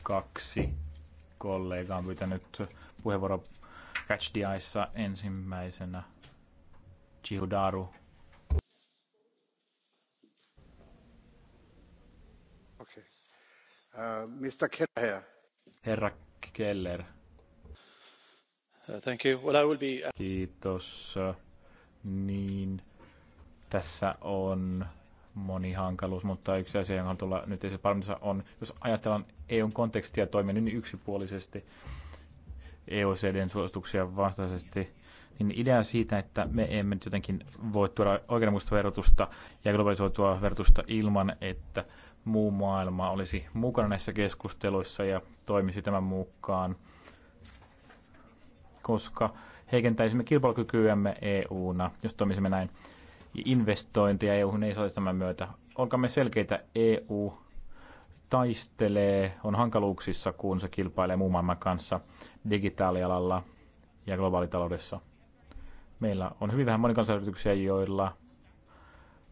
kaksi kollegaa on pyytänyt puheenvuoroa Catch the Eyeissa ensimmäisenä Chihudaru. Okay. Uh, Mr. Keller. Herra Keller. Uh, thank you. Well, I will be... Uh, Kiitos. Uh, niin, tässä on moni hankaluus, mutta yksi asia, johon tulla nyt esille parannissa on, jos ajatellaan EUn kontekstia toimia niin yksipuolisesti, EUCDn suosituksia vastaisesti, niin idea siitä, että me emme jotenkin voi tuoda oikeudenmukaista verotusta ja globalisoitua verotusta ilman, että muu maailma olisi mukana näissä keskusteluissa ja toimisi tämän mukaan, koska heikentäisimme kilpailukykyämme EUna, jos toimisimme näin. Investointia EUhun ei saisi tämän myötä. Olkaamme selkeitä EU taistelee, on hankaluuksissa, kun se kilpailee muun maailman kanssa digitaalialalla ja globaalitaloudessa. Meillä on hyvin vähän monikansallisia joilla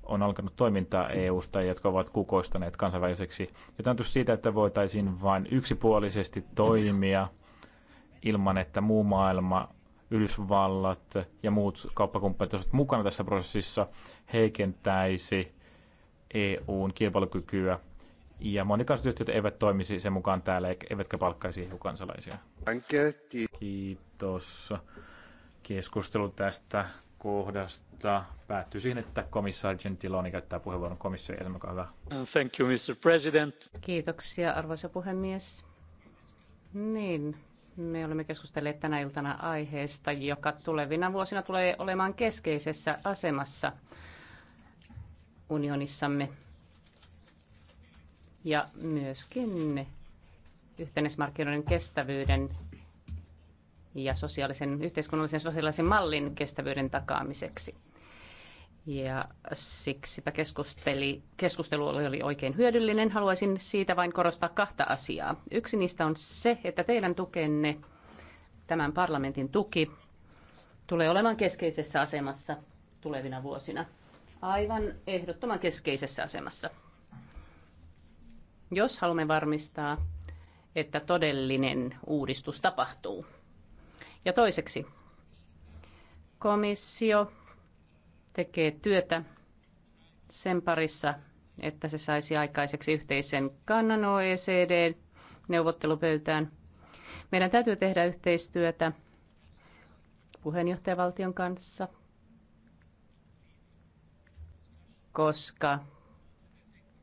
on alkanut toimintaa EU-sta, jotka ovat kukoistaneet kansainväliseksi. Ja ajatus siitä, että voitaisiin vain yksipuolisesti toimia ilman, että muu maailma, Yhdysvallat ja muut kauppakumppanit ovat mukana tässä prosessissa, heikentäisi EUn kilpailukykyä ja monikansalliset eivät toimisi sen mukaan täällä, eivätkä palkkaisi EU-kansalaisia. Kiitos. Keskustelu tästä kohdasta päättyy siihen, että komissaari Gentiloni käyttää puheenvuoron komission jäsen. hyvä. Thank you, Mr. President. Kiitoksia, arvoisa puhemies. Niin, me olemme keskustelleet tänä iltana aiheesta, joka tulevina vuosina tulee olemaan keskeisessä asemassa unionissamme ja myöskin yhteismarkkinoiden kestävyyden ja sosiaalisen, yhteiskunnallisen sosiaalisen mallin kestävyyden takaamiseksi. Ja siksipä keskusteli, keskustelu oli oikein hyödyllinen. Haluaisin siitä vain korostaa kahta asiaa. Yksi niistä on se, että teidän tukenne, tämän parlamentin tuki, tulee olemaan keskeisessä asemassa tulevina vuosina. Aivan ehdottoman keskeisessä asemassa jos haluamme varmistaa, että todellinen uudistus tapahtuu. Ja toiseksi, komissio tekee työtä sen parissa, että se saisi aikaiseksi yhteisen kannan OECD-neuvottelupöytään. Meidän täytyy tehdä yhteistyötä puheenjohtajavaltion kanssa, koska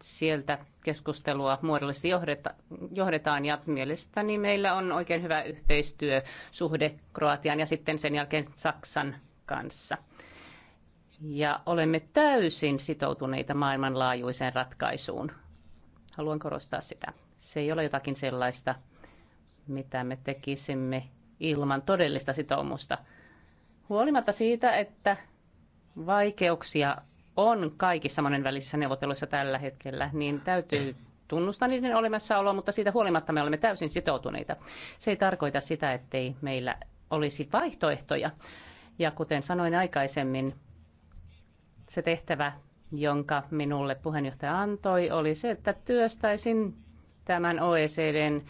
sieltä keskustelua muodollisesti johdeta, johdetaan ja mielestäni meillä on oikein hyvä yhteistyösuhde Kroatian ja sitten sen jälkeen Saksan kanssa. Ja olemme täysin sitoutuneita maailmanlaajuiseen ratkaisuun. Haluan korostaa sitä. Se ei ole jotakin sellaista, mitä me tekisimme ilman todellista sitoumusta. Huolimatta siitä, että vaikeuksia on kaikissa monenvälisissä neuvotteluissa tällä hetkellä, niin täytyy tunnustaa niiden olemassaoloa, mutta siitä huolimatta me olemme täysin sitoutuneita. Se ei tarkoita sitä, ettei meillä olisi vaihtoehtoja. Ja kuten sanoin aikaisemmin, se tehtävä, jonka minulle puheenjohtaja antoi, oli se, että työstäisin tämän OECDn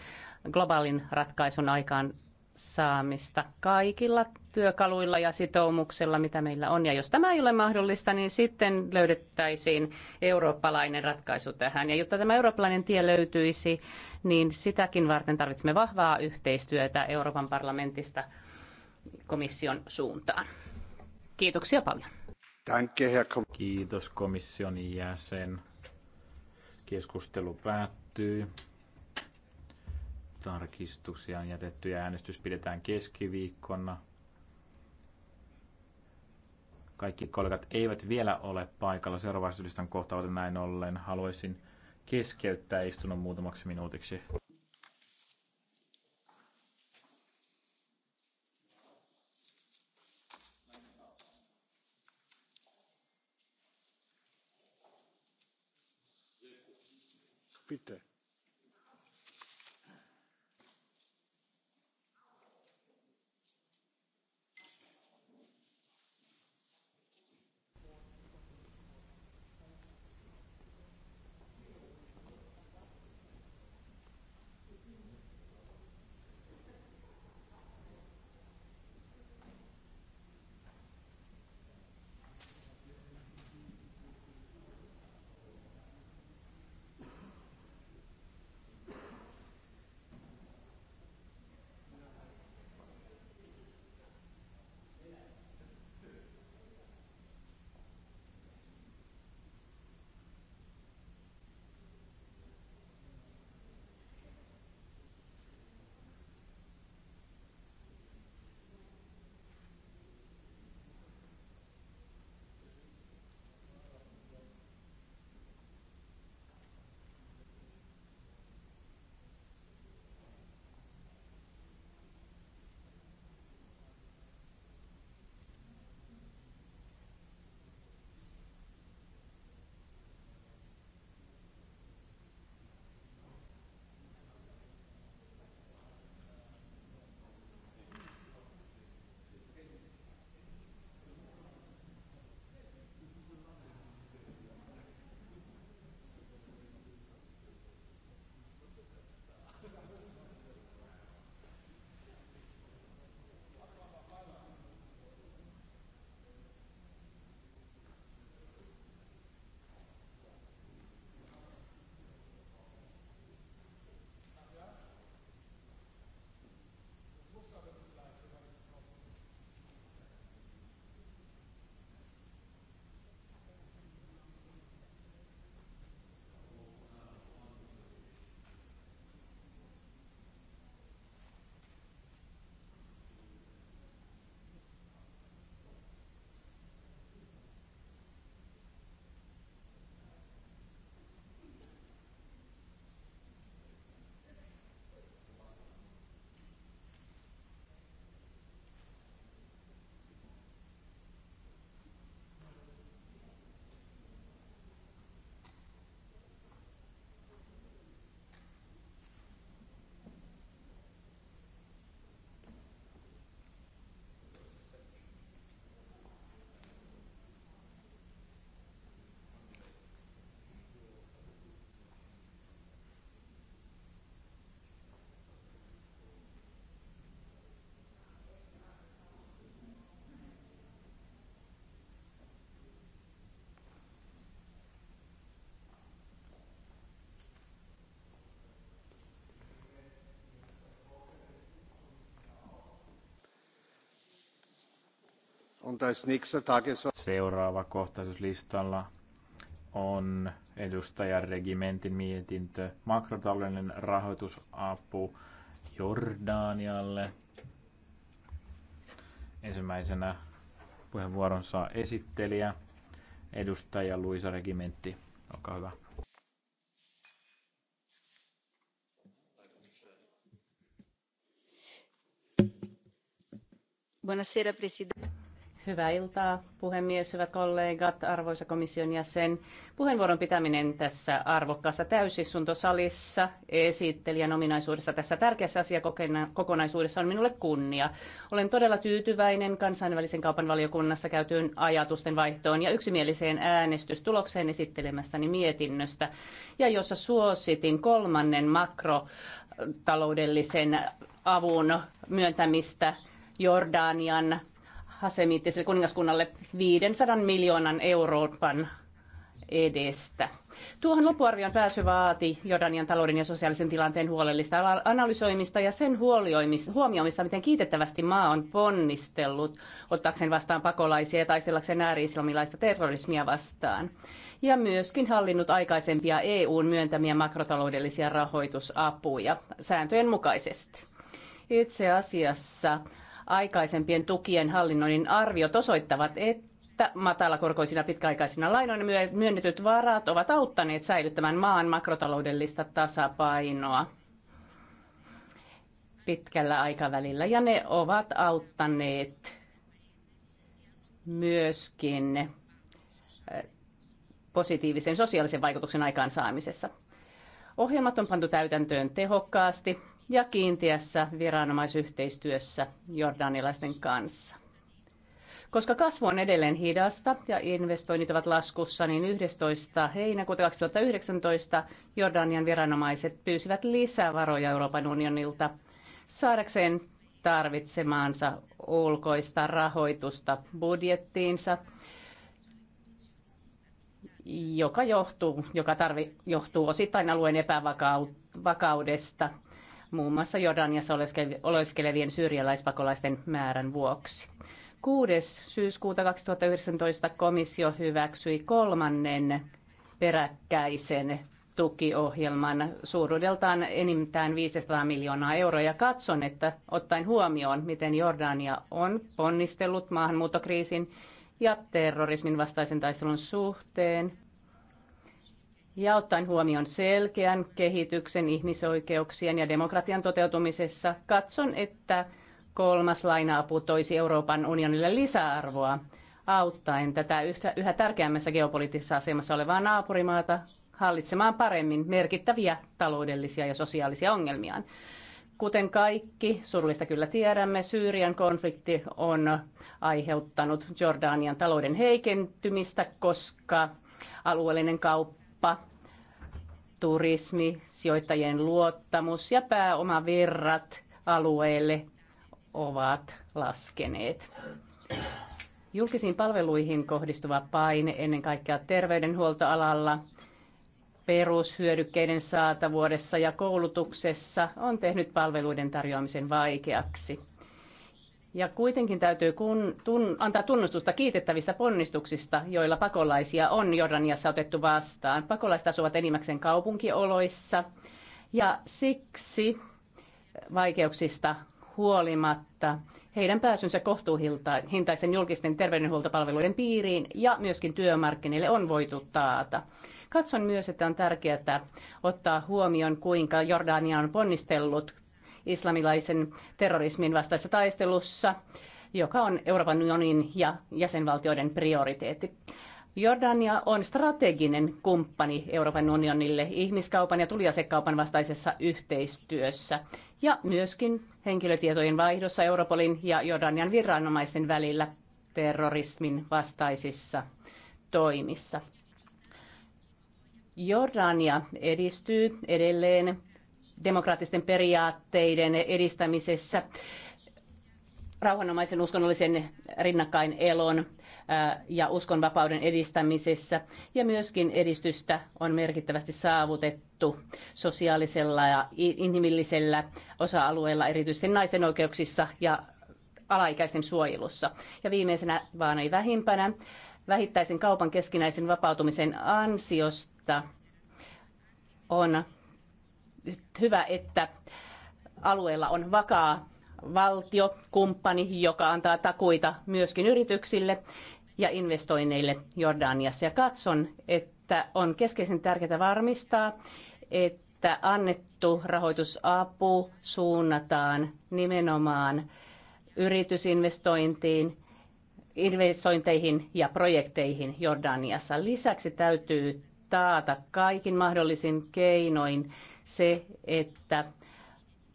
globaalin ratkaisun aikaan saamista kaikilla työkaluilla ja sitoumuksella, mitä meillä on. Ja jos tämä ei ole mahdollista, niin sitten löydettäisiin eurooppalainen ratkaisu tähän. Ja jotta tämä eurooppalainen tie löytyisi, niin sitäkin varten tarvitsemme vahvaa yhteistyötä Euroopan parlamentista komission suuntaan. Kiitoksia paljon. Kiitos komission jäsen. Keskustelu päättyy tarkistuksia on jätetty ja äänestys pidetään keskiviikkona. Kaikki kollegat eivät vielä ole paikalla seuraavaisuudistan kohta, näin ollen haluaisin keskeyttää istunnon muutamaksi minuutiksi. Bitte. Er- Seuraava kohtaisuuslistalla on edustajan mietintö makrotaloudellinen rahoitusapu Jordanialle. Ensimmäisenä puheenvuoron saa esittelijä, edustaja Luisa Regimentti. Olkaa hyvä. Buonasera, presidente. Hyvää iltaa, puhemies, hyvät kollegat, arvoisa komission jäsen. Puheenvuoron pitäminen tässä arvokkaassa täysissuntosalissa esittelijän ominaisuudessa tässä tärkeässä asiakokonaisuudessa on minulle kunnia. Olen todella tyytyväinen kansainvälisen kaupan valiokunnassa käytyyn ajatusten vaihtoon ja yksimieliseen äänestystulokseen esittelemästäni mietinnöstä, ja jossa suositin kolmannen makrotaloudellisen avun myöntämistä Jordanian hasemiittiselle kuningaskunnalle 500 miljoonan Euroopan edestä. Tuohon loppuarvion pääsy vaati Jordanian talouden ja sosiaalisen tilanteen huolellista analysoimista ja sen huomioimista, miten kiitettävästi maa on ponnistellut ottaakseen vastaan pakolaisia ja taistellakseen ääri-islamilaista terrorismia vastaan. Ja myöskin hallinnut aikaisempia EUn myöntämiä makrotaloudellisia rahoitusapuja sääntöjen mukaisesti. Itse asiassa Aikaisempien tukien hallinnoinnin arviot osoittavat, että että matalakorkoisina pitkäaikaisina lainoina myönnetyt varat ovat auttaneet säilyttämään maan makrotaloudellista tasapainoa pitkällä aikavälillä. Ja ne ovat auttaneet myöskin eh, positiivisen sosiaalisen vaikutuksen aikaansaamisessa. Ohjelmat on pantu täytäntöön tehokkaasti ja kiintiässä viranomaisyhteistyössä jordanilaisten kanssa. Koska kasvu on edelleen hidasta ja investoinnit ovat laskussa, niin 11. heinäkuuta 2019 Jordanian viranomaiset pyysivät lisää varoja Euroopan unionilta saadakseen tarvitsemaansa ulkoista rahoitusta budjettiinsa, joka, johtuu, joka tarvi, johtuu osittain alueen epävakaudesta muun muassa Jordaniassa oleskelevien syyrialaispakolaisten määrän vuoksi. 6. syyskuuta 2019 komissio hyväksyi kolmannen peräkkäisen tukiohjelman suuruudeltaan enimmillään 500 miljoonaa euroa ja katson, että ottaen huomioon, miten Jordania on ponnistellut maahanmuuttokriisin ja terrorismin vastaisen taistelun suhteen, ja ottaen huomioon selkeän kehityksen ihmisoikeuksien ja demokratian toteutumisessa, katson, että kolmas lainaapu toisi Euroopan unionille lisäarvoa auttaen tätä yhtä, yhä tärkeämmässä geopoliittisessa asemassa olevaa naapurimaata hallitsemaan paremmin merkittäviä taloudellisia ja sosiaalisia ongelmiaan. Kuten kaikki surullista kyllä tiedämme, Syyrian konflikti on aiheuttanut Jordanian talouden heikentymistä, koska alueellinen kauppa kauppa, turismi, sijoittajien luottamus ja pääomavirrat alueelle ovat laskeneet. Julkisiin palveluihin kohdistuva paine ennen kaikkea terveydenhuoltoalalla, perushyödykkeiden saatavuudessa ja koulutuksessa on tehnyt palveluiden tarjoamisen vaikeaksi. Ja kuitenkin täytyy kun, tun, antaa tunnustusta kiitettävistä ponnistuksista, joilla pakolaisia on Jordaniassa otettu vastaan. Pakolaiset asuvat enimmäkseen kaupunkioloissa ja siksi vaikeuksista huolimatta heidän pääsynsä kohtuuhintaisen julkisten terveydenhuoltopalveluiden piiriin ja myöskin työmarkkinoille on voitu taata. Katson myös, että on tärkeää ottaa huomioon, kuinka Jordania on ponnistellut islamilaisen terrorismin vastaisessa taistelussa, joka on Euroopan unionin ja jäsenvaltioiden prioriteetti. Jordania on strateginen kumppani Euroopan unionille ihmiskaupan ja tuliasekaupan vastaisessa yhteistyössä ja myöskin henkilötietojen vaihdossa Europolin ja Jordanian viranomaisten välillä terrorismin vastaisissa toimissa. Jordania edistyy edelleen demokraattisten periaatteiden edistämisessä, rauhanomaisen uskonnollisen rinnakkain elon ja uskonvapauden edistämisessä ja myöskin edistystä on merkittävästi saavutettu sosiaalisella ja inhimillisellä osa-alueella, erityisesti naisten oikeuksissa ja alaikäisten suojelussa. Ja viimeisenä, vaan ei vähimpänä, vähittäisen kaupan keskinäisen vapautumisen ansiosta on hyvä, että alueella on vakaa valtio, kumppani, joka antaa takuita myöskin yrityksille ja investoinneille Jordaniassa. Ja katson, että on keskeisen tärkeää varmistaa, että annettu rahoitusapu suunnataan nimenomaan yritysinvestointiin, investointeihin ja projekteihin Jordaniassa. Lisäksi täytyy taata kaikin mahdollisin keinoin se, että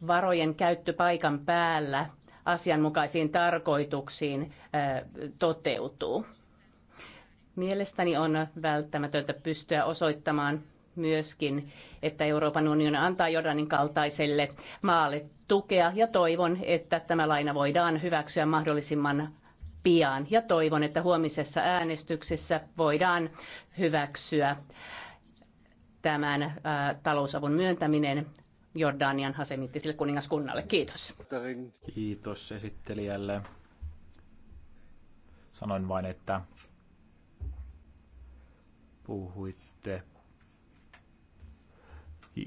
varojen käyttö paikan päällä asianmukaisiin tarkoituksiin toteutuu. Mielestäni on välttämätöntä pystyä osoittamaan myöskin, että Euroopan unioni antaa Jordanin kaltaiselle maalle tukea ja toivon, että tämä laina voidaan hyväksyä mahdollisimman pian. Ja toivon, että huomisessa äänestyksessä voidaan hyväksyä tämän äh, talousavun myöntäminen Jordanian hasemittisille kuningaskunnalle. Kiitos. Kiitos esittelijälle. Sanoin vain, että puhuitte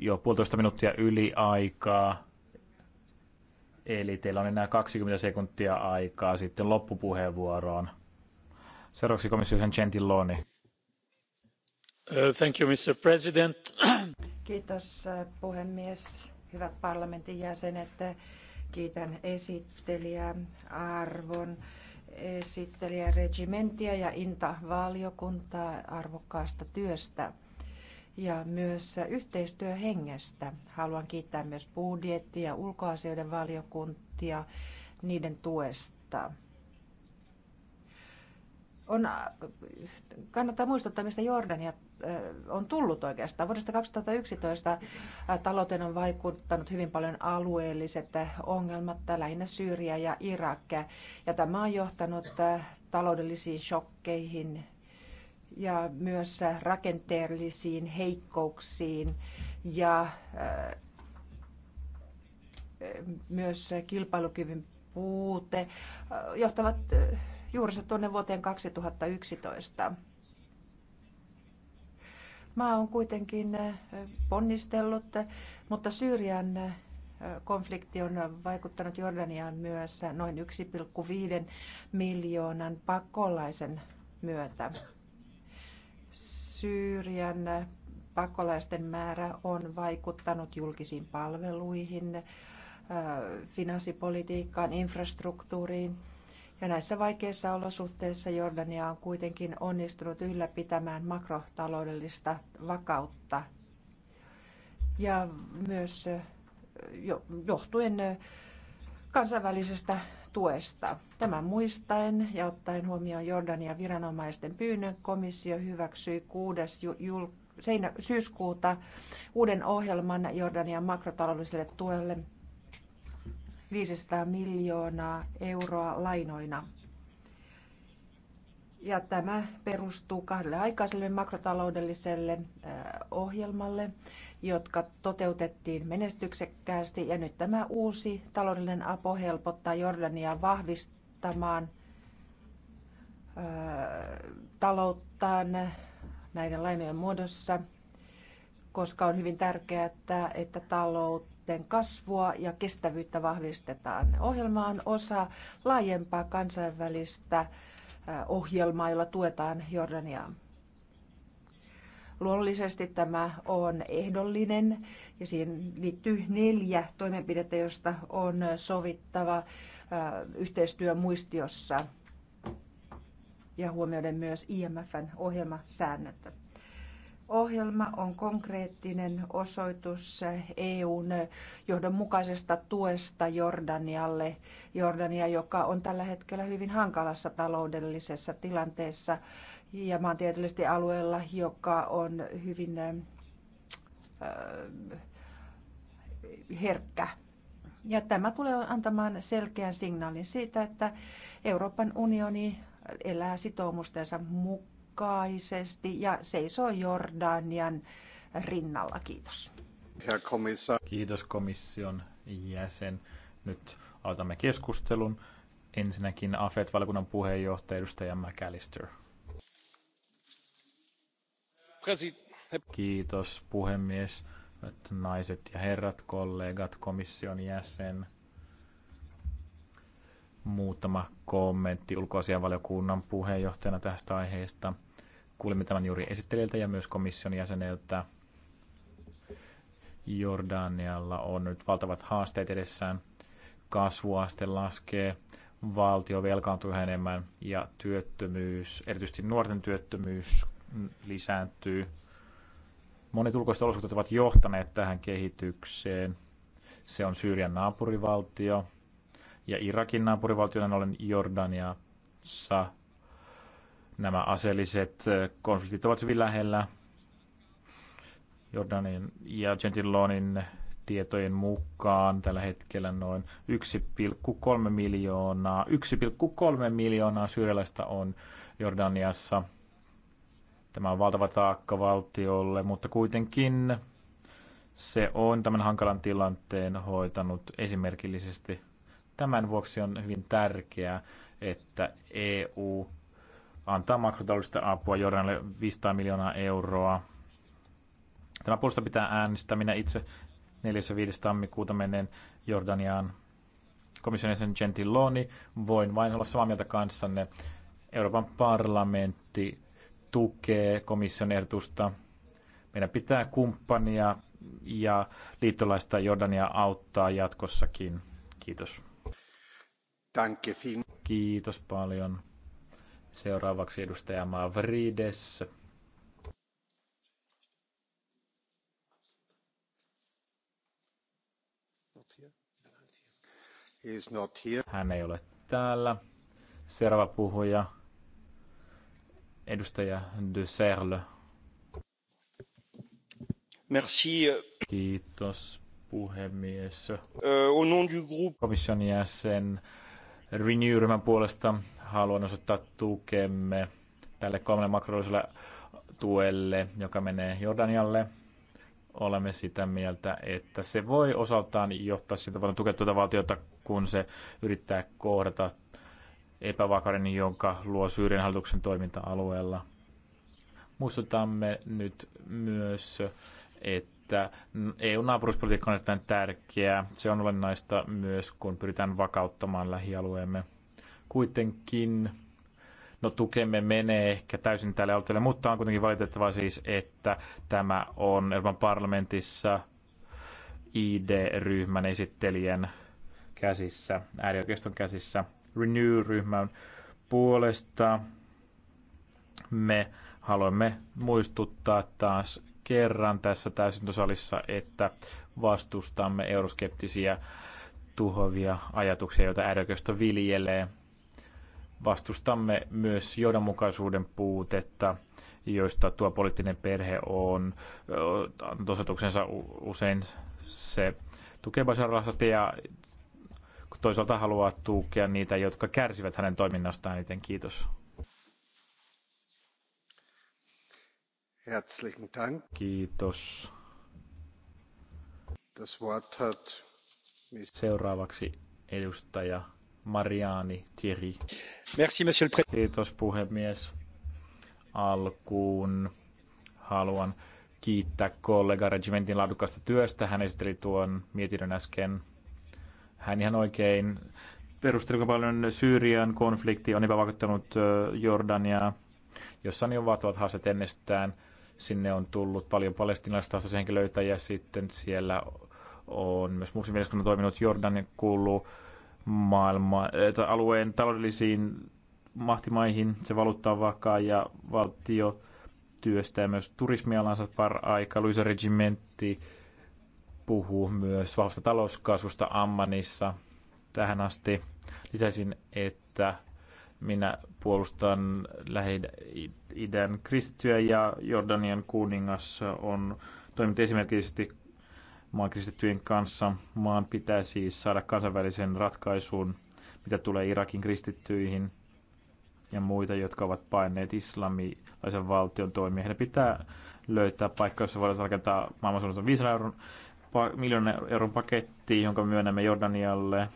jo puolitoista minuuttia yli aikaa. Eli teillä on enää 20 sekuntia aikaa sitten loppupuheenvuoroon. Seuraavaksi komission Gentiloni. Uh, Mr. President. Kiitos uh, puhemies, hyvät parlamentin jäsenet. Uh, kiitän esittelijää, arvon esittelijä regimenttiä ja Inta-valiokuntaa arvokkaasta työstä ja myös yhteistyöhengestä. Haluan kiittää myös budjetti- ja ulkoasioiden valiokuntia niiden tuesta on, äh, kannattaa muistuttaa, mistä Jordania äh, on tullut oikeastaan. Vuodesta 2011 äh, talouteen on vaikuttanut hyvin paljon alueelliset ongelmat, lähinnä Syyriä ja Irak. Ja tämä on johtanut taloudellisiin shokkeihin ja myös rakenteellisiin heikkouksiin ja myös kilpailukyvyn puute johtavat juurensa tuonne vuoteen 2011. Maa on kuitenkin ponnistellut, mutta Syyrian konflikti on vaikuttanut Jordaniaan myös noin 1,5 miljoonan pakolaisen myötä. Syyrian pakolaisten määrä on vaikuttanut julkisiin palveluihin, finanssipolitiikkaan, infrastruktuuriin – ja näissä vaikeissa olosuhteissa Jordania on kuitenkin onnistunut ylläpitämään makrotaloudellista vakautta ja myös johtuen kansainvälisestä tuesta. Tämän muistaen ja ottaen huomioon Jordania viranomaisten pyynnön komissio hyväksyi 6. Jul- syyskuuta uuden ohjelman Jordanian makrotaloudelliselle tuelle 500 miljoonaa euroa lainoina. Ja tämä perustuu kahdelle aikaiselle makrotaloudelliselle äh, ohjelmalle, jotka toteutettiin menestyksekkäästi. Ja nyt tämä uusi taloudellinen apu helpottaa Jordania vahvistamaan äh, talouttaan näiden lainojen muodossa, koska on hyvin tärkeää, että, että taloutta sitten kasvua ja kestävyyttä vahvistetaan. Ohjelma on osa laajempaa kansainvälistä ohjelmaa, jolla tuetaan Jordaniaa. Luonnollisesti tämä on ehdollinen ja siihen liittyy neljä toimenpidettä, joista on sovittava yhteistyömuistiossa ja huomioiden myös IMFn ohjelmasäännöt. Ohjelma on konkreettinen osoitus EUn johdonmukaisesta tuesta Jordanialle. Jordania, joka on tällä hetkellä hyvin hankalassa taloudellisessa tilanteessa ja maantieteellisesti alueella, joka on hyvin herkkä. Ja tämä tulee antamaan selkeän signaalin siitä, että Euroopan unioni elää sitoumustensa mukaan mukaisesti ja seisoo Jordanian rinnalla. Kiitos. Kiitos komission jäsen. Nyt aloitamme keskustelun. Ensinnäkin AFET-valkunnan puheenjohtaja edustaja McAllister. Kiitos puhemies, naiset ja herrat, kollegat, komission jäsen. Muutama kommentti ulkoasianvaliokunnan puheenjohtajana tästä aiheesta. Kuulimme tämän juuri esittelijältä ja myös komission jäseneltä. Jordanialla on nyt valtavat haasteet edessään. Kasvuaste laskee, valtio velkaantuu yhä enemmän ja työttömyys, erityisesti nuorten työttömyys lisääntyy. Monet ulkoiset olosuhteet ovat johtaneet tähän kehitykseen. Se on Syyrian naapurivaltio ja Irakin naapurivaltiona olen Jordaniassa Nämä aseelliset konfliktit ovat hyvin lähellä. Jordanin ja Gentilonin tietojen mukaan tällä hetkellä noin 1,3 miljoonaa, 1,3 miljoonaa syyrialaista on Jordaniassa. Tämä on valtava taakka valtiolle, mutta kuitenkin se on tämän hankalan tilanteen hoitanut esimerkillisesti. Tämän vuoksi on hyvin tärkeää, että EU antaa makrotaloudellista apua Jordanille 500 miljoonaa euroa. Tämä puolesta pitää äänestää. Minä itse 4. ja 5. tammikuuta menen Jordaniaan komission jäsen Gentiloni. Voin vain olla samaa mieltä kanssanne. Euroopan parlamentti tukee komission ehdotusta. Meidän pitää kumppania ja liittolaista Jordania auttaa jatkossakin. Kiitos. Kiitos paljon. Seuraavaksi edustaja Mavrides. Hän ei ole täällä. Seuraava puhuja, edustaja de Serle. Merci. Kiitos puhemies. Uh, au nom du groupe. Komission jäsen Renew-ryhmän puolesta haluan osoittaa tukemme tälle kolmelle makrolliselle tuelle, joka menee Jordanialle. Olemme sitä mieltä, että se voi osaltaan johtaa siltä voidaan tukea tuota valtiota, kun se yrittää kohdata epävakauden, jonka luo Syyrian hallituksen toiminta-alueella. Muistutamme nyt myös, että että EU-naapuruspolitiikka on erittäin tärkeää. Se on olennaista myös, kun pyritään vakauttamaan lähialueemme. Kuitenkin no tukemme menee ehkä täysin tälle alueelle, mutta on kuitenkin valitettavaa siis, että tämä on Euroopan parlamentissa ID-ryhmän esittelijän käsissä, äärioikeiston käsissä. Renew-ryhmän puolesta me haluamme muistuttaa taas kerran tässä täysintosalissa, että vastustamme euroskeptisiä tuhovia ajatuksia, joita äärioikeisto viljelee. Vastustamme myös johdonmukaisuuden puutetta, joista tuo poliittinen perhe on osoituksensa usein se tukee Basharlasta ja toisaalta haluaa tukea niitä, jotka kärsivät hänen toiminnastaan Niin Kiitos. Herzlichen Dank. Kiitos. Das Wort hat Seuraavaksi edustaja Mariani Thierry. Merci, monsieur le Kiitos puhemies. Alkuun haluan kiittää kollega Regimentin laadukasta työstä. Hän esitteli tuon mietinnön äsken. Hän ihan oikein perusteli, kuinka paljon Syyrian konflikti on epävaikuttanut Jordania, jossa on jo vatuvat haasteet ennestään – Sinne on tullut paljon palestinaista henkilöitä ja sitten siellä on myös muslimiveljeskunnan toiminut Jordan kuuluu maailma, ä, äh, alueen taloudellisiin mahtimaihin. Se valuuttaa vakaa ja valtio työstää myös turismialansa par-aika. Luisa Regimentti puhuu myös vahvasta talouskasvusta Ammanissa tähän asti. Lisäisin, että minä puolustan Lähi-idän kristittyä ja Jordanian kuningas on toiminut esimerkiksi maan kristittyjen kanssa. Maan pitää siis saada kansainvälisen ratkaisun, mitä tulee Irakin kristittyihin ja muita, jotka ovat paineet islamilaisen valtion toimia. Heidän pitää löytää paikka, jossa voidaan rakentaa maailmansuunnasta 500 euron, miljoonan euron paketti, jonka myönnämme Jordanialle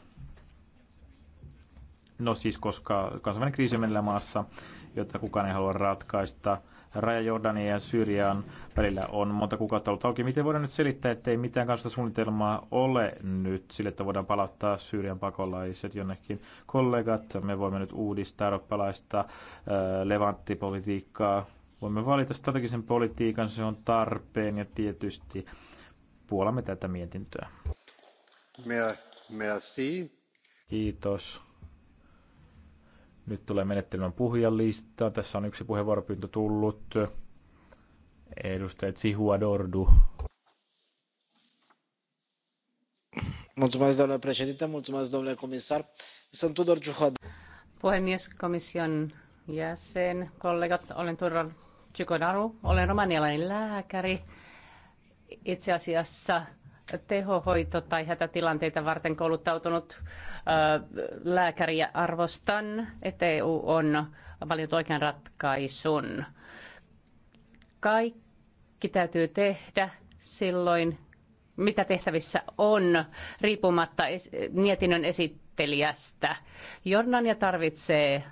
No siis, koska kansainvälinen kriisi on maassa, jota kukaan ei halua ratkaista. Raja Jordania ja Syyrian välillä on monta kuukautta ollut auki. Miten voidaan nyt selittää, että ei mitään kanssa suunnitelmaa ole nyt sille, että voidaan palauttaa Syyrian pakolaiset jonnekin kollegat? Me voimme nyt uudistaa eurooppalaista äh, levanttipolitiikkaa. Voimme valita strategisen politiikan, se on tarpeen ja tietysti puolamme tätä mietintöä. Merci. Kiitos. Nyt tulee menettelyn puhujan Tässä on yksi puheenvuoropyyntö tullut. Edustajat Sihua Dordu. Mulțumesc, domnule președinte, mulțumesc, domnule comisar. Sunt Tudor Ciuhoda. Puhemies, komission jäsen, kollegat, olen Tudor Ciuhodaru, olen romanialainen lääkäri. Itse asiassa tehohoito- tai hätätilanteita varten kouluttautunut Lääkäriä arvostan, että EU on valinnut oikean ratkaisun. Kaikki täytyy tehdä silloin, mitä tehtävissä on, riippumatta es- mietinnön esittelijästä. Jordania tarvitsee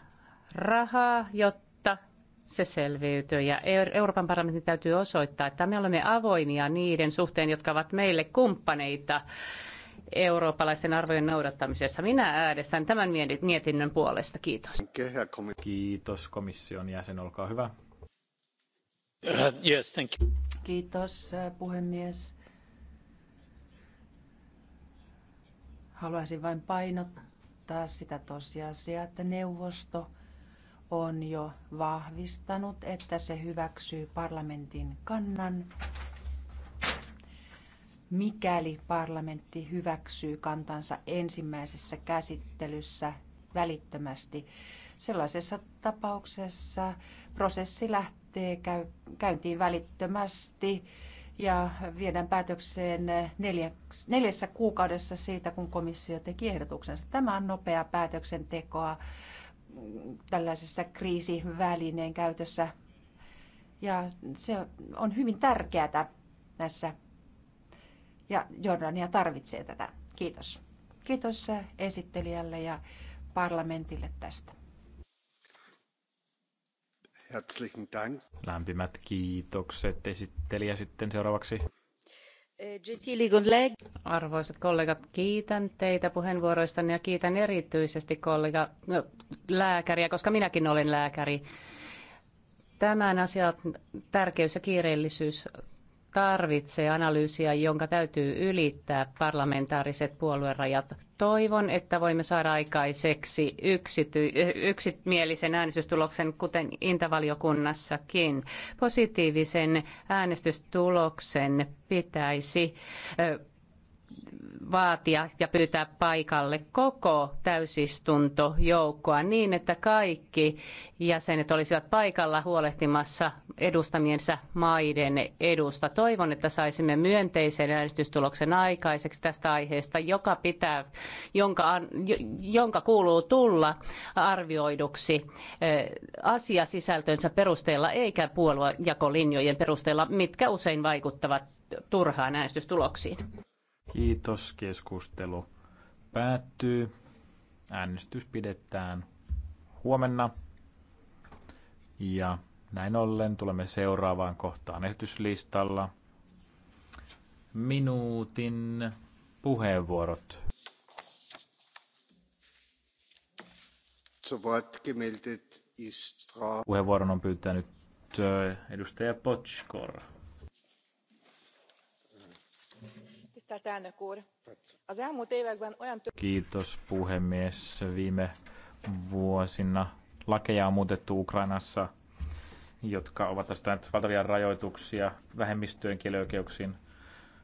rahaa, jotta se selviytyy. Ja Euroopan parlamentin täytyy osoittaa, että me olemme avoimia niiden suhteen, jotka ovat meille kumppaneita eurooppalaisten arvojen noudattamisessa. Minä äänestän tämän mietinnön puolesta. Kiitos. Kiitos komission jäsen, olkaa hyvä. yes, thank you. Kiitos puhemies. Haluaisin vain painottaa sitä tosiasiaa, että neuvosto on jo vahvistanut, että se hyväksyy parlamentin kannan mikäli parlamentti hyväksyy kantansa ensimmäisessä käsittelyssä välittömästi. Sellaisessa tapauksessa prosessi lähtee käyntiin välittömästi ja viedään päätökseen neljässä kuukaudessa siitä, kun komissio teki ehdotuksensa. Tämä on nopeaa päätöksentekoa tällaisessa kriisivälineen käytössä ja se on hyvin tärkeää näissä ja Jordania tarvitsee tätä. Kiitos. Kiitos äh, esittelijälle ja parlamentille tästä. Herzlichen Dank. Lämpimät kiitokset esittelijä sitten seuraavaksi. Eh, Arvoisat kollegat, kiitän teitä puheenvuoroistanne ja kiitän erityisesti kollega no, lääkäriä, koska minäkin olen lääkäri. Tämän asian tärkeys ja kiireellisyys tarvitsee analyysiä, jonka täytyy ylittää parlamentaariset puoluerajat. Toivon, että voimme saada aikaiseksi yksity- yksimielisen äänestystuloksen, kuten Intavaliokunnassakin. Positiivisen äänestystuloksen pitäisi vaatia ja pyytää paikalle koko täysistuntojoukkoa niin, että kaikki jäsenet olisivat paikalla huolehtimassa edustamiensa maiden edusta. Toivon, että saisimme myönteisen äänestystuloksen aikaiseksi tästä aiheesta, joka, pitää, jonka, jonka kuuluu tulla arvioiduksi eh, asiasisältönsä perusteella eikä puoluejakolinjojen perusteella, mitkä usein vaikuttavat turhaan äänestystuloksiin. Kiitos, keskustelu päättyy. Äänestys pidetään huomenna. Ja näin ollen tulemme seuraavaan kohtaan esityslistalla. Minuutin puheenvuorot. Puheenvuoron on pyytänyt edustaja Potskor. Kiitos puhemies. Viime vuosina lakeja on muutettu Ukrainassa, jotka ovat asettaneet valtavia rajoituksia vähemmistöjen kielioikeuksiin.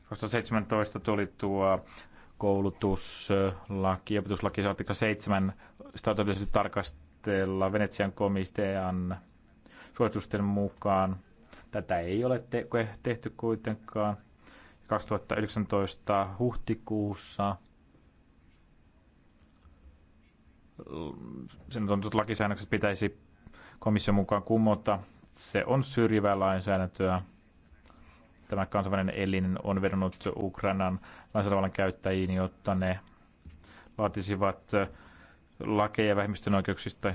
2017 tuli tuo koulutuslaki, opetuslaki, artikla 7, sitä on tarkastella Venetsian komitean suositusten mukaan. Tätä ei ole tehty kuitenkaan. 2019 huhtikuussa sen on lakisäännökset pitäisi komission mukaan kumota. Se on syrjivää lainsäädäntöä. Tämä kansainvälinen elin on vedonnut Ukrainan lainsäädännön käyttäjiin, jotta ne laatisivat lakeja vähemmistön oikeuksista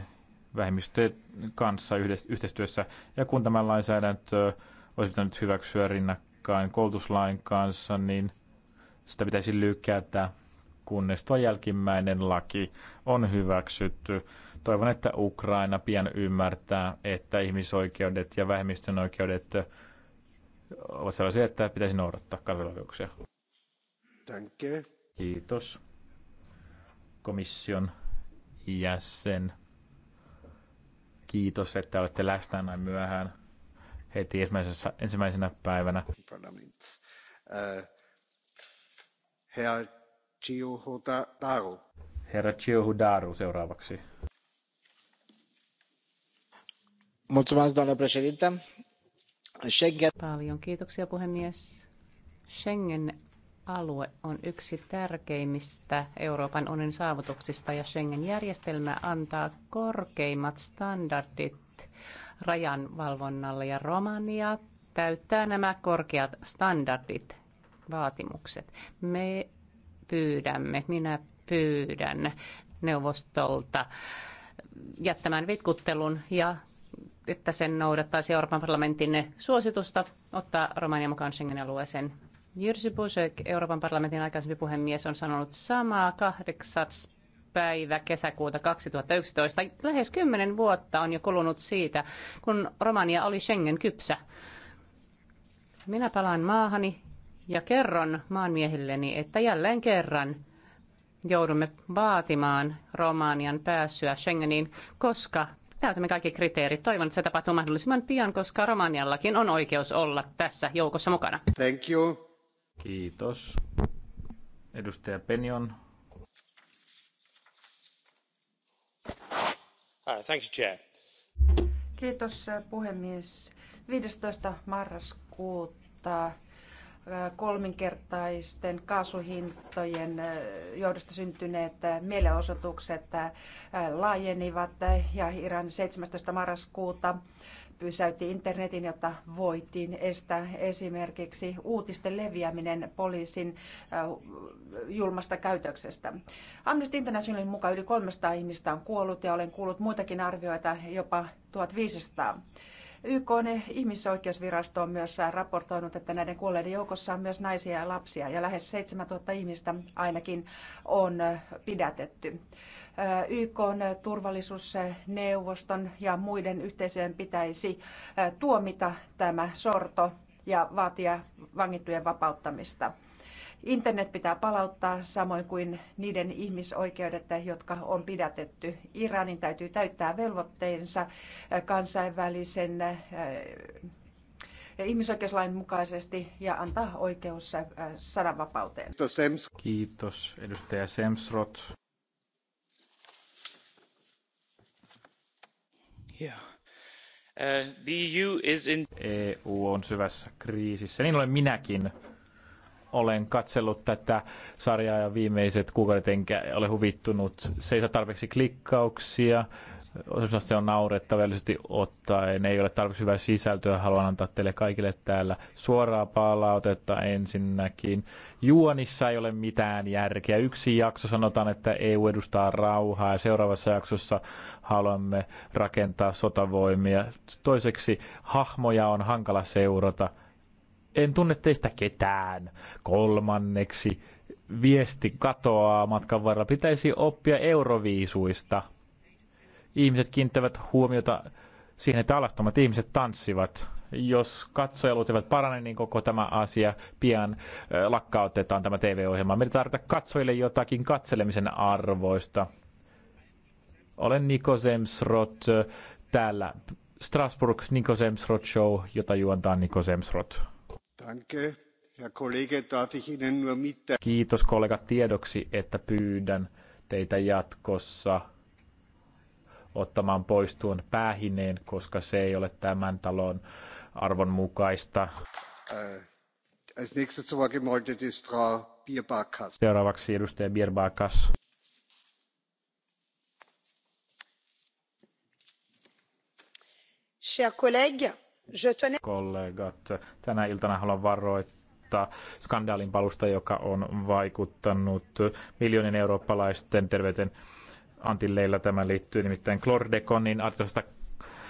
vähemmistöjen kanssa yhteistyössä. Ja kun tämä lainsäädäntö olisi pitänyt hyväksyä rinnak lainkaan, koulutuslain kanssa, niin sitä pitäisi lykätä, kunnes tuo jälkimmäinen laki on hyväksytty. Toivon, että Ukraina pian ymmärtää, että ihmisoikeudet ja vähemmistön oikeudet ovat sellaisia, että pitäisi noudattaa kansalaisuuksia. Kiitos komission jäsen. Kiitos, että olette läsnä näin myöhään heti ensimmäisenä päivänä. Eh, Herra Chiuhu Herra seuraavaksi. Paljon kiitoksia, puhemies. Schengen-alue on yksi tärkeimmistä Euroopan unionin saavutuksista ja Schengen-järjestelmä antaa korkeimmat standardit rajanvalvonnalle ja Romania täyttää nämä korkeat standardit, vaatimukset. Me pyydämme, minä pyydän neuvostolta jättämään vitkuttelun ja että sen noudattaisi Euroopan parlamentin suositusta ottaa Romania mukaan Schengen-alueeseen. Jerzy Busek, Euroopan parlamentin aikaisempi puhemies, on sanonut samaa 8 päivä kesäkuuta 2011. Lähes kymmenen vuotta on jo kulunut siitä, kun Romania oli Schengen-kypsä. Minä palaan maahani ja kerron maanmiehilleni, että jälleen kerran joudumme vaatimaan Romanian pääsyä Schengeniin, koska täytämme kaikki kriteerit. Toivon, että se tapahtuu mahdollisimman pian, koska Romaniallakin on oikeus olla tässä joukossa mukana. Thank you. Kiitos. Edustaja Penion Kiitos eh, puhemies. 15. marraskuuta eh, kolminkertaisten kaasuhintojen eh, johdosta syntyneet mielenosoitukset laajenivat ja Iran 17. marraskuuta pysäytti internetin, jotta voitiin estää esimerkiksi uutisten leviäminen poliisin äh, julmasta käytöksestä. Amnesty Internationalin mukaan yli 300 ihmistä on kuollut ja olen kuullut muitakin arvioita, jopa 1500. YK on ihmisoikeusvirasto on myös raportoinut, että näiden kuolleiden joukossa on myös naisia ja lapsia ja lähes 7000 ihmistä ainakin on pidätetty. YK on turvallisuusneuvoston ja muiden yhteisöjen pitäisi tuomita tämä sorto ja vaatia vangittujen vapauttamista. Internet pitää palauttaa samoin kuin niiden ihmisoikeudet, jotka on pidätetty. Iranin täytyy täyttää velvoitteensa kansainvälisen äh, ihmisoikeuslain mukaisesti ja antaa oikeus äh, sananvapauteen. Kiitos edustaja Semsrot. Yeah. Uh, the EU, is in... EU on syvässä kriisissä, niin olen minäkin olen katsellut tätä sarjaa ja viimeiset kuukaudet enkä ole huvittunut. Se ei saa tarpeeksi klikkauksia, se on naurettava ottaen, ei ole tarpeeksi hyvää sisältöä, haluan antaa teille kaikille täällä suoraa palautetta ensinnäkin. Juonissa ei ole mitään järkeä. Yksi jakso sanotaan, että EU edustaa rauhaa ja seuraavassa jaksossa haluamme rakentaa sotavoimia. Toiseksi hahmoja on hankala seurata – en tunne teistä ketään. Kolmanneksi, viesti katoaa matkan varrella. Pitäisi oppia euroviisuista. Ihmiset kiinnittävät huomiota siihen, että alastomat ihmiset tanssivat. Jos katsojaluut eivät parane, niin koko tämä asia pian lakkautetaan tämä TV-ohjelma. Me tarvitaan katsojille jotakin katselemisen arvoista. Olen Niko Zemsrot täällä Strasbourg Niko Zemsrot Show, jota juontaa Niko Zemsrot. Kiitos kollegat tiedoksi, että pyydän teitä jatkossa ottamaan pois tuon päähineen, koska se ei ole tämän talon arvon mukaista. Äh, Seuraavaksi edustaja Bierbakas. Chers collègues, Kollegat, tänä iltana haluan varoittaa skandaalin palusta, joka on vaikuttanut miljoonien eurooppalaisten terveyteen. antilleilla tämä liittyy nimittäin Klordekonin artiklasta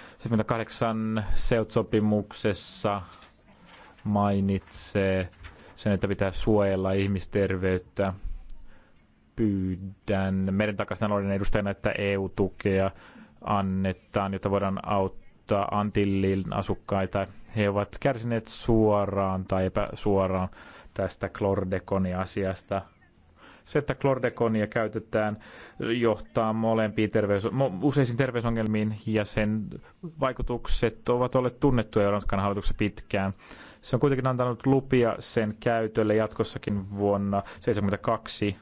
78 seutsopimuksessa mainitsee sen, että pitää suojella ihmisterveyttä. Pyydän meidän takaisin edustajana, että EU-tukea annetaan, jotta voidaan auttaa auttaa Antillin asukkaita. He ovat kärsineet suoraan tai epäsuoraan tästä klordekoni-asiasta. Se, että klordekonia käytetään, johtaa molempiin terveys, useisiin terveysongelmiin ja sen vaikutukset ovat olleet tunnettuja Ranskan hallituksessa pitkään. Se on kuitenkin antanut lupia sen käytölle jatkossakin vuonna 1972,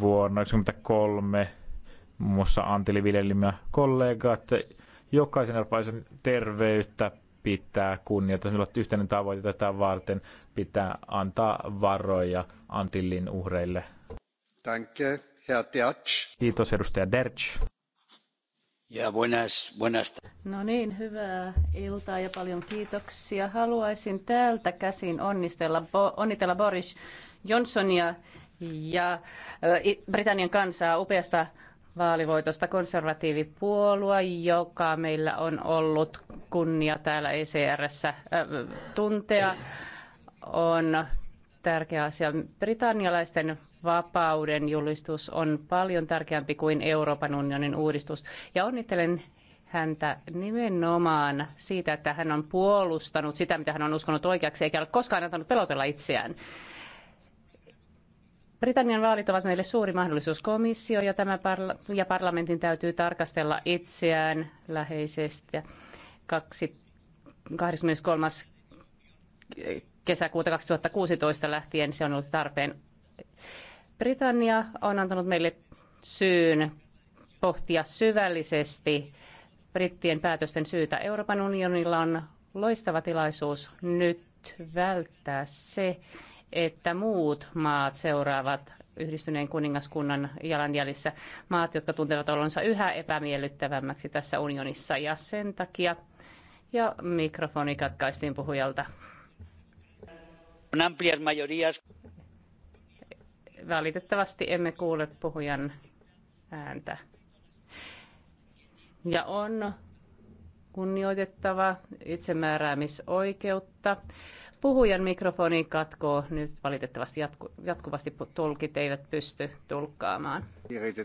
vuonna 1993 muun muassa Antili kollegat jokaisen eurooppalaisen terveyttä pitää kunnioittaa. Sillä on yhteinen tavoite tätä varten pitää antaa varoja Antillin uhreille. Danke, Herr Dertsch. Kiitos, edustaja Dertsch. Ja buenas, buenas. No niin, hyvää iltaa ja paljon kiitoksia. Haluaisin täältä käsin onnistella, bo, onnitella Boris Johnsonia ja Britannian kansaa upeasta vaalivoitosta konservatiivipuolue, joka meillä on ollut kunnia täällä ECRssä äh, tuntea, on tärkeä asia. Britannialaisten vapauden julistus on paljon tärkeämpi kuin Euroopan unionin uudistus. Ja onnittelen häntä nimenomaan siitä, että hän on puolustanut sitä, mitä hän on uskonut oikeaksi, eikä ole koskaan antanut pelotella itseään. Britannian vaalit ovat meille suuri mahdollisuus. Komissio ja, tämä parla- ja parlamentin täytyy tarkastella itseään läheisesti. 23. kesäkuuta 2016 lähtien se on ollut tarpeen. Britannia on antanut meille syyn pohtia syvällisesti brittien päätösten syytä. Euroopan unionilla on loistava tilaisuus nyt välttää se, että muut maat seuraavat yhdistyneen kuningaskunnan jalanjäljissä maat, jotka tuntevat olonsa yhä epämiellyttävämmäksi tässä unionissa. Ja sen takia, ja mikrofoni katkaistiin puhujalta. Valitettavasti emme kuule puhujan ääntä. Ja on kunnioitettava itsemääräämisoikeutta. Puhujan mikrofoni katkoo nyt valitettavasti jatku, jatkuvasti tulkit eivät pysty tulkkaamaan.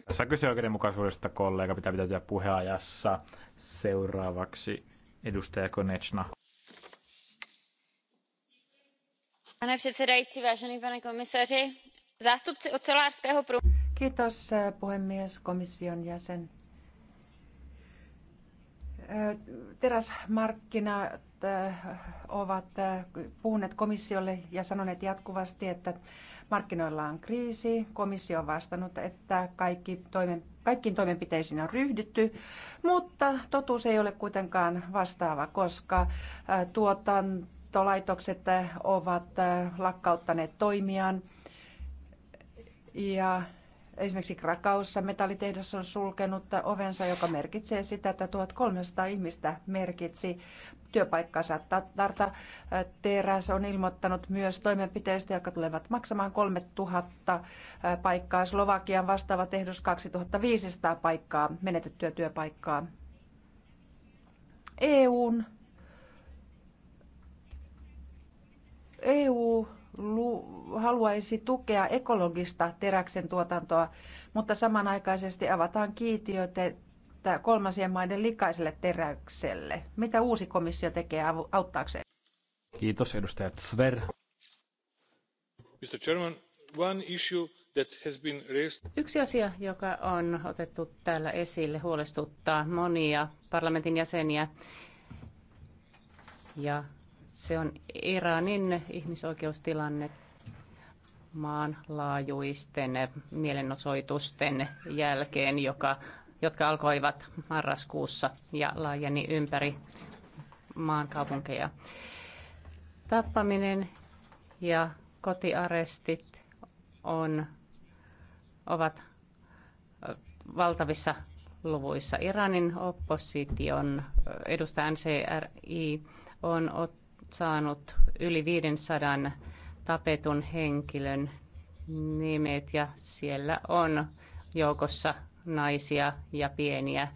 Tässä on kyse oikeudenmukaisuudesta, kollega pitää pitäytyä puheajassa. Seuraavaksi edustaja Konechna. Pane předsedající, vážený pane komisaři, zástupci ocelářského průmyslu. Kiitos eh, puhemies, komission jäsen. Eh, Teräsmarkkina. Äh, ovat äh, puhuneet komissiolle ja sanoneet jatkuvasti, että markkinoilla on kriisi. Komissio on vastannut, että kaikki toimen, kaikkiin toimenpiteisiin on ryhdytty, mutta totuus ei ole kuitenkaan vastaava, koska äh, tuotantolaitokset ovat lakkauttaneet toimiaan ja Esimerkiksi Krakaussa metallitehdas on sulkenut ovensa, joka merkitsee sitä, että 1300 ihmistä merkitsi työpaikkansa. Tarta Teräs on ilmoittanut myös toimenpiteistä, jotka tulevat maksamaan 3000 paikkaa. Slovakian vastaava tehdas 2500 paikkaa, menetettyä työpaikkaa. EUn EU haluaisi tukea ekologista teräksen tuotantoa, mutta samanaikaisesti avataan kiitiöitä kolmansien maiden likaiselle teräkselle. Mitä uusi komissio tekee auttaakseen? Kiitos, edustaja Sver. Mr. Chairman, one issue that has been raised... Yksi asia, joka on otettu täällä esille, huolestuttaa monia parlamentin jäseniä ja se on Iranin ihmisoikeustilanne maanlaajuisten mielenosoitusten jälkeen, joka, jotka alkoivat marraskuussa ja laajeni ympäri maan kaupunkeja. Tappaminen ja kotiarestit on, ovat valtavissa luvuissa. Iranin opposition edustaja NCRI on ottanut saanut yli 500 tapetun henkilön nimet ja siellä on joukossa naisia ja pieniä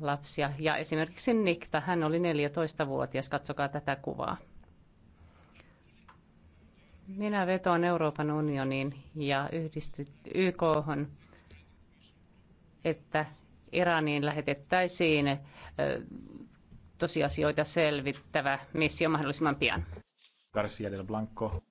lapsia. Ja esimerkiksi Nikta, hän oli 14-vuotias, katsokaa tätä kuvaa. Minä vetoan Euroopan unioniin ja yhdisty, YKhon, että Iraniin lähetettäisiin tosiasioita selvittävä missio mahdollisimman pian. Garcia del Blanco.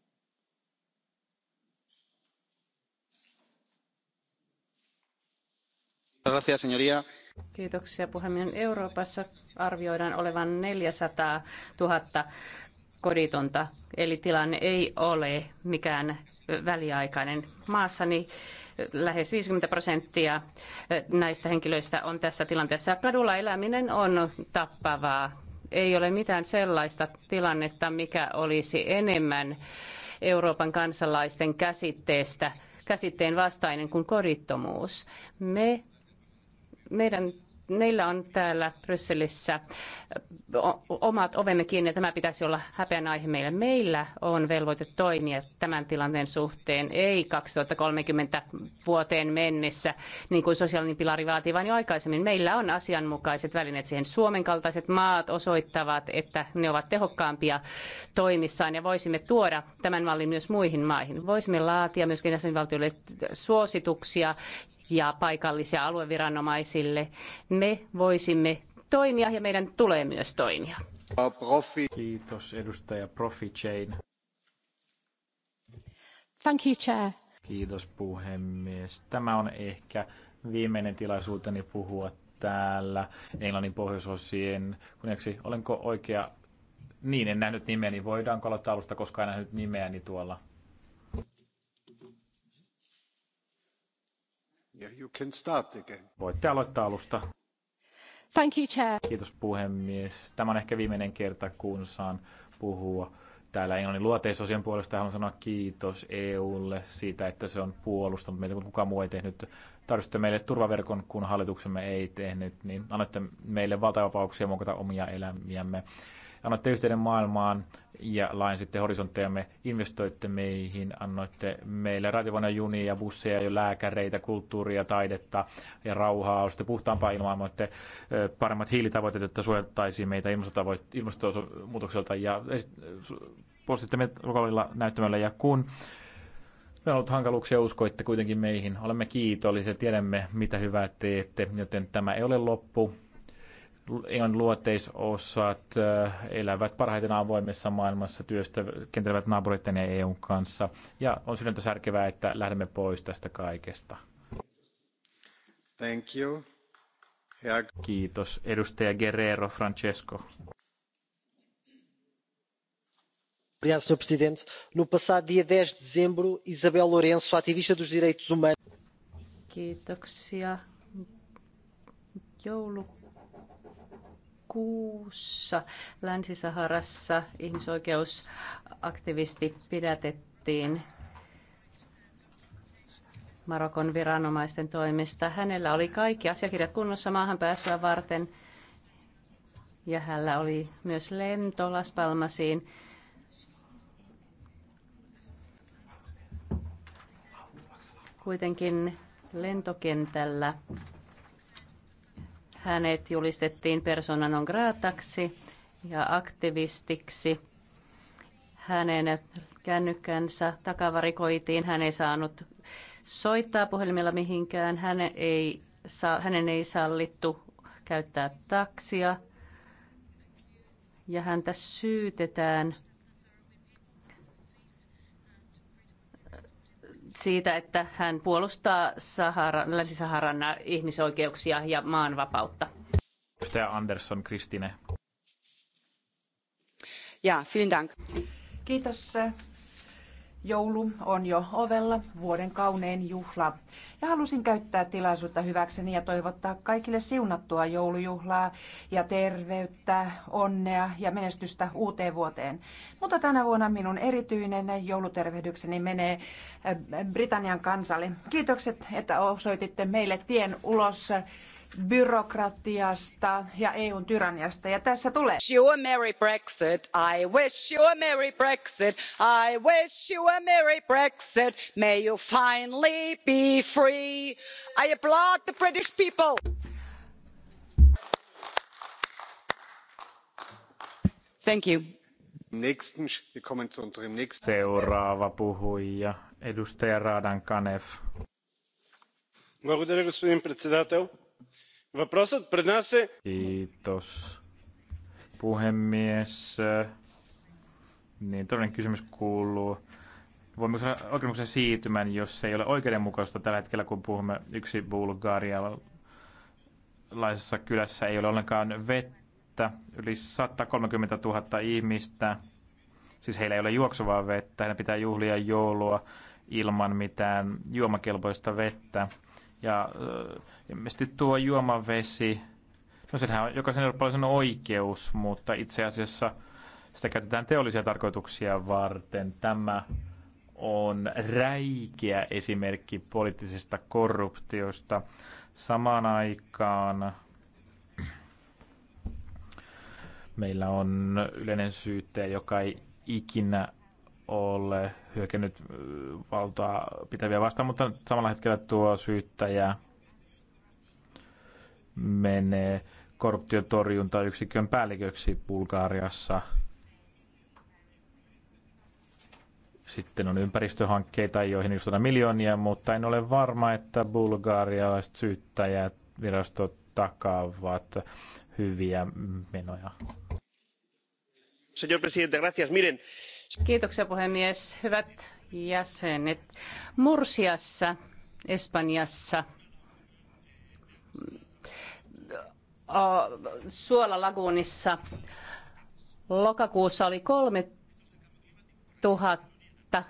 Kiitoksia puhemies. Euroopassa arvioidaan olevan 400 000 koditonta, eli tilanne ei ole mikään väliaikainen. Maassani lähes 50 prosenttia eh, näistä henkilöistä on tässä tilanteessa. Kadulla eläminen on tappavaa. Ei ole mitään sellaista tilannetta, mikä olisi enemmän Euroopan kansalaisten käsitteestä, käsitteen vastainen kuin korittomuus. Me, meidän meillä on täällä Brysselissä omat ovemme kiinni ja tämä pitäisi olla häpeän aihe meille. Meillä on velvoite toimia tämän tilanteen suhteen, ei 2030 vuoteen mennessä, niin kuin sosiaalinen pilari vaatii, vaan jo aikaisemmin. Meillä on asianmukaiset välineet siihen. Suomen kaltaiset maat osoittavat, että ne ovat tehokkaampia toimissaan ja voisimme tuoda tämän mallin myös muihin maihin. Voisimme laatia myöskin jäsenvaltioille suosituksia ja paikallisia alueviranomaisille. Me voisimme toimia ja meidän tulee myös toimia. Kiitos edustaja Profi Jane. Thank you, Chair. Kiitos puhemies. Tämä on ehkä viimeinen tilaisuuteni puhua täällä Englannin pohjoisosien kunniaksi. Olenko oikea? Niin, en nähnyt nimeäni. Voidaanko aloittaa alusta, koska en nähnyt nimeäni tuolla? Voitte aloittaa alusta. Thank you, Chair. Kiitos puhemies. Tämä on ehkä viimeinen kerta, kun saan puhua täällä Englannin luoteisosien puolesta. Haluan sanoa kiitos EUlle siitä, että se on puolustanut meitä, kun kukaan muu ei tehnyt. Tarvitsette meille turvaverkon, kun hallituksemme ei tehnyt, niin annatte meille valtavapauksia muokata omia elämiämme annoitte yhteyden maailmaan ja laajensitte horisonttejamme, investoitte meihin, annoitte meille rativona junia, busseja, ja lääkäreitä, kulttuuria, taidetta ja rauhaa, olisitte puhtaampaa ilmaa, annoitte paremmat hiilitavoitteet, jotta suojattaisiin meitä ilmastonmuutokselta ja postitte meitä lokaalilla näyttämällä ja kun me on ollut hankaluuksia, uskoitte kuitenkin meihin. Olemme kiitollisia tiedämme mitä hyvää teette, joten tämä ei ole loppu. EUn luoteisosat äh, elävät parhaiten avoimessa maailmassa, työstä kentelevät naapureiden ja EUn kanssa. Ja on sydäntä särkevää, että lähdemme pois tästä kaikesta. Thank you. Herr... Kiitos. Edustaja Guerrero Francesco. Obrigado, Sr. Presidente. No passado dia 10 de dezembro, Isabel Lourenço, ativista dos direitos humanos. Kiitoksia. Joulu kuussa Länsi-Saharassa ihmisoikeusaktivisti pidätettiin Marokon viranomaisten toimesta. Hänellä oli kaikki asiakirjat kunnossa maahan pääsyä varten ja hänellä oli myös lento Las Palmasiin. Kuitenkin lentokentällä hänet julistettiin persona non grataksi ja aktivistiksi. Hänen kännykkänsä takavarikoitiin. Hän ei saanut soittaa puhelimella mihinkään. Hän ei saa, hänen ei sallittu käyttää taksia. Ja häntä syytetään siitä, että hän puolustaa Sahara, Länsi-Saharan ihmisoikeuksia ja maanvapautta. Edustaja Andersson, Kristine. Ja, vielen dank. Kiitos Joulu on jo ovella, vuoden kaunein juhla. Ja halusin käyttää tilaisuutta hyväkseni ja toivottaa kaikille siunattua joulujuhlaa ja terveyttä, onnea ja menestystä uuteen vuoteen. Mutta tänä vuonna minun erityinen joulutervehdykseni menee eh, Britannian kansalle. Kiitokset, että osoititte meille tien ulos byrokratiasta ja EUn tyranniasta. Ja tässä tulee. You a merry Brexit. I wish you a merry Brexit. I wish you a merry Brexit. May you finally be free. I applaud the British people. Thank you. Seuraava puhuja, edustaja Radan Kanev. Благодаря, господин Kiitos, puhemies. Niin, toinen kysymys kuuluu. Voimmeko sanoa oikeudenmukaisen siirtymän, jos se ei ole oikeudenmukaista tällä hetkellä, kun puhumme yksi bulgarialaisessa kylässä ei ole ollenkaan vettä. Yli 130 000 ihmistä, siis heillä ei ole juoksuvaa vettä, heidän pitää juhlia joulua ilman mitään juomakelpoista vettä. Ja ilmeisesti tuo juomavesi, no sehän on jokaisen eurooppalaisen oikeus, mutta itse asiassa sitä käytetään teollisia tarkoituksia varten. Tämä on räikeä esimerkki poliittisesta korruptiosta. Samaan aikaan meillä on yleinen syyttäjä, joka ei ikinä ole hyökännyt valtaa pitäviä vastaan, mutta samalla hetkellä tuo syyttäjä menee korruptiotorjuntayksikön päälliköksi Bulgaariassa. Sitten on ympäristöhankkeita, joihin istutaan miljoonia, mutta en ole varma, että bulgaarialaiset syyttäjät virastot takaavat hyviä menoja. Señor presidente, gracias. Miren, Kiitoksia puhemies. Hyvät jäsenet. Mursiassa, Espanjassa, Suolalaguunissa lokakuussa oli kolme tuhatta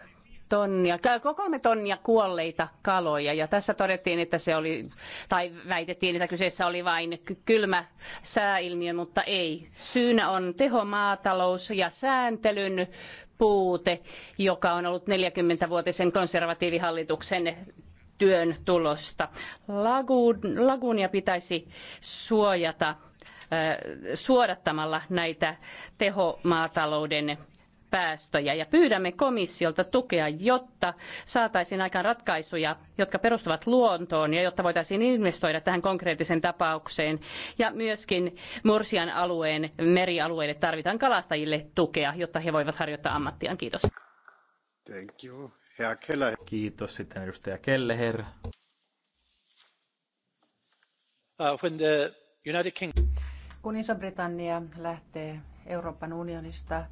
tonnia, kolme tonnia kuolleita kaloja. Ja tässä todettiin, että se oli, tai väitettiin, että kyseessä oli vain kylmä sääilmiö, mutta ei. Syynä on tehomaatalous ja sääntelyn puute, joka on ollut 40-vuotisen konservatiivihallituksen työn tulosta. Lagunia pitäisi suojata suodattamalla näitä tehomaatalouden päästöjä ja pyydämme komissiolta tukea, jotta saataisiin aikaan ratkaisuja, jotka perustuvat luontoon ja jotta voitaisiin investoida tähän konkreettiseen tapaukseen. Ja myöskin Mursian alueen merialueille tarvitaan kalastajille tukea, jotta he voivat harjoittaa ammattiaan. Kiitos. Thank you. Herr Keller. Kiitos sitten edustaja Kelleher. Uh, when the United Kingdom kun Iso-Britannia lähtee Euroopan unionista,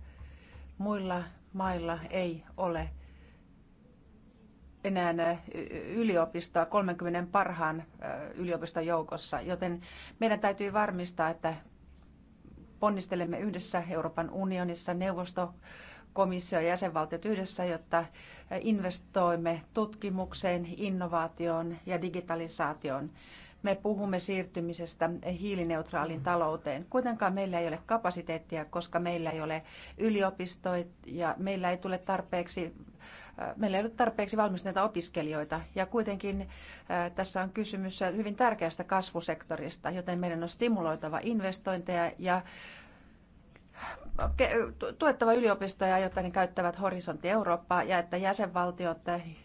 Muilla mailla ei ole enää yliopistoa 30 parhaan yliopiston joukossa, joten meidän täytyy varmistaa, että ponnistelemme yhdessä Euroopan unionissa, neuvosto, komissio ja jäsenvaltiot yhdessä, jotta investoimme tutkimukseen, innovaatioon ja digitalisaatioon me puhumme siirtymisestä hiilineutraaliin talouteen. Kuitenkaan meillä ei ole kapasiteettia, koska meillä ei ole yliopistoja ja meillä ei tule tarpeeksi äh, meillä ei ole tarpeeksi valmistuneita opiskelijoita. Ja kuitenkin äh, tässä on kysymys hyvin tärkeästä kasvusektorista, joten meidän on stimuloitava investointeja ja tuettava yliopistoja, jotta ne käyttävät horisontti Eurooppaa ja että jäsenvaltiot,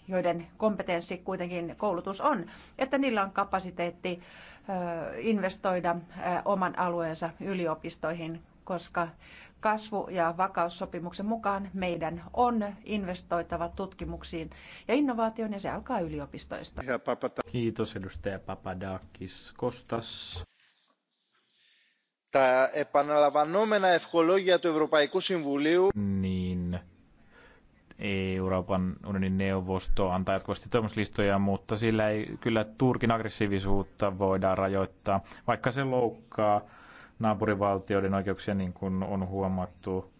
joiden kompetenssi kuitenkin koulutus on, että niillä on kapasiteetti investoida oman alueensa yliopistoihin, koska kasvu- ja vakaussopimuksen mukaan meidän on investoitava tutkimuksiin ja innovaatioon ja se alkaa yliopistoista. Kiitos edustaja Papadakis Kostas τα επαναλαμβανόμενα ευχολόγια του Ευρωπαϊκού Συμβουλίου. Niin. Euroopan unionin neuvosto antaa jatkuvasti toimuslistoja, mutta sillä ei kyllä Turkin aggressiivisuutta voida rajoittaa, vaikka se loukkaa naapurivaltioiden oikeuksia, niin kuin on huomattu,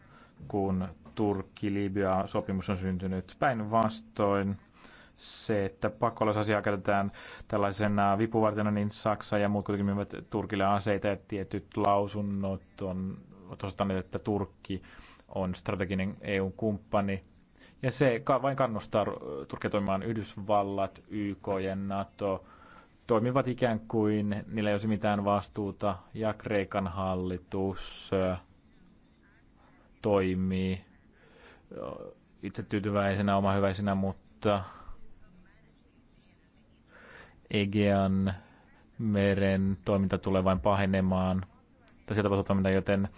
kun Turkki-Libya-sopimus on syntynyt päinvastoin se, että pakolaisasiaa käytetään tällaisena vipuvartena, niin Saksa ja muut kuitenkin myyvät Turkille aseita ja tietyt lausunnot on osoittaneet, että Turkki on strateginen EU-kumppani. Ja se vain kannustaa Turkia toimimaan Yhdysvallat, YK ja NATO toimivat ikään kuin niillä ei olisi mitään vastuuta ja Kreikan hallitus äh, toimii äh, itse tyytyväisenä, oma hyväisenä, mutta Egean meren toiminta tulee vain pahenemaan, tai sieltä voi toiminta, joten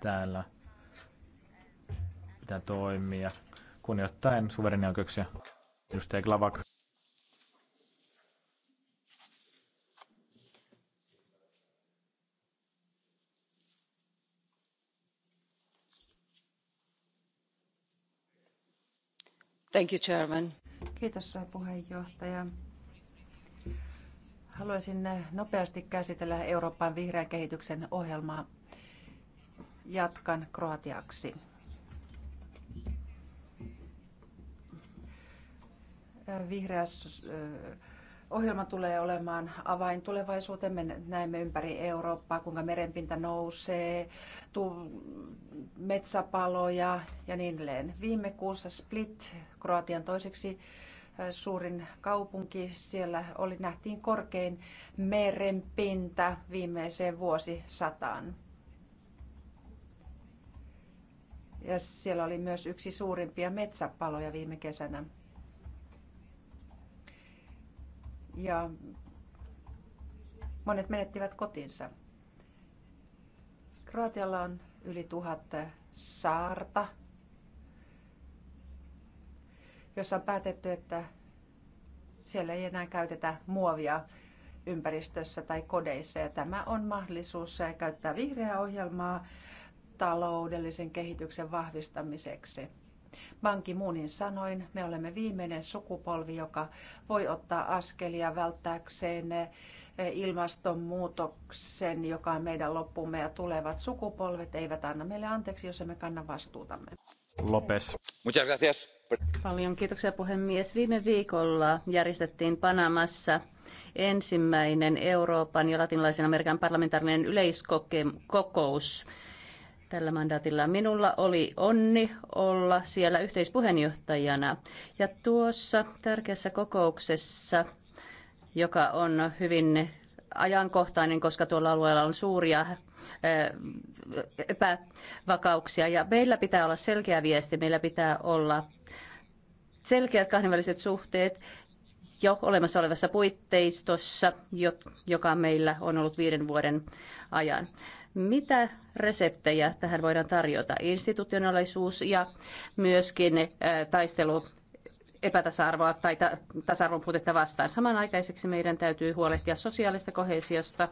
täällä pitää toimia kunnioittaen suverenia oikeuksia. Edustaja Glavak. Thank you, Kiitos puheenjohtaja. Haluaisin eh, nopeasti käsitellä Euroopan vihreän kehityksen ohjelmaa. Jatkan kroatiaksi. Eh, vihreä eh, ohjelma tulee olemaan avain tulevaisuuteen. Me näemme ympäri Eurooppaa, kuinka merenpinta nousee, tu- metsäpaloja ja niin edelleen. Viime kuussa Split, Kroatian toiseksi äh, suurin kaupunki, siellä oli, nähtiin korkein merenpinta viimeiseen vuosisataan. Ja siellä oli myös yksi suurimpia metsäpaloja viime kesänä. ja monet menettivät kotinsa. Kroatialla on yli tuhat saarta, jossa on päätetty, että siellä ei enää käytetä muovia ympäristössä tai kodeissa. Ja tämä on mahdollisuus käyttää vihreää ohjelmaa taloudellisen kehityksen vahvistamiseksi. Banki Moonin sanoin, me olemme viimeinen sukupolvi, joka voi ottaa askelia välttääkseen eh, ilmastonmuutoksen, joka on meidän loppumme ja tulevat sukupolvet eivät anna meille anteeksi, jos emme kanna vastuutamme. Lopes. Muchas gracias. Paljon kiitoksia puhemies. Viime viikolla järjestettiin Panamassa ensimmäinen Euroopan ja latinalaisen Amerikan parlamentaarinen yleiskokous tällä mandaatilla. Minulla oli onni olla siellä yhteispuheenjohtajana. Ja tuossa tärkeässä kokouksessa, joka on hyvin ajankohtainen, koska tuolla alueella on suuria äh, epävakauksia. Ja meillä pitää olla selkeä viesti, meillä pitää olla selkeät kahdenväliset suhteet jo olemassa olevassa puitteistossa, joka meillä on ollut viiden vuoden ajan. Mitä reseptejä tähän voidaan tarjota? Institutionaalisuus ja myöskin eh, taistelu epätasa-arvoa tai ta- tasa-arvon puutetta vastaan. Samanaikaiseksi meidän täytyy huolehtia sosiaalista kohesiosta,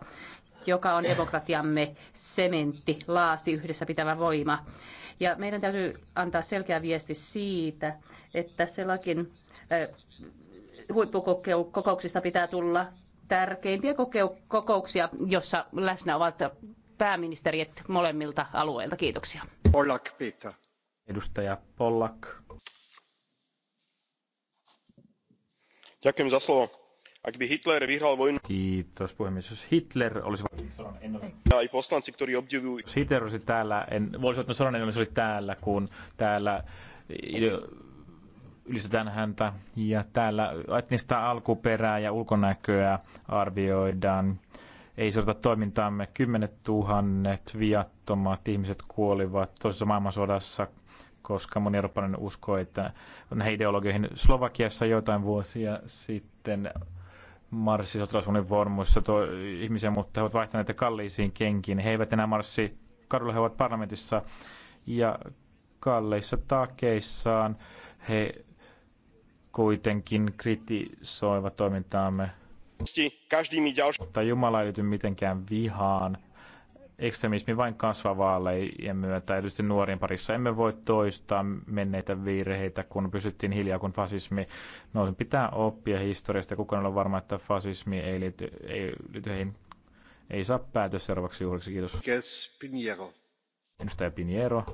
joka on demokratiamme sementti, laasti, yhdessä pitävä voima. Ja meidän täytyy antaa selkeä viesti siitä, että sellakin eh, huippukokouksista pitää tulla tärkeimpiä kokouksia, jossa läsnä ovat pääministerit molemmilta alueilta. Kiitoksia. Pollak, Peter. Edustaja Pollak. Ďakujem za slovo. Hitler vyhral vojnu... Kiitos puhemies. Jos Hitler olisi... Ei poslanci, ktori obdivujú... Jos Hitler olisi täällä, en... Voisi ottaa sanoa, että olisi oli täällä, kun täällä eh, ylistetään häntä. Ja täällä etnistä alkuperää ja ulkonäköä arvioidaan ei sorta toimintaamme. Kymmenet tuhannet viattomat ihmiset kuolivat toisessa maailmansodassa, koska moni eurooppalainen uskoi, että näihin ideologioihin Slovakiassa joitain vuosia sitten marssi sotilasunivormuissa ihmisiä, mutta he ovat vaihtaneet kalliisiin kenkiin. He eivät enää marssi kadulla, he ovat parlamentissa ja kalleissa takeissaan he kuitenkin kritisoivat toimintaamme mutta Jumala ei liity mitenkään vihaan. Ekstremismi vain kasvaa vaaleien myötä, erityisesti nuorien parissa. Emme voi toistaa menneitä virheitä, kun pysyttiin hiljaa, kun fasismi nousi. Pitää oppia historiasta. Kukaan on varma, että fasismi ei liity, ei liity heihin. Ei saa päätös seuraavaksi juhliksi. Kiitos. Kes Piniero. Edustaja Piniero.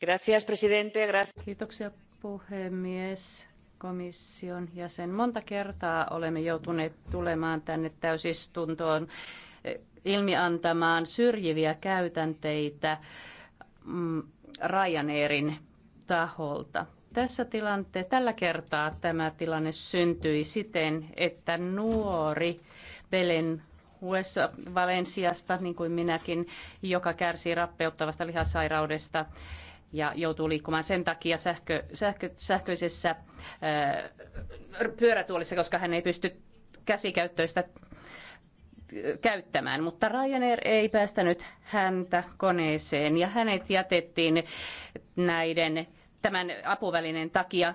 Gracias, presidente. Gracias. Kiitoksia, puhemies komission jäsen. Monta kertaa olemme joutuneet tulemaan tänne täysistuntoon eh, ilmiantamaan syrjiviä käytänteitä mm, Ryanairin taholta. Tässä tilante, tällä kertaa tämä tilanne syntyi siten, että nuori Belen Valensiasta, niin kuin minäkin, joka kärsii rappeuttavasta lihassairaudesta, ja joutuu liikkumaan sen takia sähkö, sähkö, sähköisessä ää, pyörätuolissa, koska hän ei pysty käsikäyttöistä käyttämään, mutta Ryanair ei päästänyt häntä koneeseen ja hänet jätettiin näiden tämän apuvälineen takia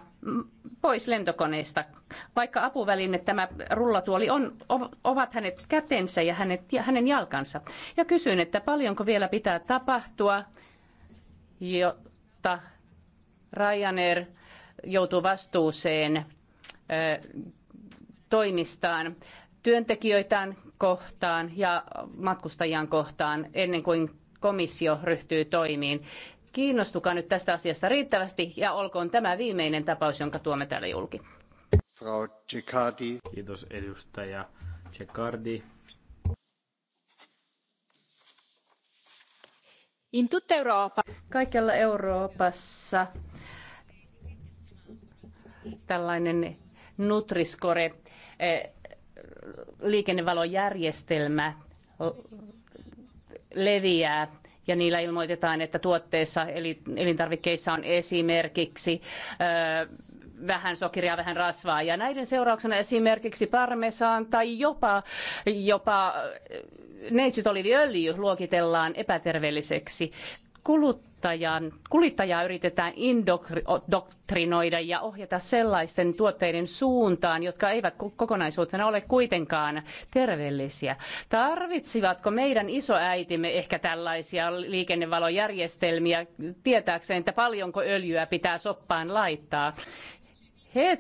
pois lentokoneesta. Vaikka apuväline, tämä rullatuoli on, ovat hänet kätensä ja, hänet, ja hänen jalkansa. Ja kysyin että paljonko vielä pitää tapahtua, jotta Ryanair joutuu vastuuseen toimistaan työntekijöitään kohtaan ja matkustajiaan kohtaan ennen kuin komissio ryhtyy toimiin. Kiinnostukaa nyt tästä asiasta riittävästi ja olkoon tämä viimeinen tapaus, jonka tuomme täällä julki. Frau Kiitos edustaja In tutta Europa. Kaikella Euroopassa tällainen Nutriskore eh, liikennevalojärjestelmä leviää ja niillä ilmoitetaan, että tuotteissa eli elintarvikkeissa on esimerkiksi eh, vähän sokeria, vähän rasvaa. Ja näiden seurauksena esimerkiksi parmesan tai jopa, jopa neitsytoliiviöljy luokitellaan epäterveelliseksi. Kuluttajan, kuluttajaa yritetään indoktrinoida ja ohjata sellaisten tuotteiden suuntaan, jotka eivät kokonaisuutena ole kuitenkaan terveellisiä. Tarvitsivatko meidän isoäitimme ehkä tällaisia liikennevalojärjestelmiä tietääkseen, että paljonko öljyä pitää soppaan laittaa? He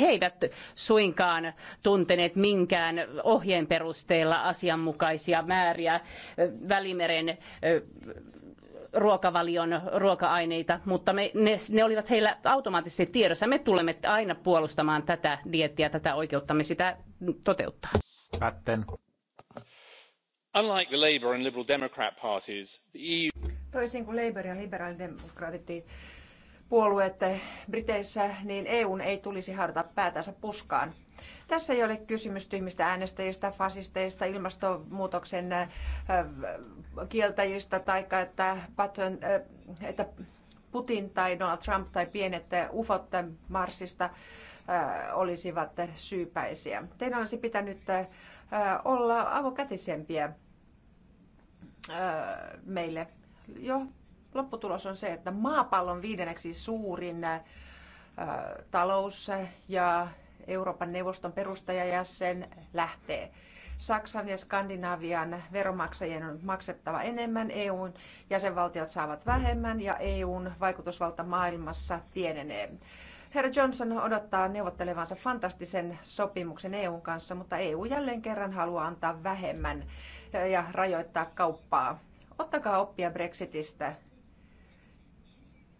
he eivät suinkaan tunteneet minkään ohjeen perusteella asianmukaisia määriä Välimeren ruokavalion ruoka-aineita, mutta me, ne, ne, olivat heillä automaattisesti tiedossa. Me tulemme aina puolustamaan tätä diettiä, tätä oikeutta, me sitä toteuttaa. Pätten. Unlike the Labour and Liberal Democrat parties, the EU... Toisin kuin Labour ja liberaalidemokraatit, puolueet Briteissä, niin EUn ei tulisi harta päätänsä puskaan. Tässä ei ole kysymys tyhmistä äänestäjistä, fasisteista, ilmastonmuutoksen äh, kieltäjistä tai että, äh, että Putin tai Donald Trump tai pienet ufot Marsista äh, olisivat syypäisiä. Teidän olisi pitänyt olla avokätisempiä meille jo lopputulos on se, että maapallon viidenneksi suurin ä, äh, talous ja Euroopan neuvoston perustajajäsen lähtee. Saksan ja Skandinavian veromaksajien on maksettava enemmän, EUn jäsenvaltiot saavat vähemmän ja EUn vaikutusvalta maailmassa pienenee. Herra Johnson odottaa neuvottelevansa fantastisen sopimuksen EUn kanssa, mutta EU jälleen kerran haluaa antaa vähemmän ja rajoittaa kauppaa. Ottakaa oppia Brexitistä.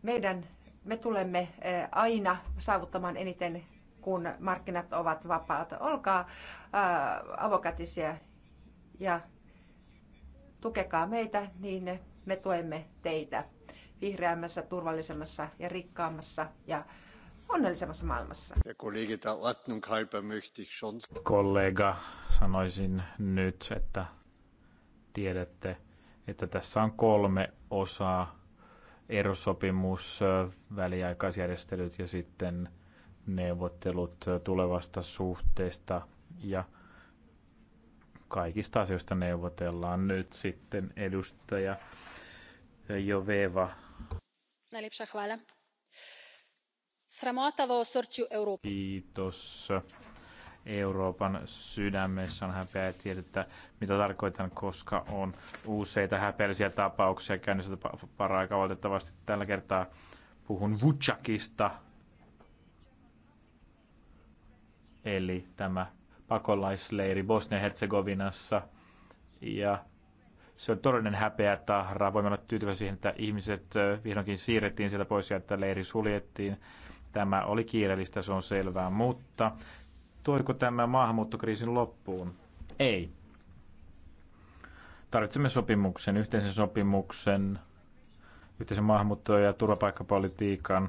Meidän, me tulemme eh, aina saavuttamaan eniten, kun markkinat ovat vapaat. Olkaa eh, avokatisia ja tukekaa meitä, niin me tuemme teitä vihreämmässä, turvallisemmassa ja rikkaammassa ja onnellisemmassa maailmassa. Ja schon... Kollega, sanoisin nyt, että tiedätte, että tässä on kolme osaa erosopimus, väliaikaisjärjestelyt ja sitten neuvottelut tulevasta suhteesta ja kaikista asioista neuvotellaan nyt sitten edustaja Joveva. Najlepša hvala. Sramota v osorčju Kiitos. Euroopan sydämessä on häpeä ja tiedettä, mitä tarkoitan, koska on useita häpeällisiä tapauksia käynnissä paraikaa valitettavasti. Tällä kertaa puhun Vucakista, eli tämä pakolaisleiri Bosnia-Herzegovinassa. Ja se on todellinen häpeä tahra. Voimme olla tyytyväisiä siihen, että ihmiset vihdoinkin siirrettiin sieltä pois ja että leiri suljettiin. Tämä oli kiireellistä, se on selvää, mutta Toiko tämä maahanmuuttokriisin loppuun? Ei. Tarvitsemme sopimuksen, yhteisen sopimuksen, yhteisen maahanmuutto- ja turvapaikkapolitiikan,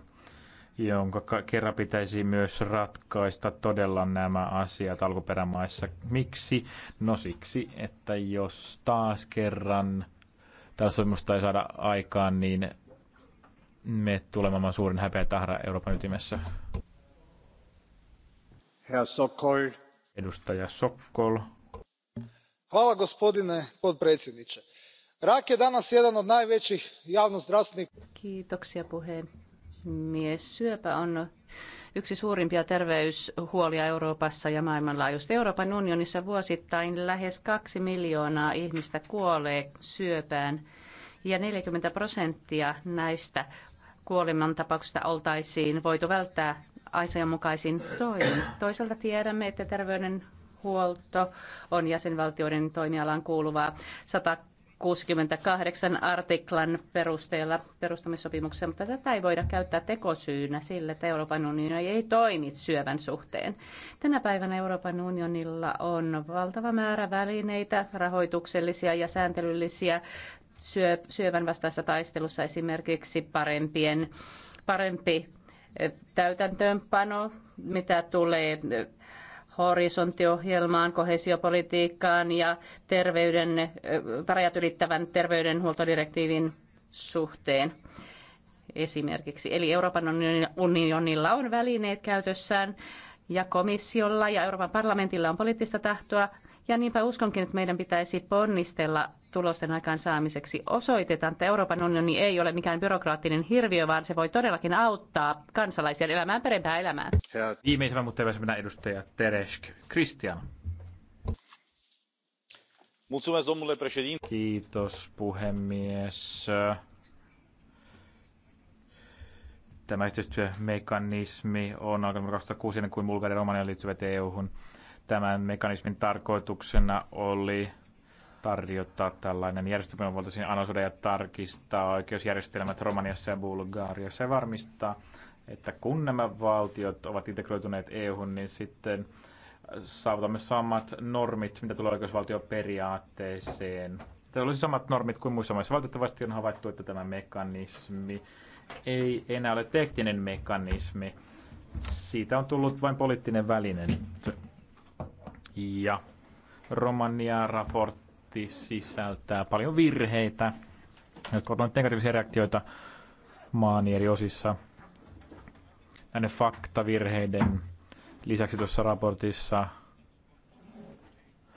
jonka kerran pitäisi myös ratkaista todella nämä asiat alkuperämaissa. Miksi? No siksi, että jos taas kerran tällä sopimusta ei saada aikaan, niin me tulemme suurin häpeä tahra Euroopan ytimessä. Herr Sokol. Edustaja Sokol. Hvala gospodine potpredsjedniče. Rak je danas jedan od najvećih javnozdravstvenih... Kiitoksia puhemies. Syöpä on yksi suurimpia terveyshuolia Euroopassa ja maailmanlaajuisesti. Euroopan unionissa vuosittain lähes kaksi miljoonaa ihmistä kuolee syöpään ja neljäkymmentä prosenttia näistä kuolemantapauksista oltaisiin voitu välttää asianmukaisin toimin. Toisaalta tiedämme, että terveydenhuolto on jäsenvaltioiden toimialaan kuuluvaa 168 artiklan perusteella perustamissopimuksessa, mutta tätä ei voida käyttää tekosyynä sille, että Euroopan unioni ei toimi syövän suhteen. Tänä päivänä Euroopan unionilla on valtava määrä välineitä, rahoituksellisia ja sääntelyllisiä syövän vastaisessa taistelussa esimerkiksi parempien, parempi täytäntöönpano, mitä tulee horisonttiohjelmaan, kohesiopolitiikkaan ja terveyden, rajat ylittävän terveydenhuoltodirektiivin suhteen esimerkiksi. Eli Euroopan unionilla on välineet käytössään ja komissiolla ja Euroopan parlamentilla on poliittista tahtoa ja niinpä uskonkin, että meidän pitäisi ponnistella tulosten aikaansaamiseksi. Osoitetaan, että Euroopan unioni ei ole mikään byrokraattinen hirviö, vaan se voi todellakin auttaa kansalaisia elämään perempää elämää. Viimeisenä, mutta ei mennä edustaja Teresk. Christian. Kiitos puhemies tämä yhteistyömekanismi on alkanut 2006 kuin Bulgarian ja Romanian liittyvät EU-hun. Tämän mekanismin tarkoituksena oli tarjota tällainen järjestelmä, voitaisiin analysoida ja tarkistaa oikeusjärjestelmät Romaniassa ja Bulgaariassa ja varmistaa, että kun nämä valtiot ovat integroituneet EU:hun, niin sitten saavutamme samat normit, mitä tulee oikeusvaltioperiaatteeseen. Tämä olisi samat normit kuin muissa maissa. Valitettavasti on havaittu, että tämä mekanismi ei enää ole tekninen mekanismi. Siitä on tullut vain poliittinen väline ja Romania-raportti sisältää paljon virheitä, jotka ovat negatiivisia reaktioita maan eri osissa. Näiden faktavirheiden lisäksi tuossa raportissa,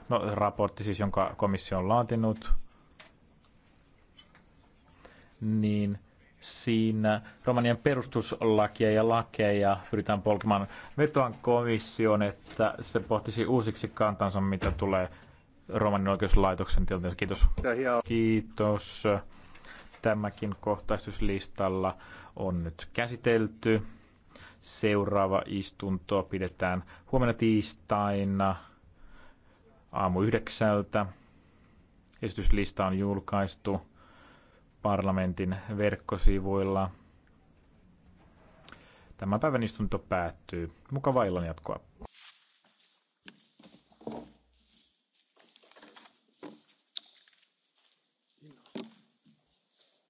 no raportti siis, jonka komissio on laatinut, niin – Siinä Romanian perustuslakia ja lakeja pyritään polkemaan vetoan komission, että se pohtisi uusiksi kantansa, mitä tulee Romanin oikeuslaitoksen tilanteessa. Kiitos. Kiitos. Tämäkin kohtaistuslistalla on nyt käsitelty. Seuraava istunto pidetään huomenna tiistaina aamu yhdeksältä. Esityslista on julkaistu parlamentin verkkosivuilla. tämä päivän istunto päättyy. Mukavaa illan jatkoa.